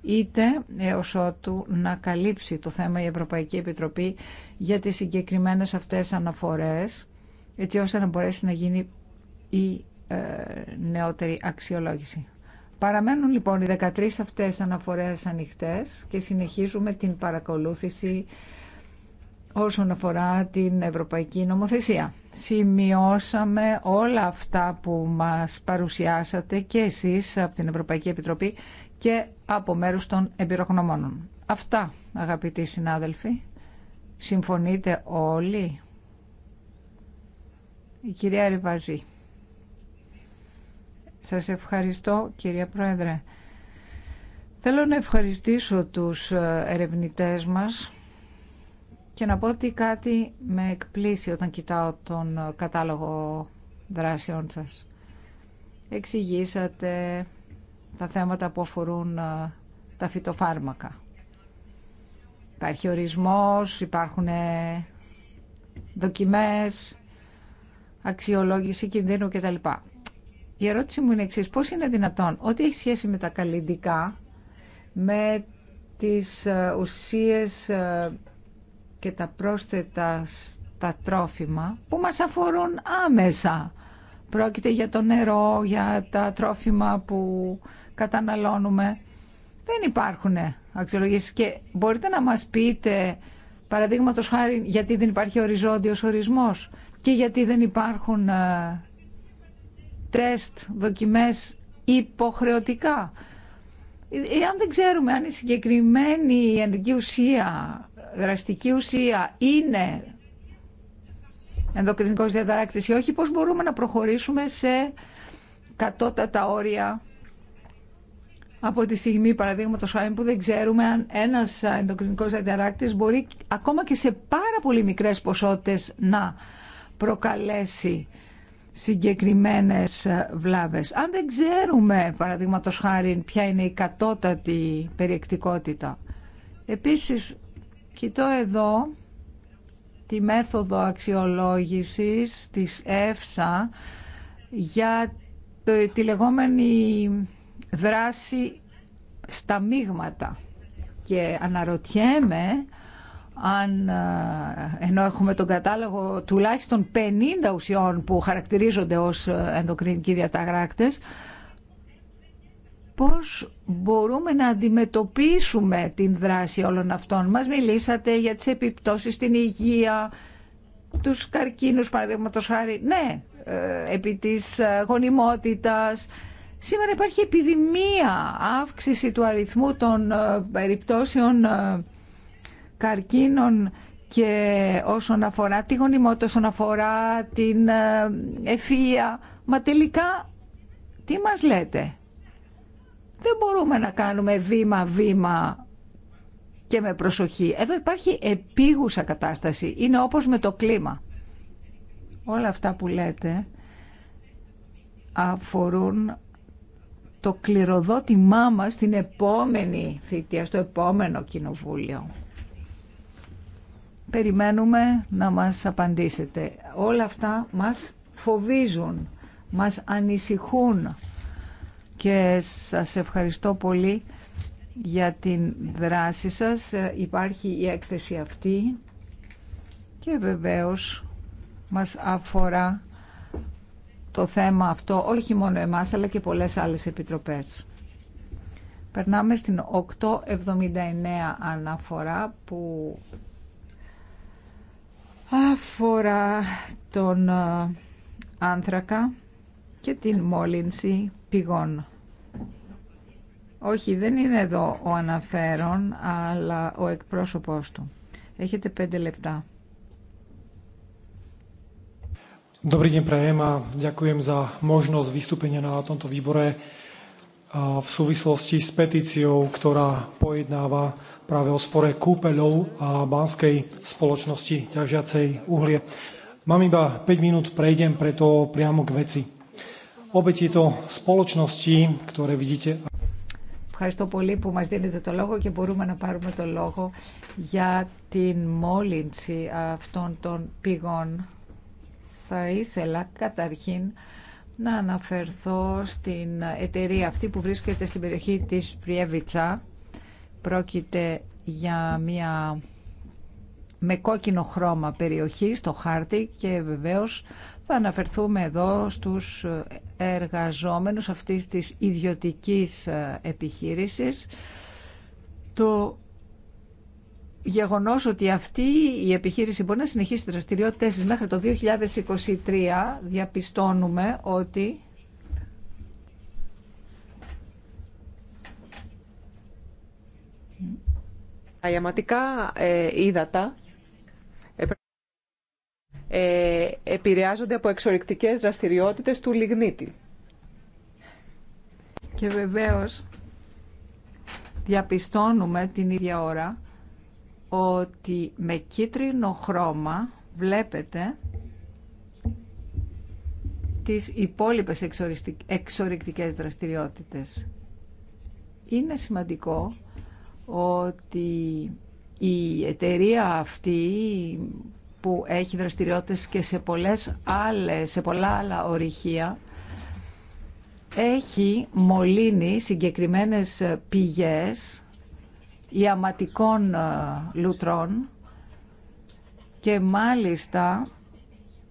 είτε έως ότου να καλύψει το θέμα η Ευρωπαϊκή Επιτροπή για τις συγκεκριμένες αυτές αναφορές έτσι ώστε να μπορέσει να γίνει η ε, νεότερη αξιολόγηση. Παραμένουν λοιπόν οι 13 αυτές αναφορές ανοιχτές και συνεχίζουμε την παρακολούθηση όσον αφορά την Ευρωπαϊκή Νομοθεσία. Σημειώσαμε όλα αυτά που μας παρουσιάσατε και εσείς από την Ευρωπαϊκή Επιτροπή και από μέρους των εμπειρογνωμόνων. Αυτά, αγαπητοί συνάδελφοι. Συμφωνείτε όλοι. Η κυρία Ριβαζή. Σας ευχαριστώ κυρία Πρόεδρε. Θέλω να ευχαριστήσω τους ε, ερευνητές μας και να πω ότι κάτι με εκπλήσει όταν κοιτάω τον ε, κατάλογο δράσεών σας. Εξηγήσατε τα θέματα που αφορούν ε, τα φυτοφάρμακα. Υπάρχει ορισμός, υπάρχουν δοκιμές, αξιολόγηση κινδύνου κτλ. Η ερώτηση μου είναι εξή. Πώς είναι δυνατόν ό,τι έχει σχέση με τα καλλιντικά, με τις ε, ουσίες ε, και τα πρόσθετα στα τρόφιμα που μας αφορούν άμεσα. Πρόκειται για το νερό, για τα τρόφιμα που καταναλώνουμε. Δεν υπάρχουν αξιολογήσεις και μπορείτε να μας πείτε παραδείγματο χάρη γιατί δεν υπάρχει οριζόντιος ορισμός και γιατί δεν υπάρχουν ε, τεστ, δοκιμές υποχρεωτικά. Εάν ε, δεν ξέρουμε αν η συγκεκριμένη ενεργή ουσία, δραστική ουσία είναι ενδοκρινικός διαταράκτης ή όχι, πώς μπορούμε να προχωρήσουμε σε κατώτατα όρια από τη στιγμή, παραδείγματος χάρη, που δεν ξέρουμε αν ένας ενδοκρινικός διαταράκτης μπορεί ακόμα και σε πάρα πολύ μικρές ποσότητες να προκαλέσει συγκεκριμένες βλάβες. Αν δεν ξέρουμε, παραδείγματο χάρη, ποια είναι η κατώτατη περιεκτικότητα. Επίσης, κοιτώ εδώ τη μέθοδο αξιολόγησης της ΕΦΣΑ για τη λεγόμενη δράση στα μείγματα. Και αναρωτιέμαι αν, ενώ έχουμε τον κατάλογο τουλάχιστον 50 ουσιών που χαρακτηρίζονται ως ενδοκρινικοί διαταγράκτες, πώς μπορούμε να αντιμετωπίσουμε την δράση όλων αυτών. Μας μιλήσατε για τις επιπτώσεις στην υγεία, τους καρκίνους παραδείγματο χάρη, ναι, ε, επί της ε, γονιμότητας. Σήμερα υπάρχει επιδημία, αύξηση του αριθμού των ε, περιπτώσεων καρκίνων και όσον αφορά τη γονιμότητα, όσον αφορά την ε, ευφυΐα. Μα τελικά τι μας λέτε. Δεν μπορούμε να κάνουμε βήμα-βήμα και με προσοχή. Εδώ υπάρχει επίγουσα κατάσταση. Είναι όπως με το κλίμα. Όλα αυτά που λέτε αφορούν το κληροδότημά μας στην επόμενη θητεία, στο επόμενο κοινοβούλιο περιμένουμε να μας απαντήσετε. Όλα αυτά μας φοβίζουν, μας ανησυχούν και σας ευχαριστώ πολύ για την δράση σας. Υπάρχει η έκθεση αυτή και βεβαίως μας αφορά το θέμα αυτό όχι μόνο εμάς αλλά και πολλές άλλες επιτροπές. Περνάμε στην 879 αναφορά που αφορά τον ε, άνθρακα και την μόλυνση πηγών. Όχι, δεν είναι εδώ ο αναφέρον, αλλά ο εκπρόσωπός του. Έχετε πέντε λεπτά. Dobrý deň prajem a ďakujem za možnosť vystúpenia na tomto výbore v súvislosti s petíciou, ktorá pojednáva práve o spore kúpeľov a banskej spoločnosti ťažiacej uhlie. Mám iba 5 minút, prejdem preto priamo k veci. Obe tieto spoločnosti, ktoré vidíte... Ευχαριστώ πολύ που μας δίνετε το λόγο και μπορούμε να πάρουμε το λόγο για την μόλυνση αυτών των πηγών. Θα ήθελα καταρχήν να αναφερθώ στην εταιρεία αυτή που βρίσκεται στην περιοχή της Πριέβιτσα. Πρόκειται για μια με κόκκινο χρώμα περιοχή στο χάρτη και βεβαίως θα αναφερθούμε εδώ στους εργαζόμενους αυτής της ιδιωτικής επιχείρησης. Το γεγονό ότι αυτή η επιχείρηση μπορεί να συνεχίσει τι δραστηριότητέ μέχρι το 2023 διαπιστώνουμε ότι τα ιαματικά ε, ύδατα ε, ε, επηρεάζονται από εξορυκτικές δραστηριότητες του λιγνίτη. Και βεβαίως διαπιστώνουμε την ίδια ώρα ότι με κίτρινο χρώμα βλέπετε τις υπόλοιπες εξορρυκτικές δραστηριότητες. Είναι σημαντικό ότι η εταιρεία αυτή που έχει δραστηριότητες και σε, πολλές άλλες, σε πολλά άλλα ορυχεία έχει μολύνει συγκεκριμένες πηγές ιαματικών ε, λουτρών και μάλιστα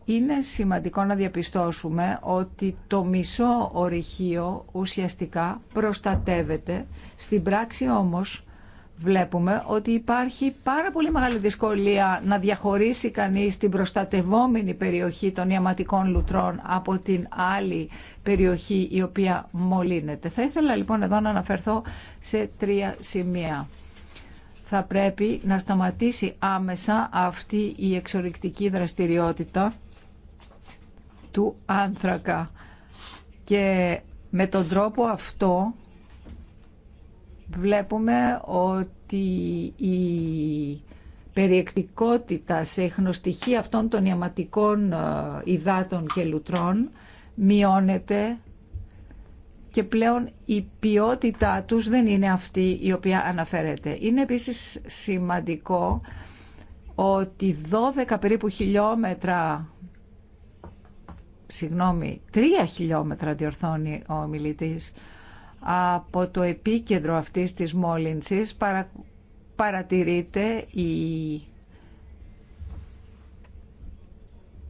είναι σημαντικό να διαπιστώσουμε ότι το μισό ορυχείο ουσιαστικά προστατεύεται. Στην πράξη όμως βλέπουμε ότι υπάρχει πάρα πολύ μεγάλη δυσκολία να διαχωρίσει κανείς την προστατευόμενη περιοχή των ιαματικών λουτρών από την άλλη περιοχή η οποία μολύνεται. Θα ήθελα λοιπόν εδώ να αναφερθώ σε τρία σημεία θα πρέπει να σταματήσει άμεσα αυτή η εξορρυκτική δραστηριότητα του άνθρακα. Και με τον τρόπο αυτό βλέπουμε ότι η περιεκτικότητα σε εχνοστοιχεία αυτών των ιαματικών ε, υδάτων και λουτρών μειώνεται και πλέον η ποιότητά τους δεν είναι αυτή η οποία αναφέρεται. Είναι επίσης σημαντικό ότι 12 περίπου χιλιόμετρα συγγνώμη, 3 χιλιόμετρα διορθώνει ο μιλητής από το επίκεντρο αυτής της μόλυνσης παρατηρείται η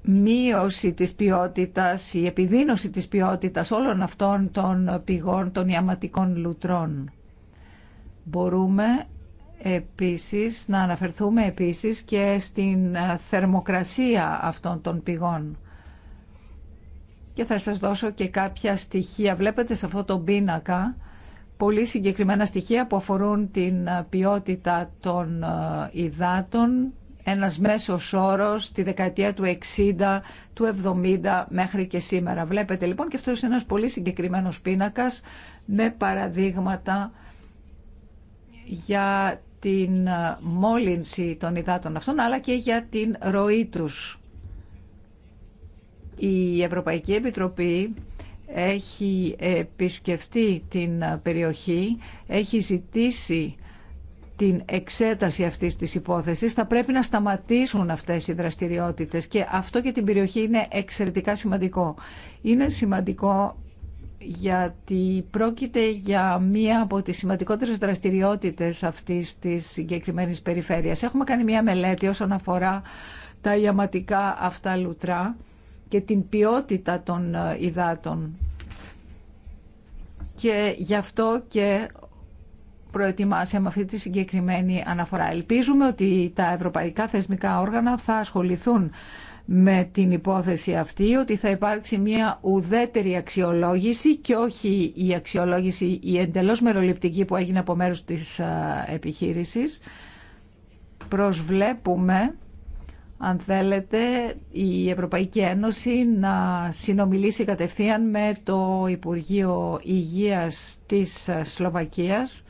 μείωση της ποιότητας, η επιδείνωση της ποιότητας όλων αυτών των πηγών των ιαματικών λουτρών. Μπορούμε επίσης να αναφερθούμε επίσης και στην θερμοκρασία αυτών των πηγών. Και θα σας δώσω και κάποια στοιχεία. Βλέπετε σε αυτό το πίνακα πολύ συγκεκριμένα στοιχεία που αφορούν την ποιότητα των ε, υδάτων, ένας μέσος όρος τη δεκαετία του 60, του 70 μέχρι και σήμερα. Βλέπετε λοιπόν και αυτό είναι ένας πολύ συγκεκριμένος πίνακας με παραδείγματα για την ε, μόλυνση των υδάτων αυτών αλλά και για την ροή τους. Η Ευρωπαϊκή Επιτροπή έχει επισκεφτεί την ε, περιοχή, έχει ζητήσει την εξέταση αυτής της υπόθεσης θα πρέπει να σταματήσουν αυτές οι δραστηριότητες και αυτό για την περιοχή είναι εξαιρετικά σημαντικό. Είναι σημαντικό γιατί πρόκειται για μία από τις σημαντικότερες δραστηριότητες αυτής της συγκεκριμένης περιφέρειας. Έχουμε κάνει μία μελέτη όσον αφορά τα ιαματικά αυτά λουτρά και την ποιότητα των ε, υδάτων. Και γι' αυτό και προετοιμάσαμε αυτή τη συγκεκριμένη αναφορά. Ελπίζουμε ότι τα ευρωπαϊκά θεσμικά όργανα θα ασχοληθούν με την υπόθεση αυτή ότι θα υπάρξει μια ουδέτερη αξιολόγηση και όχι η αξιολόγηση η εντελώς μεροληπτική που έγινε από μέρους της ε, επιχείρησης. Προσβλέπουμε, αν θέλετε, η Ευρωπαϊκή Ένωση να συνομιλήσει κατευθείαν με το Υπουργείο Υγείας της ε, Σλοβακίας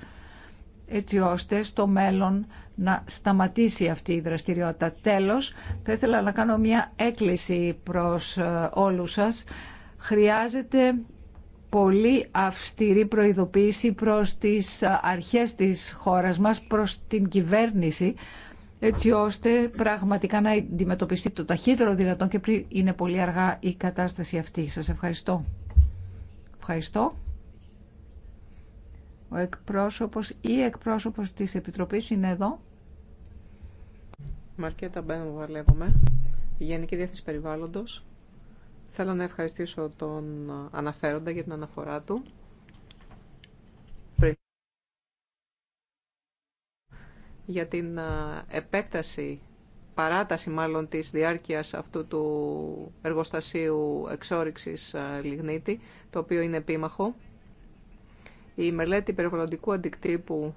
έτσι ώστε στο μέλλον να σταματήσει αυτή η δραστηριότητα. Τέλος, θα ήθελα να κάνω μια έκκληση προς ε, όλους σας. Χρειάζεται πολύ αυστηρή προειδοποίηση προς τις ε, αρχές της χώρας μας, προς την κυβέρνηση, έτσι ώστε πραγματικά να αντιμετωπιστεί το ταχύτερο δυνατόν και πριν είναι πολύ αργά η κατάσταση αυτή. Σας ευχαριστώ. Ευχαριστώ. Ο εκπρόσωπος ή εκπρόσωπος της Επιτροπής είναι εδώ. Μαρκέτα Μπένου βαλεύομαι, Γενική Διεύθυνση Περιβάλλοντος. Θέλω να ευχαριστήσω τον αναφέροντα για την αναφορά του. για την επέκταση, παράταση μάλλον της διάρκειας αυτού του εργοστασίου εξόριξης λιγνίτη, το οποίο είναι επίμαχο η μελέτη περιβαλλοντικού αντικτύπου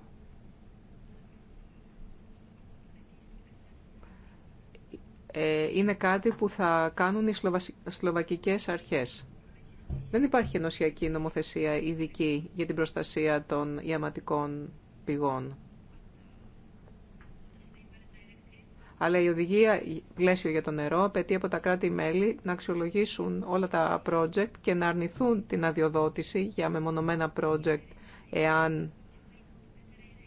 ε, είναι κάτι που θα κάνουν οι σλοβακικές αρχές. Δεν υπάρχει ενωσιακή νομοθεσία ειδική για την προστασία των ιαματικών πηγών. αλλά η οδηγία πλαίσιο για το νερό απαιτεί από τα κράτη-μέλη να αξιολογήσουν όλα τα project και να αρνηθούν την αδειοδότηση για μεμονωμένα project εάν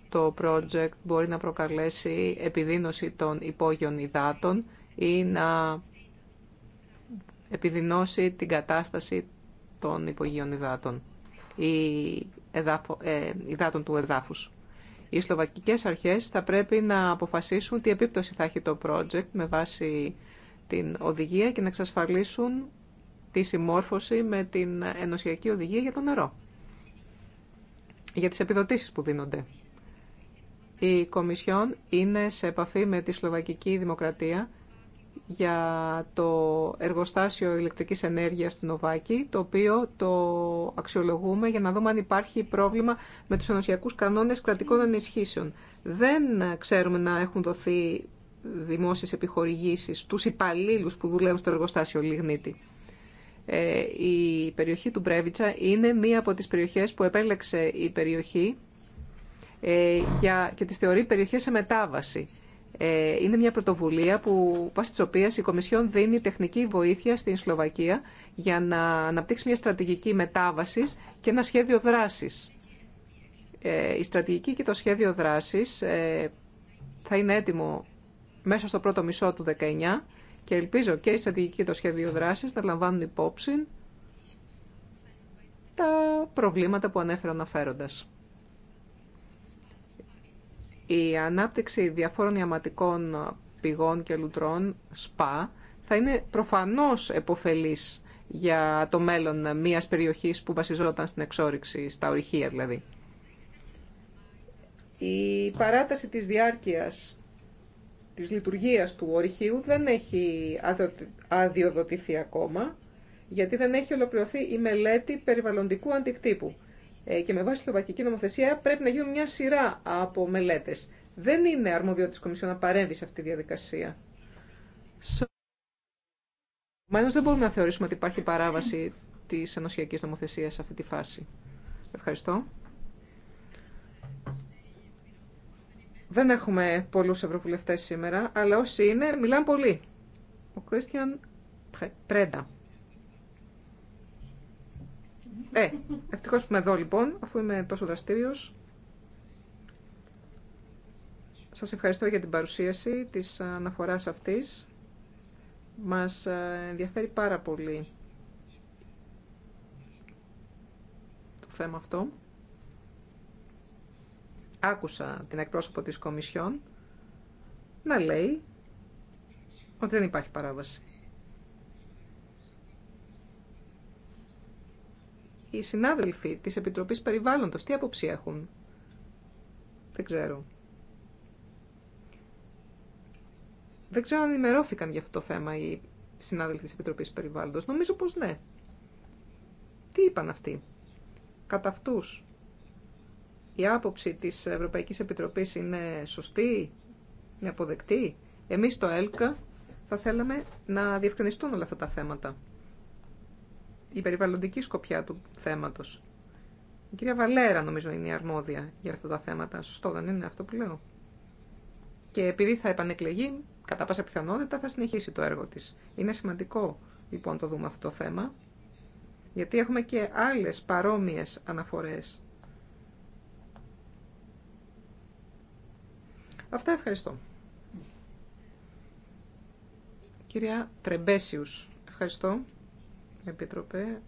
το project μπορεί να προκαλέσει επιδείνωση των υπόγειων υδάτων ή να επιδεινώσει την κατάσταση των υπογείων υδάτων ή ε, υδάτων του εδάφους. Οι σλοβακικές αρχές θα πρέπει να αποφασίσουν τι επίπτωση θα έχει το project με βάση την οδηγία και να εξασφαλίσουν τη συμμόρφωση με την ενωσιακή οδηγία για το νερό, για τις επιδοτήσεις που δίνονται. Η Κομισιόν είναι σε επαφή με τη Σλοβακική Δημοκρατία για το εργοστάσιο ηλεκτρικής ενέργειας του Νοβάκη, το οποίο το αξιολογούμε για να δούμε αν υπάρχει πρόβλημα με τους ενωσιακούς κανόνες κρατικών ενισχύσεων. Δεν ξέρουμε να έχουν δοθεί δημόσιες επιχορηγήσεις στους υπαλλήλους που δουλεύουν στο εργοστάσιο Λιγνίτη. Ε, η περιοχή του Μπρέβιτσα είναι μία από τις περιοχές που επέλεξε η περιοχή ε, για, και τις θεωρεί περιοχές σε μετάβαση ε, είναι μια πρωτοβουλία που βάσει τη οποία η Κομισιόν δίνει τεχνική βοήθεια στην Σλοβακία για να αναπτύξει μια στρατηγική μετάβαση και ένα σχέδιο δράση. Ε, η στρατηγική και το σχέδιο δράση ε, θα είναι έτοιμο μέσα στο πρώτο μισό του 19 και ελπίζω και η στρατηγική και το σχέδιο δράση θα λαμβάνουν υπόψη τα προβλήματα που ανέφερα αναφέροντας. Η ανάπτυξη διαφόρων ιαματικών πηγών και λουτρών, σπα, θα είναι προφανώς εποφελής για το μέλλον μιας περιοχής που βασιζόταν στην εξόριξη, στα ορυχεία δηλαδή. Η παράταση της διάρκειας της λειτουργίας του ορυχείου δεν έχει αδειοδοτηθεί ακόμα, γιατί δεν έχει ολοκληρωθεί η μελέτη περιβαλλοντικού αντικτύπου. Ε, και με βάση τη Σλοβακική νομοθεσία πρέπει να γίνουν μια σειρά από μελέτε. Δεν είναι αρμοδιότητα τη Κομισιόν να παρέμβει σε αυτή τη διαδικασία. Επομένω, δεν μπορούμε να θεωρήσουμε ότι υπάρχει παράβαση τη ενωσιακή νομοθεσία σε αυτή τη φάση. Ευχαριστώ. Δεν έχουμε πολλού ευρωβουλευτέ σήμερα, αλλά όσοι είναι, μιλάνε πολύ. Ο Κρίστιαν Πρέντα. Ε, ευτυχώ που είμαι εδώ λοιπόν, αφού είμαι τόσο δραστήριο. Σας ευχαριστώ για την παρουσίαση της αναφορά αυτής. Μας ε, ενδιαφέρει πάρα πολύ το θέμα αυτό. Άκουσα την εκπρόσωπο της Κομισιόν να λέει ότι δεν υπάρχει παράβαση. οι συνάδελφοι της Επιτροπής Περιβάλλοντος, τι άποψη έχουν. Δεν ξέρω. Δεν ξέρω αν ενημερώθηκαν για αυτό το θέμα οι συνάδελφοι της Επιτροπής Περιβάλλοντος. Νομίζω πως ναι. Τι είπαν αυτοί. Κατά αυτούς η άποψη της Ευρωπαϊκής Επιτροπής είναι σωστή, είναι αποδεκτή. Εμείς το ΕΛΚΑ θα θέλαμε να διευκρινιστούν όλα αυτά τα θέματα η περιβαλλοντική σκοπιά του θέματος. Η κυρία Βαλέρα νομίζω είναι η αρμόδια για αυτά τα θέματα. Σωστό δεν είναι αυτό που λέω. Και επειδή θα επανεκλεγεί, κατά πάσα πιθανότητα θα συνεχίσει το έργο της. Είναι σημαντικό λοιπόν το δούμε αυτό το θέμα, γιατί έχουμε και άλλες παρόμοιες αναφορές. Αυτά ευχαριστώ. Κυρία Τρεμπέσιους, ευχαριστώ. Επίτροπε,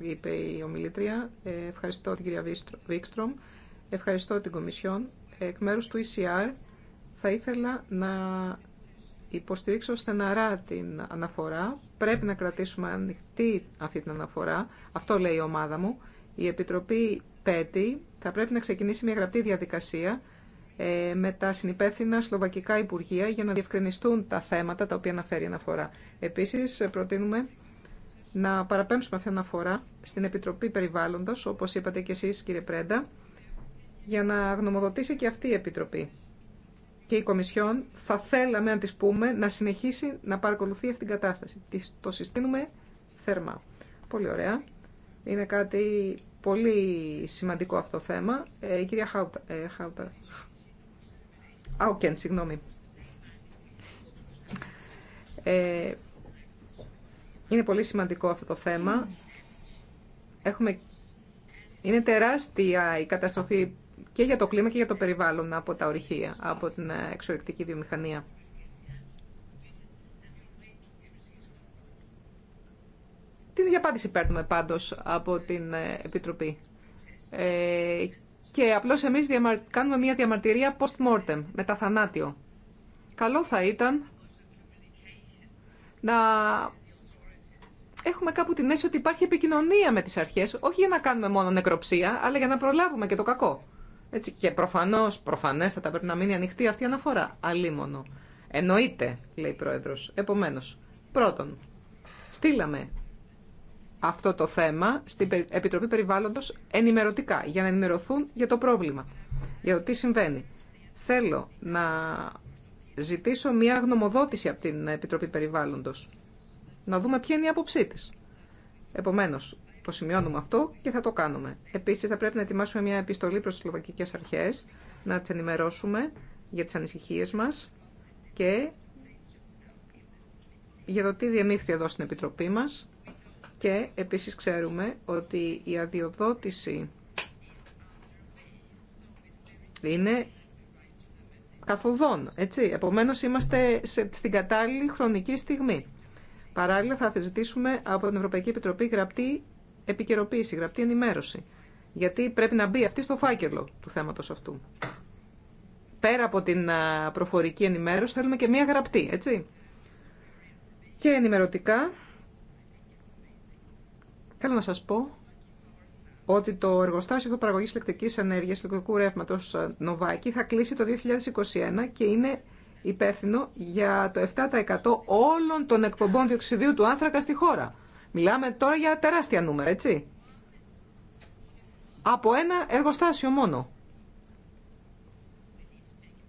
είπε η ομιλήτρια. Ε, ευχαριστώ την κυρία Βίξτρομ, Ευχαριστώ την Κομισιόν. Εκ μέρους του ECR θα ήθελα να υποστηρίξω στεναρά την αναφορά. Πρέπει να κρατήσουμε ανοιχτή αυτή την αναφορά. Αυτό λέει η ομάδα μου. Η Επιτροπή ΠΕΤΗ θα πρέπει να ξεκινήσει μια γραπτή διαδικασία ε, με τα συνυπεύθυνα σλοβακικά υπουργεία για να διευκρινιστούν τα θέματα τα οποία αναφέρει η αναφορά. Επίσης, προτείνουμε να παραπέμψουμε αυτή την αναφορά στην Επιτροπή περιβάλλοντο, όπω είπατε και εσεί, κύριε Πρέντα, για να γνωμοδοτήσει και αυτή η Επιτροπή. Και η Κομισιόν θα θέλαμε, να τη πούμε, να συνεχίσει να παρακολουθεί αυτή την κατάσταση. Το συστήνουμε θερμά. Πολύ ωραία. Είναι κάτι πολύ σημαντικό αυτό το θέμα. Ε, κυρία Χάουτα, ε, συγγνώμη. Ε, είναι πολύ σημαντικό αυτό το θέμα. Έχουμε, είναι τεράστια η καταστροφή και για το κλίμα και για το περιβάλλον από τα ορυχεία, από την εξωτερική βιομηχανία. Την απάντηση παίρνουμε πάντως από την ε, Επιτροπή. Ε, και απλώς εμείς κάνουμε μια διαμαρτυρία post-mortem, μετά θανάτιο. Καλό θα ήταν να έχουμε κάπου την αίσθηση ότι υπάρχει επικοινωνία με τις αρχές, όχι για να κάνουμε μόνο νεκροψία, αλλά για να προλάβουμε και το κακό. Έτσι, και προφανώς, προφανέστατα πρέπει να μείνει ανοιχτή αυτή η αναφορά, αλίμονο. Εννοείται, λέει η Πρόεδρος. Επομένως, πρώτον, στείλαμε αυτό το θέμα στην Επιτροπή Περιβάλλοντος ενημερωτικά, για να ενημερωθούν για το πρόβλημα, για το τι συμβαίνει. Θέλω να ζητήσω μια γνωμοδότηση από την Επιτροπή Περιβάλλοντος, να δούμε ποια είναι η άποψή της. Επομένως, το σημειώνουμε αυτό και θα το κάνουμε. Επίσης, θα πρέπει να ετοιμάσουμε μια επιστολή προς τις Σλοβακικές Αρχές, να τις ενημερώσουμε για τις ανησυχίες μας και για το τι διεμήφθη εδώ στην Επιτροπή μας και επίσης ξέρουμε ότι η αδειοδότηση είναι καθοδόν, έτσι. Επομένως είμαστε στην κατάλληλη χρονική στιγμή. Παράλληλα θα ζητήσουμε από την Ευρωπαϊκή Επιτροπή γραπτή επικαιροποίηση, γραπτή ενημέρωση. Γιατί πρέπει να μπει αυτή στο φάκελο του θέματος αυτού. Πέρα από την προφορική ενημέρωση θέλουμε και μία γραπτή, έτσι. Και ενημερωτικά Θέλω να σας πω ότι το εργοστάσιο παραγωγής ηλεκτρικής ενέργειας ηλεκτρικού ρεύματος ε, Νοβάκη θα κλείσει το 2021 και είναι υπεύθυνο για το 7% όλων των εκπομπών διοξιδίου του άνθρακα στη χώρα. Μιλάμε τώρα για τεράστια νούμερα, έτσι. Από ένα εργοστάσιο μόνο.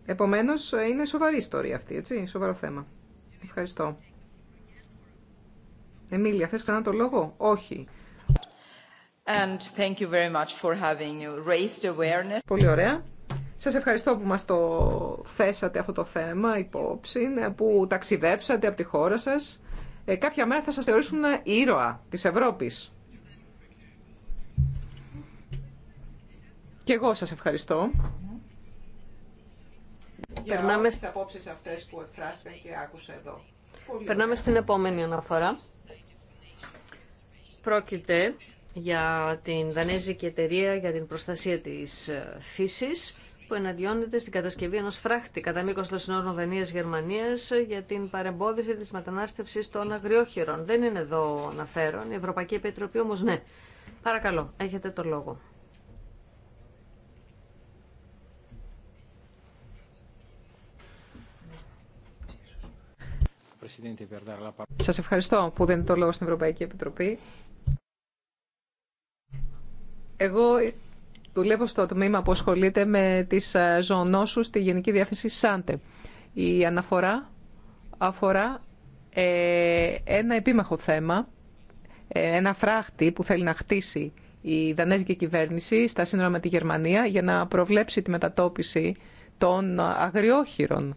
Επομένως, ε, είναι σοβαρή ιστορία αυτή, έτσι, σοβαρό θέμα. Ευχαριστώ. Εμίλια, θες ξανά το λόγο? Όχι you Πολύ ωραία. Σας ευχαριστώ που μα το θέσατε αυτό το θέμα υπόψη, που ταξιδέψατε από τη χώρα σα. Ε, κάποια μέρα θα σας θεωρήσουν ήρωα της Ευρώπη. Και εγώ σας ευχαριστώ. Περνάμε... τις απόψεις αυτές που εκφράστηκαν και άκουσα εδώ. Περνάμε στην επόμενη αναφορά. Πρόκειται για την Δανέζικη εταιρεία για την προστασία της ε, φύσης που εναντιώνεται στην κατασκευή ενός φράχτη κατά μήκος των συνόρων Δανίας-Γερμανίας ε, για την παρεμπόδιση της μετανάστευσης των αγριόχειρων. Δεν είναι εδώ να φέρω. η Ευρωπαϊκή Επιτροπή όμως ναι. Παρακαλώ, έχετε το λόγο. Σας ευχαριστώ που δίνετε το λόγο στην Ευρωπαϊκή Επιτροπή εγώ δουλεύω στο τμήμα που ασχολείται με τις ε, ζωονόσους στη Γενική Διάθεση ΣΑΝΤΕ. Η αναφορά αφορά ε, ένα επίμεχο θέμα, ε, ένα φράχτη που θέλει να χτίσει η δανέζικη κυβέρνηση στα σύνορα με τη Γερμανία για να προβλέψει τη μετατόπιση των αγριόχειρων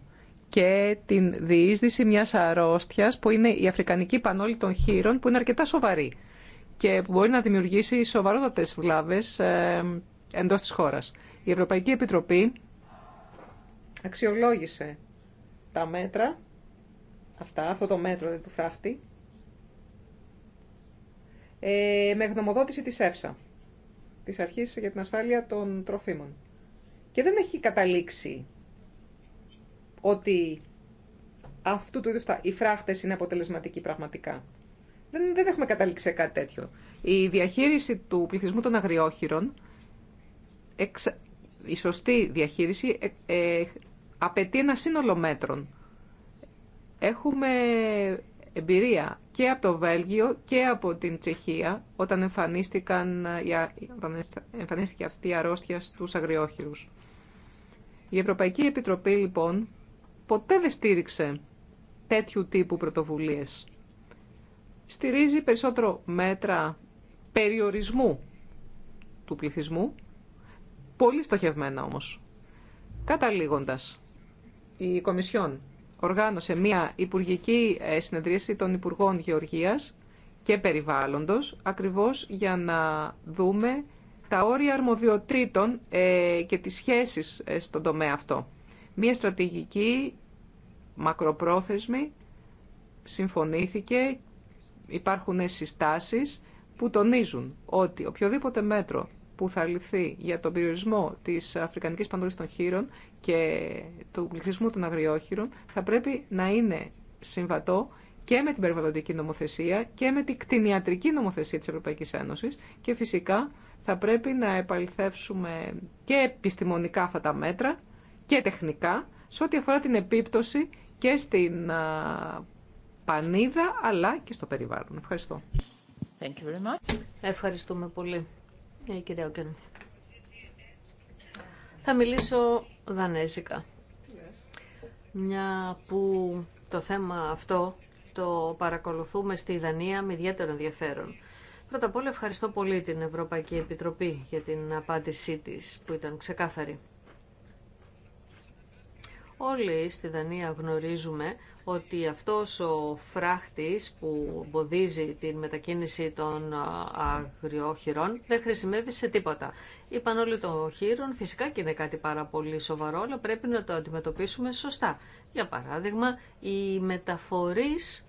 και την διείσδυση μιας αρρώστιας που είναι η αφρικανική πανόλη των χείρων που είναι αρκετά σοβαρή και που μπορεί να δημιουργήσει σοβαρότατες βλάβες ε, εντός της χώρας. Η Ευρωπαϊκή Επιτροπή αξιολόγησε τα μέτρα, αυτά, αυτό το μέτρο του δηλαδή φράχτη, ε, με γνωμοδότηση της ΕΦΣΑ, της Αρχής για την Ασφάλεια των Τροφίμων. Και δεν έχει καταλήξει ότι αυτού του είδους τα, οι φράχτες είναι αποτελεσματικοί πραγματικά δεν, δεν έχουμε καταλήξει σε κάτι τέτοιο. Η διαχείριση του πληθυσμού των αγριόχειρων, εξ, η σωστή διαχείριση, ε, ε, απαιτεί ένα σύνολο μέτρων. Έχουμε εμπειρία και από το Βέλγιο και από την Τσεχία όταν, εμφανίστηκαν, ε, όταν εμφανίστηκε αυτή η αρρώστια στους αγριόχειρους. Η Ευρωπαϊκή Επιτροπή λοιπόν ποτέ δεν στήριξε τέτοιου τύπου πρωτοβουλίες στηρίζει περισσότερο μέτρα περιορισμού του πληθυσμού, πολύ στοχευμένα όμως. Καταλήγοντας, η Κομισιόν οργάνωσε μια υπουργική ε, συνεδρίαση των Υπουργών Γεωργίας και Περιβάλλοντος, ακριβώς για να δούμε τα όρια αρμοδιοτήτων ε, και τις σχέσεις ε, στον τομέα αυτό. Μια στρατηγική μακροπρόθεσμη συμφωνήθηκε υπάρχουν συστάσεις που τονίζουν ότι οποιοδήποτε μέτρο που θα ληφθεί για τον περιορισμό της Αφρικανικής Παντολής των Χείρων και του πληθυσμού των αγριόχειρων θα πρέπει να είναι συμβατό και με την περιβαλλοντική νομοθεσία και με την κτηνιατρική νομοθεσία της Ευρωπαϊκής Ένωσης και φυσικά θα πρέπει να επαληθεύσουμε και επιστημονικά αυτά τα μέτρα και τεχνικά σε ό,τι αφορά την επίπτωση και στην πανίδα αλλά και στο περιβάλλον. Ευχαριστώ. Ευχαριστούμε πολύ, ε, κυρία Οκέν. Θα μιλήσω δανέζικα. Μια που το θέμα αυτό το παρακολουθούμε στη Δανία με ιδιαίτερο ενδιαφέρον. Πρώτα απ' όλα ευχαριστώ πολύ την Ευρωπαϊκή Επιτροπή για την απάντησή της που ήταν ξεκάθαρη. Όλοι στη Δανία γνωρίζουμε ότι αυτός ο φράχτης που εμποδίζει την μετακίνηση των αγριόχειρων δεν χρησιμεύει σε τίποτα. Είπαν όλοι των χείρων φυσικά και είναι κάτι πάρα πολύ σοβαρό, αλλά πρέπει να το αντιμετωπίσουμε σωστά. Για παράδειγμα, η μεταφορείς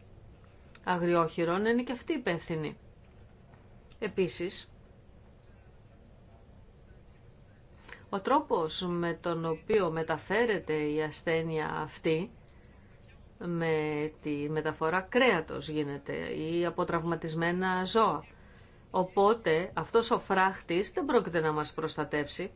αγριόχειρων είναι και αυτοί υπεύθυνοι. Επίσης, ο τρόπος με τον οποίο μεταφέρεται η ασθένεια αυτή με τη μεταφορά κρέατος γίνεται ή από τραυματισμένα ζώα. Οπότε αυτός ο φράχτης δεν πρόκειται να μας προστατέψει.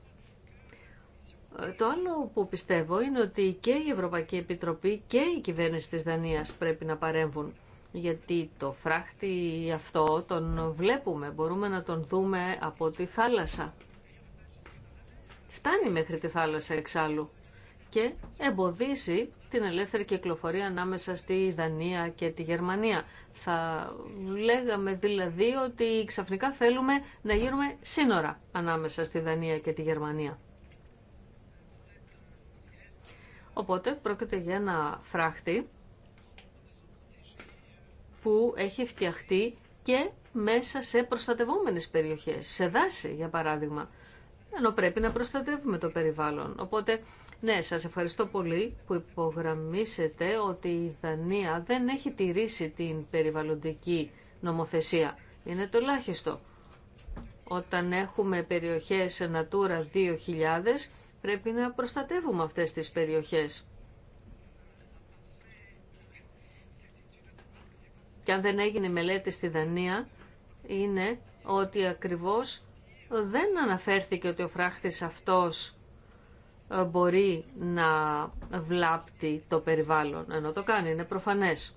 Ε, το άλλο που πιστεύω είναι ότι και η Ευρωπαϊκή Επιτροπή και η κυβέρνηση της Δανίας πρέπει να παρέμβουν. Γιατί το φράχτη αυτό τον βλέπουμε, μπορούμε να τον δούμε από τη θάλασσα. Φτάνει μέχρι τη θάλασσα εξάλλου και εμποδίζει την ελεύθερη κυκλοφορία ανάμεσα στη Δανία και τη Γερμανία. Θα λέγαμε δηλαδή ότι ξαφνικά θέλουμε να γίνουμε σύνορα ανάμεσα στη Δανία και τη Γερμανία. Οπότε πρόκειται για ένα φράχτη που έχει φτιαχτεί και μέσα σε προστατευόμενες περιοχές, σε δάση για παράδειγμα, ενώ πρέπει να προστατεύουμε το περιβάλλον. Οπότε ναι, σας ευχαριστώ πολύ που υπογραμμίσετε ότι η Δανία δεν έχει τηρήσει την περιβαλλοντική νομοθεσία. Είναι το ελάχιστο. Όταν έχουμε περιοχές Natura 2000 πρέπει να προστατεύουμε αυτές τις περιοχές. Και αν δεν έγινε μελέτη στη Δανία είναι ότι ακριβώς δεν αναφέρθηκε ότι ο φράχτης αυτός μπορεί να βλάπτει το περιβάλλον, ενώ το κάνει, είναι προφανές.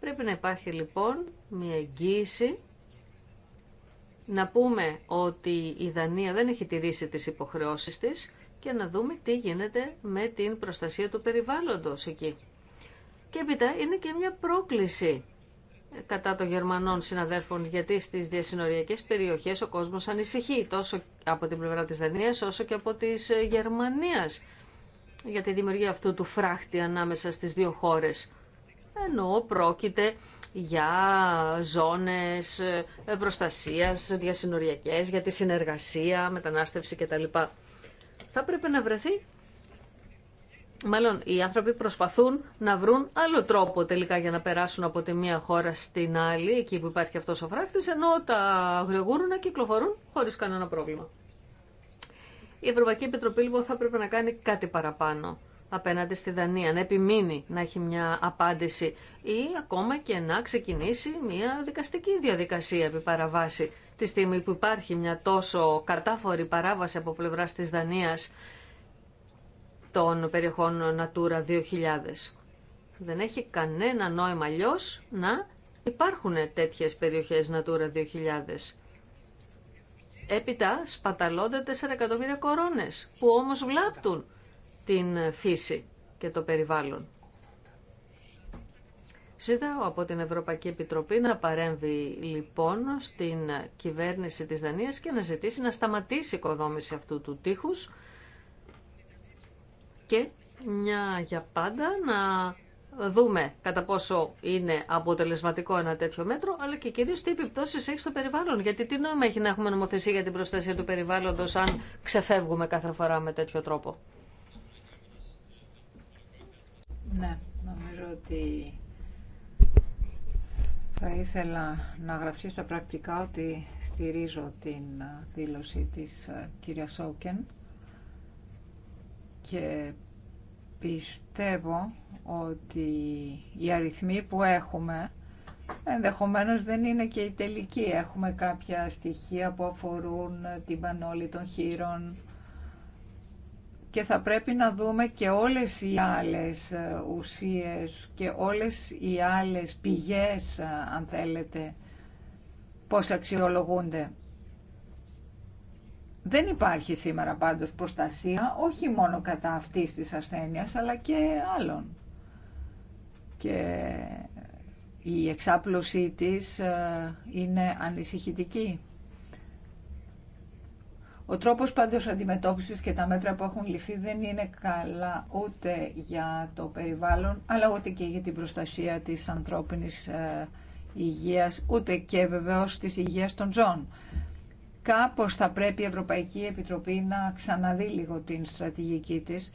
Πρέπει να υπάρχει λοιπόν μια εγγύηση να πούμε ότι η Δανία δεν έχει τηρήσει τις υποχρεώσεις της και να δούμε τι γίνεται με την προστασία του περιβάλλοντος εκεί. Και έπειτα είναι και μια πρόκληση κατά των Γερμανών συναδέρφων, γιατί στις διασυνοριακέ περιοχές ο κόσμος ανησυχεί τόσο από την πλευρά της Δανία, όσο και από τη ε, Γερμανίας για τη δημιουργία αυτού του φράχτη ανάμεσα στις δύο χώρες. Ενώ πρόκειται για ζώνες ε, προστασίας διασυνοριακές, για τη συνεργασία, μετανάστευση κτλ. Θα πρέπει να βρεθεί Μάλλον οι άνθρωποι προσπαθούν να βρουν άλλο τρόπο τελικά για να περάσουν από τη μία χώρα στην άλλη, εκεί που υπάρχει αυτός ο φράχτης, ενώ τα αγριογούρουνα κυκλοφορούν χωρίς κανένα πρόβλημα. Η Ευρωπαϊκή Επιτροπή λοιπόν θα πρέπει να κάνει κάτι παραπάνω απέναντι στη Δανία, να επιμείνει να έχει μια απάντηση ή ακόμα και να ξεκινήσει μια δικαστική διαδικασία επί παραβάση τη στιγμή που υπάρχει μια τόσο κατάφορη παράβαση από πλευράς της Δανίας των περιοχών Natura 2000. Δεν έχει κανένα νόημα αλλιώ να υπάρχουν τέτοιες περιοχές Natura 2000. Έπειτα σπαταλώνται 4 εκατομμύρια κορώνες που όμως βλάπτουν την φύση και το περιβάλλον. Ζητάω από την Ευρωπαϊκή Επιτροπή να παρέμβει λοιπόν στην κυβέρνηση της Δανίας και να ζητήσει να σταματήσει η οικοδόμηση αυτού του τείχους και μια για πάντα να δούμε κατά πόσο είναι αποτελεσματικό ένα τέτοιο μέτρο, αλλά και κυρίω τι επιπτώσει έχει στο περιβάλλον. Γιατί τι νόημα έχει να έχουμε νομοθεσία για την προστασία του περιβάλλοντο, αν ξεφεύγουμε κάθε φορά με τέτοιο τρόπο. Ναι, νομίζω ότι θα ήθελα να γραφτεί στα πρακτικά ότι στηρίζω την δήλωση της ε, κυρία Σόκεν και πιστεύω ότι οι αριθμοί που έχουμε ενδεχομένως δεν είναι και η τελική. Έχουμε κάποια στοιχεία που αφορούν την πανόλη των χείρων και θα πρέπει να δούμε και όλες οι άλλες ε, ουσίες και όλες οι άλλες πηγές, ε, αν θέλετε, πώς αξιολογούνται. Δεν υπάρχει σήμερα πάντως προστασία, όχι μόνο κατά αυτής της ασθένειας, αλλά και άλλων. Και η εξάπλωσή της ε, είναι ανησυχητική. Ο τρόπος πάντως αντιμετώπισης και τα μέτρα που έχουν ληφθεί δεν είναι καλά ούτε για το περιβάλλον, αλλά ούτε και για την προστασία της ανθρώπινης ε, υγείας, ούτε και βεβαίως της υγείας των ζώων. Κάπως θα πρέπει η Ευρωπαϊκή Επιτροπή να ξαναδεί λίγο την στρατηγική της.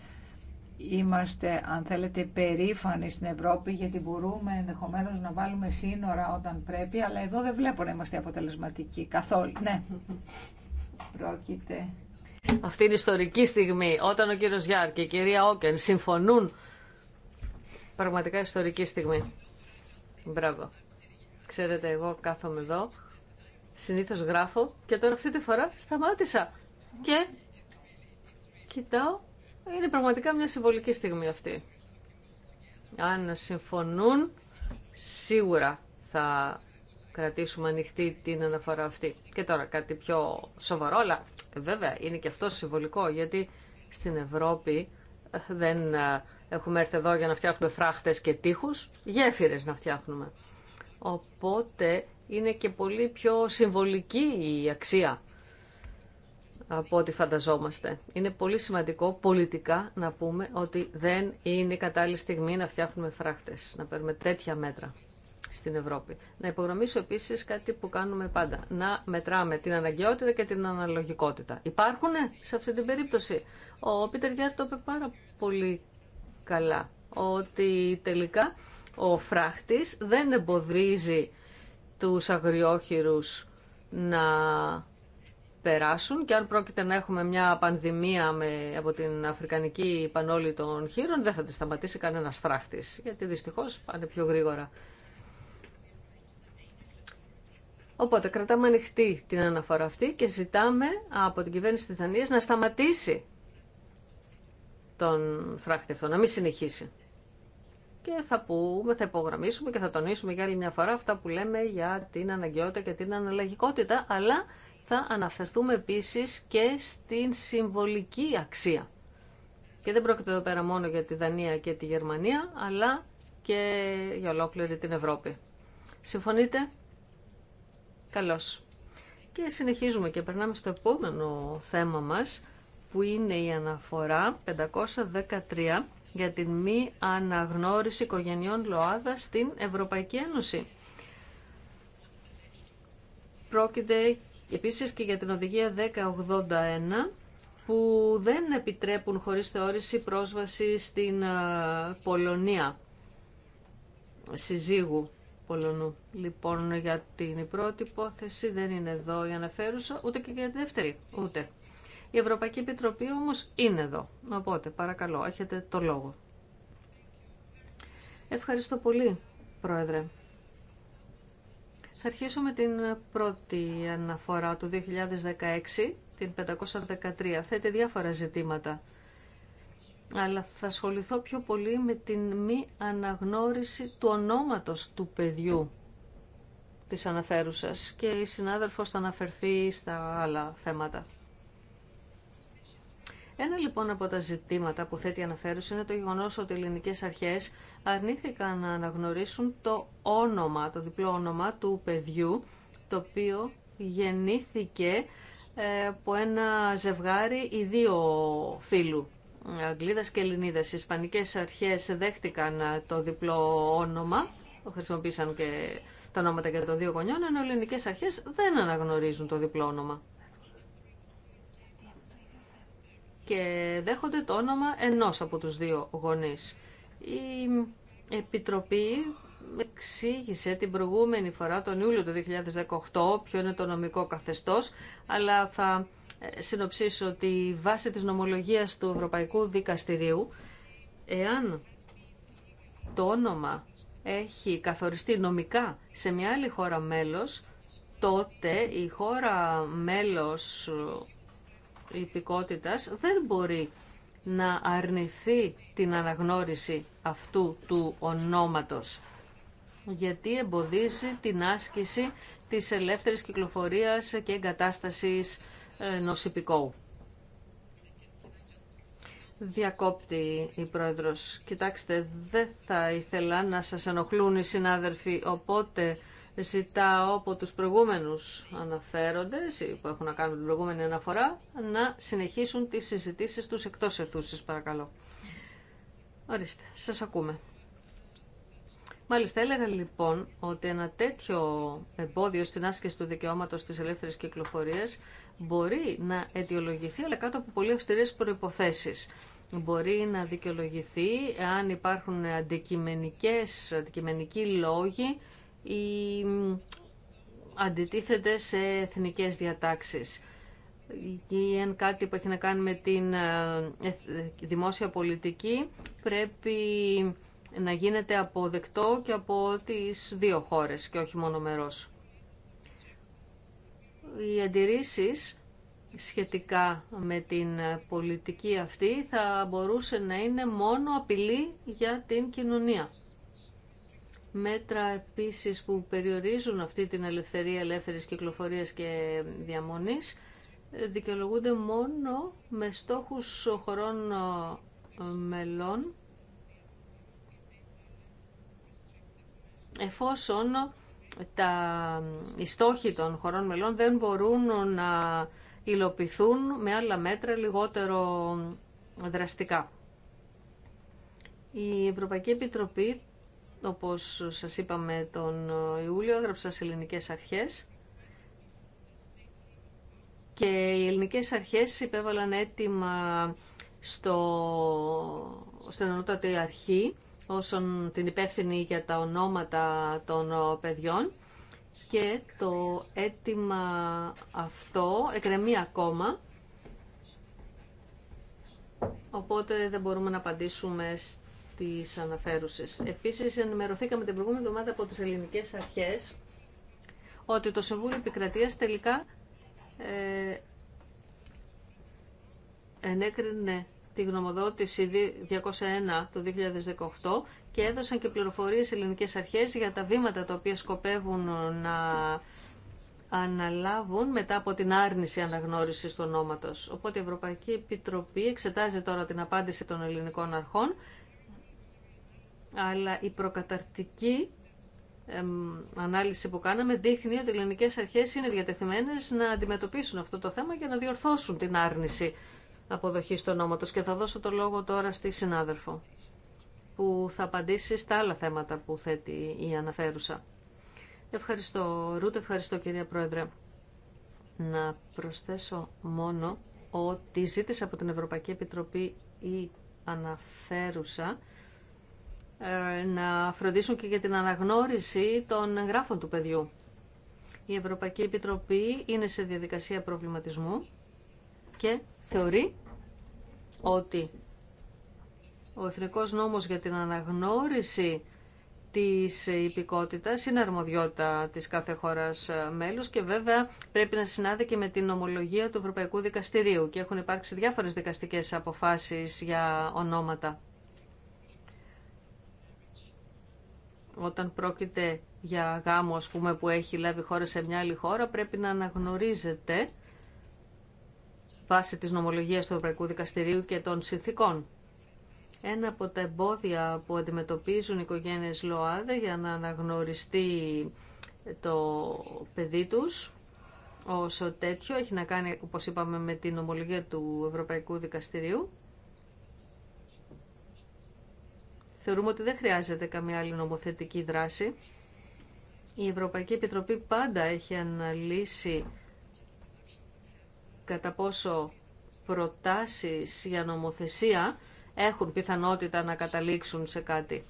Είμαστε, αν θέλετε, περήφανοι στην Ευρώπη γιατί μπορούμε ενδεχομένως να βάλουμε σύνορα όταν πρέπει, αλλά εδώ δεν βλέπω να είμαστε αποτελεσματικοί καθόλου. Ναι, πρόκειται. Αυτή είναι η ιστορική στιγμή όταν ο κύριος Γιάρ και η κυρία Όκεν συμφωνούν πραγματικά ιστορική στιγμή. Μπράβο. Ξέρετε, εγώ κάθομαι εδώ Συνήθω γράφω και τώρα αυτή τη φορά σταμάτησα και κοιτάω. Είναι πραγματικά μια συμβολική στιγμή αυτή. Αν συμφωνούν, σίγουρα θα κρατήσουμε ανοιχτή την αναφορά αυτή. Και τώρα κάτι πιο σοβαρό, αλλά βέβαια είναι και αυτό συμβολικό, γιατί στην Ευρώπη ε, δεν ε, έχουμε έρθει εδώ για να φτιάχνουμε φράχτες και τείχους, γέφυρες να φτιάχνουμε. Οπότε είναι και πολύ πιο συμβολική η αξία από ό,τι φανταζόμαστε. Είναι πολύ σημαντικό πολιτικά να πούμε ότι δεν είναι η κατάλληλη στιγμή να φτιάχνουμε φράχτες, να παίρνουμε τέτοια μέτρα στην Ευρώπη. Να υπογραμμίσω επίσης κάτι που κάνουμε πάντα. Να μετράμε την αναγκαιότητα και την αναλογικότητα. Υπάρχουν σε αυτή την περίπτωση. Ο Πίτερ Γιάρ το είπε πάρα πολύ καλά ότι τελικά ο φράχτης δεν εμποδίζει τους αγριόχειρους να περάσουν και αν πρόκειται να έχουμε μια πανδημία με, από την Αφρικανική Πανόλη των Χείρων δεν θα τη σταματήσει κανένας φράχτης γιατί δυστυχώς πάνε πιο γρήγορα. Οπότε κρατάμε ανοιχτή την αναφορά αυτή και ζητάμε από την κυβέρνηση της Δανίας να σταματήσει τον φράχτη αυτό, να μην συνεχίσει και θα πούμε, θα υπογραμμίσουμε και θα τονίσουμε για άλλη μια φορά αυτά που λέμε για την αναγκαιότητα και την αναλλαγικότητα, αλλά θα αναφερθούμε επίσης και στην συμβολική αξία. Και δεν πρόκειται εδώ πέρα μόνο για τη Δανία και τη Γερμανία, αλλά και για ολόκληρη την Ευρώπη. Συμφωνείτε? Καλώς. Και συνεχίζουμε και περνάμε στο επόμενο θέμα μας, που είναι η αναφορά 513 για την μη αναγνώριση οικογενειών ΛΟΑΔΑ στην Ευρωπαϊκή Ένωση. Πρόκειται επίσης και για την οδηγία 1081 που δεν επιτρέπουν χωρίς θεώρηση πρόσβαση στην ε, Πολωνία συζύγου Πολωνού. Λοιπόν, για την πρώτη υπόθεση δεν είναι εδώ η αναφέρουσα, ούτε και για τη δεύτερη, ούτε. Η Ευρωπαϊκή Επιτροπή όμως είναι εδώ. Οπότε παρακαλώ, έχετε το λόγο. Ευχαριστώ πολύ, Πρόεδρε. Θα αρχίσω με την πρώτη αναφορά του 2016, την 513. Θέτει διάφορα ζητήματα. Αλλά θα ασχοληθώ πιο πολύ με την μη αναγνώριση του ονόματος του παιδιού της αναφέρουσας και η συνάδελφος θα αναφερθεί στα άλλα θέματα. Ένα λοιπόν από τα ζητήματα που θέτει η είναι το γεγονό ότι οι ελληνικές αρχέ αρνήθηκαν να αναγνωρίσουν το όνομα, το διπλό όνομα του παιδιού, το οποίο γεννήθηκε ε, από ένα ζευγάρι ή δύο φίλου. Αγγλίδας και Ελληνίδας. Οι Ισπανικέ αρχέ δέχτηκαν ε, το διπλό όνομα, χρησιμοποίησαν και τα ονόματα για των δύο γονιών, ενώ οι ελληνικέ αρχέ δεν αναγνωρίζουν το διπλό όνομα. και δέχονται το όνομα ενός από τους δύο γονείς. Η Επιτροπή εξήγησε την προηγούμενη φορά, τον Ιούλιο του 2018, ποιο είναι το νομικό καθεστώς, αλλά θα ε, συνοψίσω ότι βάσει της νομολογίας του Ευρωπαϊκού Δικαστηρίου, εάν το όνομα έχει καθοριστεί νομικά σε μια άλλη χώρα μέλος, τότε η χώρα μέλος υπηκότητας δεν μπορεί να αρνηθεί την αναγνώριση αυτού του ονόματος γιατί εμποδίζει την άσκηση της ελεύθερης κυκλοφορίας και εγκατάστασης νοσηπικού. Διακόπτη η πρόεδρος. Κοιτάξτε, δεν θα ήθελα να σας ενοχλούν οι συνάδελφοι, οπότε Ζητάω από τους προηγούμενους αναφέροντες που έχουν να κάνουν την προηγούμενη αναφορά να συνεχίσουν τις συζητήσεις τους εκτός αιθούσης παρακαλώ. Ορίστε, σας ακούμε. Μάλιστα έλεγα λοιπόν ότι ένα τέτοιο εμπόδιο στην άσκηση του δικαιώματος της ελεύθερης κυκλοφορίας μπορεί να αιτιολογηθεί αλλά κάτω από πολύ αυστηρές προϋποθέσεις. Μπορεί να δικαιολογηθεί αν υπάρχουν αντικειμενικές, αντικειμενικοί λόγοι ή αντιτίθεται σε εθνικές διατάξεις ή αν κάτι που έχει να κάνει με τη ε, δημόσια πολιτική πρέπει να γίνεται αποδεκτό και από τις δύο χώρες και όχι μόνο μερός. Οι αντιρρήσεις σχετικά με την πολιτική αυτή θα μπορούσε να είναι μόνο απειλή για την κοινωνία μέτρα επίσης που περιορίζουν αυτή την ελευθερία ελεύθερης κυκλοφορίας και διαμονής δικαιολογούνται μόνο με στόχους χωρών ε, μελών εφόσον τα, οι στόχοι των χωρών μελών δεν μπορούν να υλοποιηθούν με άλλα μέτρα λιγότερο δραστικά. Η Ευρωπαϊκή Επιτροπή όπως σας είπαμε τον Ιούλιο, έγραψα σε ελληνικές αρχές και οι ελληνικές αρχές υπέβαλαν έτοιμα στο, στην ενωτάτη αρχή όσον την υπεύθυνη για τα ονόματα των παιδιών και το έτοιμα αυτό εκρεμεί ακόμα οπότε δεν μπορούμε να απαντήσουμε τις αναφέρουσης. Επίσης, ενημερωθήκαμε την προηγούμενη εβδομάδα από τις ελληνικές αρχές ότι το Συμβούλιο Επικρατείας τελικά ε, ενέκρινε τη γνωμοδότηση 201 το 2018 και έδωσαν και πληροφορίες ελληνικές αρχές για τα βήματα τα οποία σκοπεύουν να αναλάβουν μετά από την άρνηση αναγνώρισης του ονόματος. Οπότε η Ευρωπαϊκή Επιτροπή εξετάζει τώρα την απάντηση των ελληνικών αρχών αλλά η προκαταρτική ανάλυση που κάναμε δείχνει ότι οι ελληνικές αρχές είναι διατεθειμένες να αντιμετωπίσουν αυτό το θέμα και να διορθώσουν την άρνηση αποδοχής του ονόματος. Και θα δώσω το λόγο τώρα στη συνάδελφο που θα απαντήσει στα άλλα θέματα που θέτει η αναφέρουσα. Ευχαριστώ Ρούτ, ευχαριστώ κυρία Πρόεδρε. Να προσθέσω μόνο ότι ζήτησα από την Ευρωπαϊκή Επιτροπή η αναφέρουσα ε, να φροντίσουν και για την αναγνώριση των εγγράφων του παιδιού. Η Ευρωπαϊκή Επιτροπή είναι σε διαδικασία προβληματισμού και θεωρεί ότι ο Εθνικός Νόμος για την Αναγνώριση της υπηκότητας είναι αρμοδιότητα της κάθε χώρας ε, μέλους και βέβαια πρέπει να συνάδει και με την ομολογία του Ευρωπαϊκού Δικαστηρίου και έχουν υπάρξει διάφορες δικαστικές αποφάσεις για ονόματα. όταν πρόκειται για γάμο ας πούμε, που έχει λάβει χώρα σε μια άλλη χώρα πρέπει να αναγνωρίζεται βάσει της νομολογίας του Ευρωπαϊκού Δικαστηρίου και των συνθήκων. Ένα από τα εμπόδια που αντιμετωπίζουν οι οικογένειες ΛΟΑΔΕ για να αναγνωριστεί το παιδί τους όσο τέτοιο έχει να κάνει, όπως είπαμε, με την νομολογία του Ευρωπαϊκού Δικαστηρίου θεωρούμε ότι δεν χρειάζεται καμία άλλη νομοθετική δράση. Η Ευρωπαϊκή Επιτροπή πάντα έχει αναλύσει κατά πόσο προτάσεις για νομοθεσία έχουν πιθανότητα να καταλήξουν σε κάτι.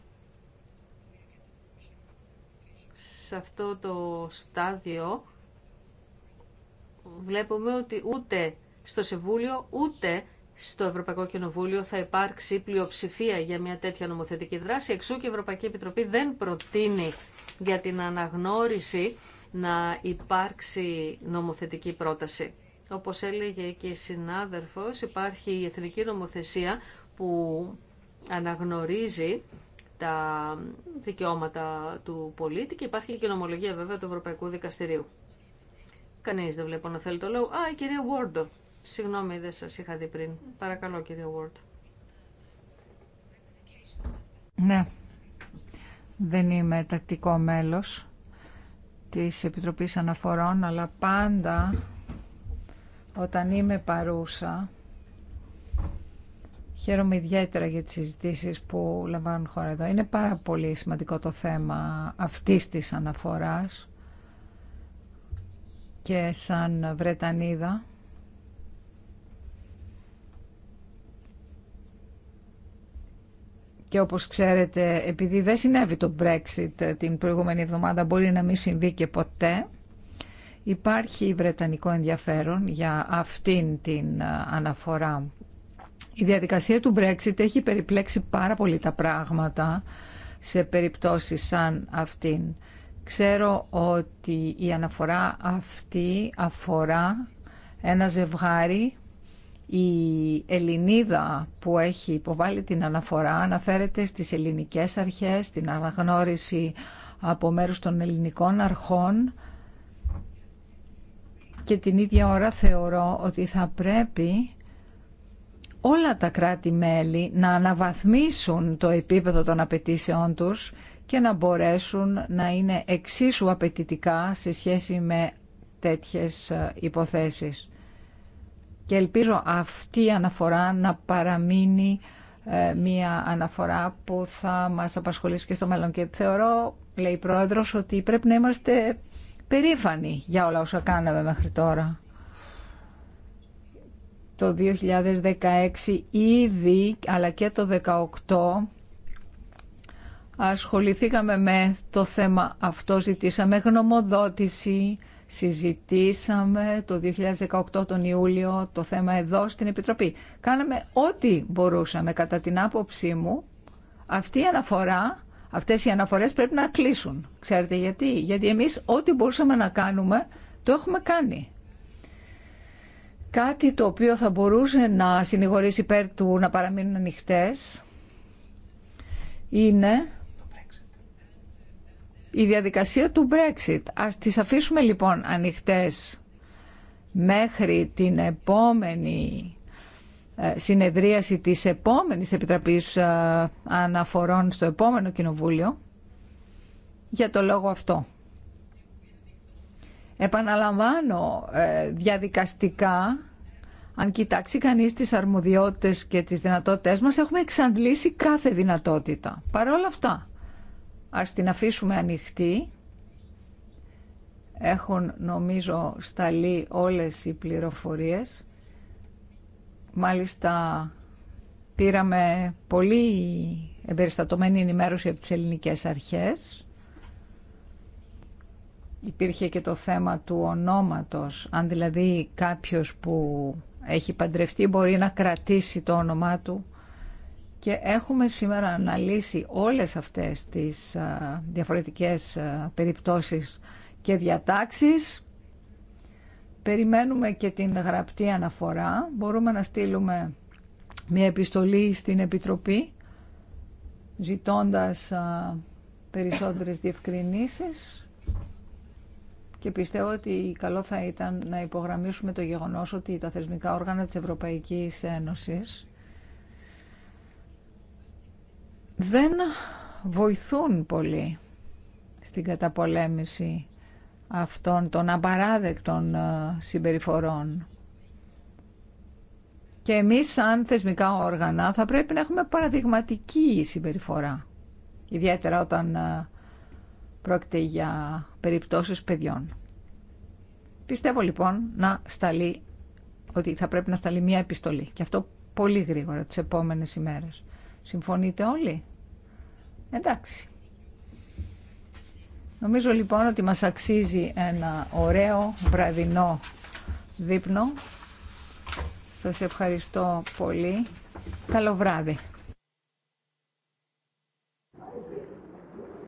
Σε αυτό το στάδιο βλέπουμε ότι ούτε στο Σεβούλιο ούτε στο Ευρωπαϊκό Κοινοβούλιο θα υπάρξει πλειοψηφία για μια τέτοια νομοθετική δράση. Εξού και η Ευρωπαϊκή Επιτροπή δεν προτείνει για την αναγνώριση να υπάρξει νομοθετική πρόταση. Όπως έλεγε και η συνάδελφος, υπάρχει η Εθνική Νομοθεσία που αναγνωρίζει τα δικαιώματα του πολίτη και υπάρχει και η νομολογία βέβαια του Ευρωπαϊκού Δικαστηρίου. Κανείς δεν βλέπω να θέλει το λόγο. Α, η κυρία Βόρντο. Συγγνώμη, δεν σας είχα δει πριν. Mm. Παρακαλώ, κύριε Ward. Ναι, δεν είμαι τακτικό μέλος της Επιτροπής Αναφορών, αλλά πάντα όταν είμαι παρούσα χαίρομαι ιδιαίτερα για τις συζητήσεις που λαμβάνουν χώρα εδώ. Είναι πάρα πολύ σημαντικό το θέμα αυτής της αναφοράς και σαν Βρετανίδα Και όπως ξέρετε, επειδή δεν συνέβη το Brexit ε, την προηγούμενη εβδομάδα, μπορεί να μην συμβεί και ποτέ, υπάρχει βρετανικό ενδιαφέρον για αυτήν την ε, αναφορά. Η διαδικασία του Brexit έχει περιπλέξει πάρα πολύ τα πράγματα σε περιπτώσεις σαν αυτήν. Ξέρω ότι η αναφορά αυτή αφορά ένα ζευγάρι η Ελληνίδα που έχει υποβάλει την αναφορά αναφέρεται στις ελληνικές αρχές, την αναγνώριση από μέρους των ελληνικών αρχών και την ίδια ώρα θεωρώ ότι θα πρέπει όλα τα κράτη-μέλη να αναβαθμίσουν το επίπεδο των απαιτήσεών τους και να μπορέσουν να είναι εξίσου απαιτητικά σε σχέση με τέτοιες ε, υποθέσεις και ελπίζω αυτή η αναφορά να παραμείνει ε, μία αναφορά που θα μας απασχολήσει και στο μέλλον. Και θεωρώ, λέει η Πρόεδρος, ότι πρέπει να είμαστε περήφανοι για όλα όσα κάναμε μέχρι τώρα. Το 2016 ήδη, αλλά και το 2018, ασχοληθήκαμε με το θέμα αυτό, ζητήσαμε γνωμοδότηση, Συζητήσαμε το 2018 τον Ιούλιο το θέμα εδώ στην Επιτροπή. Κάναμε ό,τι μπορούσαμε. Κατά την άποψή μου, αυτή η αναφορά, αυτές οι αναφορές πρέπει να κλείσουν. Ξέρετε γιατί. Γιατί εμείς ό,τι μπορούσαμε να κάνουμε, το έχουμε κάνει. Κάτι το οποίο θα μπορούσε να συνηγορήσει υπέρ του να παραμείνουν ανοιχτέ, είναι η διαδικασία του Brexit. Ας τις αφήσουμε λοιπόν ανοιχτές μέχρι την επόμενη ε, συνεδρίαση της επόμενης Επιτραπής ε, Αναφορών στο επόμενο Κοινοβούλιο για το λόγο αυτό. Επαναλαμβάνω ε, διαδικαστικά, αν κοιτάξει κανείς τις αρμοδιότητες και τις δυνατότητές μας, έχουμε εξαντλήσει κάθε δυνατότητα. Παρ' όλα αυτά, Ας την αφήσουμε ανοιχτή. Έχουν νομίζω σταλεί όλες οι πληροφορίες. Μάλιστα πήραμε πολύ εμπεριστατωμένη ενημέρωση από τις ελληνικές αρχές. Υπήρχε και το θέμα του ονόματος, αν δηλαδή κάποιος που έχει παντρευτεί μπορεί να κρατήσει το όνομά του και έχουμε σήμερα αναλύσει όλες αυτές τις διαφορετικές περιπτώσεις και διατάξεις. Περιμένουμε και την γραπτή αναφορά. Μπορούμε να στείλουμε μια επιστολή στην Επιτροπή ζητώντας περισσότερες διευκρινήσεις και πιστεύω ότι καλό θα ήταν να υπογραμμίσουμε το γεγονός ότι τα θεσμικά όργανα της Ευρωπαϊκής Ένωσης δεν βοηθούν πολύ στην καταπολέμηση αυτών των απαράδεκτων ε, συμπεριφορών. Και εμείς σαν θεσμικά όργανα θα πρέπει να έχουμε παραδειγματική συμπεριφορά. Ιδιαίτερα όταν ε, πρόκειται για περιπτώσεις παιδιών. Πιστεύω λοιπόν να σταλεί, ότι θα πρέπει να σταλεί μία επιστολή. Και αυτό πολύ γρήγορα τις επόμενες ημέρες. Συμφωνείτε όλοι? Εντάξει. Νομίζω λοιπόν ότι μας αξίζει ένα ωραίο βραδινό δείπνο. Σας ευχαριστώ πολύ. Καλό βράδυ.